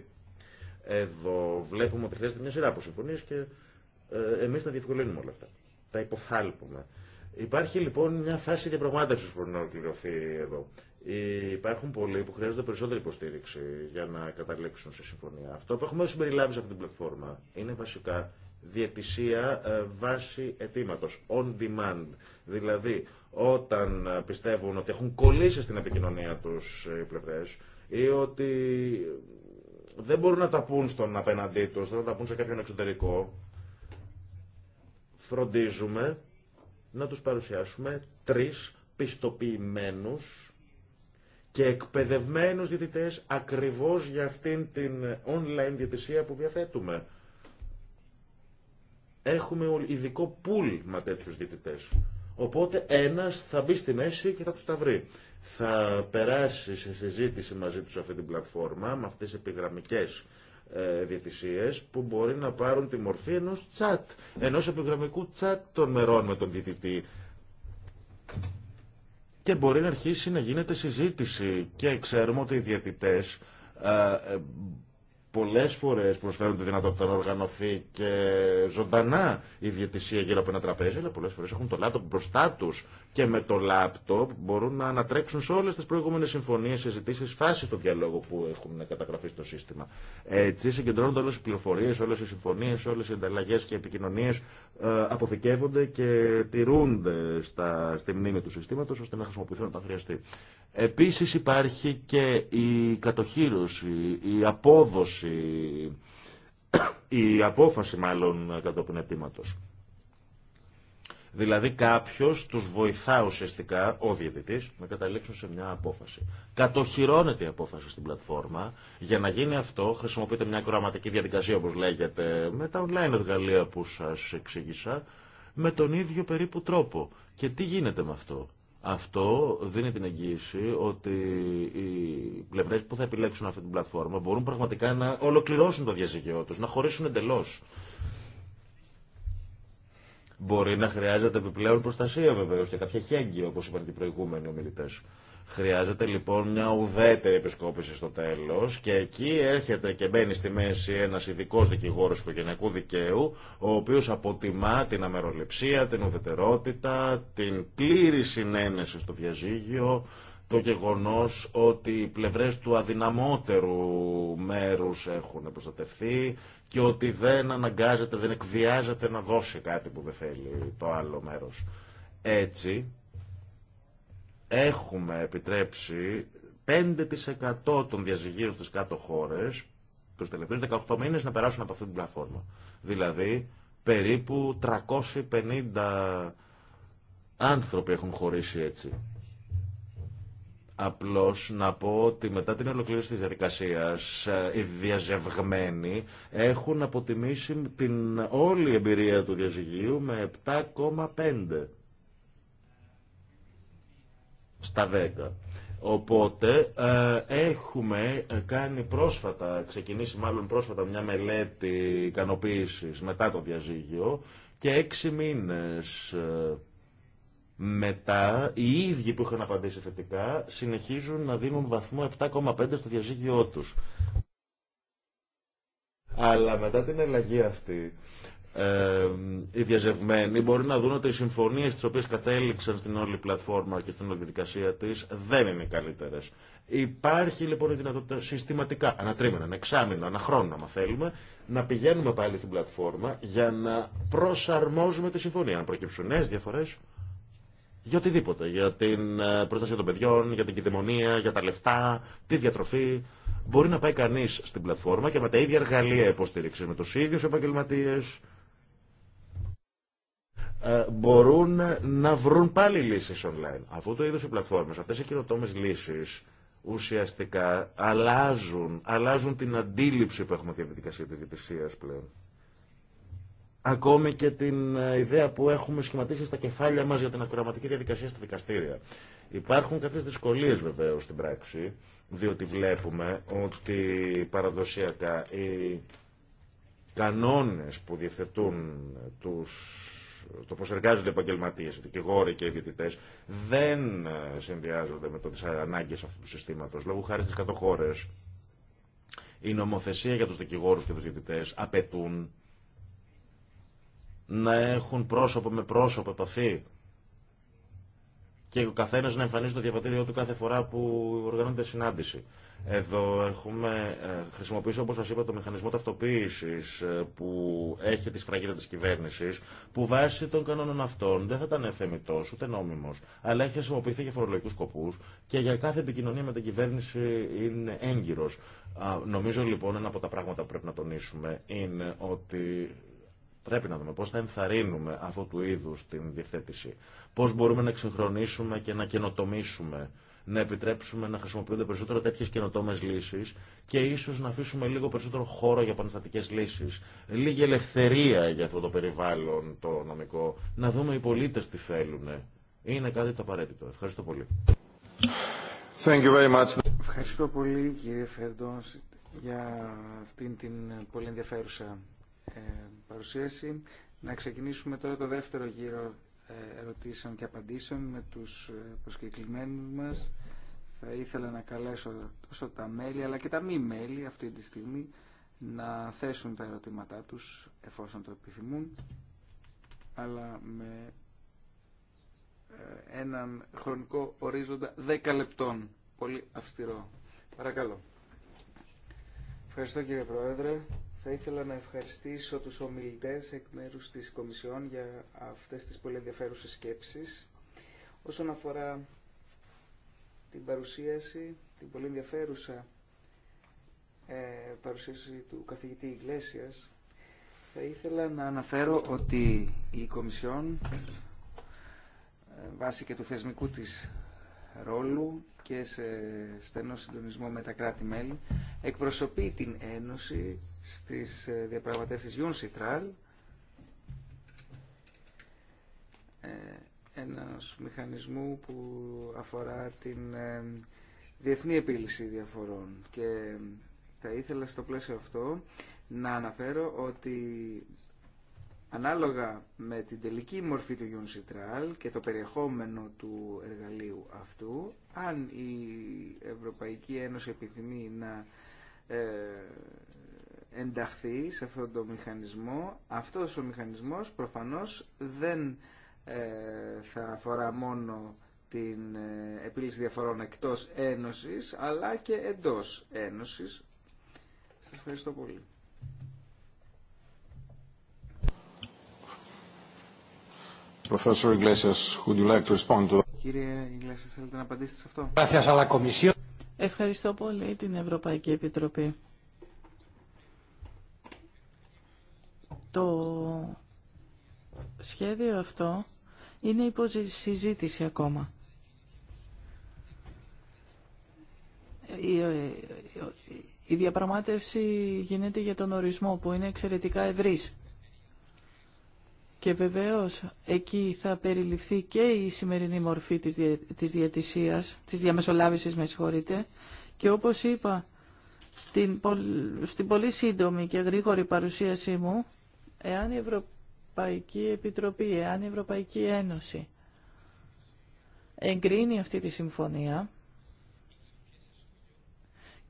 Εδώ βλέπουμε ότι χρειάζεται μια σειρά από συμφωνίε και ε, εμείς τα διευκολύνουμε όλα αυτά. Τα υποθάλπουμε. Υπάρχει λοιπόν μια φάση διαπραγμάτευση που να ολοκληρωθεί εδώ. Υπάρχουν πολλοί που χρειάζονται περισσότερη υποστήριξη για να καταλήξουν σε συμφωνία. Αυτό που έχουμε συμπεριλάβει σε αυτή την πλατφόρμα είναι βασικά διαιτησία ε, βάση αιτήματο, on demand. Δηλαδή, όταν ε, πιστεύουν ότι έχουν κολλήσει στην επικοινωνία του οι πλευρέ ή ότι δεν μπορούν να τα πούν στον απέναντί του, δεν να τα πούν σε κάποιον εξωτερικό, φροντίζουμε να τους παρουσιάσουμε τρεις πιστοποιημένους και εκπαιδευμένους διαιτητές ακριβώς για αυτήν την online διαιτησία που διαθέτουμε. Έχουμε ειδικό πουλ με τέτοιους διαιτητές. Οπότε ένας θα μπει στη μέση και θα τους τα βρει. Θα περάσει σε συζήτηση μαζί τους αυτή την πλατφόρμα, με αυτές τις επιγραμμικές ε, διαιτησίες που μπορεί να πάρουν τη μορφή ενός τσάτ, ενός επιγραμμικού τσάτ των μερών με τον διαιτητή και μπορεί να αρχίσει να γίνεται συζήτηση. Και ξέρουμε ότι οι διαιτητές ε, ε, πολλές φορές προσφέρουν τη δυνατότητα να οργανωθεί και ζωντανά η διαιτησία γύρω από ένα τραπέζι, αλλά πολλές φορές έχουν το λάπτοπ μπροστά τους και με το λάπτοπ μπορούν να ανατρέξουν σε όλες τις προηγούμενες συμφωνίες, συζητήσει φάσεις του διαλόγου που έχουν καταγραφεί στο σύστημα. Έτσι συγκεντρώνονται όλες οι πληροφορίες, όλες οι συμφωνίες, όλες οι ανταλλαγές και επικοινωνίες ε, αποθηκεύονται και τηρούνται στα, στη μνήμη του συστήματος ώστε να χρησιμοποιηθούν όταν χρειαστεί. Επίσης υπάρχει και η κατοχήρωση, η απόδοση η απόφαση μάλλον κατόπιν αιτήματος. Δηλαδή κάποιος τους βοηθά ουσιαστικά, ο διαιτητή, να καταλήξουν σε μια απόφαση. Κατοχυρώνεται η απόφαση στην πλατφόρμα. Για να γίνει αυτό, χρησιμοποιείται μια κραματική διαδικασία, όπως λέγεται, με τα online εργαλεία που σας εξήγησα, με τον ίδιο περίπου τρόπο. Και τι γίνεται με αυτό. Αυτό δίνει την εγγύηση ότι οι πλευρέ που θα επιλέξουν αυτή την πλατφόρμα μπορούν πραγματικά να ολοκληρώσουν το διαζύγιο του, να χωρίσουν εντελώ. Μπορεί να χρειάζεται επιπλέον προστασία βεβαίω και κάποια χέγγυα, όπω είπαν και οι προηγούμενοι ομιλητέ. Χρειάζεται λοιπόν μια ουδέτερη επισκόπηση στο τέλο και εκεί έρχεται και μπαίνει στη μέση ένα ειδικό δικηγόρο οικογενειακού δικαίου, ο οποίο αποτιμά την αμεροληψία, την ουδετερότητα, την πλήρη συνένεση στο διαζύγιο, το γεγονό ότι οι πλευρέ του αδυναμότερου μέρου έχουν προστατευθεί και ότι δεν αναγκάζεται, δεν εκβιάζεται να δώσει κάτι που δεν θέλει το άλλο μέρο. Έτσι, έχουμε επιτρέψει 5% των διαζυγίων στις κάτω χώρες τους τελευταίους 18 μήνες να περάσουν από αυτή την πλατφόρμα. Δηλαδή περίπου 350 άνθρωποι έχουν χωρίσει έτσι. Απλώς να πω ότι μετά την ολοκλήρωση της διαδικασίας ε, οι διαζευγμένοι έχουν αποτιμήσει την όλη εμπειρία του διαζυγίου με 7,5 στα 10. Οπότε ε, έχουμε κάνει πρόσφατα, ξεκινήσει μάλλον πρόσφατα μια μελέτη ικανοποίηση μετά το διαζύγιο και έξι μήνες ε, μετά οι ίδιοι που είχαν απαντήσει θετικά συνεχίζουν να δίνουν βαθμό 7,5 στο διαζύγιό τους. Αλλά μετά την ελλαγή αυτή ε, οι διαζευμένοι μπορεί να δουν ότι οι συμφωνίε τι οποίε κατέληξαν στην όλη πλατφόρμα και στην όλη διαδικασία τη δεν είναι οι καλύτερε. Υπάρχει λοιπόν η δυνατότητα συστηματικά, ένα τρίμηνο, ένα εξάμηνο, ένα χρόνο, αν θέλουμε, να πηγαίνουμε πάλι στην πλατφόρμα για να προσαρμόζουμε τη συμφωνία. Αν προκύψουν νέε διαφορέ για οτιδήποτε. Για την ε, προστασία των παιδιών, για την κυδαιμονία, για τα λεφτά, τη διατροφή. Μπορεί να πάει κανεί στην πλατφόρμα και με τα ίδια εργαλεία υποστήριξη, με του ίδιου επαγγελματίε, ε, μπορούν να βρουν πάλι λύσεις online. Αυτό το είδος οι πλατφόρμες, αυτές οι κοινοτόμες λύσεις ουσιαστικά αλλάζουν, αλλάζουν την αντίληψη που έχουμε για τη διαδικασία της διευθυνσία πλέον. Ακόμη και την ε, ιδέα που έχουμε σχηματίσει στα κεφάλια μας για την ακροαματική διαδικασία στα δικαστήρια. Υπάρχουν κάποιες δυσκολίες βεβαίω στην πράξη, διότι βλέπουμε ότι παραδοσιακά οι κανόνες που διευθετούν τους το πώς εργάζονται οι επαγγελματίες, οι δικηγόροι και οι διαιτητέ, δεν ε, συνδυάζονται με τι ανάγκε αυτού του συστήματος. Λόγω χάρη στι κατοχώρε, η νομοθεσία για τους δικηγόρου και του διαιτητέ απαιτούν να έχουν πρόσωπο με πρόσωπο επαφή και ο καθένα να εμφανίζει το διαβατήριό του κάθε φορά που οργανώνεται συνάντηση. Εδώ έχουμε ε, χρησιμοποιήσει, όπω σα είπα, το μηχανισμό ταυτοποίηση ε, που έχει τη σφραγίδα τη κυβέρνηση, που βάσει των κανόνων αυτών δεν θα ήταν εφεμητό ούτε νόμιμο, αλλά έχει χρησιμοποιηθεί για φορολογικού σκοπού και για κάθε επικοινωνία με την κυβέρνηση είναι έγκυρο. Νομίζω λοιπόν ένα από τα πράγματα που πρέπει να τονίσουμε είναι ότι Πρέπει να δούμε πώς θα ενθαρρύνουμε αυτού του είδους την διευθέτηση. Πώς μπορούμε να εξυγχρονίσουμε και να καινοτομήσουμε να επιτρέψουμε να χρησιμοποιούνται περισσότερο τέτοιε καινοτόμε λύσει και ίσω να αφήσουμε λίγο περισσότερο χώρο για πανεστατικές λύσει. Λίγη ελευθερία για αυτό το περιβάλλον το νομικό. Να δούμε οι πολίτε τι θέλουν. Είναι κάτι το απαραίτητο. Ευχαριστώ πολύ. Thank you very much. Ευχαριστώ πολύ κύριε Φερντός για αυτήν την πολύ ενδιαφέρουσα ε, παρουσίαση. Να ξεκινήσουμε τώρα το δεύτερο γύρο ε, ερωτήσεων και απαντήσεων με τους ε, προσκεκλημένους μας. Θα ήθελα να καλέσω τόσο τα μέλη αλλά και τα μη μέλη αυτή τη στιγμή να θέσουν τα ερωτήματά τους εφόσον το επιθυμούν αλλά με έναν χρονικό ορίζοντα 10 λεπτών. Πολύ αυστηρό. Παρακαλώ. Ευχαριστώ κύριε Πρόεδρε. Θα ήθελα να ευχαριστήσω τους ομιλητές εκ μέρους της Κομισιόν για αυτές τις πολύ ενδιαφέρουσες σκέψεις. Όσον αφορά την παρουσίαση, την πολύ ενδιαφέρουσα ε, παρουσίαση του καθηγητή Ιγκλέσιας, θα ήθελα να αναφέρω ότι η Κομισιόν, ε, βάσει και του θεσμικού της ρόλου, και σε στενό συντονισμό με τα κράτη-μέλη, εκπροσωπεί την Ένωση στις ε, διαπραγματεύσεις Γιούν Σιτράλ, ε, ένας μηχανισμού που αφορά την ε, διεθνή επίλυση διαφορών. Και θα ήθελα στο πλαίσιο αυτό να αναφέρω ότι Ανάλογα με την τελική μορφή του Σιτραλ και το περιεχόμενο του εργαλείου αυτού, αν η Ευρωπαϊκή Ένωση επιθυμεί να ε, ενταχθεί σε αυτόν τον μηχανισμό, αυτός ο μηχανισμός προφανώς δεν ε, θα αφορά μόνο την ε, επίλυση διαφορών εκτός Ένωσης, αλλά και εντός Ένωσης. Σας ευχαριστώ πολύ. Professor Iglesias, would you like to respond to... Ευχαριστώ πολύ την Ευρωπαϊκή Επιτροπή. Το σχέδιο αυτό είναι υπό συζήτηση ακόμα. Ε, η διαπραγμάτευση γίνεται για τον ορισμό που είναι εξαιρετικά ευρύς. Και βεβαίως εκεί θα περιληφθεί και η σημερινή μορφή της, δια, της διατησίας, διαμεσολάβησης, με Και όπως είπα στην, στην πολύ σύντομη και γρήγορη παρουσίασή μου, εάν η Ευρωπαϊκή Επιτροπή, εάν η Ευρωπαϊκή Ένωση εγκρίνει αυτή τη συμφωνία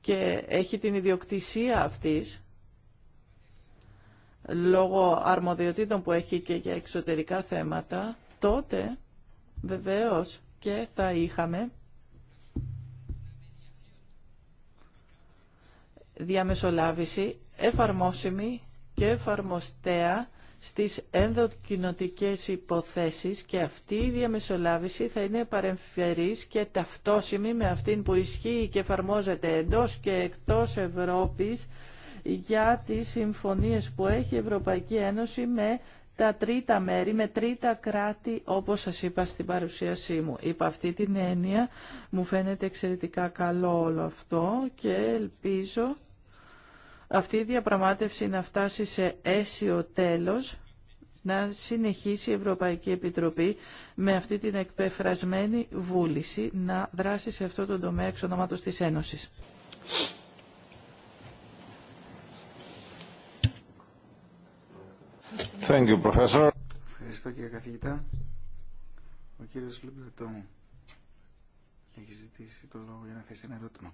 και έχει την ιδιοκτησία αυτής, λόγω αρμοδιοτήτων που έχει και για εξωτερικά θέματα, τότε βεβαίως και θα είχαμε διαμεσολάβηση εφαρμόσιμη και εφαρμοστέα στις ενδοκοινοτικές υποθέσεις και αυτή η διαμεσολάβηση θα είναι παρεμφερής και ταυτόσιμη με αυτήν που ισχύει και εφαρμόζεται εντός και εκτός Ευρώπης για τις συμφωνίες που έχει η Ευρωπαϊκή Ένωση με τα τρίτα μέρη, με τρίτα κράτη, όπως σας είπα στην παρουσίασή μου. Υπ' αυτή την έννοια μου φαίνεται εξαιρετικά καλό όλο αυτό και ελπίζω αυτή η διαπραγμάτευση να φτάσει σε αίσιο τέλος, να συνεχίσει η Ευρωπαϊκή Επιτροπή με αυτή την εκπεφρασμένη βούληση να δράσει σε αυτό το τομέα εξ ονόματος της Ένωσης. Thank you, professor. Ευχαριστώ κύριε καθηγητά. Ο κύριος μου. έχει ζητήσει το λόγο για να θέσει ένα ερώτημα.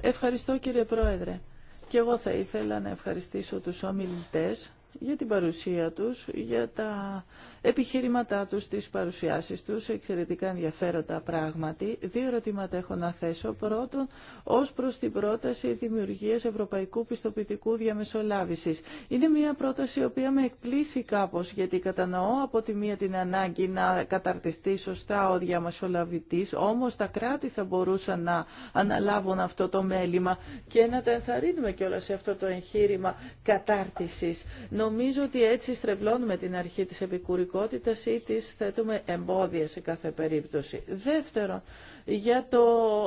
Ευχαριστώ κύριε Πρόεδρε. Και εγώ θα ήθελα να ευχαριστήσω τους ομιλητές για την παρουσία τους, για τα επιχειρήματά τους, τις παρουσιάσεις τους, εξαιρετικά ενδιαφέροντα πράγματι. Δύο ερωτήματα έχω να θέσω. Πρώτον, ως προς την πρόταση δημιουργίας Ευρωπαϊκού Πιστοποιητικού Διαμεσολάβησης. Είναι μια πρόταση η οποία με εκπλήσει κάπως, γιατί κατανοώ από τη μία την ανάγκη να καταρτιστεί σωστά ο διαμεσολαβητής, όμως τα κράτη θα μπορούσαν να αναλάβουν αυτό το μέλημα και να τα ενθαρρύνουμε κιόλας σε αυτό το εγχείρημα κατάρτισης. Νομίζω ότι έτσι στρεβλώνουμε την αρχή της επικουρικότητας ή της θέτουμε εμπόδια σε κάθε περίπτωση. Δεύτερον, για το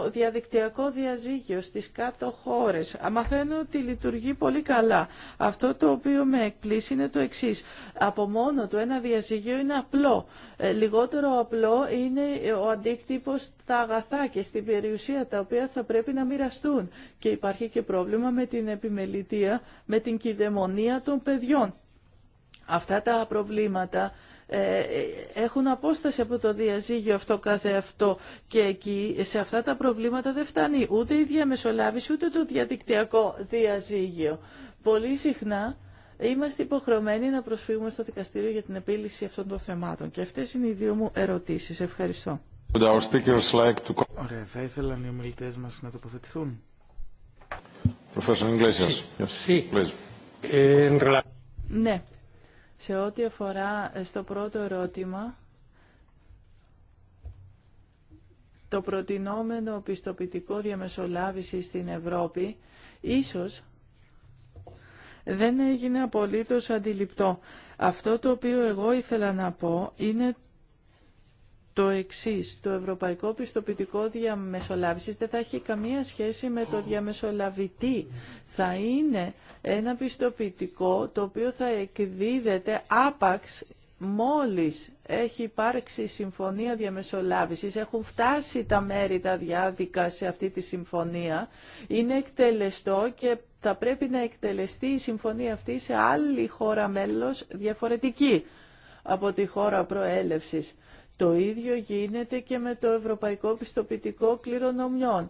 διαδικτυακό διαζύγιο στις κάτω χώρες. Μαθαίνω ότι λειτουργεί πολύ καλά. Αυτό το οποίο με εκπλήσει είναι το εξής. Από μόνο του ένα διαζύγιο είναι απλό. Ε, λιγότερο απλό είναι ο αντίκτυπος τα αγαθά και στην περιουσία τα οποία θα πρέπει να μοιραστούν. Και υπάρχει και πρόβλημα με την επιμελητία, με την κυδαιμονία των παιδιών. Αυτά τα προβλήματα ε, έχουν απόσταση από το διαζύγιο αυτό κάθε αυτό και εκεί σε αυτά τα προβλήματα δεν φτάνει ούτε η διαμεσολάβηση ούτε το διαδικτυακό διαζύγιο. Πολύ συχνά είμαστε υποχρεωμένοι να προσφύγουμε στο δικαστήριο για την επίλυση αυτών των θεμάτων. Και αυτές είναι οι δύο μου ερωτήσεις. Ευχαριστώ. Ωραία, θα ήθελαν οι ομιλητές μας να τοποθετηθούν. Eh, ναι, σε ό,τι αφορά ε, στο πρώτο ερώτημα, το προτινόμενο πιστοποιητικό διαμεσολάβηση στην Ευρώπη, ίσως δεν έγινε απολύτως αντιληπτό. Αυτό το οποίο εγώ ήθελα να πω είναι το εξής. Το Ευρωπαϊκό Πιστοποιητικό Διαμεσολάβησης δεν θα έχει καμία σχέση με το διαμεσολαβητή. Θα είναι ένα πιστοποιητικό το οποίο θα εκδίδεται άπαξ μόλις έχει υπάρξει συμφωνία διαμεσολάβησης, έχουν φτάσει τα μέρη τα διάδικα σε αυτή τη συμφωνία, είναι εκτελεστό και θα πρέπει να εκτελεστεί η συμφωνία αυτή σε άλλη χώρα μέλος διαφορετική από τη χώρα προέλευσης. Το ίδιο γίνεται και με το Ευρωπαϊκό Πιστοποιητικό Κληρονομιών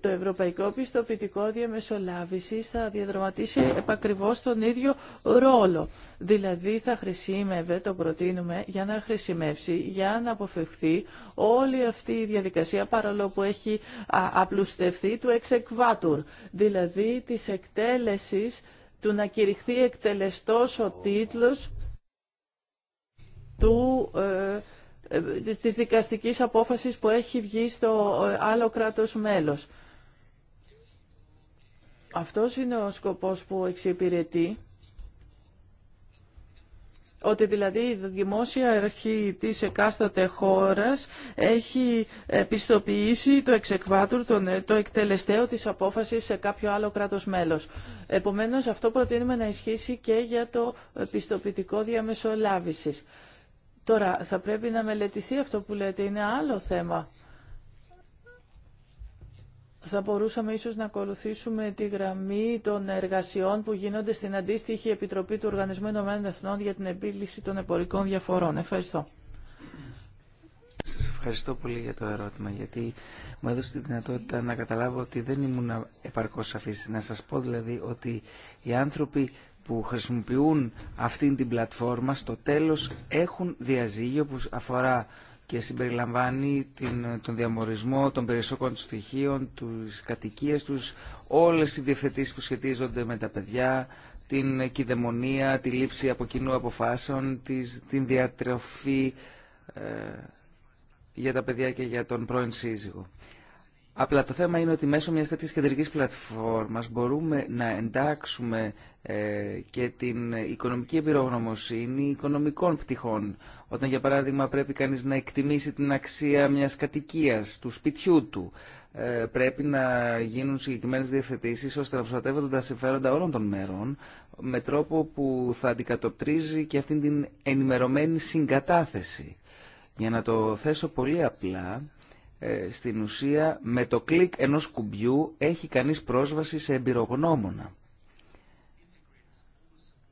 το Ευρωπαϊκό Πιστοποιητικό Διαμεσολάβησης θα διαδραματίσει επακριβώς τον ίδιο ρόλο. Δηλαδή θα χρησιμεύει, το προτείνουμε, για να χρησιμεύσει, για να αποφευχθεί όλη αυτή η διαδικασία παρόλο που έχει απλουστευτεί του εξεκβάτουρ, δηλαδή της εκτέλεσης του να κηρυχθεί εκτελεστός ο τίτλος του ε, της δικαστικής απόφασης που έχει βγει στο άλλο κράτος μέλος. Αυτός είναι ο σκοπός που εξυπηρετεί. Ότι δηλαδή η δημόσια αρχή της εκάστοτε χώρας έχει επιστοποιήσει το εξεκβάτουρ, το εκτελεστέο της απόφασης σε κάποιο άλλο κράτος μέλος. Επομένως αυτό προτείνουμε να ισχύσει και για το πιστοποιητικό διαμεσολάβησης. Τώρα, θα πρέπει να μελετηθεί αυτό που λέτε, είναι άλλο θέμα. Θα μπορούσαμε ίσως να ακολουθήσουμε τη γραμμή των εργασιών που γίνονται στην αντίστοιχη Επιτροπή του Οργανισμού Εθνών για την επίλυση των εμπορικών διαφορών. Ευχαριστώ. Σας ευχαριστώ πολύ για το ερώτημα, γιατί μου έδωσε τη δυνατότητα να καταλάβω ότι δεν ήμουν επαρκώς σαφής. Να σας πω δηλαδή ότι οι άνθρωποι που χρησιμοποιούν αυτήν την πλατφόρμα στο τέλος έχουν διαζύγιο που αφορά και συμπεριλαμβάνει την, τον διαμορισμό των περισσότερων στοιχείων, τις κατοικίες τους, όλες οι διευθετήσεις που σχετίζονται με τα παιδιά, την κυδαιμονία, τη λήψη από κοινού αποφάσεων, την διατροφή ε, για τα παιδιά και για τον πρώην σύζυγο. Απλά το θέμα είναι ότι μέσω μιας τέτοιας κεντρικής πλατφόρμας μπορούμε να εντάξουμε ε, και την οικονομική εμπειρογνωμοσύνη οικονομικών πτυχών. Όταν για παράδειγμα πρέπει κανείς να εκτιμήσει την αξία μιας κατοικίας, του σπιτιού του, ε, πρέπει να γίνουν συγκεκριμένες διευθετήσεις ώστε να προστατεύονται τα συμφέροντα όλων των μέρων με τρόπο που θα αντικατοπτρίζει και αυτήν την ενημερωμένη συγκατάθεση. Για να το θέσω πολύ απλά, ε, στην ουσία με το κλικ ενός κουμπιού έχει κανείς πρόσβαση σε εμπειρογνώμονα.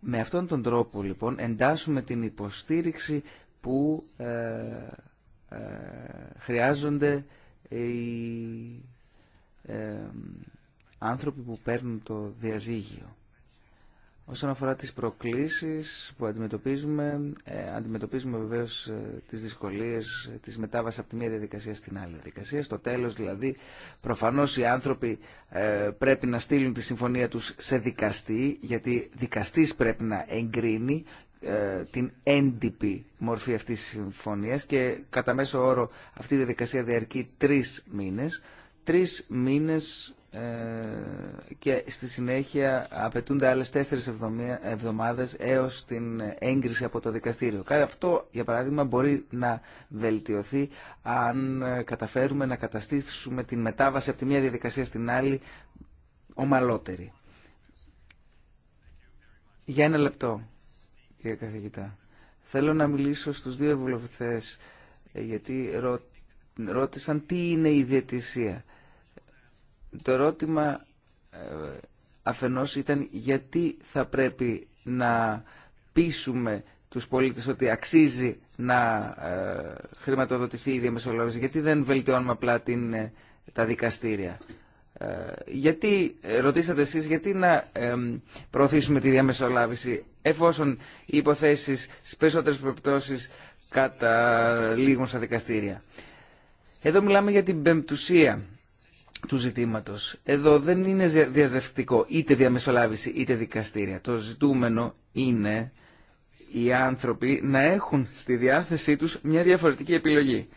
Με αυτόν τον τρόπο λοιπόν εντάσσουμε την υποστήριξη που ε, ε, χρειάζονται οι ε, ε, άνθρωποι που παίρνουν το διαζύγιο. Όσον αφορά τις προκλήσεις που αντιμετωπίζουμε, ε, αντιμετωπίζουμε βεβαίως ε, τις δυσκολίες ε, της μετάβασης από τη μία διαδικασία στην άλλη διαδικασία. Στο τέλος δηλαδή, προφανώς οι άνθρωποι ε, πρέπει να στείλουν τη συμφωνία τους σε δικαστή, γιατί δικαστής πρέπει να εγκρίνει ε, την έντυπη μορφή αυτής της συμφωνίας και κατά μέσο όρο αυτή η διαδικασία διαρκεί τρεις μήνες. Τρεις μήνες ε, και στη συνέχεια απαιτούνται άλλες τέσσερις εβδομάδες έως την έγκριση από το δικαστήριο. Κάτι αυτό, για παράδειγμα, μπορεί να βελτιωθεί αν ε, καταφέρουμε να καταστήσουμε την μετάβαση από τη μία διαδικασία στην άλλη ομαλότερη. Για ένα λεπτό, κύριε καθηγητά. Θέλω να μιλήσω στους δύο ευρωβουλευτές, ε, γιατί ρώτησαν τι είναι η διαιτησία. Το ερώτημα ε, αφενός ήταν γιατί θα πρέπει να πείσουμε τους πολίτες ότι αξίζει να ε, χρηματοδοτηθεί η διαμεσολάβηση, γιατί δεν βελτιώνουμε απλά την, ε, τα δικαστήρια. Γιατί, ρωτήσατε εσείς, γιατί να προωθήσουμε τη διαμεσολάβηση εφόσον οι υποθέσεις στις περισσότερες κατά καταλήγουν στα δικαστήρια. Εδώ μιλάμε για την πεμπτουσία του ζητήματος. Εδώ δεν είναι διαζευτικό είτε διαμεσολάβηση είτε δικαστήρια. Το ζητούμενο είναι οι άνθρωποι να έχουν στη διάθεσή τους μια διαφορετική επιλογή.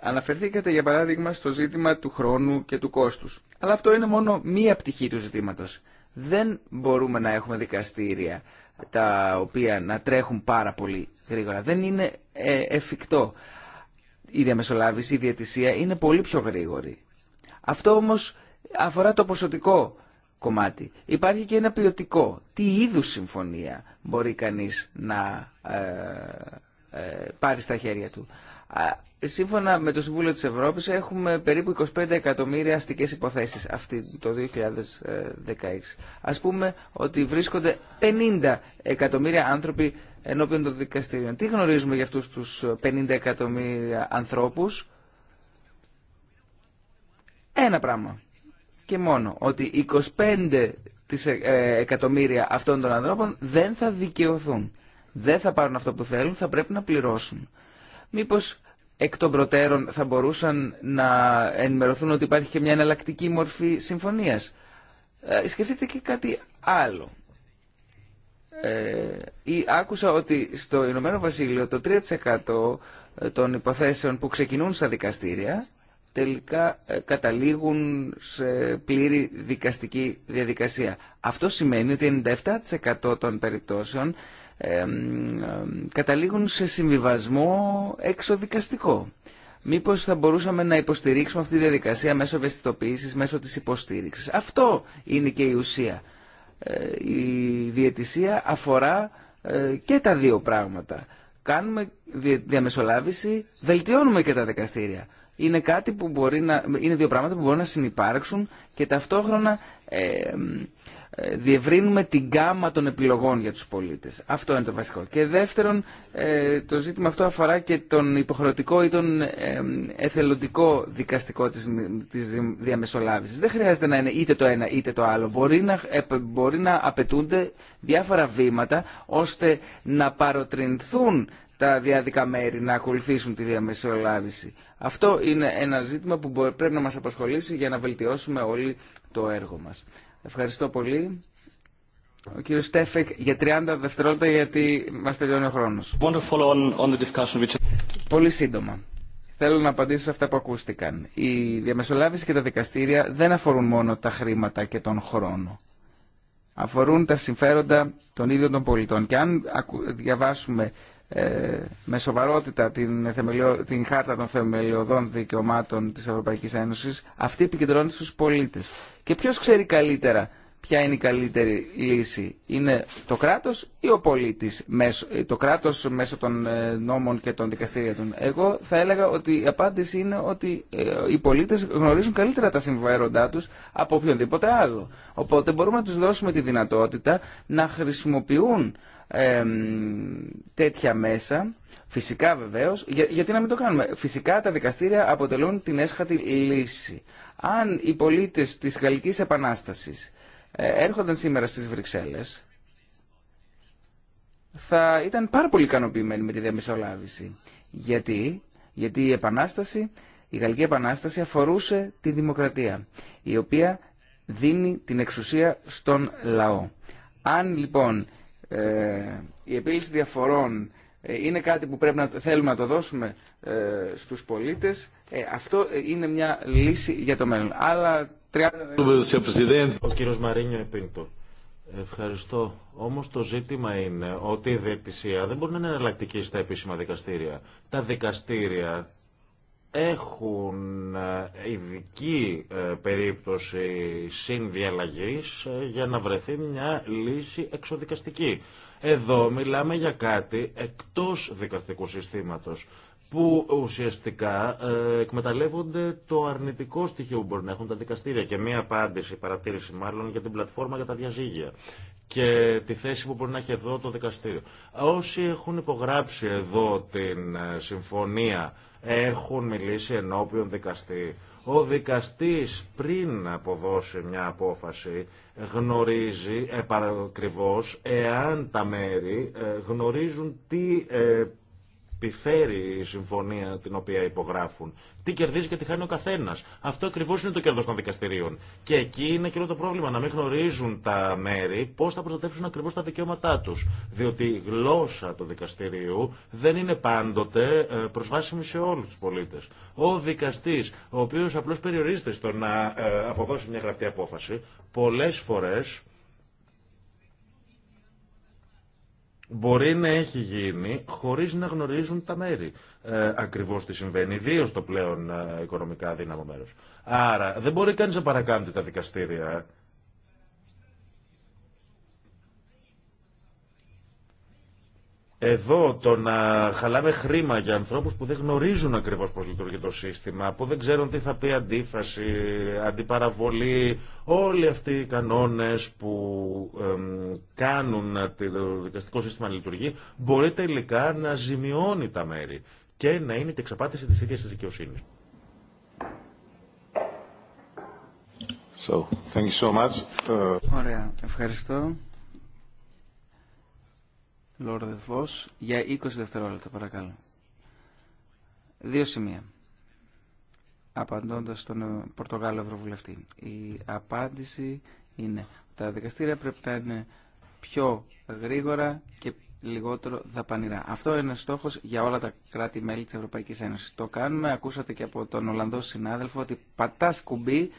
Αναφερθήκατε για παράδειγμα στο ζήτημα του χρόνου και του κόστους. Αλλά αυτό είναι μόνο μία πτυχή του ζητήματος. Δεν μπορούμε να έχουμε δικαστήρια τα οποία να τρέχουν πάρα πολύ γρήγορα. Δεν είναι ε, εφικτό. Η διαμεσολάβηση, η διατησία είναι πολύ πιο γρήγορη. Αυτό όμως αφορά το ποσοτικό κομμάτι. Υπάρχει και ένα ποιοτικό. Τι είδους συμφωνία μπορεί κανείς να ε, ε, πάρει στα χέρια του. Σύμφωνα με το Συμβούλιο της Ευρώπης έχουμε περίπου 25 εκατομμύρια αστικές υποθέσεις αυτή το 2016. Ας πούμε ότι βρίσκονται 50 εκατομμύρια άνθρωποι ενώπιον των δικαστηρίων. Τι γνωρίζουμε για αυτούς τους 50 εκατομμύρια ανθρώπους ένα πράγμα. Και μόνο. Ότι 25 ε, ε, εκατομμύρια αυτών των ανθρώπων δεν θα δικαιωθούν. Δεν θα πάρουν αυτό που θέλουν, θα πρέπει να πληρώσουν. Μήπως εκ των προτέρων θα μπορούσαν να ενημερωθούν ότι υπάρχει και μια εναλλακτική μορφή συμφωνίας. Ε, σκεφτείτε και κάτι άλλο. Ε, ή άκουσα ότι στο Ηνωμένο Βασίλειο το 3% των υποθέσεων που ξεκινούν στα δικαστήρια τελικά ε, καταλήγουν σε πλήρη δικαστική διαδικασία. Αυτό σημαίνει ότι 97% των περιπτώσεων ε, ε, καταλήγουν σε συμβιβασμό εξοδικαστικό. Μήπως θα μπορούσαμε να υποστηρίξουμε αυτή τη διαδικασία μέσω ευαισθητοποίησης, μέσω της υποστήριξης. Αυτό είναι και η ουσία. Η διαιτησία αφορά και τα δύο πράγματα. Κάνουμε διαμεσολάβηση, βελτιώνουμε και τα δικαστήρια είναι, κάτι που μπορεί να, είναι δύο πράγματα που μπορούν να συνεπάρξουν και ταυτόχρονα ε, ε διευρύνουμε την γάμα των επιλογών για τους πολίτες. Αυτό είναι το βασικό. Και δεύτερον, ε, το ζήτημα αυτό αφορά και τον υποχρεωτικό ή τον ε, εθελοντικό δικαστικό της, της διαμεσολάβησης. Δεν χρειάζεται να είναι είτε το ένα είτε το άλλο. Μπορεί να, μπορεί να απαιτούνται διάφορα βήματα ώστε να παροτρινθούν τα διάδικα μέρη να ακολουθήσουν τη διαμεσολάβηση. Αυτό είναι ένα ζήτημα που πρέπει να μας απασχολήσει για να βελτιώσουμε όλοι το έργο μας. Ευχαριστώ πολύ. Ο κύριος Στέφεκ για 30 δευτερόλεπτα γιατί μας τελειώνει ο χρόνος. Πολύ σύντομα. Θέλω να απαντήσω σε αυτά που ακούστηκαν. Η διαμεσολάβηση και τα δικαστήρια δεν αφορούν μόνο τα χρήματα και τον χρόνο. Αφορούν τα συμφέροντα των ίδιων των πολιτών. Και αν διαβάσουμε ε, με σοβαρότητα την, θεμελιο, την χάρτα των θεμελιωδών δικαιωμάτων της Ευρωπαϊκής Ένωσης, αυτή επικεντρώνει στους πολίτες. Και ποιος ξέρει καλύτερα ποια είναι η καλύτερη λύση. Είναι το κράτος ή ο πολίτης, μέσω, το κράτος μέσω των ε, νόμων και των δικαστήριων. Εγώ θα έλεγα ότι η απάντηση είναι ότι ε, οι πολίτες γνωρίζουν καλύτερα τα συμβαίροντά τους από οποιονδήποτε άλλο. Οπότε μπορούμε να τους δώσουμε τη δυνατότητα να χρησιμοποιούν τέτοια μέσα, φυσικά βεβαίω, γιατί να μην το κάνουμε, φυσικά τα δικαστήρια αποτελούν την έσχατη λύση. Αν οι πολίτες της Γαλλικής Επανάστασης ε, έρχονταν σήμερα στις Βρυξέλλες, θα ήταν πάρα πολύ ικανοποιημένοι με τη διαμεσολάβηση. Γιατί, γιατί η Επανάσταση, η Γαλλική Επανάσταση αφορούσε τη δημοκρατία, η οποία δίνει την εξουσία στον λαό. Αν λοιπόν ε, η επίλυση διαφορών ε, είναι κάτι που πρέπει να θέλουμε να το δώσουμε ε, στους πολίτες. Ε, αυτό ε, είναι μια λύση για το μέλλον. Αλλά 30... Ο κύριος Μαρίνιο Επίλτο. Ευχαριστώ. Όμως το ζήτημα είναι ότι η διαιτησία δεν μπορεί να είναι εναλλακτική στα επίσημα δικαστήρια. Τα δικαστήρια έχουν ε, ειδική ε, περίπτωση συνδιαλλαγής ε, για να βρεθεί μια λύση εξοδικαστική. Εδώ μιλάμε για κάτι εκτός δικαστικού συστήματος που ουσιαστικά εκμεταλλεύονται το αρνητικό στοιχείο που μπορεί να έχουν τα δικαστήρια και μία απάντηση, παρατήρηση μάλλον για την πλατφόρμα για τα διαζύγια και τη θέση που μπορεί να έχει εδώ το δικαστήριο. Όσοι έχουν υπογράψει εδώ την ε, συμφωνία έχουν μιλήσει ενώπιον δικαστή. Ο δικαστής πριν αποδώσει μια απόφαση γνωρίζει επαρακριβώς εάν τα μέρη ε, γνωρίζουν τι ε, επιφέρει η συμφωνία την οποία υπογράφουν. Τι κερδίζει και τι χάνει ο καθένα. Αυτό ακριβώ είναι το κέρδο των δικαστηρίων. Και εκεί είναι και το πρόβλημα. Να μην γνωρίζουν τα μέρη πώ θα προστατεύσουν ακριβώ τα δικαιώματά του. Διότι η γλώσσα του δικαστηρίου δεν είναι πάντοτε ε, προσβάσιμη σε όλου του πολίτε. Ο δικαστή, ο οποίο απλώ περιορίζεται στο να ε, αποδώσει μια γραπτή απόφαση, πολλέ φορέ μπορεί να έχει γίνει χωρίς να γνωρίζουν τα μέρη ε, ακριβώς τι συμβαίνει, ιδίω το πλέον ε, οικονομικά δύναμο μέρος. Άρα δεν μπορεί κανείς να παρακάμπτει τα δικαστήρια Εδώ το να χαλάμε χρήμα για ανθρώπους που δεν γνωρίζουν ακριβώς πώς λειτουργεί το σύστημα, που δεν ξέρουν τι θα πει αντίφαση, αντιπαραβολή, όλοι αυτοί οι κανόνες που κάνουν το δικαστικό σύστημα να λειτουργεί, μπορεί τελικά να ζημιώνει τα μέρη και να είναι και εξαπάτηση της ίδιας της δικαιοσύνης. So, thank you so much. Ωραία, ευχαριστώ. Λόρδε Φως, για 20 δευτερόλεπτα παρακαλώ. Δύο σημεία. Απαντώντας στον ε, Πορτογάλο Ευρωβουλευτή. Η απάντηση είναι τα δικαστήρια πρέπει να είναι πιο γρήγορα και λιγότερο δαπανηρά. Αυτό είναι στόχος για όλα τα κράτη-μέλη της Ευρωπαϊκής Ένωσης. Το κάνουμε, ακούσατε και από τον Ολλανδό συνάδελφο, ότι πατάς κουμπί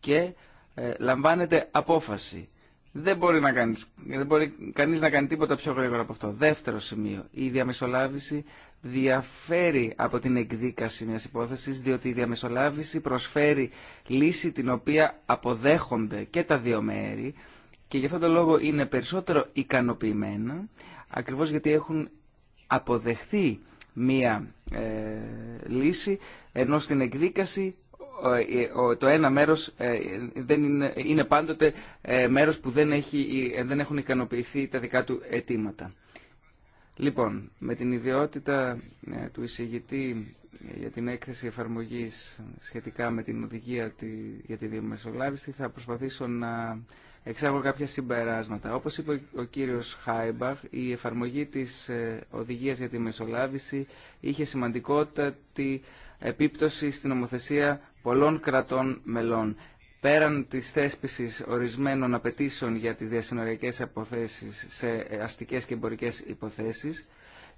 και ε, λαμβάνεται απόφαση. Δεν μπορεί, να κάνεις, δεν μπορεί κανείς να κάνει τίποτα πιο γρήγορα από αυτό. Δεύτερο σημείο, η διαμεσολάβηση διαφέρει από την εκδίκαση μιας υπόθεσης, διότι η διαμεσολάβηση προσφέρει λύση την οποία αποδέχονται και τα δύο μέρη και γι' αυτόν τον λόγο είναι περισσότερο ικανοποιημένα, ακριβώς γιατί έχουν αποδεχθεί μία ε, λύση, ενώ στην εκδίκαση ε, το ένα μέρος ε, δεν είναι, πάντοτε ε, μέρος που δεν, έχει, δεν έχουν ικανοποιηθεί τα δικά του αιτήματα. Λοιπόν, με την ιδιότητα του εισηγητή για την έκθεση εφαρμογής σχετικά με την οδηγία για τη διαμεσολάβηση θα προσπαθήσω να εξάγω κάποια συμπεράσματα. Όπως είπε ο κύριος Χάιμπαχ, η εφαρμογή της οδηγίας για τη μεσολάβηση είχε σημαντικότατη επίπτωση στην ομοθεσία πολλών κρατών μελών πέραν της θέσπισης ορισμένων απαιτήσεων για τις διασυνοριακές αποθέσεις σε αστικές και εμπορικές υποθέσεις,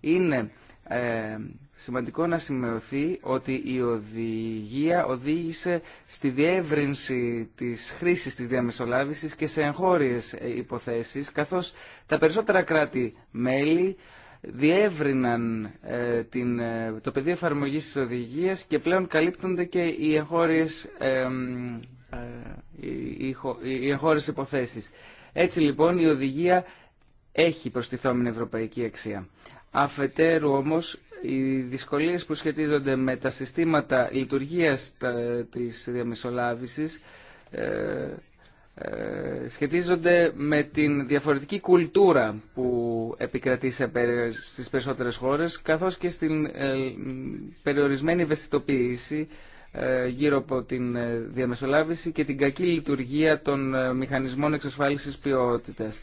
είναι ε, σημαντικό να σημειωθεί ότι η οδηγία οδήγησε στη διεύρυνση της χρήσης της διαμεσολάβησης και σε εγχώριες ε, υποθέσεις, καθώς τα περισσότερα κράτη-μέλη διεύρυναν ε, την, ε, το πεδίο εφαρμογή τη οδηγία και πλέον καλύπτονται και οι εγχώριες, ε, οι, υποθέσεις. Έτσι λοιπόν η οδηγία έχει προστιθόμενη ευρωπαϊκή αξία. Αφετέρου όμως οι δυσκολίες που σχετίζονται με τα συστήματα λειτουργίας της διαμεσολάβησης ε, σχετίζονται με την διαφορετική κουλτούρα που επικρατεί στις περισσότερες χώρες καθώς και στην ε, περιορισμένη ευαισθητοποίηση ε, γύρω από την διαμεσολάβηση και την κακή λειτουργία των μηχανισμών εξασφάλισης ποιότητας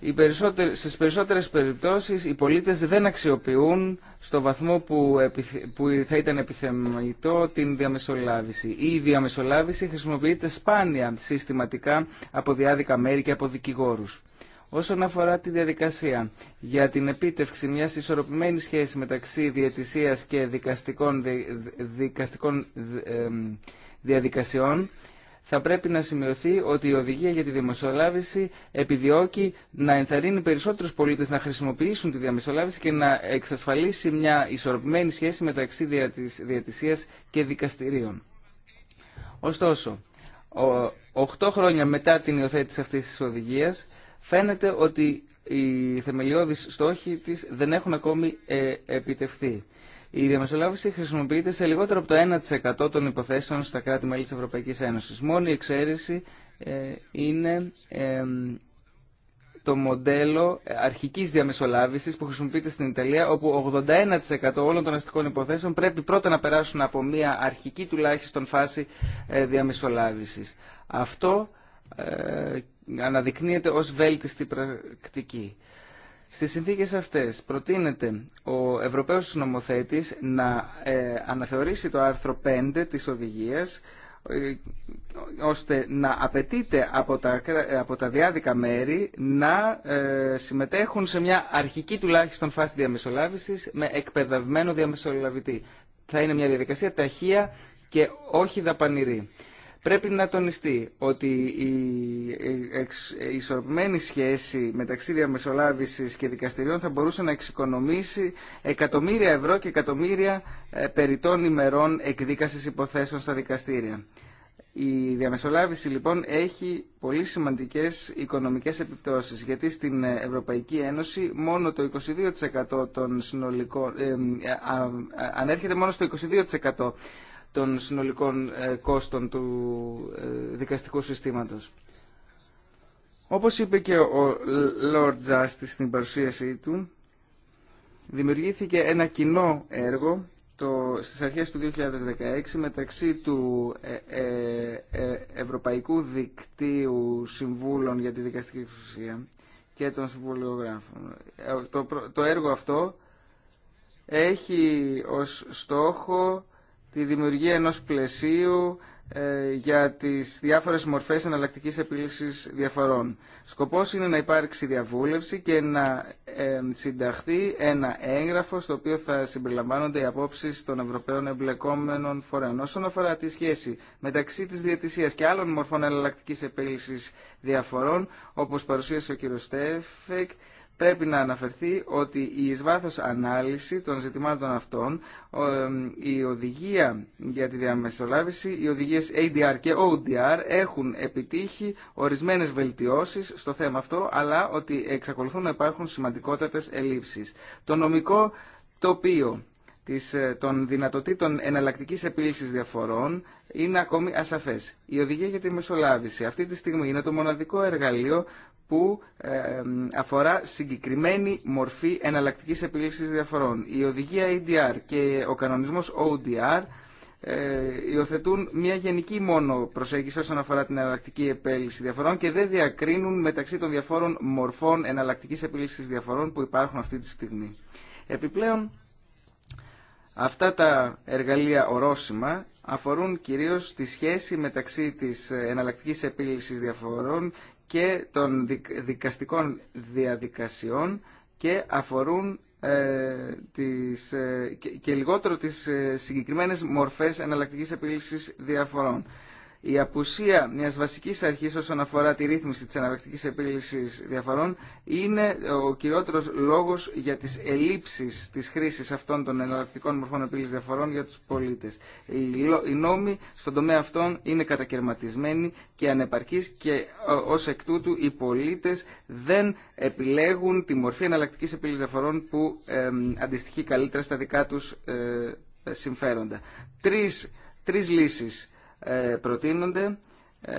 οι περισσότερες, στις περισσότερες περιπτώσεις οι πολίτες δεν αξιοποιούν στο βαθμό που, θα ήταν επιθεμητό την διαμεσολάβηση. Η διαμεσολάβηση χρησιμοποιείται σπάνια συστηματικά από διάδικα μέρη και από δικηγόρους. Όσον αφορά τη διαδικασία για την επίτευξη μιας ισορροπημένης σχέσης μεταξύ διαιτησίας και δικαστικών, δικαστικών διαδικασιών, θα πρέπει να σημειωθεί ότι η οδηγία για τη διαμεσολάβηση επιδιώκει να ενθαρρύνει περισσότερους πολίτες να χρησιμοποιήσουν τη διαμεσολάβηση και να εξασφαλίσει μια ισορροπημένη σχέση μεταξύ διατησίας και δικαστηρίων. Ωστόσο, οχτώ χρόνια μετά την υιοθέτηση αυτής της οδηγίας, φαίνεται ότι οι θεμελιώδεις στόχοι της δεν έχουν ακόμη ε, επιτευχθεί. Η διαμεσολάβηση χρησιμοποιείται σε λιγότερο από το 1% των υποθέσεων στα κράτη-μέλη της Ευρωπαϊκής Ένωσης. Μόνη η εξαίρεση ε, είναι το μοντέλο ε, αρχικής διαμεσολάβησης που χρησιμοποιείται στην Ιταλία, όπου 81% όλων των αστικών υποθέσεων πρέπει πρώτα να περάσουν από μια αρχική τουλάχιστον φάση ε, διαμεσολάβησης. Αυτό αναδεικνύεται ως βέλτιστη πρακτική. Στις συνθήκες αυτές προτείνεται ο Ευρωπαίος Νομοθέτης να ε, αναθεωρήσει το άρθρο 5 της οδηγίας ε, ώστε να απαιτείται από τα, ε, από διάδικα μέρη να συμμετέχουν σε μια αρχική τουλάχιστον φάση διαμεσολάβησης με εκπαιδευμένο διαμεσολαβητή. Θα είναι μια διαδικασία ταχεία και όχι δαπανηρή. Πρέπει να τονιστεί ότι η ισορροπημένη σχέση μεταξύ διαμεσολάβησης και δικαστηριών θα μπορούσε να εξοικονομήσει εκατομμύρια ευρώ και εκατομμύρια ε, περιττών ημερών εκδίκασης υποθέσεων στα δικαστήρια. Η διαμεσολάβηση λοιπόν έχει πολύ σημαντικές οικονομικές επιπτώσεις γιατί στην Ευρωπαϊκή Ένωση μόνο το 22% των συνολικών ε, ε, ανέρχεται μόνο στο 22% των συνολικών ε, κόστων του ε, δικαστικού συστήματος. Όπως είπε και ο Lord Justice στην παρουσίασή του, δημιουργήθηκε ένα κοινό έργο το, στις αρχές του 2016 μεταξύ του ε, Ευρωπαϊκού Δικτύου Συμβούλων για τη Δικαστική Εξουσία και των Συμβουλιογράφων. Το, το έργο αυτό έχει ως στόχο τη δημιουργία ενός πλαισίου ε, για τις διάφορες μορφές εναλλακτικής επίλυσης διαφορών. Σκοπός είναι να υπάρξει διαβούλευση και να ε, συνταχθεί ένα έγγραφο στο οποίο θα συμπεριλαμβάνονται οι απόψεις των Ευρωπαίων εμπλεκόμενων φορέων. Όσον αφορά τη σχέση μεταξύ της διατησίας και άλλων μορφών εναλλακτικής επίλυσης διαφορών, όπως παρουσίασε ο κ. Στέφεκ, πρέπει να αναφερθεί ότι η εις ανάλυση των ζητημάτων αυτών, η οδηγία για τη διαμεσολάβηση, οι οδηγίες ADR και ODR έχουν επιτύχει ορισμένες βελτιώσεις στο θέμα αυτό, αλλά ότι εξακολουθούν να υπάρχουν σημαντικότατες ελλείψεις. Το νομικό τοπίο ε, των δυνατοτήτων εναλλακτική επίλυση διαφορών είναι ακόμη ασαφέ. Η οδηγία για τη μεσολάβηση αυτή τη στιγμή είναι το μοναδικό εργαλείο που ε, αφορά συγκεκριμένη μορφή εναλλακτική επιλύσης διαφορών. Η οδηγία EDR και ο κανονισμός ODR ε, υιοθετούν μια γενική μόνο προσέγγιση όσον αφορά την εναλλακτική επέλυση διαφορών και δεν διακρίνουν μεταξύ των διαφόρων μορφών εναλλακτική επίλυση διαφορών που υπάρχουν αυτή τη στιγμή. Επιπλέον, αυτά τα εργαλεία ορόσημα αφορούν κυρίως τη σχέση μεταξύ της εναλλακτικής επίλυσης διαφορών και των δικαστικών διαδικασιών και αφορούν ε, τις, ε, και, λιγότερο τις ε, συγκεκριμένες μορφές εναλλακτικής επίλυσης διαφορών. Η απουσία μια βασική αρχή, όσον αφορά τη ρύθμιση τη εναλλακτική επίλυση διαφορών είναι ο κυριότερος λόγο για τις ελλείψει τη χρήση αυτών των εναλλακτικών μορφών επίλυση διαφορών για του πολίτε. Οι νόμοι στον τομέα αυτών είναι κατακαιρματισμένοι και ανεπαρκεί και ω εκ τούτου οι πολίτε δεν επιλέγουν τη μορφή εναλλακτική επίλυση διαφορών που αντιστοιχεί καλύτερα στα δικά τους ε, συμφέροντα. Τρει λύσει. Ε, προτείνονται ε,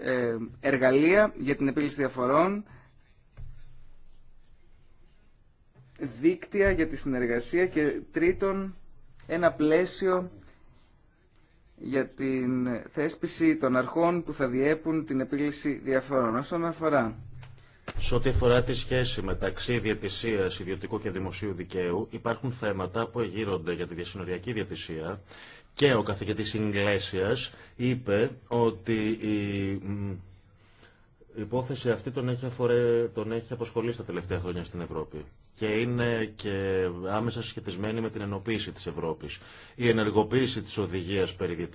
ε, εργαλεία για την επίλυση διαφορών, δίκτυα για τη συνεργασία και τρίτον ένα πλαίσιο για την θέσπιση των αρχών που θα διέπουν την επίλυση διαφορών. Όσον αφορά σε ό,τι αφορά τη σχέση μεταξύ διατησία ιδιωτικού και δημοσίου δικαίου, υπάρχουν θέματα που εγείρονται για τη διασυνοριακή διατησία και ο καθηγητής Ιγκλέσιας είπε ότι η υπόθεση αυτή τον έχει, αφορέ, τον τα τελευταία χρόνια στην Ευρώπη και είναι και άμεσα σχετισμένη με την ενοποίηση της Ευρώπης. Η ενεργοποίηση της οδηγίας περί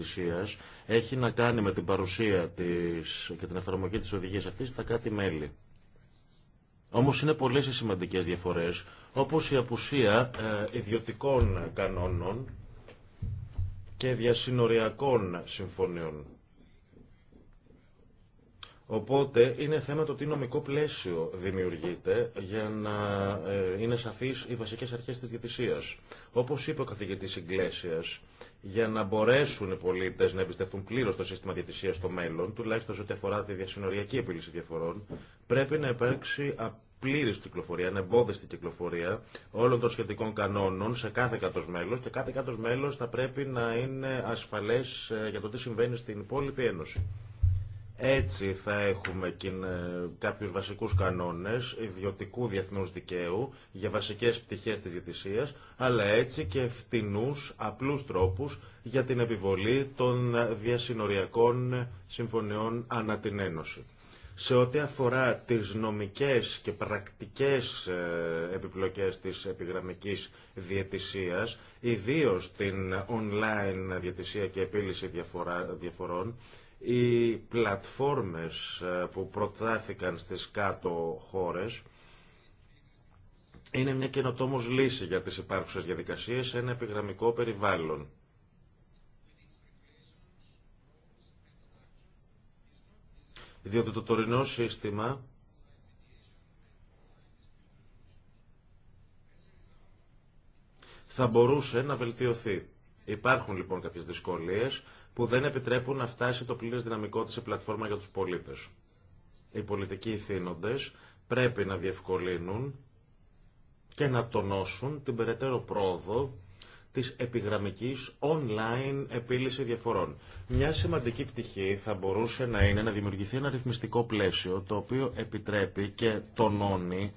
έχει να κάνει με την παρουσία της και την εφαρμογή της οδηγίας αυτής στα κάτι μελη Όμως είναι πολλές οι σημαντικές διαφορές, όπως η απουσία ε, ιδιωτικών κανόνων και διασυνοριακών συμφωνιών. Οπότε είναι θέμα το τι νομικό πλαίσιο δημιουργείται για να ε, είναι σαφείς οι βασικές αρχές της διατησίας. Όπως είπε ο καθηγητής Ιγκλέσιας, για να μπορέσουν οι πολίτες να εμπιστευτούν πλήρως το σύστημα διατησίας στο μέλλον, τουλάχιστον ό,τι αφορά τη διασυνοριακή επίλυση διαφορών, πρέπει να υπάρξει πλήρης κυκλοφορία, ανεμπόδιστη κυκλοφορία όλων των σχετικών κανόνων σε κάθε κάτος μέλος και κάθε κάτος μέλος θα πρέπει να είναι ασφαλές ε, για το τι συμβαίνει στην υπόλοιπη Ένωση. Έτσι θα έχουμε ε, κάποιους βασικούς κανόνες ιδιωτικού διεθνούς δικαίου για βασικές πτυχές της διετησίας, αλλά έτσι και φτηνούς, απλούς τρόπους για την επιβολή των διασυνοριακών συμφωνιών ανά την Ένωση σε ό,τι αφορά τις νομικές και πρακτικές ε, επιπλοκές της επιγραμμικής διαιτησίας, ιδίως την online διαιτησία και επίλυση διαφορών, οι πλατφόρμες ε, που προτάθηκαν στις κάτω χώρες είναι μια καινοτόμως λύση για τις υπάρχουσες διαδικασίες σε ένα επιγραμμικό περιβάλλον. διότι το τωρινό σύστημα θα μπορούσε να βελτιωθεί. Υπάρχουν λοιπόν κάποιες δυσκολίες που δεν επιτρέπουν να φτάσει το πλήρες δυναμικό της σε πλατφόρμα για τους πολίτες. Οι πολιτικοί ηθήνοντες πρέπει να διευκολύνουν και να τονώσουν την περαιτέρω πρόοδο της επιγραμμικής online επίλυση διαφορών. Μια σημαντική πτυχή θα μπορούσε να είναι να δημιουργηθεί ένα ρυθμιστικό πλαίσιο το οποίο επιτρέπει και τονώνει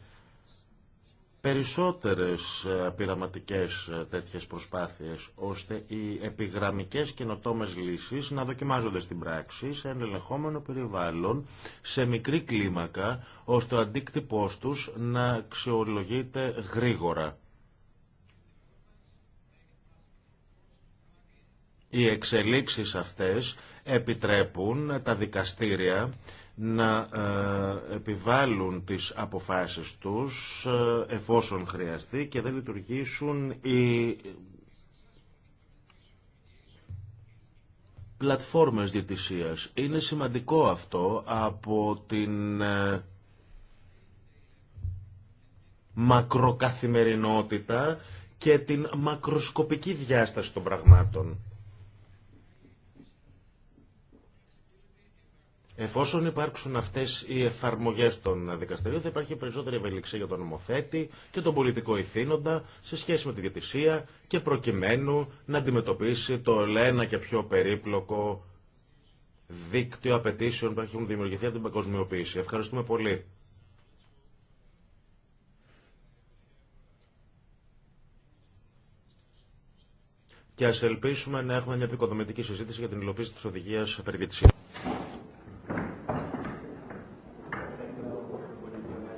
περισσότερες ε, πειραματικές ε, τέτοιες προσπάθειες, ώστε οι επιγραμμικές καινοτόμες λύσεις να δοκιμάζονται στην πράξη σε ελεγχόμενο περιβάλλον, σε μικρή κλίμακα, ώστε ο αντίκτυπός τους να αξιολογείται γρήγορα. Οι εξελίξεις αυτές επιτρέπουν τα δικαστήρια να ε, επιβάλλουν τις αποφάσεις τους ε, εφόσον χρειαστεί και δεν λειτουργήσουν οι πλατφόρμες διετησίας. Είναι σημαντικό αυτό από την ε, μακροκαθημερινότητα και την μακροσκοπική διάσταση των πραγμάτων. Εφόσον υπάρξουν αυτέ οι εφαρμογέ των δικαστηρίων, θα υπάρχει περισσότερη ευελιξία για τον νομοθέτη και τον πολιτικό ηθήνοντα σε σχέση με τη διατησία και προκειμένου να αντιμετωπίσει το ένα και πιο περίπλοκο δίκτυο απαιτήσεων που έχουν δημιουργηθεί από την παγκοσμιοποίηση. Ευχαριστούμε πολύ. Και ας ελπίσουμε να έχουμε μια επικοδομητική συζήτηση για την υλοποίηση της οδηγίας περί